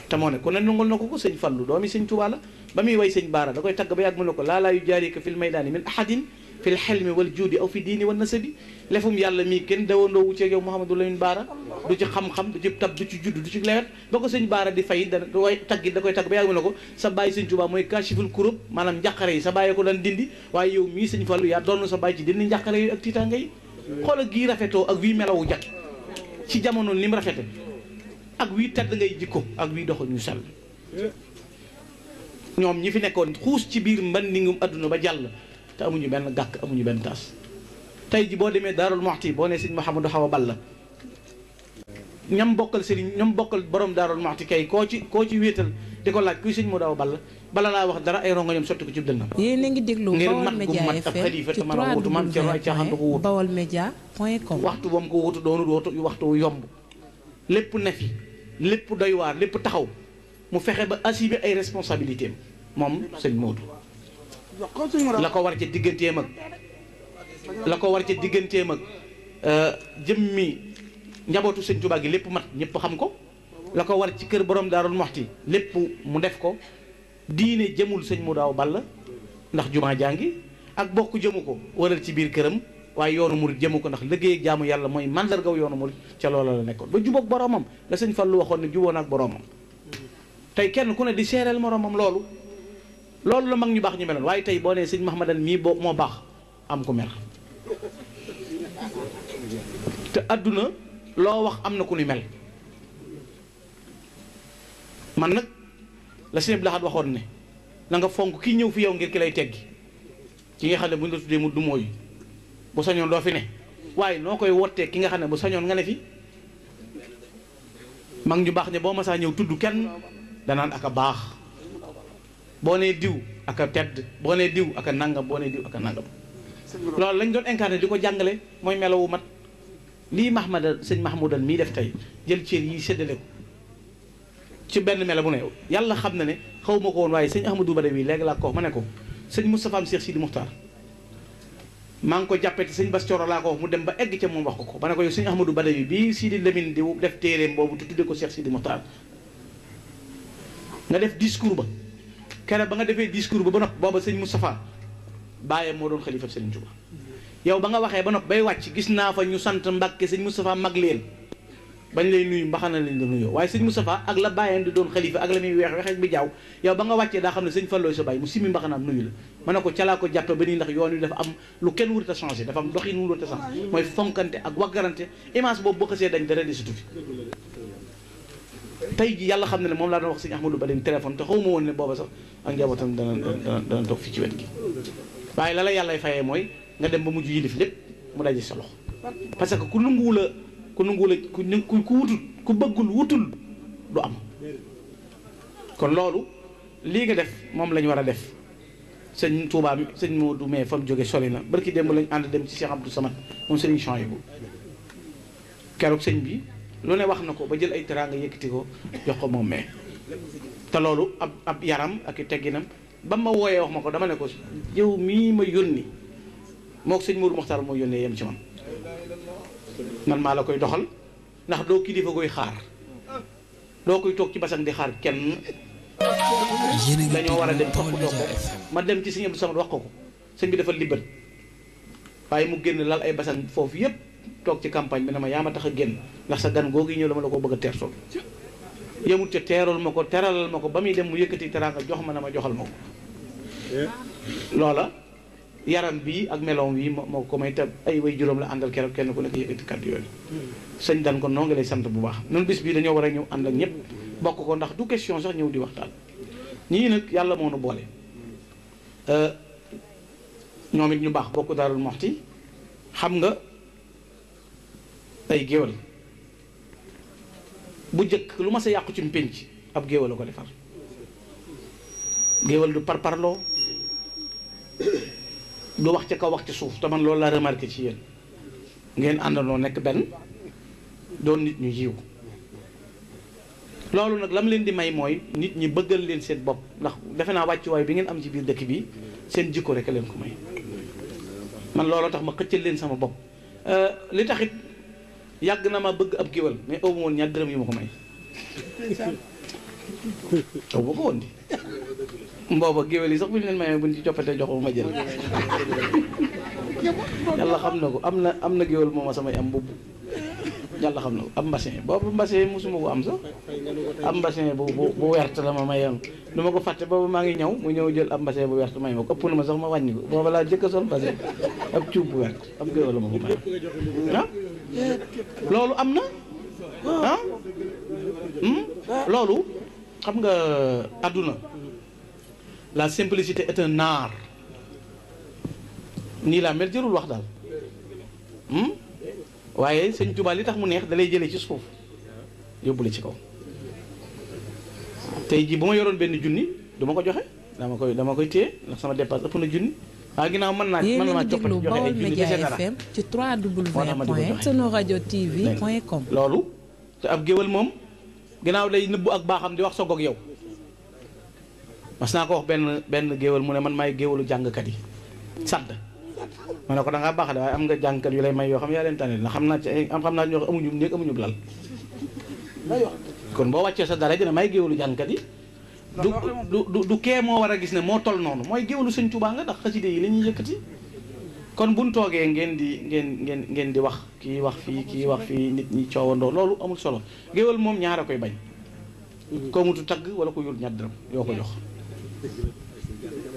te moo ne ku ne nangul na ko ko sëñ Fallu doomi sëñ Tuubaa la ba muy way sëñ Baara da koy tagg ba yàgg mu ne ko laa laa yu jaarika fil maydaani min ahadin fil xelmi wal juudi aw fi diini wal nasabi lefum yàlla mii kenn dawandoo wu ceeg yow Mouhamadou Lamine Baara du ci xam-xam du ci tab du ci judd du ci lewet ba ko sëñ Baara di fay dana da koy taggi da koy tagg ba yàgg mu ne ko sa bàyyi sëñ Tuubaa mooy kaashiful kurub maanaam njàqare yi sa bàyyi ko daan dindi waaye yow mii sëñ Fallu yaa doon sa bàyyi ci dindi njàqare yi ak tiitaanga yi xoolal gii rafetoo ak wii melawu jag ci jamono ni mu rafete ak wii tedd ngay jikko ak wii doxo ñu sell ñoom ñi fi nekkoon xuus ci biir mbandingum adduna ba jàll te amuñu benn gàkk amuñu benn taas tey ji boo demee daaral Daarul Muxti boo nee sëñ Mouhamadou Xawa Balla ñam bokkal sëriñ ñam bokkal borom Daarul Muxti kay koo ci koo ci wéetal di ko laaj kuy sëñ Modou Awa Balla laa wax dara ay rongo ñoom ko ci dënnam yéen a ngi déglu ngir mat gu mat ab xalifa te mën a wutu maam Cerno ay caaxaan du ko waxtu ba mu ko wutu doonul wutu waxtu yomb lépp ne fi lépp doy waar lépp taxaw mu fexe ba assumer ay responsabilités moom sëñ Modou la ko war ca digganteem ak la ko war ca digganteem ak euh, jëmmi njabootu sëñ Tuubaa gi lépp mat ñépp xam ko la ko war ci kër borom Daarul Moxti lépp mu def ko diine jëmul sëñ mu daaw ball ndax jumaa jàngi ak bokk jëmu ko waral ci biir këram waaye yoonu mu jëmu ko ndax liggéey ak jaamu yàlla mooy mandargaw yoonu murit ca loola la nekkoon ba jubóog boroomam la sëñ lu waxoon ne jubóo ak boromam tey kenn ku ne di seereel moromam loolu loolu la mag ñu baax ñu meloon waaye tey boo nee sëñ Mahamadan mii boo moo baax am ku mer te àdduna loo wax am na ku ñu mel man nag la sëñ Abdou Lahad waxoon ne na fonk kii ñëw fi yow ngir ki lay teggi ki nga xam ne bu ñu la tuddee mu du mooy bu sañoon doo fi ne waaye noo koy wottee ki nga xam ne bu sañoon nga ne fi mag ñu baax ne boo masaa ñëw tudd kenn danaan ak a baax boo nee diw ak a tedd boo nee diw ak a nangam boo nee diw ak a loolu lañ doon incarné di ko jàngale mooy melawu mat lii Mahmada sëñ Mahmoudan mii def tey jël cër yi séddale ko ci benn mela bu ne yàlla xam na ne xaw ma ko woon waaye sëñ Ahmadou wi léegi laa ko ma ne ko sëñ Moustapha am Cheikh Sidi Moukhtar maa ngi ko jàppee te sëñ Bass Thioro laa ko mu dem ba egg ca moom wax ko ko ma ne ko yow sëñ Ahmadou Badawi bii Sidi Lamine di def téeréem boobu te ko Cheikh Sidi Moukhtar nga def discours ba keroog ba nga defee discours ba ba nopp booba sëñ Moustapha bàyyee moo doon xalifa sëriñ Touba yow ba nga waxee ba nopp bay wàcc gis naa fa ñu sant Mbàkke sëñ Moustapha mag leen bañ lay nuyu mbaxana lañ la nuyoo waaye sëñ Moustapha ak la bàyyeen di doon xalifa ak la muy weex weex ak bi jaaw yow ba nga wàccee daa xam ne sëñ Fallou sa bàyyi mu simi mbaxanaam nuyu la ma ne ko calaa ko jàppe ba nii ndax yoon wi dafa am lu kenn wurut a changé dafa am doxin a changé mooy fonkante boo xasee dañ dara di sutu tey ji yàlla xam ne ne moom laa doon wax sëñ Ahmadou Ba leen téléphone te xawma woon ne booba sax ak njabootam dana dana dana toog fii ci wet gi waaye la la yàllay fayee mooy nga dem ba mujj yilif lépp mu daje solo loxo parce que ku nanguwul a ku nanguwul ku ku ku bëggul wutul du am kon loolu lii nga def moom lañu war a def sëñ Touba mi sëñ du mais fa jóge soli na barki démb lañ ànd dem ci Cheikh Abdou Samad moom sëriñ Chouaïbou keroog sëñ bi lu ne wax nako ba jël ay teranga yekiti ko jox ko mom me ta lolu ab ab yaram ak teginam tegginam ba ma woyé wax ma dama ne ko yow mi ma yoni mok seigne Mourou Mokhtar mo yónnee yam ci man man ma la koy doxal ndax do kilifa koy xaar do koy tok ci basan di xaar kenn dañu wara dem toppatoo ko ma dem ci seigne Abdou Samad wax ko seigne bi dafa waye mu genn lal ay basan fofu yépp tok ci campagne bi ne ma yaa tax ndax sa gan gogi ñu la ma la bëgg a teertoo yemul ca teeral ma ko teralal ma ko dem mu yëkkati teraanga jox ma ne ma joxal mako lola yaram bi ak melom wi mako ko may tab ay way juroom la andal keroog kenn ku nekk yëkëti kaddu yooyu señ dan ko noo lay sant bu baax bis bi dañu wara ñew and ak bokk ko ndax du question sax ñew di waxtaan ñi nak yalla mo nu boole euh it ñu baax bokku darul muhti xam nga ay géwal bu jëkk lu ma sa yàqu ci mpénc ab géwal a ko defar géwal du parparloo du wax ci kaw wax ci suuf te man loolu la remarqué ci yéen ngeen àndandoo nekk benn doon nit ñu yiw loolu nag lam leen di may mooy nit ñi bëggal leen seen bopp ndax defe naa wàccuwaay bi ngeen am ci biir dëkk bi seen jikko rek a leen ko may man looloo tax ma xëccal leen sama bopp euh, li taxit yàgg na ma bëgg ab géwél mais aw ma woon ñaar dërëm ma ko may <laughs> aw yi sax bu leen mayee bu ñu ci coppatee jox ma jël <laughs> yàlla xam na ko am na am na géwal moom a samay am mbubb yàlla xam na ko am boobu mbasin mosuma ko am sax am mbasin bu bu wert la ma mayoon du ma ko fàtte boobu maa ngi ñëw mu ñëw jël am mbasin bu wert ma ko ëpp na ma sax ma wàññi ko booba laa jëkk a sol mbasin ab cuub bu wert am géwal la ma ko mayoon loolu amna na ah. Ah? Hmm? ah loolu xam nga àdduna la simplicité est un art nii laa mel jërul wax daal hmm? waaye sëñ Tuubaa li tax mu neex dalay jëlee ci suuf yóbbu la ci kaw tey jii bu ma yoroon benn junni du ko joxe dama koy dama koy ndax sama ëpp na ah ginnaaw mën naa mën naa toppati joxe ay julli FM ci 3 te ab day ak di wax sogoog yow mas naa ko wax benn benn géwal mu ne man maay géwalu jàngkat yi sadd ma ko da am nga jàngkat yu lay may xam ci am xam naa ñoo xam amuñu néeg amuñu kon boo wàccee sa dara dina may géwalu jàngkat yi du du du kee moo war a gis ne moo tol noonu mooy géwalu sëñ Tuubaa nga ndax xaside yi la ñuy yëkkati kon buñ toogee ngeen di ngeen ngeen ngeen di wax kii wax fii kii wax fii nit ñi coowandoo loolu amul solo géwal moom ñaar a koy bañ mm-hmm. ko mutu tagg wala ko yul ñaat dërëm yoo ko jox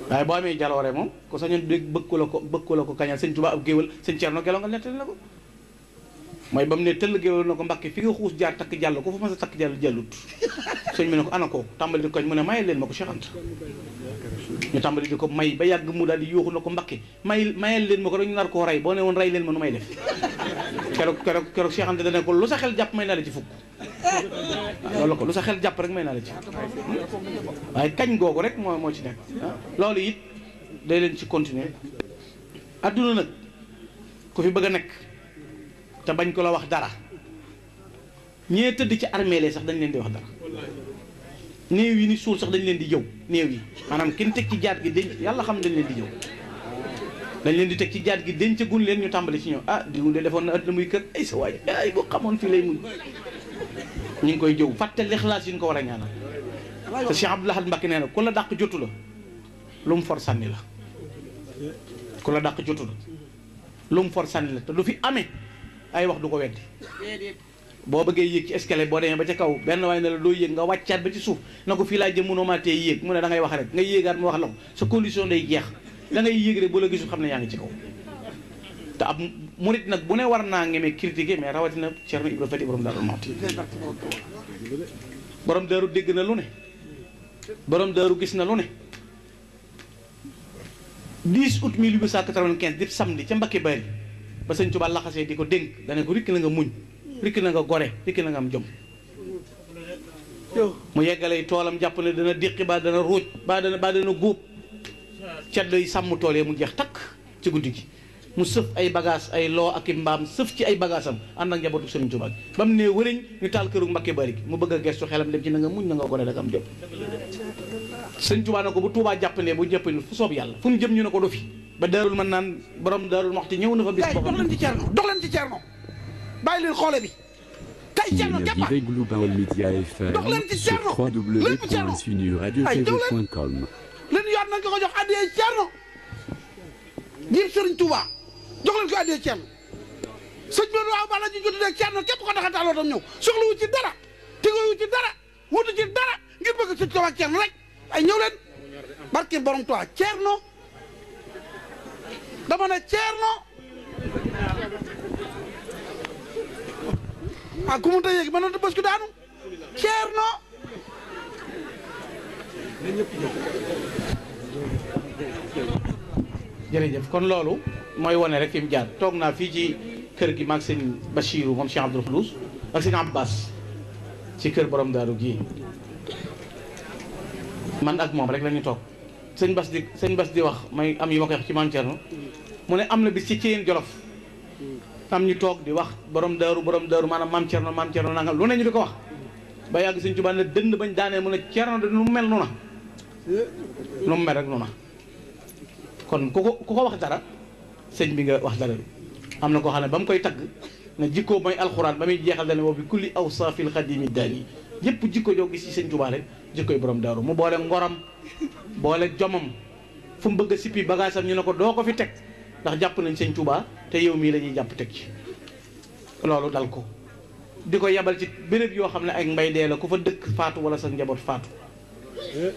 waaye boo amee jaloore moom ku sañoon dégg bëkku la ko bëkku ko kañal sëñ tubaa ab géwal sëñ Cerno Gelo nga nettali la ko mooy ba mu ne tëll géwél na ko mbàkke fi nga xuus jaar takk jàll ko fa mas a takk jàll jàllut sëñ ne ko ana ko tàmbali di koñ mu ne maye leen ma ko Cheikh tàmbali di ko may ba yàgg mu daal di yuuxu na ko mbàkke may mayel leen ma ko dañu nar koo rey boo ne woon rey leen ma nu may def keroog keroog keroog Cheikh Anta dana ko lu sa xel jàpp may naa la ci fukk loolu ko lu sa xel jàpp rek may naa la ci waaye kañ googu rek moo moo ci nekk loolu it day leen ci continuer adduna nag ku fi bëgg a nekk te bañ ko la wax dara ñee teud ci lé sax dañ leen di wax dara neew yi ni sul sax dañ leen di yow neew yi manam kën tek ci jaat gi deñ yalla xam dañ leen di yow dañ leen di tek ci jaat gi gun leen ñu tambali ci ñoo ah di de defon na at muy kër ay sa waay ay bu xamone fi lay muñ ñi ngi koy jow fatte l'ikhlas yi ñu ko wara ñaanal ta Cheikh Abdou Lahad Mbacké ku la dakk jotu la lu mu for sanni la ku la dakk jotu la lu mu for sanni la te du fi amé ay wax du ko weddi boo bëggee yéeg ci escalier boo demee ba ca kaw benn waaye ne la doo yéeg nga wàccaat ba ci suuf na ko fii laa jëm mënoo maa tee yéeg mu ne da wax rek nga yéegaat mu wax la ko sa condition day jeex da ngay yéeg rek bu la gisul xam ne yaa ngi ci kaw te ab murit nag bu ne war naa ngemee critiquer mais rawatina Cerno Ibra Fati borom daaru mawti borom daaru dégg na lu ne borom daaru gis na lu ne 10 août 1895 di samedi ca Mbakke Bari ba sëñ Tuubaa laxasee di ko dénk dana ko rikk na nga muñ rikk na nga gore rikk na nga am jom mu yeggalee toolam jàpp ne dana déqi ba dana ruuj ba dana ba dana góob ceddo yi sàmm tool yi mu jeex takk ci guddi gi mu sëf ay bagage ay loo ak i mbaam sëf ci ay bagage am ànd ak njabootu Sëriñ Tuubaa ba mu nee wëriñ ñu taal këru Mbàkke Bari gi mu bëgg gestu xelam dem ci na nga na nga gone da am jom Sëriñ Tuubaa na ko bu Tuubaa jàppandee bu jàppandee fu soob yàlla fu mu jëm ñu ne ko du fi ba darul mën naan borom darul moxti ñëw na fa bis boppam. dox leen ci Thierno dox leen ci Thierno bàyyi leen xoole bi. kay Thierno jàppal dox leen ci Thierno lépp Thierno ay jox leen leen yaat nañ ko ko jox addiyee ko addiyee Thierno. sëñ bi waaw bala ñu jot rek Thierno képp dara tegoowu dara wutu ci dara ngir bëgg ci Touba rek ay ñëw leen barke borom Touba Thierno. dama ne Ceerno ah ku mënta yéegi mënoon na bës ku daanu Ceerno kon loolu mooy wane rek fi jaar toog naa fii ci kër gi maag sëñ Cheikh Abbas ci borom man ak rek sëñ bas di sëñ bas di wax may am yi ma koy wax ci maam Thierno mu ne am na bis ci ceen jolof am ñu toog di wax borom daaru borom daaru maanaam maam Thierno maam Thierno nangam lu ne wax ba yàgg sëñ Tuubaa ne dënd bañ daanee mu ne Thierno de nu mu mel nu na nu mu mel rek nu na kon ku ko ku ko wax dara sëñ bi nga wax dara bi am na koo xam ne ba mu koy tagg ne jikkoo mooy alxuraan ba muy jeexal ne boobu kulli aw saafil xadimi daani yëpp jikko joo gis ci sëñ Tuubaa rek jikkoy borom daaru mu boole ngoram boole jomam fu mu bëgg a sippi bagaasam ñu ne ko doo ko fi teg ndax jàpp nañ sëñ Touba te yow mii lañuy jàpp teg ci loolu dal ko di ko yabal ci béréb yoo xam ne ak mbay dee la ku fa dëkk faatu wala sa njaboot faatu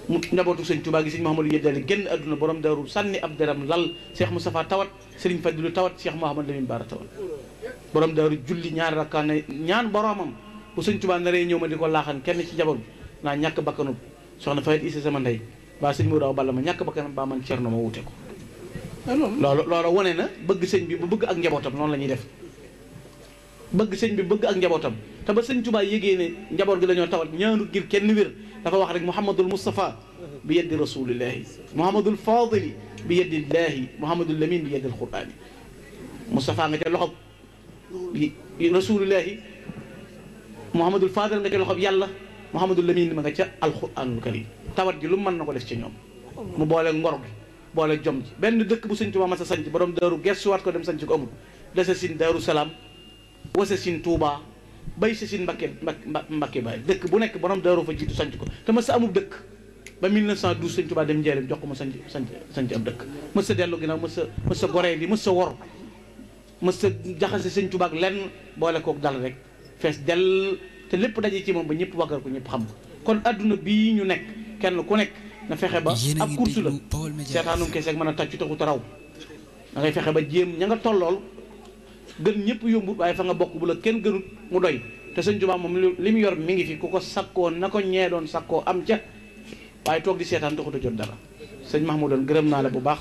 mu njabootu sëñ Touba gi sëñ Mouhamadou Yeddaali génn àdduna borom daru sànni ab deram lal Cheikh Moustapha tawat Serigne Fadilu tawat Cheikh Mouhamadou Lamine Bara tawat borom daru julli ñaari rakkaan ne ñaan boromam bu sëñ Touba naree ñëw ma di ko laaxan kenn ci njaboot bi ñàkk bakkanu soxna Fayet sama ndey ba sëñ Modou Awa Balla ma ñàkk bakkanam ba man Cerno ma wuute ko loolu loolu wane na bëgg sëñ bi bu bëgg ak njabootam noonu la ñuy def bëgg sëñ bi bëgg ak njabootam te ba sëñ Tuubaa yégee ne njaboot gi la ñoo tawat ñaanu ngir kenn wér dafa wax rek Muhammadul Mustafa bi yeddi rasulillahi Muhammadul Fadili bi yeddillahi Muhammadul Lamin bi yeddil Qur'aani Mustafa nga ca loxob rasulillahi Muhammadul Fadil nga ca loxob yàlla Mouhamadou Lamine ma nga ca alxuraanul karim tawat ji lu man na ko def ci ñoom mu boole ngor gi boole jom ji benn dëkk bu sëñ Tuubaa ma sa sanc borom daaru gestuwaat ko dem sanc ko amul dasa sin daaru salaam wasa sin Tuubaa bay sa sin Mbakke Mbakke Baay dëkk bu nekk borom daaru fa jiitu sanc ko te ma sa amul dëkk ba 1912 sëñ Tuubaa dem njëriñ jox ko ma sanc sanc sanc ab dëkk ma sa dellu ginnaaw ma sa ma sa goree bi ma sa wor ma sa jaxase sëñ Tuubaa ak lenn boole kook dal rek fees dell te lepp dajé ci mom ba ñepp wagal ko ñepp xam kon aduna bi ñu nek kenn ku nek na fexé ba ak course la seetaanum kessé ak mëna taccu taxu taraw da ngay fexé ba jëm ña nga tollool gën ñepp yombut way fa nga bokku bu la kenn gënut mu doy te señ juma mom lim yor mi ngi fi ku ko sakko na ko ñee doon sakkoo am ca way tok di sétan taxu a jot dara mahmoud Mahmoudan gërem na la bu baax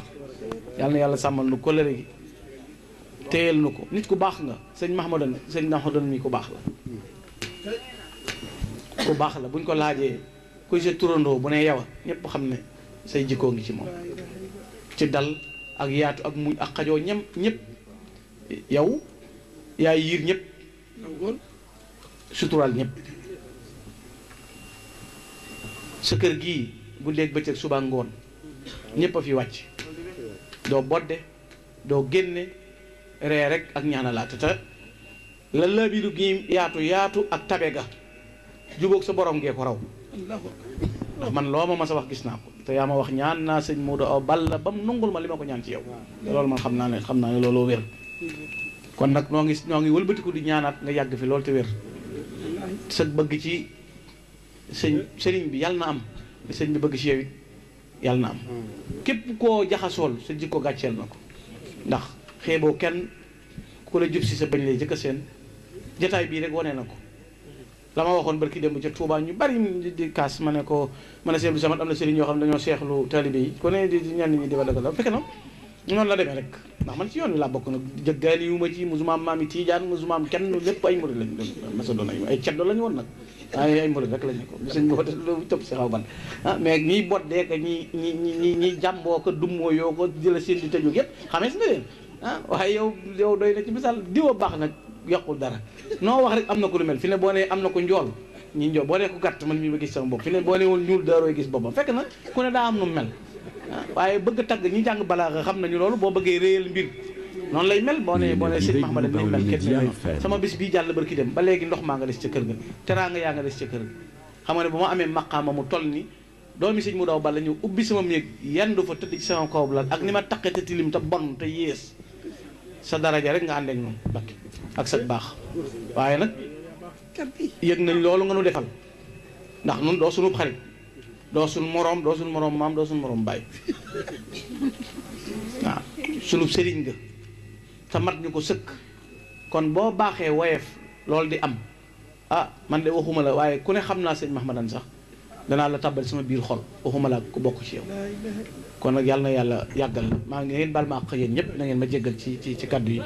yalla na yalla samal nu ko nuko nit ku baax nga sëñ Mahmoudan sëñ mi ku baax la bu baax la buñ ko laajee kuy sa turandoo bu ne yow ñëpp xam ne say jikkoo ngi ci moom ci dal ak yaatu ak muñ ak xajoo ñem ñëpp yow yiir ñëpp suturaal ñëpp sa kër gii bu léeg bëccëg suba ngoon ñëpp a fi wàcc doo bodde doo génne ree rek ak ñaanalaate te la labiru gi yaatu yaatu ak tabe ga jubóog sa borom ngee ko raw ndax man loo ma mas a wax gis naa ko te yaa ma wax ñaan naa sëñ Modou Awa Balla ba mu nungul ma li ma ko ñaan ci yow loolu man xam naa ne xam naa ne looloo wér kon nag noo ngi noo ngi wëlbatiku di ñaanaat nga yàgg fi loolu te wér sa bëgg ci sëñ sëriñ bi yal na am sëñ bi bëgg ci yow it na am hmm. képp koo jaxasool sa jikko gàcceel na ko ndax xeeboo kenn ku la jub si sa bañ lay jëkk seen jataay bii rek wane na ko la ma waxoon barki démb ca Touba ñu bari di kaas ma ne ko ma ne sëñ bi samat am na sëriñ yoo xam ne dañoo seexlu taalibe yi ku ne di ñi di ba dagal la fekk na noonu la demee rek ndax man ci yoon wi laa bokk nag jëggaani yu ma ci musumaam maami tiijaan musumaam kenn lépp ay murid lañ doon masa doon ay ay ceddo lañu woon nag ay ay murid rek lañ ko lu topp si xaw ah, ko ñi ñi ñi ñi leen ah, waaye yow yow doy na ci misaal diwa baax nag yàqul dara noo wax rek am na ko lu mel fi ne boo nee am na ko njool ñi njool boo nee ko gàtt man mii ma gis sama bopp fi ne boo nee woon ñuul daarooy gis ah, balaa nga xam nañu loolu boo bëggee réyal mbir noonu lay mel boo nee boo nee sëñ Mahamad bis bii jàll barki dem ba léegi ndox maa nga des ca kër ga teraanga yaa nga des ca kër ga xam nga ne bu ma amee maqaama mu toll ni doomi sëñ mu daw bala ñu ubbi sama méeg yendu fa tëdd ci sama kaw lal ak ni ma taqe te tilim te bon te yées sa daraja rek nga ànd ak moom Mbàkke ak sa baax waaye nag yëg nañ loolu nga nu defal ndax nun doo sunu xarit doo sunu moroom doo sunu moroom maam doo sunu moroom baay waaw sunu sëriñ nga te mat ñu ko sëkk kon boo baaxee woyef loolu di am ah man de waxuma la waaye ku ne xam naa sëñ Mahmadan sax danaa la tàbbal sama biir xol waxuma laa ko bokk ci yow kon nag yàlla na yàlla yàggal maa ngi ngeen bal ma àq yéen ñëpp na ngeen ma jéggal ci ci ci kaddu yi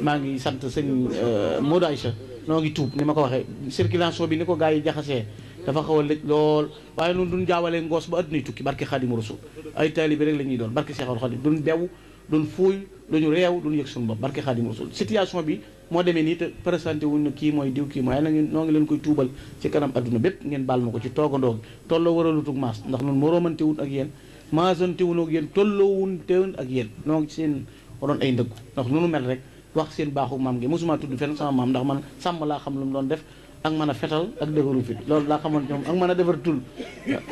maa ngi sant sëñ euh, Modou sa noo ngi tuub ni ma ko waxee circulation bi ni ko gaa yi jaxasee dafa xaw a lëj lool waaye noonu du jaawalee ngoos ba addunay tukki barke Xaadimu Rasuul ay taalibe rek la ñuy doon barke Seexul Xadiim duñ bew duñ fuuy duñu réew duñ yëg suñu bopp barke Xaadimu Rasuul situation bi moo demee nii te présenté wu ne kii mooy diw kii mooy na noo ngi leen koy tuubal ci kanam adduna bépp ngeen baal ma ko ci toogandoo gi tolloo waralutug maas ndax noonu moroomante wuñ ak yéen maasante wuñ ak yéen tolloo wuñ teewun ak yéen noo ngi seen waroon ay ndëggu ndax nunu mel rek wax seen baaxu maam gi mosuma tudd fenn sama maam ndax man sàmm laa xam lu mu doon def ak mën a fetal ak dëgëru fit loolu laa xamoon ñoom ak man a defar tul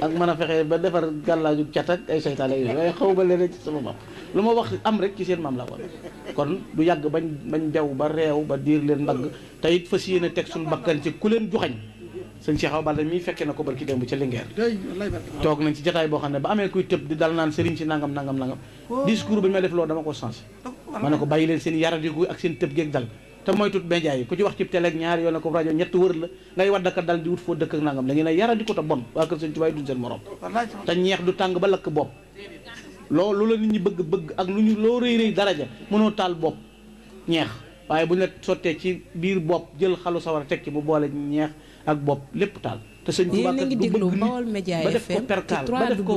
ak man a fexe ba defar gàllaaju cat ak ay seytaane yooyu waaye xaw ma leen ci sama maam lu ma wax am rek ci seen maam la woon kon du yàgg bañ bañ dew ba reew ba diir leen mbagg te it fas yéene teg suñu bakkan ci ku leen joxañ sëñ Cheikh Awa Balla mii fekkee na ko barki bu ca Linguère toog nañ ci jataay boo xam ne ba amee kuy tëb di dal naan sëriñ si nangam nangam nangam oh. discours ba ñu may def loolu dama ko sensé ma ne ko bàyyi leen seen yaradiku ak seen tëb geeg dal te mooy tut média ku ci wax ci télé ak ñaari yoon ko rajo ñett wër la ngay waddaka dal di wut foo dëkk ak nangam da ngeen a yaradiku te bon waa kër sëñ Tuubaa ba lakk bopp loolu la nit ñi bëgg bëgg ak lu ñu loo rëy rëy daraja mënoo taal bopp ñeex waaye bu ñu la sottee ci biir bopp jël xalu sawara teg ci bu boole ñeex ak bopp lépp taal. te sëñ Tuubaa kat du bëgg nit ba def ko perkaal ba def ko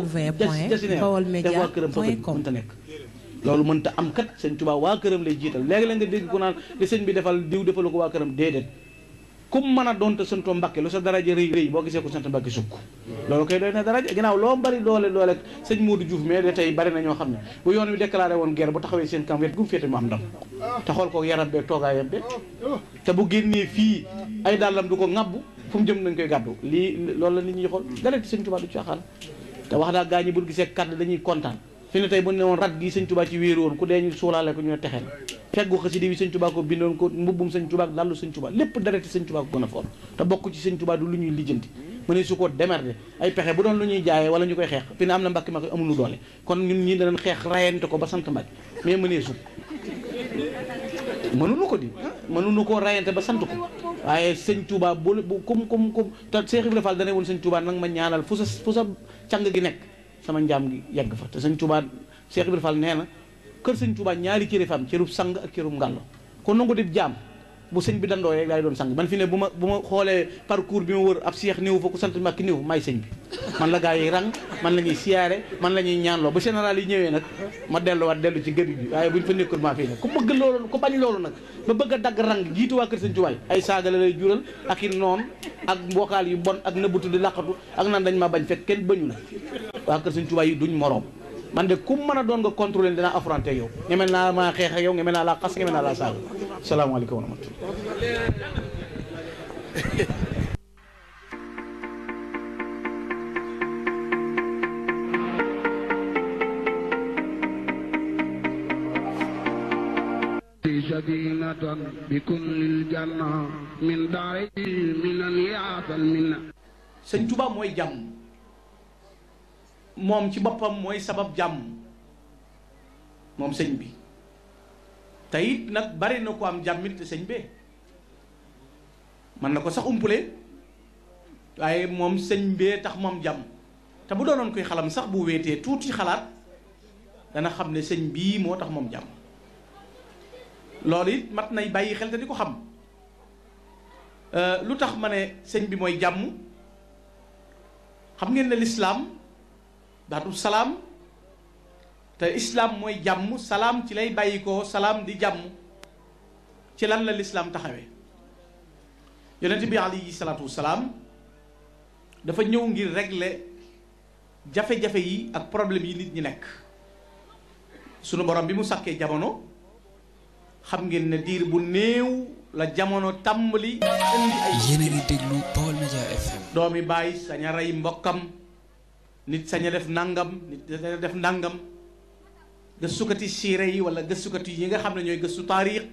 jasineer def waa këram bëgg mënta nekk. loolu mënta am kat sëñ Tuubaa waa këram lay jiital léegi la nga dégg ko naan li sëñ bi defal diw defalu ko waa këram déedéet kum mën a doon te santoo Mbàkke lu sa daraja rëy rëy boo gisee ko sant Mbàkke sukk loolu koy doy na daraja ginnaaw loo bari doole doole sëñ Modou Diouf mais de tey bari na ñoo xam ne bu yoon wi déclaré woon guerre bu taxawee seen kam wet gu mu féete mu am ndam te xool ko yaram bee toogaayam be te bu génnee fii ay dàllam du ko ŋabbu fu mu jëm nañ koy gàddu lii loolu la nit ñuy xool galeti sëñ Tuubaa du caaxaan te wax daa gaa ñi bu gisee kàdd dañuy kontaan fi ne tey bu ne woon rat gi sëñ tubaa ci wéeru woon ku dee ñu suulaale ko ñu ne texeel feggu xasida bi sëñ tubaa ko bindoon ko mbubbum sëñ tubaa lallu a foor lu ñuy lijjanti mu ne su ko démerde ay pexe bu doon wala ñu koy xeex fi ne am na mbàkki ma koy amul lu doole kon ñun ñi danañ xeex rayante ko ba sant mbàkki mais mënee su mënuñu ko di mënuñu koo rayante ba sant ko waaye sëñ Touba bu bu comme comme comme te Cheikh Ibrahima Fall dane woon sëñ nag ma ñaanal fu sa fu sa càng gi nekk sama njaam gi yegg fa te sëñ Tuubaa Cheikh Ibrahima Fall nee na kër sëñ Tuubaa ñaari cëri fam cërub sang ak cërub ngàllo kon nangu dib jaam bu sëñ bi dandoo rek laay doon sang man fi ne bu ma bu ma xoolee parcours bi ma wër ab seex néew fa ku sant Mbàkke néew may sëñ bi man la gaa yi rang man la ñuy siyaare man la ñuy ñaanloo ba général yi ñëwee nag ma delluwaat dellu ci gëri bi waaye buñ fa nekkul maa fii nag ku bëgg loolu ku bañ loolu nag ba bëgg a dagg rang jiitu waa kër sëñ Tuubaa ay saaga la lay jural ak i noon ak mbokkaal yu bon ak nëbbutu di làqatu ak naan dañ ma bañ fekk kenn bañu la waa kër sëñ Tuubaa yi duñ moroom man de kum mën don nga contrôler dina affronter yow melna ma xex ak yow melna la laa xas melna la laa saaga alaykum wa rahmatulah سكينة moom ci boppam mooy sabab jàmm moom sëñ bi tey nag bari na ko am jàmmit te sëñ bee mën na ko sax umpule waaye moom sëñ bee tax moom jàmm te bu doon koy xalam sax bu weetee tuuti xalaat dana xam ne sëñ bii moo tax moom jàmm loolu it mat nay bàyyi xel te di ko xam euh, lu tax ma ne sëñ bi mooy jàmm xam ngeen ne lislaam ndax salam, te islam moy jamm salam ci lay bayiko salam di jamm ci lan la l'islam taxawé yonnati bi ali salaatu salam dafa ñew ngir régler jafe jafé yi ak problème yi nit ñi nek suñu borom bi mu saké jamono xam ngeen ne dir bu neew la jamono tambali indi ay yéen a Media FM domi bàyyi sañ a mbokam nit sañ def nangam nit sañ def nangam gëstukati siire yi wala gëstukati yi nga xam ne ñooy gëstu taariix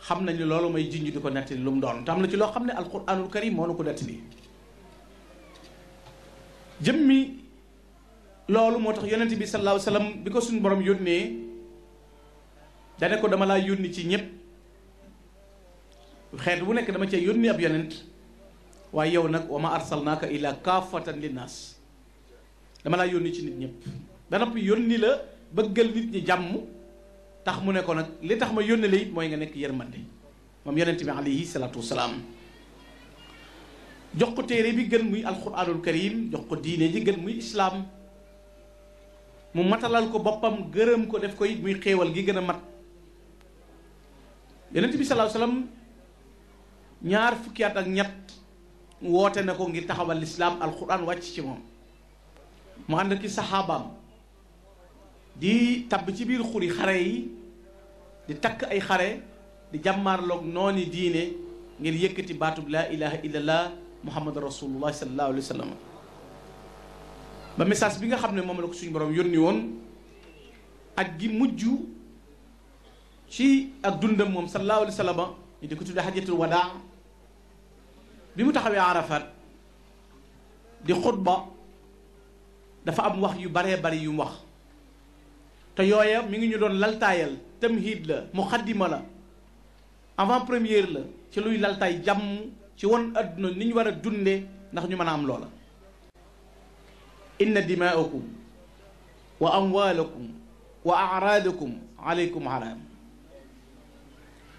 xam nañu loolu may jinj di ko nettali lu mu doon te na ci loo xam ne alquranul karim moo nu ko nettali jëmmi loolu moo tax yonent bi sallallahu alayhi wasallam bi ko suñu borom yónnee dane ko dama laa yónni ci ñëpp xeet bu nekk dama cee yónni ab yonent waaye yow nag wa ma arsalnaaka illa kaafatan linaas dama laa yónni ci nit ñëpp ba noppi yónni la bëggal nit ñi jàmm tax mu ne ko nag li tax ma yónni la it mooy nga nekk yërmande moom yonent bi alayhi salaatu salaam jox ko téere bi gën muy alquranul karim jox ko diine ji gën muy islaam mu matalal ko boppam gërëm ko def ko it muy xéewal gi gën a mat yonent bi salaahu salaam ñaar fukki at ak ñett woote na ko ngir taxawal lislaam alquran wàcc ci moom mu ànd ki saxaabaam di tabb ci biir xuri xare yi di takk ay xare di jàmmaarloog nooni diine ngir yëkkati baatub laa ilaha illallah muhammad rasulullah sallallahu alayhi wa sallam ba message bi nga xam ne moom la ko suñu borom yónni woon ak gi mujj ci ak dundam moom sallallahu alayhi wa sallam di ko tuddee xajatul wadaa bi mu taxawee arafat di xutba dafa am wax yu baree bari yu mu wax te yooya mu ngi ñu doon laltaayal tamhid la mu muqaddima la avant première la ci luy laltaay jàmm ci won àdduna ni war a dunde ndax ñu mën a am loola inna dimaakum wa amwaalakum wa araadakum aleykum haram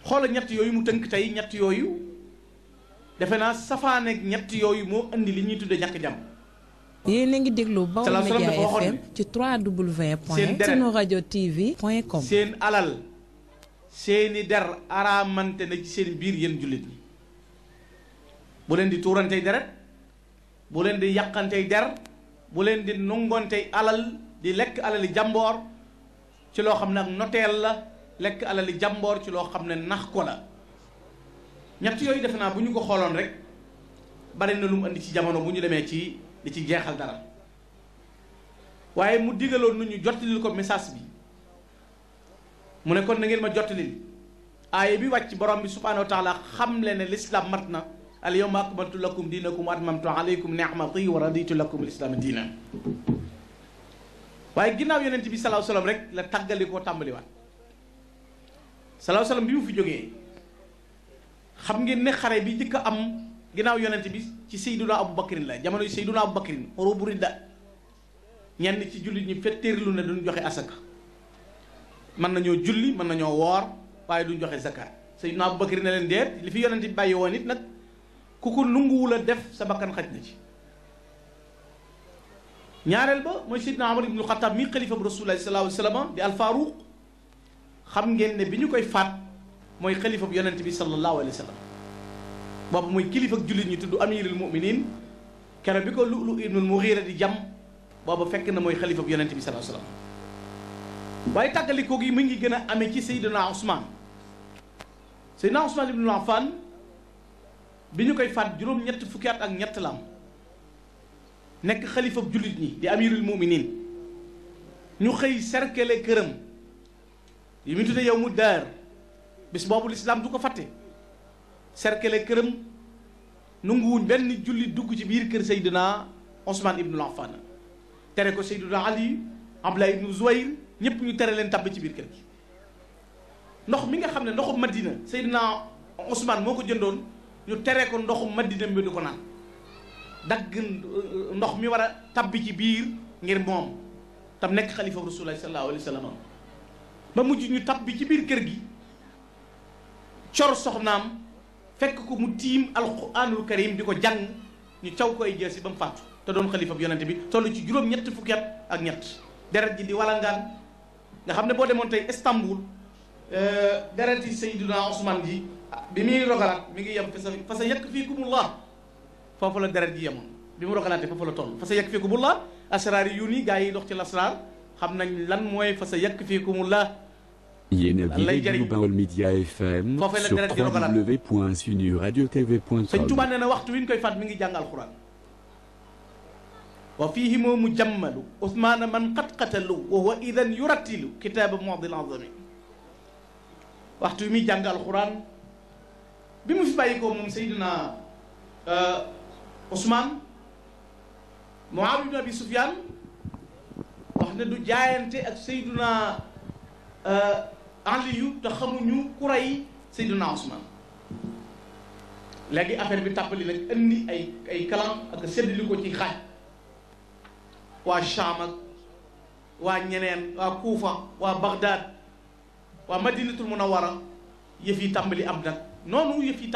xoola ñett yooyu mu tënk tey ñett yooyu defe naa safaaneeg ñett yooyu moo indi li ñuy tudde ñàkk jàmm yéen a ngi déglu Baol Média FM ci 3W point sunu rajo TV point com seen alal seeni der araamante na ci seen biir yéen jullit ñi bu leen di tuurantey deret bu leen di yàqantey der bu leen di nungoontey alal di lekk alali jàmboor ci loo xam ne ak noteel la lekk alali jàmboor ci loo xam ne nax ko la ñett yooyu def naa bu ñu ko xooloon rek bari na lu mu indi ci jamono bu ñu demee ci di ci jéxal dara waaye mu digaloon nu ñu jottalil ko message bi mu ne kon na ngeen ma jottalil aaya bi wàcc borom bi subhanahu wa taala xam le ne lislam mat na al yawma akmaltu lakum dinakum wa atmamtu alaykum ni'mati wa raditu lakum lislaam diina waaye ginnaaw yonent bi salaaw salaam rek la tàggali koo tàmbaliwaat salaaw salaam bi mu fi jógee xam ngeen ne xare bi njëkk am ginaaw yonent bi ci sayyiduna abou Bakrin la jamono Seyduna Abu Bakrin buri da ñen ci jullit ñi fetteerlu ne duñ joxe asaka man nañu julli man nañu wor waaye duñ joxe zakat sayyiduna abou Bakrin ne len déet li fi yonent bi baye wonit nak kuku lungu wu la def sa bakkan xaj na ci ñaareel ba moy sayyiduna amr ibn khattab mi khalifa rasulullah sallallahu alaihi wasallam wa al faruq xam ngeen ne biñu koy fat moy khalifa yonent bi sallallahu alaihi wasallam boobu muy kilifa ak jullit ñi tudd amirul muminin kero bi ko lu lu ibnul muxiira di jam boobu fekk na mooy xalifa bu yonent bi sallallahu alayhi wasallam waaye tàggalikoo gi mu ngi gën a amee ci Seydina Ousmane Seydina Ousmane ibnul Affan bi ñu koy faat juróom ñett fukki at ak ñett la nekk xalifa bu jullit ñi di amirul muminin ñu xëy cercle këram yi mu tudde yow mu daar bis boobu lislaam du ko fàtte cercle këram nanguwuñ benn julli dugg ci biir kër Seydina Ousmane ibnul Affan tere ko Seydina Ali Abdullah ibnu Zuwayr ñëpp ñu tere leen tàbb ci biir kër gi ndox mi nga xam ne ndoxu Madina Seydina Ousmane moo ko jëndoon ñu tere ko ndoxu Madina bi du ko naan dagg ndox mi war a tàbbi ci biir ngir moom tam nekk xalifa Rasulullah sallallahu alayhi wa sallam ba mujj ñu tàbbi ci biir kër gi cor soxnaam fekk ko mu tiim alquranul karim di ko jàng ñu caw ko ay jaasi ba mu fàttu te doon xalifab yonente bi toll ci juróom ñett fukki ak ñett deret ji di walangaan nga xam ne boo demoon tey Istanbul euh, deret yi Seydina Ousmane ji bi muy rogalaat mi ngi yem fa sa fa fii yekk fiikumullah foofu la deret ji yemoon bi mu la toll fa sa yekk fiikumullah asraar yi yu ni gaa yi dox ci lasraar xam nañ lan mooy fa sa yekk fiikumullah yéen a ngi déglu Baol Média FM sur www.sunuradiotv.com Sëñ Tuubaa nee na waxtu wi ñu koy faat mi ngi jàng alxuraan wa fiihi moomu jammalu Ousmane man qad qatalu wa huwa idan yurattilu kitaaba mu'dil azami waxtu wi muy jàng alxuraan bi mu fi bàyyi ko moom Seydina Ousmane Muawiya ibn Abi Sufyaan wax ne du jaayante ak Seydina Aliyu te xamuñu ku rey Seydina Ousmane léegi affaire bi tàmbali nag indi ay ay kalam ak séddali ko ci xaaj waa Cham ak waa ñeneen waa Kuufa waa Bagdad waa Madinatul Munawara yëf yi tàmbali am nag noonu yëf yi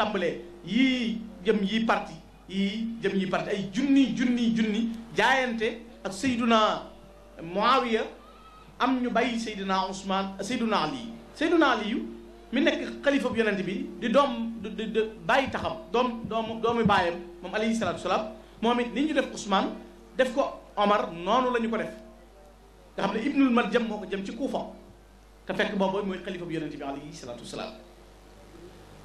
yii jëm yi parti yii jëm yi parti ay junni junni junni jaayante ak Seydina Muawiya am ñu bàyyi Seydina Ousmane Seydina Ali سيدنا علي من نك خليفه بي يونس بي دي دوم دي باي تخام دوم دوم دومي بايام مام علي الصلاه والسلام مومن ني نيو ديف عثمان ديف كو عمر نونو لا نيو كو ديف دا خامل ابن المرجم موكو جيم سي كوفه تا فك بوم بوي موي خليفه بي يونس بي علي الصلاه والسلام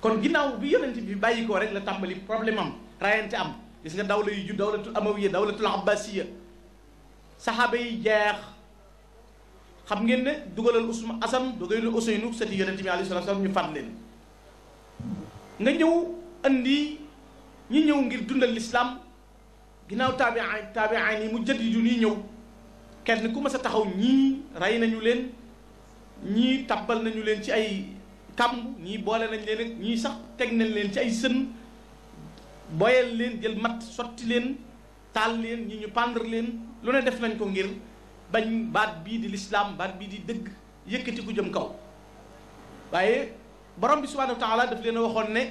كون غيناو بي يونس بي باي كو رك لا تامبالي بروبليم ام رايانتي ام غيس نغا داوله يي جو داوله الامويه داوله العباسيه صحابه يي xam ngeen ne dugalal Ousmane Assane dugalal Ousseynou sëti yonent bi alayhi salaam ñu faat leen nga ñëw andi ñi ñëw ngir dundal lislaam ginnaaw taabi'aan taabi'aan yi mu jaddidu nii ñëw kenn ku mas a taxaw ñii rey nañu leen ñii tabbal nañu leen ci ay kàmb ñii boole nañ leen ak ñii sax teg nañ leen ci ay sën boyal leen jël mat sotti leen taal leen ñii ñu pendre leen lu ne def nañ ko ngir bañ baat bii di lislaam baat bii di dëgg yëkkati ku jëm kaw waaye borom bi subhanahu wa taala daf leen a waxoon ne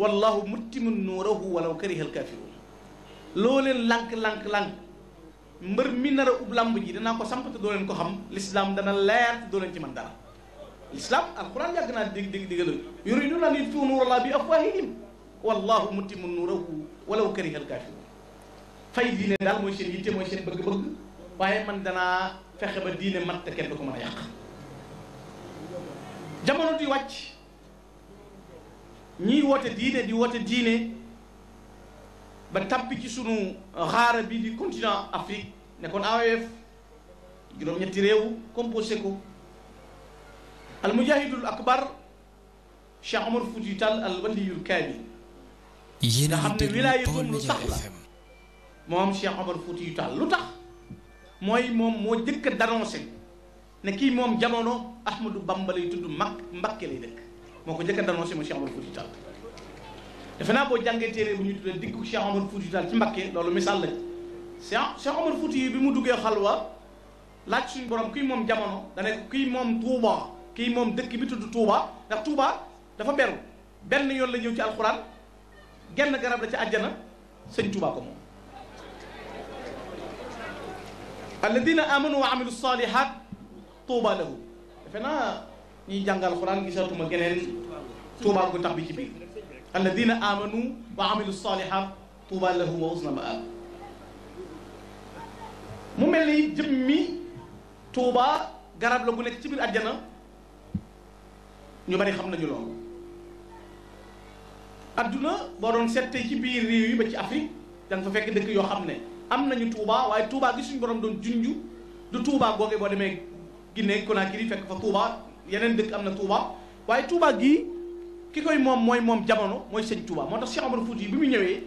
wallahu muttimu nuurahu walaw kariha alkaafiruun loo leen lànk lànk lànk mbër mi nar ub làmb ji danaa ko samp te doo leen xam lislaam dana leer te doo ci mën dara lislaam alquran yàgg naa dégg dégg déggal yuriduuna an yutfiu wallahu muttimu nuurahu walaw kariha alkaafiruun fay diine daal mooy seen yitte mooy seen bëgg-bëgg waaye man danaa fexe ba diine mat te kenn du ko mën a yàq jamono di wàcc ñiy woote diine di woote diine ba tàmpi ci sunu xaara bi di continent Afrique ne kon AOF juróom-ñetti réew composé ko al mujahidul akbar Cheikh Omar Fouti Tall al waliyul kaamil nga xam ne wilaayatum lu tax la moom Cheikh Omar Fouti Tall lu tax mooy moom moo jëkk a ne kii moom jamono Ahmadou Bamba lay tudd mag Mbakke lay dëkk moo ko jëkk a d'annoncé mu Cheikh Omar Fouti Tall defe naa boo jàngee téere bu ñu tuddee diggu Cheikh Omar Fouti Tall ci Mbakke loolu misaal lañ Cheikh Cheikh Omar Fouti bi mu duggee wa laaj suñu borom kii moom jamono da ne kii moom Touba kii moom dëkk bi tudd Touba ndax Touba dafa beru benn yoon la ñëw ci alxuraan genn garab la ci àjjana sëñ Touba ko moom. الذين امنوا وعملوا الصالحات طوبى لهم فانا ني جانغال القران غيساتوما غنين طوبى كو تخ بي الذين امنوا وعملوا الصالحات طوبى لهم وحسن مآب مو ملي جمي طوبى غراب لو نيك سي بير ادنا ني بري خمنا لول ادنا بودون سيتي سي بير ريوي با سي افريك دا فا فك دك يو خمنه am nañu touba waye touba gi suñu borom doon junju du touba goge boo demee Guinée Conakry fekk fa touba yenen dekk amna touba waye touba gi ki koy moom mom jamono moy seigne touba motax Cheikh Amadou Fouti bi mu ñëwé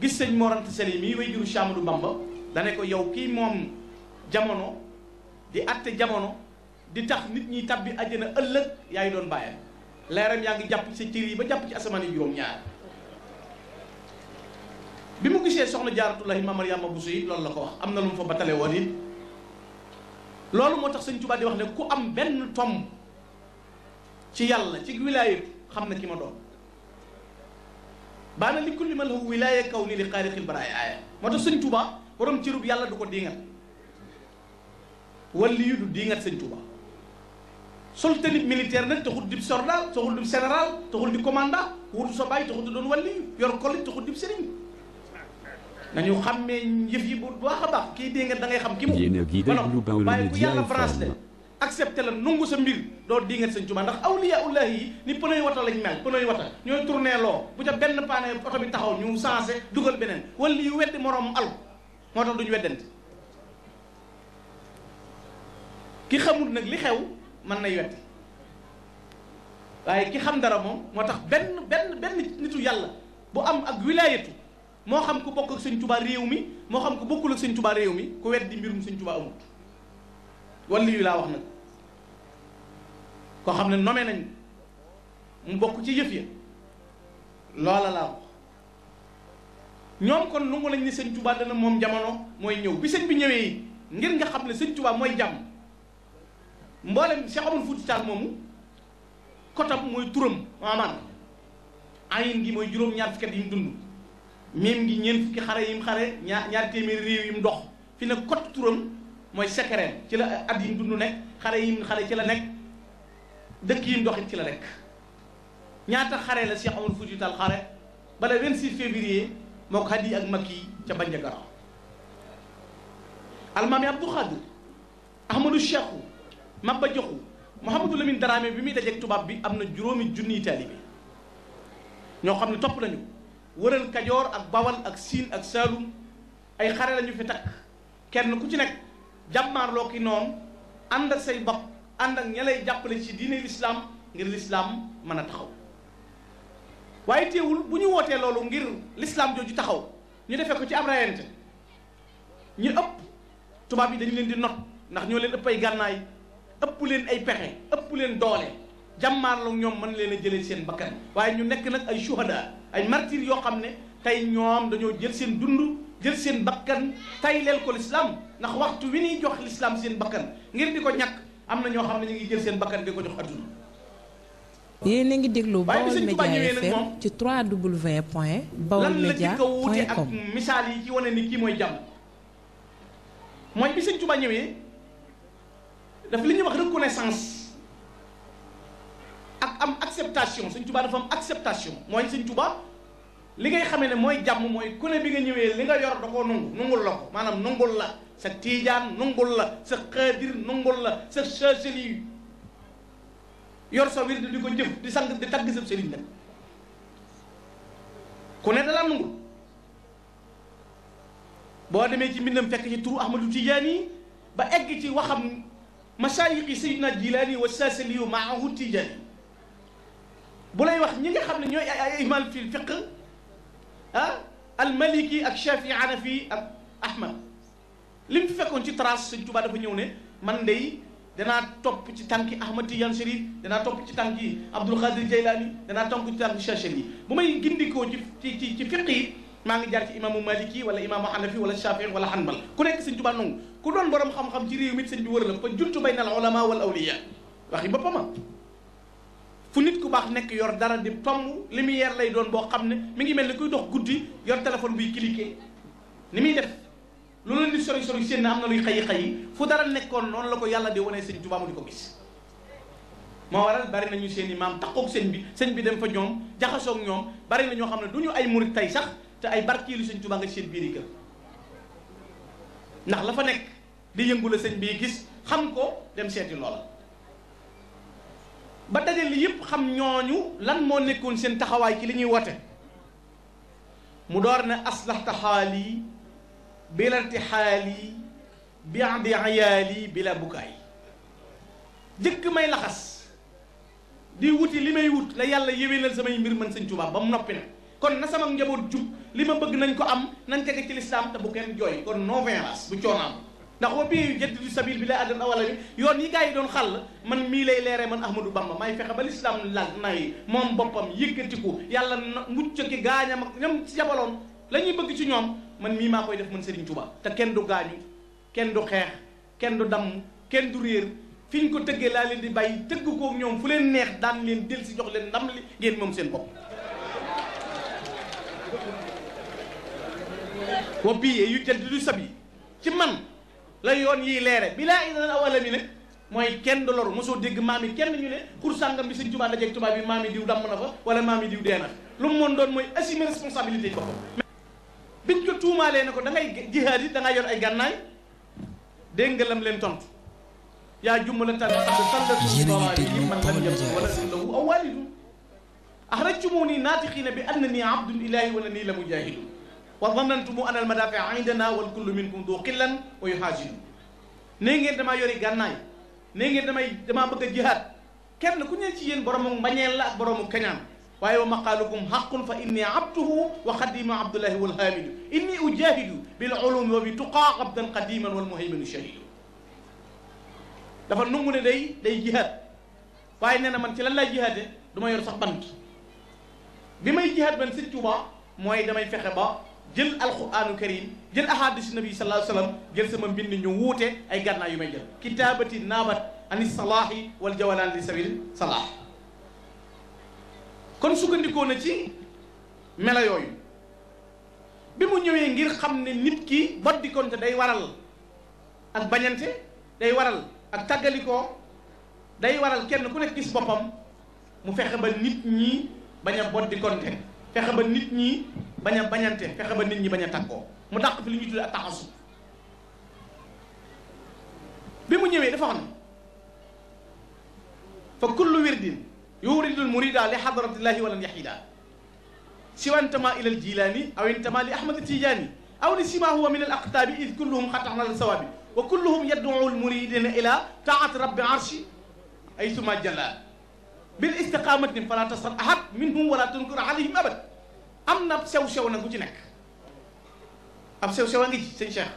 gis seigne morante seli way diru Cheikh Amadou Bamba dane ko yow ki mom jamono di atte jamono di tax nit ñi tabbi aljana ëlëk yaay doon bàyyam leeram yaangi japp ci sa yi ba japp ci asamaan yi ñaar bi mu gisee soxna jaaratullahi ma Mariama Bousso yi loolu la ko wax am na lu mu fa batale woon it loolu moo tax sëñ Tuubaa di wax ne ku am benn tomb ci yàlla ci wilaayatu xam na ki ma doon baana li kulli man lahu wilaaya kaw ni li xaarixil baraay aaya moo tax sëñ Tuubaa borom cërub yàlla du ko diingat walli yu du diingat sëñ Tuubaa soltanib militaire nag taxul di soldat taxul di général taxul di commandant wutu sa bàyyi ta di doon walli yor kolit taxul di sëriñ nañu xamé yëf yi bu baaxa baax ki di nga da ngay xam ki mu yene gi de lu baaw la di yalla france de la nungu sa mbir do di nga señ tuma ndax awliyaullah yi ni pneu wata lañ mel pneu wata ñoy tourner lo bu ca benn pané auto bi taxaw ñu changer duggal benen wal yu wedd morom al motax duñu weddent ki xamul nak li xew man nay wedd waye ki xam dara mom motax ben ben ben nitu yalla bu am ak wilayatu moo xam ku bokk ak sëñ tubaa réew mi moo xam ku bokkul ak sëñ tubaa réew mi ku weddi mbirum sëñ tubaa amut wala yu laa wax nag koo xam ne nome nañ mu bokk ci yëf ya loola laa wax ñoom kon nangu nañ ne sëñ tubaa dana moom jamono mooy ñëw bi sëñ bi ñëwee yi ngir nga xam ne sëñ tubaa mooy jàmm mboolem Cheikh Omar Fouti Tall moomu kotam mooy turam maanaam ayin gi mooy juróom-ñaar fukki at yi dund même gi ñeent fukki xare yim xare ñaar ñaar réew yim dox fi ne kot turam mooy secret ci la at yim dund nekk yim xare ci la nekk dëkk yim doxit ci la nekk ñaata xare la Cheikh Omar Foutiyou Tall xare bala 26 février moo Hadi ak Makki ca Bandiagara almaami Abdou Khadir Ahmadou Cheikhou Maba Diakhou Mouhamadou Lamine Dramé bi muy dajeeg tubaab bi am na juróomi junniy taalibe ñoo xam ne wëral kajoor ak bawal ak siin ak saalum ay xare lañu fi takk kenn ku ci nekk jàmmaarloo ki noonu ànd ak say bokk ànd ak ña lay jàppale ci diine lislaam ngir lislaam mën a taxaw waaye teewul bu ñu wootee loolu ngir lislaam jooju taxaw ñu defe ko ci ab rayante ñu ëpp tubaab yi dañu leen di not ndax ñoo leen ëpp ay gànnaay ëpp leen ay pexe ëpp leen doole jàmmaarloo ñoom mën leen a jëlee seen bakkan waaye ñu nekk nag ay shuhada ay martyrs yoo xam ne tey ñoom dañoo jël seen dund jël seen bakkan tay leel ko lislaam ndax waxtu wi ñuy jox lislaam seen bakkan ngir di ko ñakk am na ñoo xam ne ñu ngi jël seen bakkan di ko jox adduna. yéen a ngi déglu Baol Média FM ci 3W point Baol Média point com lan la ci ko ak misaal yi ci wane ni kii mooy jàmm. mooy bi sëñ Tuba ñëwee daf li ñuy wax reconnaissance. ak am acceptation sëñ Tuubaa dafa am acceptation mooy sëñ Tuubaa li ngay xame ne mooy jàmm mooy ku bi nga ñëwee li nga yor da koo nungu nungul la ko maanaam nungul la sa tiijaan nungul la sa xaadir nungul la sa chaacheli yor sa wird di ko jëf di sang di tagg sa sëriñ nag ku ne nungul boo demee ci mbindam fekk ci turu Ahmadu Tijaan yi ba egg ci waxam masaayix yi Sayyidina Jilaani wa chaacheli yu maahu Tijaan yi بولاي واخ نيغي خامل نيو ايمال في الفقه ها المليكي اك شافعي انا في احمد لم في فكون تي تراس سيدي توبا دا فا نيو ني مان داي دانا توب تي تانكي احمد يانسري دانا توب تي تانكي عبد القادر جيلاني دانا توب تي تانكي شاشلي بومي غينديكو تي تي تي فقه ماغي جار امام مالكي ولا امام حنفي ولا شافعي ولا حنبل كو نيك سيدي توبا نون كو دون بروم خام خام تي ريو ميت سيدي ورلم فا جونتو بين العلماء والاولياء واخي بوباما fu nit ku baax nekk yor dara di tomb lumière lay doon boo xam ne mi ngi mel ni kuy dox guddi yor téléphone buy cliquer ni muy def lu leen di sori sori seen am na luy xëy xëy fu dara nekkoon noonu la ko yàlla di wane sëñ Tuubaa mu di ko gis. moo waral bari nañu seen i maam taxaw seen bi sëñ bi dem fa ñoom jaxasoo ñoom bari na ñoo xam ne du ñu ay murit tey sax te ay barkeelu sëñ Tuubaa nga seen biir kër ndax la fa nekk di yëngu la sëñ bi gis xam ko dem seeti loola. ba dajale yëpp xam ñooñu lan moo nekkoon seen taxawaay ci li ñuy wote mu door ne aslaxta xaali bila irtixaali bi andi ayaali bila bukaay jëkk may laxas di wuti li may wut la yàlla yéwénal samay mbir man sëñ Tuubaa ba mu noppi nag kon na sama njaboot jub li ma bëgg nañ ko am nañ tege ci lislaam te bu kenn jooy kon non violence bu coono am ndax wa bi jaddidu sabil bi lay addan awala bi yoon yi gars yi doon xàll man mii lay leeree man Ahmadou Bamba maay fexe ba lislaam la nay moom boppam ko yàlla mucc ki gaañam ak ñoom ci jabaloon la ñuy bëgg ci ñoom man mii maa koy def man Serigne Touba te kenn du gaañu kenn du xeex kenn du damm kenn du réer fi ñu ko tëggee laa leen di bàyyi tëgg koog ñoom fu leen neex daan leen del si jox leen ndam li ngeen moom seen bopp wa bi yu jaddidu sabil ci man la yoon yiy leere bi laa idanal aw alami nag mooy kenn du loru mosoo dégg maam yi kenn ñu ne xur sàngam bi sëñ Tuubaa dajeeg tubaab bi maam yi diw damm na fa wala maam yi diw dee na lu mu mën doon mooy assumer responsabilité yi boppam biñ ko tuumaalee ne ko da ngay jihaad yi da ngay yor ay gànnaay dégg nga lam leen tontu yaa jummalanta wala aw waalidun axrajtumuni naatiqiina bi na nii abdun ilaahi wala nii la mu mujaahidun وظننتم أن المدافع عندنا والكل منكم ذو قلا ويهاجم نيجي دما يوري غناي نيجي دما دما بغا جهاد كن كو ني سي يين بروم مانيل لا بروم كنيام واي مقالكم حق فاني عبده وخديم عبد الله والهامد اني اجاهد بالعلوم وبتقى عبدا قديما والمهيمن شهيد دا فا نونغو ني داي داي جهاد واي نانا مان سي لان لا جهاد دوما يور صاح بانت بimay jihad ban seigne touba moy damay fexé ba jël alquranu karim jël ahadis nabi sallallahu alayhi wasallam jël sama mbind ñu wuute ay gànnaa yu may jël kitaabati naabat ani salaahi wal jawalaan li sabil salaah kon sukkandikoo na ci melo yooyu bi mu ñëwee ngir xam ne nit ki boddikonte day waral ak bañante day waral ak tàggalikoo day waral kenn ku nekk gis boppam mu fexe ba nit ñi bañ a boddikonte fexe ba nit ñi bañ a bañante fexe ba nit ñi bañ a tàggoo mu dàq fi li ñuy tuddee ak taxasu bi mu ñëwee dafa wax ne fa kullu wirdin yuridul murida li xadratillahi walan yaxida siwa intama ila aljilani aw intama li ahmad tijaani aw li sima huwa min alaqtaabi id kulluhum xataxna al sawaabi wa kulluhum yad'u almuridina ila taat rabbi arshi ay suma jalla bil istiqamatin fala tasal ahad minhum wala tunkir alayhim abad am na sew sew nag bu ci nekk ab sew sew a ngi ci sëñ Cheikh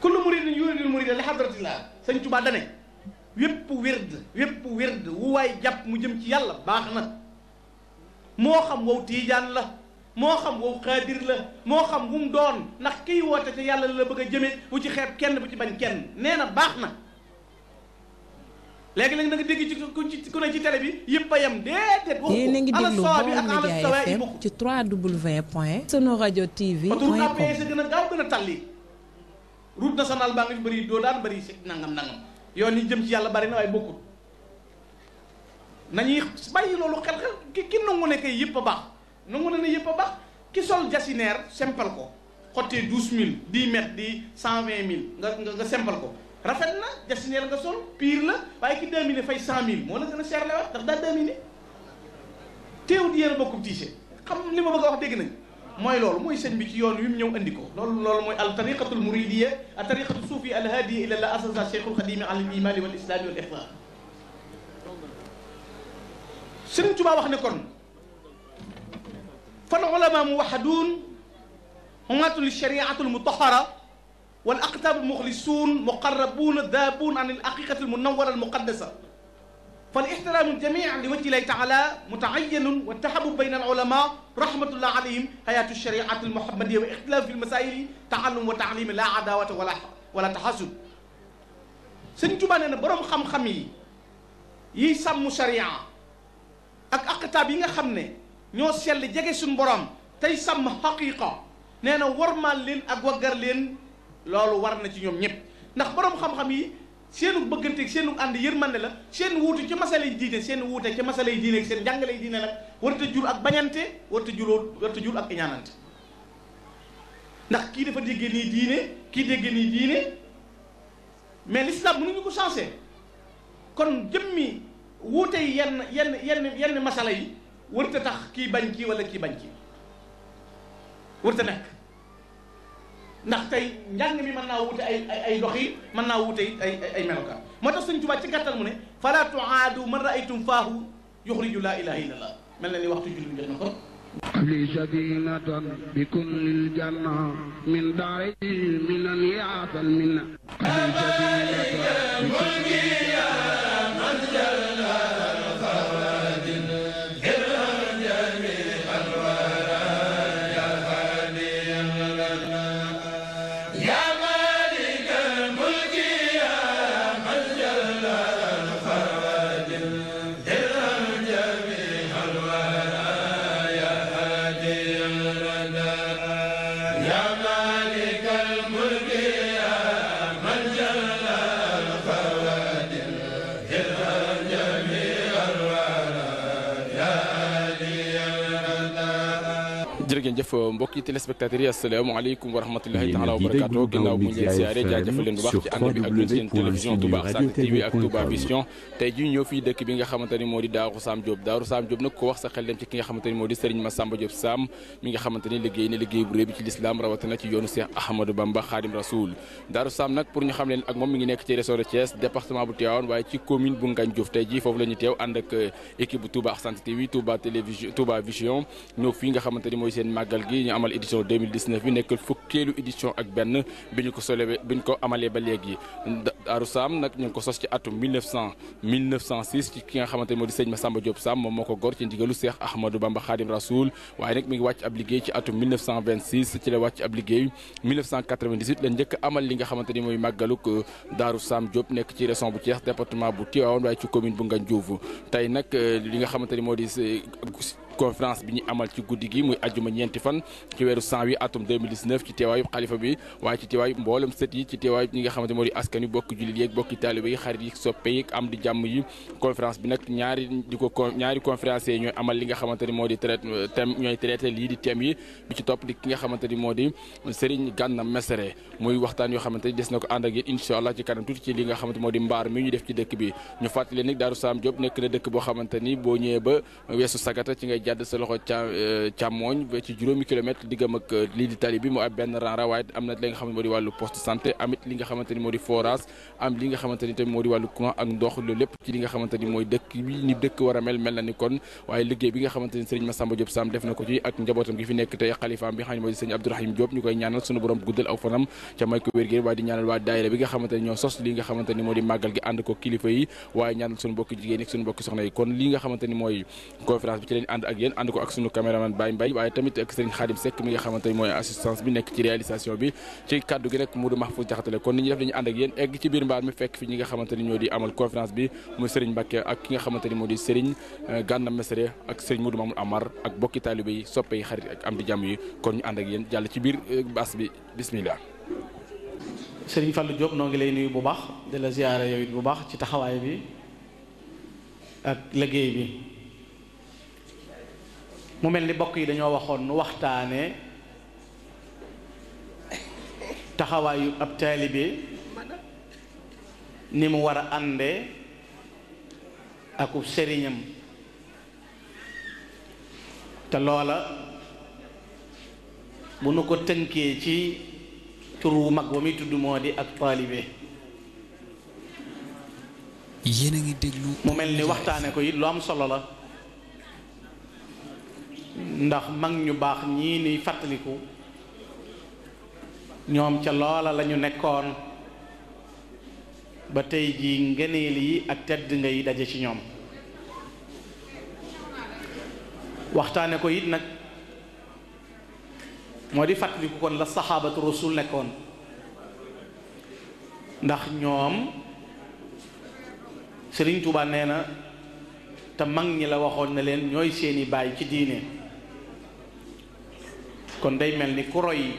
kullu muridin yuridul murida li hadratillah sëñ Tuubaa dane wépp wird wépp wird wu waay jàpp mu jëm ci yàlla baax na moo xam wow tiijaan la moo xam wow xaadir la moo xam wu mu doon ndax kiy woote te yàlla la bëgg a jëme bu ci xeeb kenn bu ci bañ kenn nee na baax na léegi-léegi da nga dégg ci ku ne ci télé bi yëpp a yem déedéet. yéen a ngi déglu Baol Média FM ci 3W point. sunu rajo TV. point com autoroute APS gën a gaaw gën a talli. baa nga bëri doo daan bëri nangam nangam yoon yi jëm ci yàlla bari na waaye bokkut nañuy bàyyi loolu xel xel ki ki nangu ne kay yëpp a baax nangu ne ne yëpp a baax ki sol jasineer sempal ko xottee douze mille dix mètres di cent vingt mille nga nga sempal ko. rafet na jasineel nga sol pire la waaye ki deux fay cent mille moo la gën a cher la wax ndax daa deux mille teew di yéen bokkum tiise xam li ma bëgg a wax dégg nañ mooy loolu mooy sëñ bi ci yoon wi mu ñëw andi ko loolu loolu mooy al tariqatul muridiya al tariqatu suufi al hadiya ila la asasa cheikhul xadimi al imani wal islami wal ihsan sëriñ Tuubaa wax ne kon fal ulama muwaxaduun umaatul shariatul mutahara والأقطاب المخلصون مقربون ذابون عن الحقيقة المنورة المقدسة فالاحترام الجميع لوجه الله تعالى متعين والتحبب بين العلماء رحمة الله عليهم حياة الشريعة المحمدية واختلاف في المسائل تعلم وتعليم لا عداوة ولا ولا تحاسب سن جوبا نانا بروم خم خمي يي سام شريعه اك aqtaab yi خمني xam ne ñoo sell jege suñu borom tey sàmm xaqiqa nee na warmaal leen ak waggar leen lolu war na ci ñom ñep ndax borom xam-xam yi seenu bëggante ak seenu and yërmande la seen wootu ci masalay diine seen wuute ci masalay diine ak seen jàngalay diine nag warta jur ak bañante warta juroo warta jur ak iñaanante ndax kii dafa déggee nii diine kii déggee nii diine mais l'islam mënuñu ko changé kon jëmmi wuute yenn yenn yenn yenn masala yi warta tax kii bañ kii wala kii bañ kii warta nekk ndax tey njàng mi mën naa wute ay ay dox yi mën naa wute it ay ay melokaan moo tax Sëñ Tuubaa ci gàttal mu ne fala tuaadu man raaytum faahu yuxriju laa ilaha illa allah mel na ni waxtu julli jox na ko li sakinatan bikum lil janna min daari minan yaatal minna li sakinatan bikum mbokki téléspectateurs yi asalaamaaleykum wa rahmatulahi taala wa barakaatu ginnaaw bu siyaare jaajëfal bu baax ci ànd bi ak seen télévision Touba Argentine TV ak Touba Vision tey jii télévision ñëw fii nga xamante mooy seen màggal màggal gi ñu amal édition 2019 bi nekk fukkeelu édition ak ben bi ko solé biñ ko amalé ba légui Daru Sam nak ñu ko sos ci atum 1900 1906 ci ki nga xamanteni modi moo di sëñ Massamba Diop Sam mom moko gor ci ndigalu Cheikh Ahmadou Bamba Khadim Rasoul waaye nag mi ngi wacc ab liggéey ci atum 1926 ci le wacc ab liggéey 1998 la ñëk amal li nga xamanteni moy mooy màggaluk euh, Daaru Saam Diop nek ci région bu Cheikh département bu Tivaouane way ci commune bu Ngandiouf tay nak euh, li nga xamanteni modi euh, conférence bi ñi amal ci guddi gi muy aljuma ñent fan ci wéru 108 atum 2019 ci teewaayu khalifa bi way ci teewaayu mbolam set yi ci teewaayu ñi nga xamante mo di askan yu bokk jullit yeeg bokk taalibe yi xarit yi soppé yi am di jamm yi conférence bi nak ñaari diko ñaari conférenciers yi ñooy amal li nga xamante mo di traité thème ñoy traité li di thème yi bi ci top di ki nga xamante mo di Serigne ganna Messere muy waxtaan yo xamante ni des na ko ak yéen incha ci kanam tout ci li nga xamante mo di mbar mi ñu def ci dëkk bi ñu fàttali nag daru sam job nek na dëkk bo xamante ni boo ñëwee ba wessu sagata ci ngay jàdd sa loxo càmmooñ ba ci juróomi kilomètre diggam ak lii di tali bi mu ab benn rang waaye am na li nga xam ne moo di wàllu poste santé amit li nga xamante ni moo di forage am li nga xamante ni tamit moo di wàllu courant ak ndox loolu lépp ci li nga xamante ni mooy dëkk bi ni dëkk war a mel mel na ni kon waaye liggéey bi nga xamante ni sëriñ Massamba Diop Sam def na ko ci ak njabootam gi fi nekk tey xalifaam bi nga xam ne moo di sëriñ Abdourahim Diop ñu koy ñaanal sunu borom guddal aw fanam ca may ko wér-gi waaye di ñaanal waa daayira bi nga xamante ni ñoo sos li nga xamante ni moo di màggal gi ànd ko kilifa yi waaye ñaanal sunu mbokki jigéen ak sunu mbokki soxna yi kon li nga xamante ni mooy conférence bi ci leen ànd ak ak yéen ànd ko ak sunu caméraman Baye Mbaye waye tamit ak Serigne Khadim sek mi nga xamante moy assistance bi nek ci réalisation bi ci cadeau gi rek Moudou Mahfouz jaxatalé kon ni ñuy def dañuy ànd ak yéen egg ci bir mbaar mi fekk fi ñi nga xamantani ni ñoo di amal conférence bi muy Serigne Mbacké ak ki nga xamantani ni Serigne Gana mesere ak Serigne Moudou Mamoul Amar ak bokki talibé yi soppe yi xarit ak am di jàmm yi kon ñu ànd ak yéen jàll ci bir bass bi bismillah Serigne fallu Diop no ngi lay nuyu bu baax de la ziaré yow it bu baax ci taxaway bi ak liggéey bi mu mel ni bokk yi dañoo waxoon nu waxtaane taxawaayu ab taalibe ni mu war a ànde aku sëriñam te loola bu nu ko tënkee ci tur wu mag ba muy tudd moo di ak taalibe yéen a ngi mu mel ni waxtaane ko it lu am solo la ndax mag ñu baax ñii ni fàttaliku ñoom ca loola lañu nekkoon ba tey ji ngëneel yi ak tedd ngay daje ci ñoom waxtaane ko it nag moo di fàttaliku kon la saxaabatu rasul nekkoon ndax ñoom Sëriñ Tuubaa nee na te mag ñi la waxoon na leen ñooy seeni baay ci diine kon day melni ku roy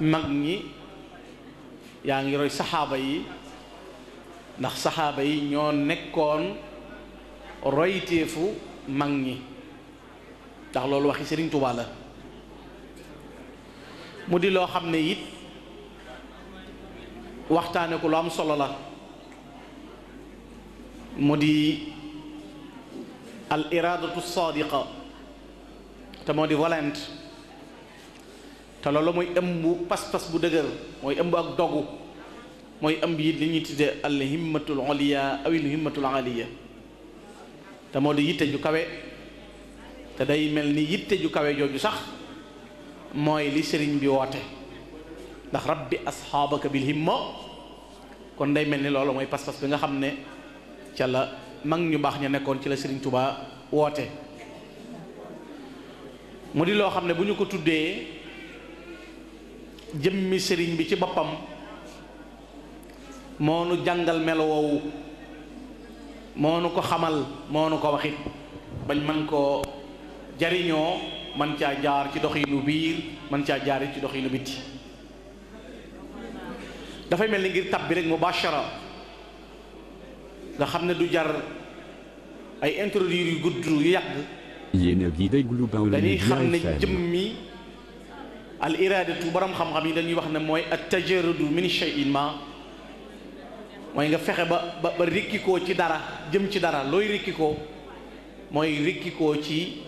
mag ñi yaa ngi roy sahaba yi ndax sahaba yi ñoo nekkoon royteefu mag ñi ndax loolu waxi serigne touba la mu di loo xam ne it waxtaane ko lu am solo la mu di al iradatu sadiqa te moo di volonté te loolu mooy ëmb pas-pas bu dëgër mooy ëmb ak dogu mooy ëmb yi li ñuy tuddee al himmatul oliya awil himmatul aliya te moo di yitte ju kawe te day mel ni yitte ju kawe jooju sax mooy li sëriñ bi woote ndax rabbi asxaabaka bil himma kon day mel ni loolu mooy pas-pas bi nga xam ne ca la mag ñu baax ña nekkoon ci la sëriñ Tuubaa woote mu di loo xam ne bu ñu ko tuddee jëmmi sëriñ bi ci boppam moo nu jàngal melo woowu moo nu ko xamal moo nu ko waxit bañ man koo jariñoo man caa jaar ci doxinu biir man caa jaar ci dox doxinu bitti dafay mel ni ngir tab bi rek mubashara nga xam ne du jar ay introduire yu gudd yu yàgg yéena gi day guluba wala dañuy xam ne jëmmi al iradatu borom xam-xam yi dañuy wax ne mooy at tajarrudu min shay'in ma mooy nga fexe ba ba ba ci dara jëm ci dara looy rikkikoo mooy rikkikoo ci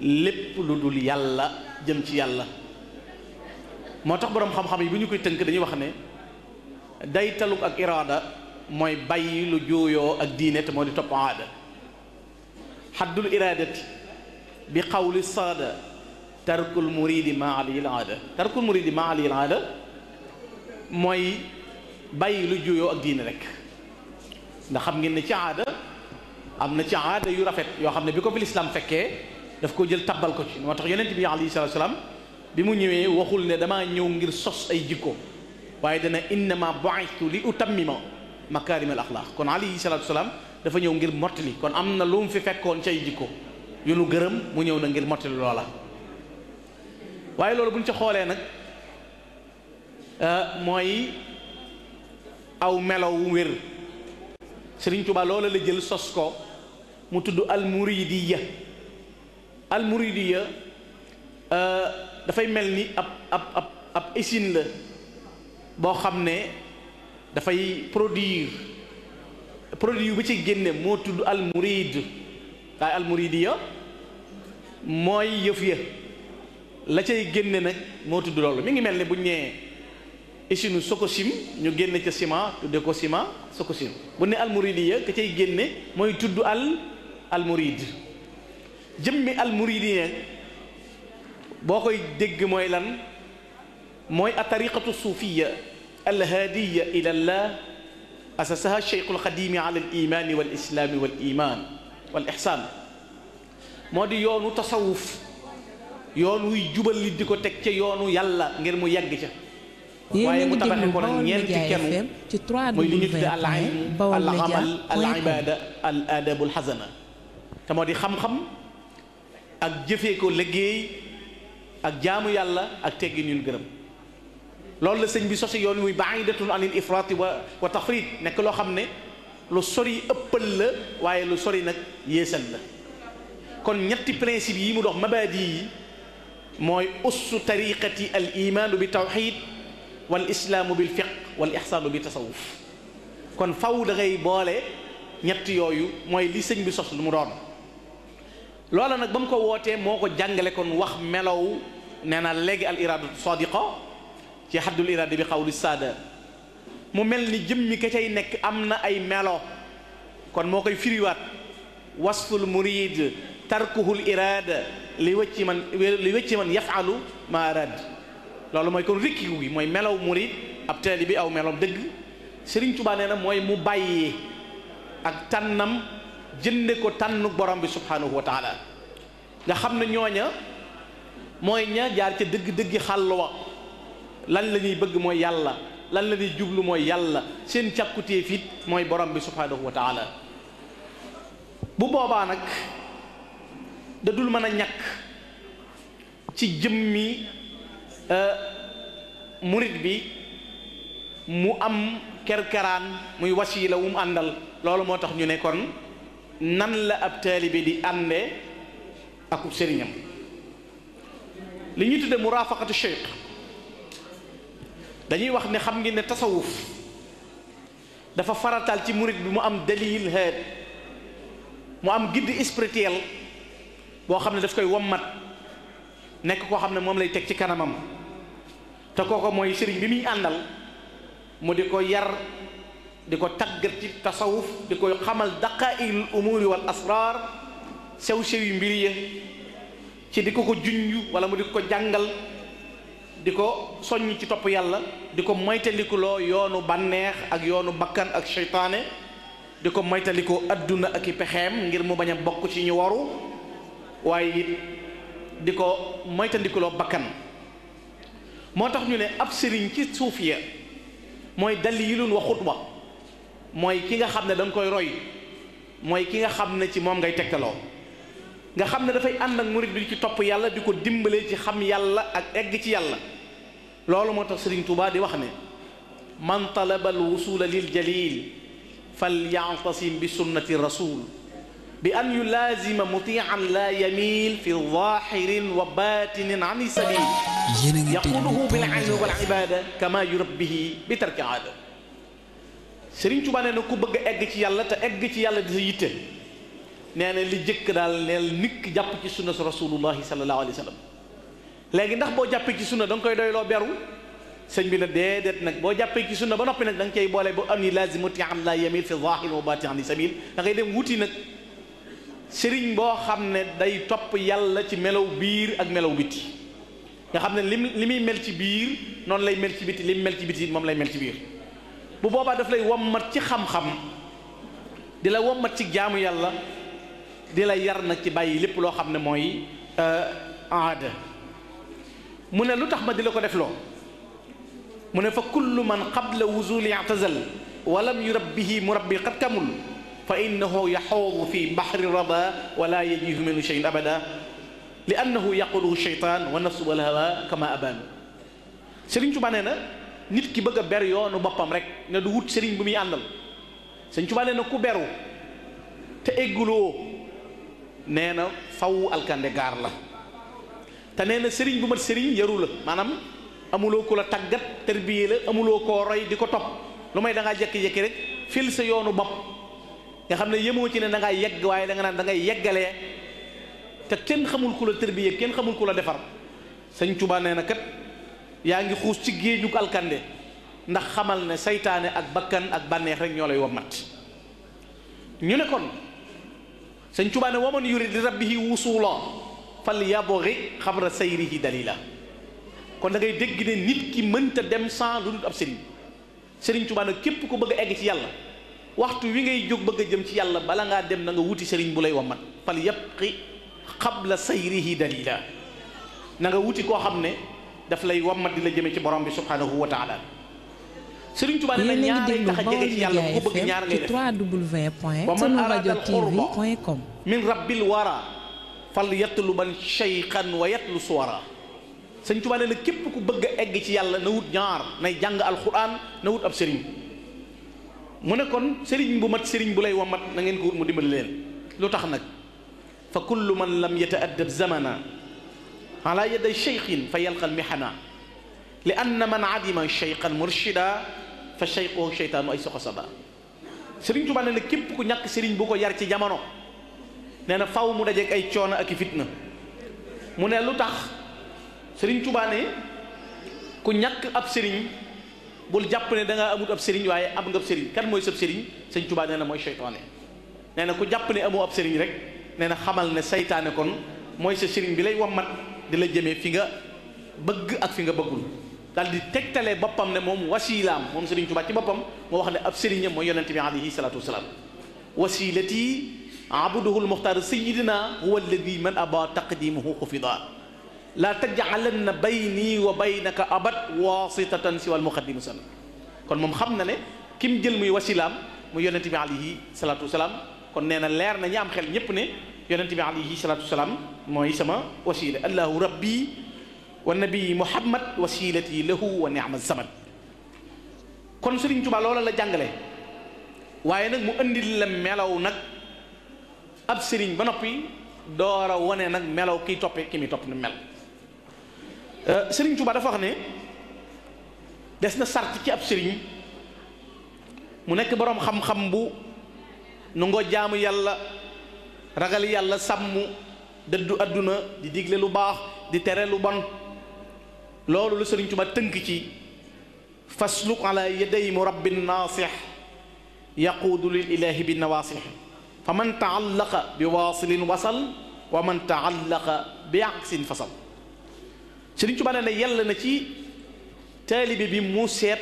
lépp lu dul yàlla jëm ci yàlla moo borom xam-xam yi bu koy tënk dañuy wax ne day taluk ak iraada mooy bàyyi lu juuyoo ak diine te moo di aada xaddul iradati بقول الصلاة ترك المريد ما عليه العادة ترك المريد ما عليه العادة موي باي لجو يو الدين لك نخم جنة عادة أم نتي عادة يرفت يو خم نبيكو في الإسلام فكه دفكو جل تبال كوشي نو تغيين انت بي عليه السلام بمو نيوه وخول ندما نيونجر صص أي جيكو وايدنا إنما بعثت لأتمم مكارم الأخلاق كون عليه السلام دفن يونجر مرتلي كون أمنا لوم في فكون شاي جيكو yu nu gërëm mu ñëw na ngir mottali loola waaye loolu bu ñu ci xoolee nag euh, mooy aw melow wér Sëriñ Tuubaa loola la jël sos ko mu tudd almuridiya almuridiya euh, dafay mel ni ab ab ab ab usine la boo xam ne dafay produire produit yu ba ci génne moo tudd almurid تاي المريديه موي يوف لا تاي ген نك مو تود لول ميغي ملني بو ني ايشينو سوكوسيم ني ген تي سيما ديكو سيما سوكوسيم بو ني المريديه كاي ген موي تود ال المريد جيمي المريديه بوكاي دغ موي لان موي الطريقه الصوفيه الهاديه الى الله اساسها الشيخ القديم على الايمان والاسلام والايمان wal ixsaan moo di yoonu tasawuf yoon wuy jubal nit di ko teg ca yoonu yàlla ngir mu yàgg ca waaye mu tabaxe ko nag ñeenti kenn muy li ñu tudde al ilm al amal al ibada al adabul xasana te moo di xam-xam ak jëfee ko liggéey ak jaamu yàlla ak teggin yu ñu gërëm loolu la sëñ bi sosi yoon muy baidatun anil ifraati wa wa tafrit nekk loo xam ne lu sori ëppal la waaye lu sori nag yéesal la kon ñetti principe yi mu dox mabaadi yi mooy ussu tariqati al imaanu bi tawxid wal islaamu bil fiq wal ixsaanu bi tasawuf kon faw da ngay boole ñett yooyu mooy li sëñ bi sos lu mu doon loola nag ba ko wootee moo jàngale kon wax melow nee leg léegi al iraadatu sadiqa ci xaddul iraada bi xawli saada mu mel ni jëmmi ka cay nekk am na ay melo kon moo koy firiwaat wasful murid tarkuhul iraada li wëcci man li wëcci man yafalu ma loolu mooy kon rikkiku gi mooy melow murid ab taali bi aw melom dëgg Sëriñ Tuubaa na mooy mu bàyyi ak tànnam jënde ko tànnu borom bi subhanahu wa taala nga xam na ñooña mooy ña jaar ca dëgg-dëgg xàlluwa lan lañuy bëgg mooy yàlla lan la ñuy jublu mooy yàlla seen càkkutéef fit mooy boroom bi subhaanahu wa taala bu boobaa nag da dul mën a ñàkk ci jëmmi euh, murit bi mu am kerkeraan muy wasiila wu àndal loolu moo tax ñu nekkoon nan la ab taalibe di ànde akub sëriñam li ñu tudde murafaqatu cheikh dañuy wax ne xam ngeen ne tasawuf dafa farataal ci murit bi mu am dalil haad mu am guide spirituel boo xam ne daf koy wommat nekk koo xam ne moom lay teg ci kanamam te kooko mooy sëriñ bi muy àndal mu di ko yar di ko tàggat ci tasawuf di ko xamal daqaail umuuri wal asraar sew sew yu mbir ya ci di ko ko junj wala mu di ko jàngal di ko soññ ci topp yàlla di ko moytalikuloo yoonu bànneex ak yoonu bakkan ak seytaane di ko moytalikoo adduna ak i pexeem ngir mu bañ a bokk ci ñu waru waaye it di ko moytandikuloo bakkan moo tax ñu ne ab sëriñ ci suufiya mooy dalilun wa xutwa mooy ki nga xam ne da koy roy mooy ki nga xam ne ci moom ngay tegtaloo nga xam ne dafay ànd ak murid bi ci topp yàlla di ko dimbalee ci xam yàlla ak egg ci yàlla loolu moo tax Sëriñ Tuubaa di wax ne man talaba al wusula lil jalil falyactasim bi sunnati rasul bi an yulaazima mutian laa yamil fi zahirin wa batinin an sabil yaquluhu bil ilmi wal ibada kama yurabbihi bi tarki aada Sëriñ Tuubaa nee na ku bëgg a egg ci yàlla te egg ci yàlla di sa yitte nee na li jëkk daal leel nikk jàpp ci sunna su rasulullahi sallallahu alayhi wa sallam léegi ndax boo jàppee ci sunna danga koy doyloo beru sëñ bi la déedéet nag boo jàppee ci sunna ba noppi nag danga koy boole bu am yi lazimuti an la yamil fi zahir wa batin an sabil da ngay dem wuti nag sëriñ boo xam ne day topp yàlla ci melaw biir ak melaw biti nga xam ne lim li muy mel ci biir noonu lay mel ci biti li mu mel ci biti moom lay mel ci biir bu boobaa daf lay wommat ci xam-xam di la wommat ci jaamu yàlla di la yar na ci bàyyi lépp loo xam ne mooy aada mu ne ma di la ko def loo mu fa kullu man qabla wuzuli i'tazal walam yurabbihi murabbi qad kamul fa innahu yaxoodu fi bahri raba wala yajidu minhu shay'un abada li annahu yaquluhu shaytan wa nafsu wal hawa kama aban Sëriñ Tuubaa nee na nit ki bëgg ber yoonu boppam rek ne du wut sëriñ bu muy àndal Sëriñ Tuubaa nee ku beru te egguloo nee na faw alkande gaar la te nee na sëriñ bu mat sëriñ yaru la maanaam amuloo ku la tàggat tërbiyee la amuloo koo roy di ko topp lu may da ngaa jékki rek fil sa yoonu bopp nga xam ne yemoo ci ne da ngaa yegg waaye danga naan da ngay yeggalee te kenn xamul ku la tërbiyee kenn xamul ku la defar sëñ Tuubaa nee na yaa ngi xuus ci géejug alkande ndax xamal ne seytaane ak bakkan ak bànneex rek ñoo lay wommat ñu ne sëñ Tuubaa ne waman yurid li rabbihi wusulan fal yabghi xabra sayrihi dalila kon da ngay dégg nit ki mënta dem sans lu dul ab sëriñ sëriñ Tuubaa képp ku bëgg a egg ci yàlla waxtu wi ngay jóg bëgg a jëm ci yàlla bala ngaa dem na nga wuti sëriñ bu lay wamat fal yabqi xabla sayrihi dalila na nga wuti koo xam ne daf lay wamat di la jëme ci borom bi subhanahu wa Serigne Touba nee ñaar tax a ci ñaar ngay def bëgg a egg ci yàlla na wut ñaar fa shayqoo sheytaanu ay soxo sa ba sëriñ Tuubaa nee na képp ku ñàkk sëriñ bu ko yar ci jamono nee na faw mu dajeek ay coono ak i na mu ne lu tax sëriñ Tuubaa ne ku ñakk ab sëriñ bul jàpp ne da ngaa amut ab sëriñ waaye am nga ab sëriñ kan mooy sab sëriñ sëriñ Tuubaa nee na mooy seytaane nee na ku jàpp ne amoo ab sëriñ rek nee na xamal ne seytaane kon mooy sa sëriñ bi lay mat di la jëmee fi nga bëgg ak fi nga bëggul dal di tegtalee boppam ne mom wasilaam mom Serigne Touba ci bopam mo wax ne ab serigne mo yonnati bi alayhi salatu wasalaam wasilati abduhu al muhtar sayyidina huwa alladhi man aba taqdimuhu khufida la taj'alanna bayni wa baynaka abad wasitatan siwa al muqaddim sallam kon mom xamna ne kim jël muy wasilaam muy yonnati bi alayhi salatu wasalaam kon neena leer na ñi am xel ñépp ne yonnati bi alayhi salatu wasalaam moy sama wasila allah rabbi والنبي محمد وسيلتي له ونعم الزمن كون سيرن توبا لولا لا جانغالي وايي نك مو اندي لا ميلو نك اب سيرن با نوبي دورا وني نك ميلو كي توبي كي مي توب ن ميل سيرن توبا دا فخني دسنا سارتي كي اب سيرن مو نك بروم خم خم بو نونغو جامو يالا راغال يالا سامو ددو ادونا دي ديغلي لو باخ دي تيري لو بون loolu lu Sëriñ Tuubaa tënk ci fasluk ala yaday murabbin naasix yaquudu lil ilaahi bi nawaasix fa man taallaqa bi waasilin wasal wa man taallaqa bi aksin fasal Sëriñ Tuubaa nee na yàlla na ci taalibe bi mu seet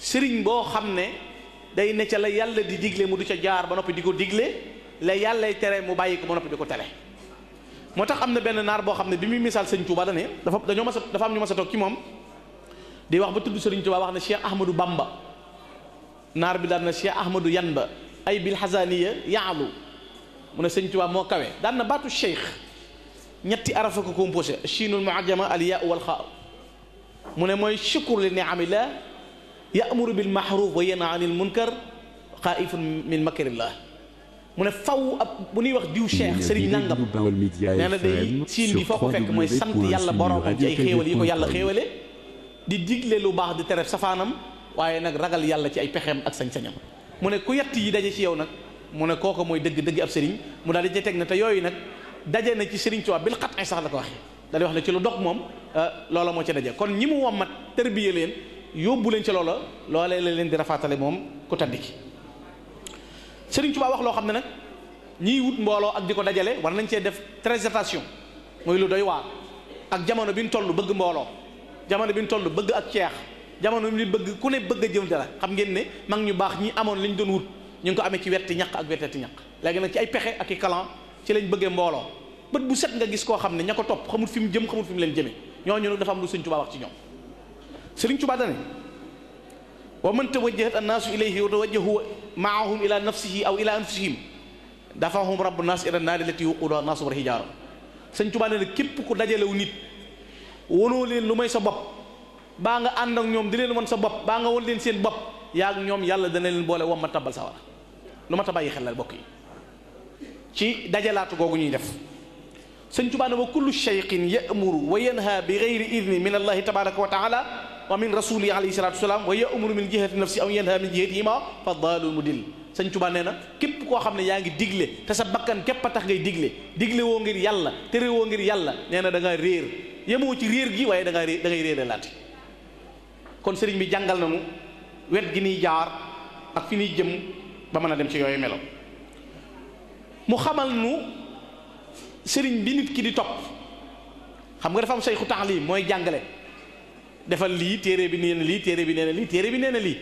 sëriñ boo xam ne day ne ca la yàlla di digle mu du ca jaar ba noppi di ko digle la yàllay tere mu bàyyi ko ba noppi di ko tere motax amna ben nar bo xamne bi mi misal serigne Touba dañe dafa dañu massa dafa am ñu massa tok toog ci moom di wax ba tuddu serigne Touba wax na Cheikh Ahmadou Bamba nar bi dal na Cheikh Ahmadou yanba ay bil hazaniya ya'lu mu ne sëñ Touba mo kawe dal na baatu cheikh ñetti arafa ko composé shinul mu'ajjama al yaa wal xaa mu ne mooy shukur li ni'amila yamuru bil mahruf wa yanha anil munkar khaifun min makrillah mu ne faw ab bu nuy wax diw cheikh sëriñ nangam nee na day siin bi foo ko fekk mooy sant yàlla boroomam ci ay xéewal yi ko yàlla xéewale di digle lu baax di tere safaanam waaye nag ragal yàlla ci ay pexeem ak sañ-sañam mu ne ku yett yi daje ci yow nag mu ne kooko mooy dëgg dëgg ab sëriñ mu daal di teg na te yooyu nag daje na ci sëriñ Tuubaa bil xat ay sax la ko waxee daal di wax ne ci lu dog moom euh, loola moo ci daje kon ñi mu wommat tërbiye leen yóbbu leen ci loola loolee la leen di rafaatale moom ku taddi ki Serigne Touba wax loo xam ne nag ñiy wut mbooloo ak di ko dajale war nañ cee def très attention mooy lu doy waar ak jamono bi ñu toll bëgg mbooloo jamono bi ñu toll bëgg ak ceex jamono bi ñu bëgg ku ne bëgg jëm dara xam ngeen ne mag ñu baax ñi amoon li ñu doon wut ñu ngi ko amee ci wetti ñaq ak wettati ñaq léegi nag ci ay pexe ak i kalan ci lañ bëgge mbooloo bët bu set nga gis koo xam ne ña ko topp xamul fi mu jëm xamul fi mu leen jëmee ñooñu nag dafa am lu Serigne Touba wax ci ñoom Serigne Touba dane ومن توجهت الناس إليه يتوجه معهم إلى نفسه أو إلى أنفسهم دفعهم رب الناس إلى النار التي وقودها الناس والحجارة sëñ Tuubaa nee na képp ku dajalewu nit wonoo leen lu may sa bopp baa nga ànd ak ñoom di leen won sa bopp baa nga won leen seen bopp yaa ak ñoom yàlla dana leen boole wam ma tabal sawara lu ma tabayyi xel la bokk yi ci dajalaatu googu ñuy def sëñ Tuubaa ne wa kullu shayqin ya'muru wa yanha bi ghayri idni min allahi tabaraka wa taala wa min rasuli alayhi salatu wasalaam wa ya'muru min jihati nafsi aw yanha min jihatihima fa daalul mudil sëñ Tuubaa nee na képp koo xam ne yaa ngi digle te sa bakkan képp a tax ngay digle digle woo ngir yàlla tere woo ngir yàlla nee na da réer yemoo ci réer gi waaye danga ngaa da ngay réere kon sëriñ bi jàngal nañu wet gi niy jaar ak fi niy jëm ba mën a dem ci yooyu melo mu xamal nu sëriñ bi nit ki di topp xam nga dafa am sayxu taalim mooy jàngale defal lii téere bi nee lii téere bi nee na lii téere bi nee na lii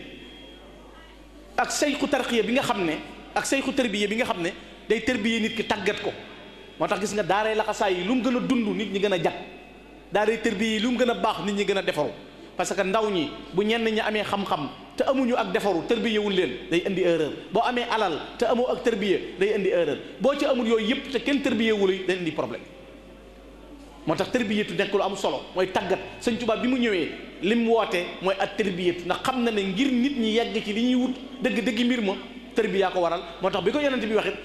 ak sayxu tarqiya bi nga xam ne ak sayxu tërbiya bi nga xam ne day tërbiya nit ki tàggat ko moo tax gis nga daaray laxasaay yi lu mu gën a dund nit ñi gën a jag daaray tërbiya yi lu mu gën a baax nit ñi gën a defaru parce que ndaw ñi bu ñenn ñi amee xam-xam te amuñu ak defaru tërbiyewul leen day indi erreur boo amee alal te amoo ak tërbiya day indi erreur boo ci amul yooyu yëpp te kenn tërbiyewul day indi problème moo tax tërbiyatu nekk lu am solo mooy tàggat sëñ Tuubaa bi mu ñëwee li mu woote mooy ak tërbiyatu ndax xam na ne ngir nit ñi yegg ci li ñuy wut dëgg dëgg mbir ma tërbiyaa ko waral moo tax bi ko yonent bi waxit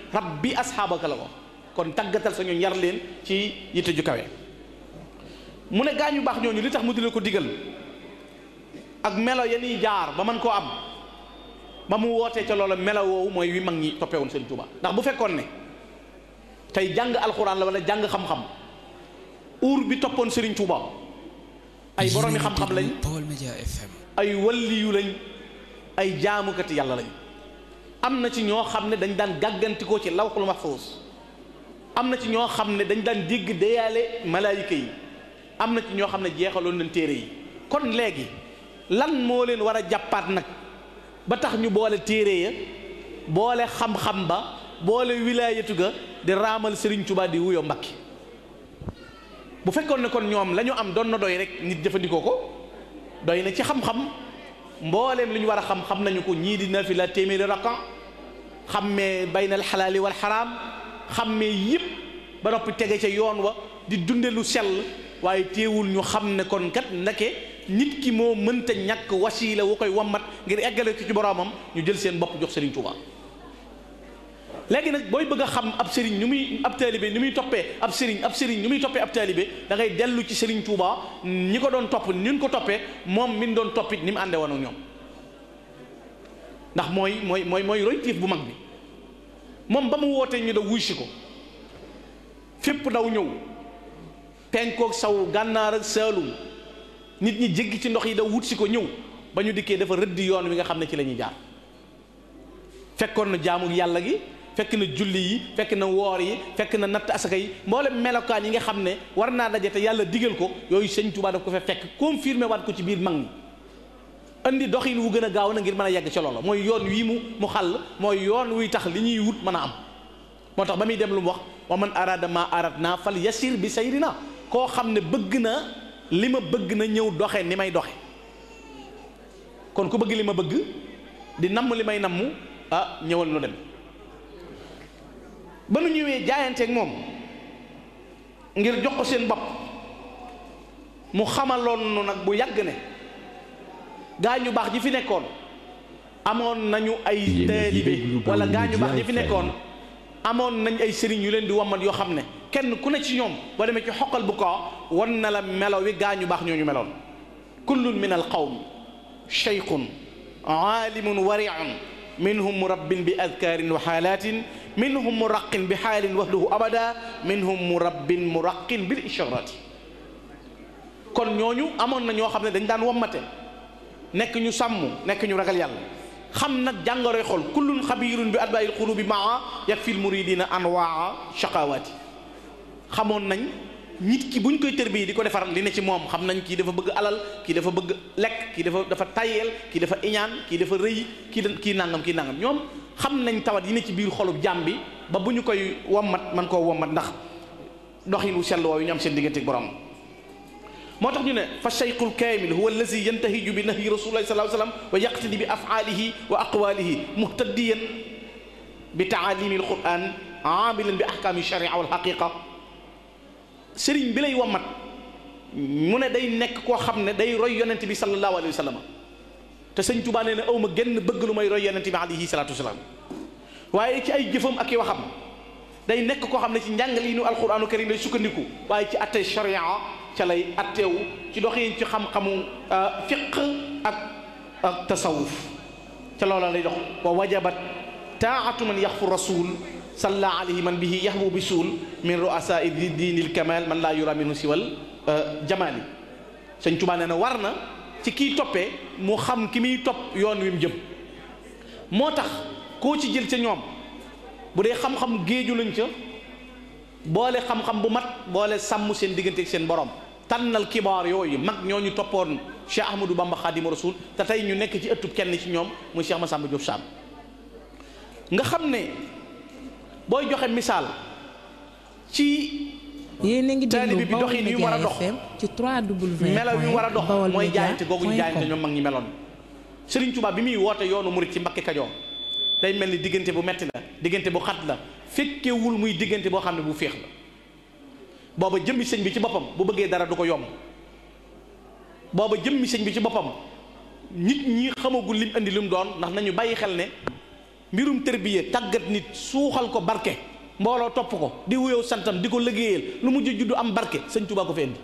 bi asxaabaka la ko kon tàggatal sañu ñoom leen ci yitte ju kawe mu ne gaañu baax ñooñu li tax mu di la ko digal ak melo yeni jaar ba man koo am ba mu wootee ca loola melo woowu mooy wi mag ñi toppewoon sëñ Tuubaa ndax bu fekkoon ne tey jàng alxuraan la wala jàng xam uur bi toppoon Serigne Touba ay boroomi xam-xam lañ ay walliyu lañ ay jaamukati yàlla lañ am na ci ñoo xam ne dañ daan gàggantikoo ci lawxul mahfuus am na ci ñoo xam ne dañ daan dégg deyaale malaayika yi am na ci ñoo xam ne jeexaloon nañ téere yi kon léegi lan moo leen war a jàppaat nag ba tax ñu boole téere ya boole xam-xam ba boole wilaayatu ga di raamal Serigne Touba di wuyo Mbacke bu fekkoon ne kon ñoom lañu am doon na doy rek nit jëfandikoo ko doy na ci xam-xam mbooleem li ñu war a xam xam nañu ko ñii dina di nafila téeméeri rakan xammee baynal xalaali wal xaraam xammee yëpp ba noppi tege ca yoon wa di dunde lu sell waaye téewul ñu xam ne kon kat ndake nit ki moo mënta ñàkk wasiila wu koy wammat ngir eggale ko ci boroomam ñu jël seen bopp jox Sëriñ Tuubaa léegi nag booy bëgg a xam ab sëriñ ñu muy ab taalibe ni muy toppee ab sëriñ ab sëriñ ñu muy toppee ab taalibe dangay ngay dellu ci sëriñ Touba ñi ko doon topp ñun ko toppee moom min toppit ni mu àndee woon ak ñoom ndax mooy mooy mooy mooy roytiif bu mag bi moom ba mu wootee ñu da wuy si ko fépp daw ñëw penkook saw gànnaar ak saalum nit ñi jéggi ci ndox yi daw wut si ko ñëw ba ñu dikkee dafa rëdd yoon wi nga xam ne ci lañuy ñuy jaar fekkoon jaamu yàlla gi fekk na julli yi fekk na woor yi fekk na natt asaka yi mboolem melokaan yi nga xam ne war naa daje te yàlla digal ko yooyu sëñ a daf ko fa fekk confirmé waat ko ci biir mag ñi indi doxin wu gën a gaaw na ngir mën a yegg ca loola mooy yoon wii mu mu xàll mooy yoon wuy tax li ñuy wut mën a am moo tax ba muy dem lu mu wax wa man arada ma naa fal yasir bi sayrina koo xam ne bëgg na li ma bëgg na ñëw doxe ni may doxe kon ku bëgg li ma bëgg di namm li may namm ah ñëwal bamu ñewé jaayante ak mom ngir jox ko seen bop mu xamalon nu nag bu yàgg ne gañu bax ji fi nekkon amon nañu ay talibé wala gañu bax ji fi nekkon amon nañ ay sëriñ yu leen di wamal yo xamne kenn ku ne ci ñom bo demé ci xokal bu ko won na la melo wi gañu bax ñoo ñu melon kullun min al qawm cheyqun aalimun wariun منهم رب بأذكار وحالات منهم مرق بحال وهله أبدا منهم مرب مرق بالإشارة كون نيونيو أمون نيو خامن دنج دان وماتن نك نيو سام نك نيو راغال يالا خامنا جانغوري خول كل خبير بأدباء القلوب معا يكفي المريدين أنواع شقاوات خامون نان nit ki buñ koy terbi diko defar li ne ci mom xam nañ ki dafa bëgg alal ki dafa bëgg lek ki dafa dafa tayel ki dafa iñan ki dafa reuy ki ki nangam ki nangam xam nañ tawat yi ne ci biir xolub jambi ba buñu koy womat man ko womat ndax doxinu sel wo woowu ñu seen diggante borom motax ñu ne fa shaykhul kamil huwa allazi yantahiju bi nahyi rasulillahi sallallahu alayhi wasallam wa yaqtadi bi af'alihi wa aqwalihi muhtadiyan bi taalimi alquran aamilan bi ahkami sharia wal haqiqa serigne bi lay womat mu ne day nek ko xamne day roy yonent bi sallallahu alayhi wasallam te sëñ touba neena awma genn beug lu may roy yonente bi alayhi salatu wasalaam waye ci ay jëfëm ak i waxam day nek ko xamne ci njàngale nu alquraanu karim lay sukkandiku waye ci atay sharia ci lay atew ci doxin ci xam-xamu fiqh ak ak tasawuf ci loolu lay dox wa wajabat taatu man yakhfu rasul salla alayhi man bihi yahbu bi suul min ruasai diinil kamal man laa yura minhu siwal jamaali sëñ Tuubaa nee na ci kiy toppee mu xam ki muy topp yoon wi mu jëm moo tax koo ci jël ca ñoom bu dee xam-xam géeju lañ ca boole xam-xam bu mat boole sàmm seen diggante ak seen borom tànnal kibaar yooyu mag ñoo ñu toppoon Cheikh Ahmadou Bamba Xaadimu Rasuul te tey ñu nekk ci ëttub kenn ci ñoom muy Cheikh Massamba Diop Sam nga xam ne booy joxe misaal ci yéen a ngi déglu Baol Média FM ci 3W. melaw yu war a dox mooy jaayante googu ñu jaayante ñoom mag ñi meloon. Serigne Touba bi muy woote yoonu mu murit ci Mbakke Kajoor day mel ni diggante bu metti la diggante bu xat la fekkewul muy diggante boo xam ne bu féex la booba jëmmi sëñ bi ci boppam bu bëggee dara du ko yomb booba jëmmi sëñ bi ci boppam nit ñi xamagul lim indi lim doon ndax nañu bàyyi xel ne mbirum tërbiye tàggat nit suuxal ko barke. mbooloo topp ko di wuyoo santam di ko liggéeyal lu mujj juddu am barke sëñ Tuubaa ko fi indi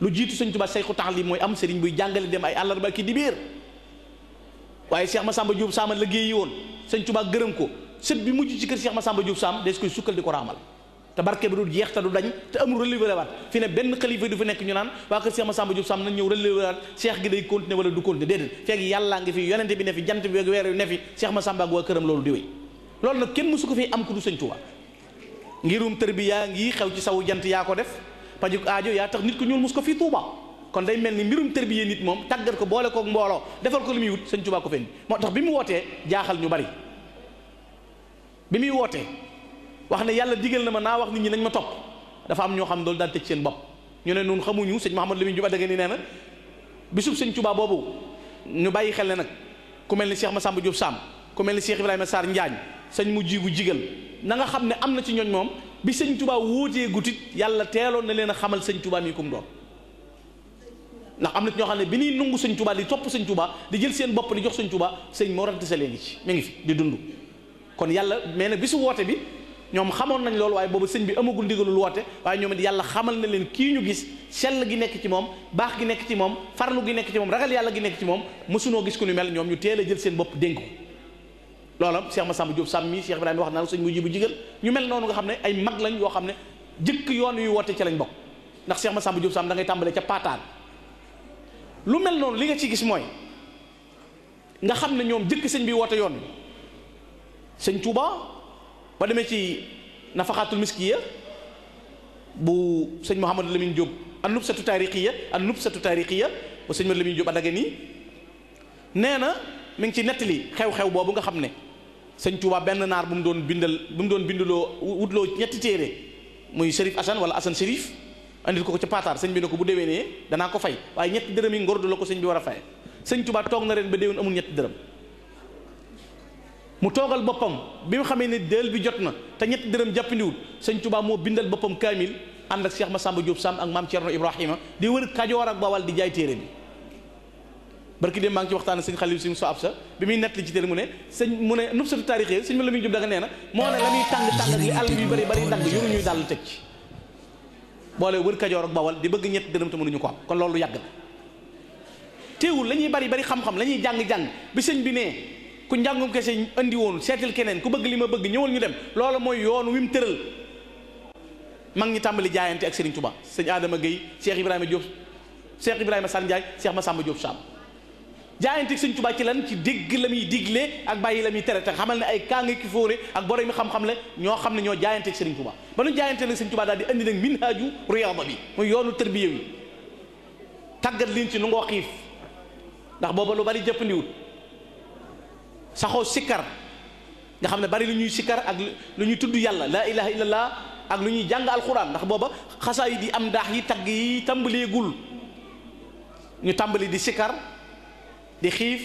lu jiitu sëñ Tuubaa tax taxlim mooy am sëriñ buy jàngale dem ay àllarba ki dibéer waaye Cheikh Massamba Diop Sama liggéeyi woon sëñ Tuubaa gërëm ko sët bi mujj ci kër Cheikh Massamba Diop Sam des koy sukkal di ko raamal te barke bi du jeex te du dañ te amul relevé waat fi ne benn xalifa du fi nekk ñu naan waa kër Cheikh Massamba Diop Sam nañ ñëw relevé waat Cheikh gi day continuer wala du continuer déedéet fekk yàllaa ngi fi yonente bi ne fi jant bi weer yu fi Cheikh loolu di loolu nag kenn mësu ko fi am ku du sëñ Tuubaa ngirum tërbiya ngi xew ci sawu jant yaa ko def pajuk aajo yaa tax nit ku ñuul mës ko fi Tuubaa kon day mel ni mbirum tërbiya nit moom tàggat ko boole kook mbooloo defal ko lu muy wut sëñ Tuubaa ko fenn moo tax bi mu wootee jaaxal ñu bari bi muy wootee wax ne yàlla digal na ma naa wax nit ñi nañ ma topp dafa am ñoo xam loolu daan tëj seen bopp ñu ne nun xamuñu sëñ Mouhamadou Lamine Diop Adama ni nee na bisub sëñ Tuubaa boobu ñu bàyyi xel ne nag ku mel ni Cheikh Massamba Diop Sam ku mel ni Cheikh Ibrahima Sarr Njaañ sëñ mu jibu jigal na nga xam ne am na ci ñooñ moom bi sëñ tubaa wóotee gutit yàlla teeloon na leen a xamal sañ tubaa mi kum doon ndax am na ci ñoo xam ne bi ñuy nungu sëñ tubaa di topp sëñ tubaa di jël seen bopp di jox sëñ tubaa sëñ moo rante sa léegi ci mi ngi fi di dund kon yàlla mais nag bisu woote bi ñoom xamoon nañ lool waaye boobu sëñ bi amagul ndigalul woote waaye ñoom yàlla xamal na leen kii ñu gis sell gi nekk ci moom baax gi nekk ci moom farlu gi nekk ci moom ragal yàlla gi ci moom gis ku ñu mel ñoom ñu teel a jël seen bopp dénk seex loola Cheikh Massamba Diop Sam mi Cheikh Ibrahima wax na la sëñ Mujibu Jigal ñu mel noonu nga xam ne ay mag lañ yoo xam ne jëkk yoon yu woote ci lañ bokk ndax Cheikh Massamba Diop Sam da ngay tàmbalee ca paataan lu mel noonu li nga ci gis mooy nga xam ne ñoom jëkk sëñ bi woote yoon wi sëñ Touba ba demee ci nafaxaatul miskiya bu sëñ Mouhamadou Lamine Diop an nubsatu taarixiya an nubsatu taarixiya bu sëñ Mouhamadou Lamine Diop a dagge nii nee na mi ngi ci nettali xew-xew boobu nga xam ne sëñ Touba benn naar bu mu doon bindal bu mu doon bindaloo wutloo ñetti téere muy Cherif Assane wala Assane Cherif andil ko ko ca Pataar sëñ bi ne ko bu déwénee danaa ko fay waaye ñetti dërëm yi ngordu la ko sëñ bi war a fay sëñ Touba toog na ren ba déwén amul ñetti dërëm mu toogal boppam bi mu xamee ne déel bi jot na te ñetti dërëm jàppandiwul sëñ Touba moo bindal boppam kaamil ànd ak ma Massamba Diop Samb ak maam Thierno Ibrahima di wër Kajoor ak Bawal di jaay téere bi barki dem maa ngi ci waxtaan sëñ Xaliil si mu so ab sa bi muy nett li ci teel mu ne sëñ mu ne nub satu taarix yi sëñ ma la muy jub da nga nee na moo ne la muy tàng tàng li àll yu bëri bëri dagg yoru ñuy dàll teg ci boole wër kajoor ak bawal di bëgg ñett dërëm te mënuñu ko am kon loolu yàgg na teewul la ñuy bari bari xam-xam lañuy jàng-jàng bi sëñ bi ne ku njàngum kese indi woon seetal keneen ku bëgg li ma bëgg ñëwal ñu dem loolu mooy wi mu tëral mag ñi tàmbali jaayante ak Serigne Touba sëñ Adama Gueye Cheikh Ibrahima Diop Cheikh Ibrahima Sane Ndiaye Cheikh Massamba Diop Sam jaayanteeg sëñ Tuubaa ci lan ci dégg la muy digle ak bàyyi la muy tere te xamal ne ay kaa nga ki fóore ak boromi xam-xam la ñoo xam ne ñoo jaayanteeg sëriñ Tuubaa ba nu jaayanteeg sëñ Tuubaa daal di andi nag minhaaju riyaada bi muy yoonu tërbiya yi tàggat liñ ci nu ngoo xiif ndax booba lu bari jëppandiwut saxoo sikkar nga xam ne bari lu ñuy sikkar ak lu ñuy tudd yàlla laa ilaha illallah ak lu ñuy jàng alxuraan ndax booba xasaa yi di am daax yi tagg yi tàmbaleegul ñu tàmbali di sikkar di xiif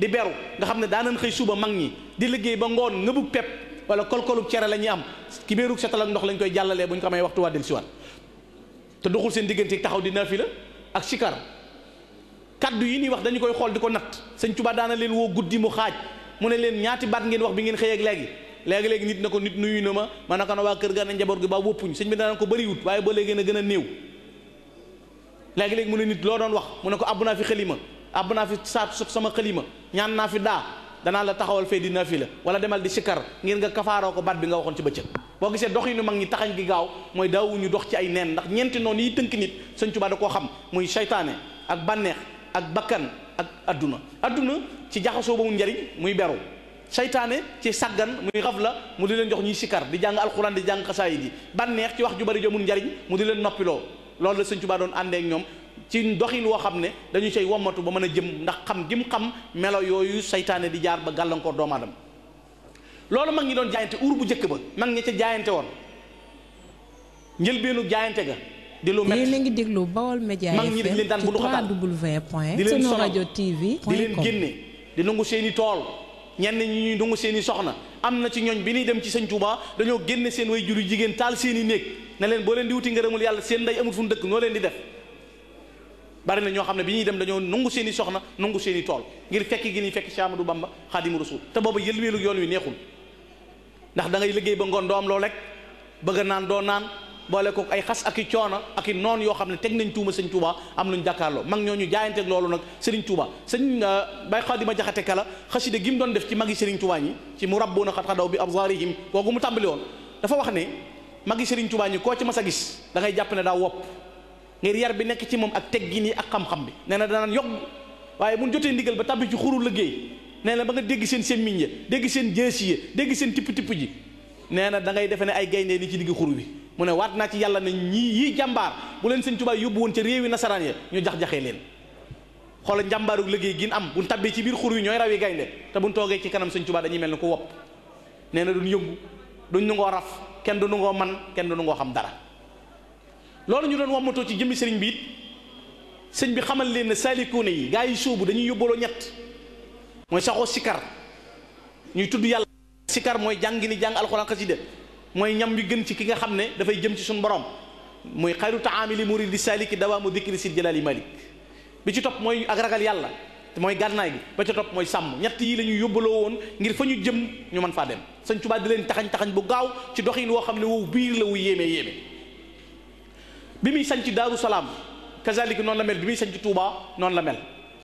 di beru nga xam ne daanañ xëy suba mag ñi di liggéey ba ngoon ngëbug pepp wala kolkolub cere la ñuy am ki béerug setal ak ndox lañ koy jàllalee bu ñu ko amee waxtu waa te doxul seen diggante taxaw di naafila ak sikar kaddu yi ni wax dañu koy xool di ko natt sëñ Tuubaa daana leen woo guddi mu xaaj mu ne leen ñaati baat ngeen wax bi ngeen xëyeeg léegi léegi-léegi nit na ko nit nuyu na ma ma naka na waa kër ga na njaboot gi ba wóppuñ sëñ bi danaan ko bëriwut waaye ba léegi na gën a néew léegi-léegi mu ne nit loo doon wax mu ne ko àbb naa fi xalima ab naa fi sama kelima, ñaan nafidah fi da dana la taxawal fe di nafila wala demal di sikar ngir nga kafaro ko bat bi nga waxon ci bëccëg bo gisee dox yi nu mag ni taxañ gi gaaw mooy ñu dox ci ay neen ndax ñeenti non yi teunk nit ci ba da ko xam muy shaytané ak banex ak bakkan ak aduna aduna ci jaxasoo bu mu njariñ muy beru shaytané ci sàggan muy ghafla mu di leen jox ñi sikar di jang alxuraan di jang ci wax ju bari jo mu mu di leen loolu señ ci ba doon ande ak ñom ci doxin woo xam ne dañu cay wommatu ba mën a jëm ndax xam gim xam melo yooyu saytaane di jaar ba gàllankoor doomu loolu mag ñi doon jaayante uur bu njëkk ba mag ñi ca jaayante woon njëlbeenu jaayante ga di lu métti yéen a ngi déglu Baol Média FM mag ñi dañ leen daan bu lu xataal di leen sonal di leen génne di nangu seeni tool ñenn ñi ñuy nangu seeni soxna am na ci ñooñ bi ñuy dem ci sëñ Touba dañoo génne seen way juru jigéen taal seeni néeg ne leen boo leen di wuti ngërëmul yàlla seen nday amul fu mu dëkk noo leen di def bari na ñoo xam ne bi ñuy dem dañoo nungu seeni i soxna nungu seen tool ngir fekk gi ñuy fekk Cheikh Amadou Bamba Xaadimu Rasuul te booba yëlweelu yoon wi neexul ndax da ngay liggéey ba ngoon doo am loo lekk bëgg a naan doo naan boole ko ay xas ak i coono ak i noon yoo xam ne teg nañ tuuma sëñ Touba am luñ jàkkaarloo mag ñoo ñu jaayanteeg loolu nag Serigne Touba sëñ euh, Baye Xaadima Jaxate Kala xasida gi mu doon def ci mag yi Serigne Touba ñi ci mu rabbuuna xat xadaw bi absaarihim kooku mu tàmbali woon dafa wax ne magi Serigne Touba ñi koo ci mas a gis da jàpp ne daa wopp ngir yar bi nekk ci moom ak teg teggin yi ak xam-xam bi nee na danaan yokk waaye mun jotee ndigal ba tàbbi ci xuru liggéey nee na ba nga dégg seen semmiñ ya dégg seen jeesi ya dégg seen tipp-tipp ji nee na da ngay defe ne ay gaynde ni ci digg xuru bi mu ne waat naa ci yàlla ne ñii yii jàmbaar bu leen seen tubaab yóbbu woon ca réewi nasaraan ya ñu jax jaxe leen xoola jàmbaaru liggéey gin am buñ tabbee ci biir xur yi ñooy rawi gaynde te buñ toogee ci kanam sëñ Tuubaa dañuy mel ni ku wopp nee na duñ yëngu duñ nu kenn du nu man kenn du nu xam dara loolu ñu doon wammatoo ci jëmmi sëriñ bi sëñ bi xamal leen ne saalikuune yi gaa yi soobu dañuy yóbbaloo ñett mooy saxoo sikar ñuy tudd yàlla sikar mooy jàng ni jàng alxuraan xasida mooy ñam bi gën ci ki nga xam ne dafay jëm ci suñu borom mooy xayru taami li muridi saaliki dawaamu dikri sil jalaali malik bi ci topp mooy ak ragal yàlla mooy gànnaay gi ba ca topp mooy sàmm ñett yi la yóbbaloo woon ngir fa ñu jëm ñu mën faa dem sëñ Tuubaa di leen taxañ taxañ bu gaaw ci doxin woo xam ne wow biir la wu yéeme yéeme bi muy sañ ci salaam kazalik noonu la mel bi muy sañ ci Touba noonu la mel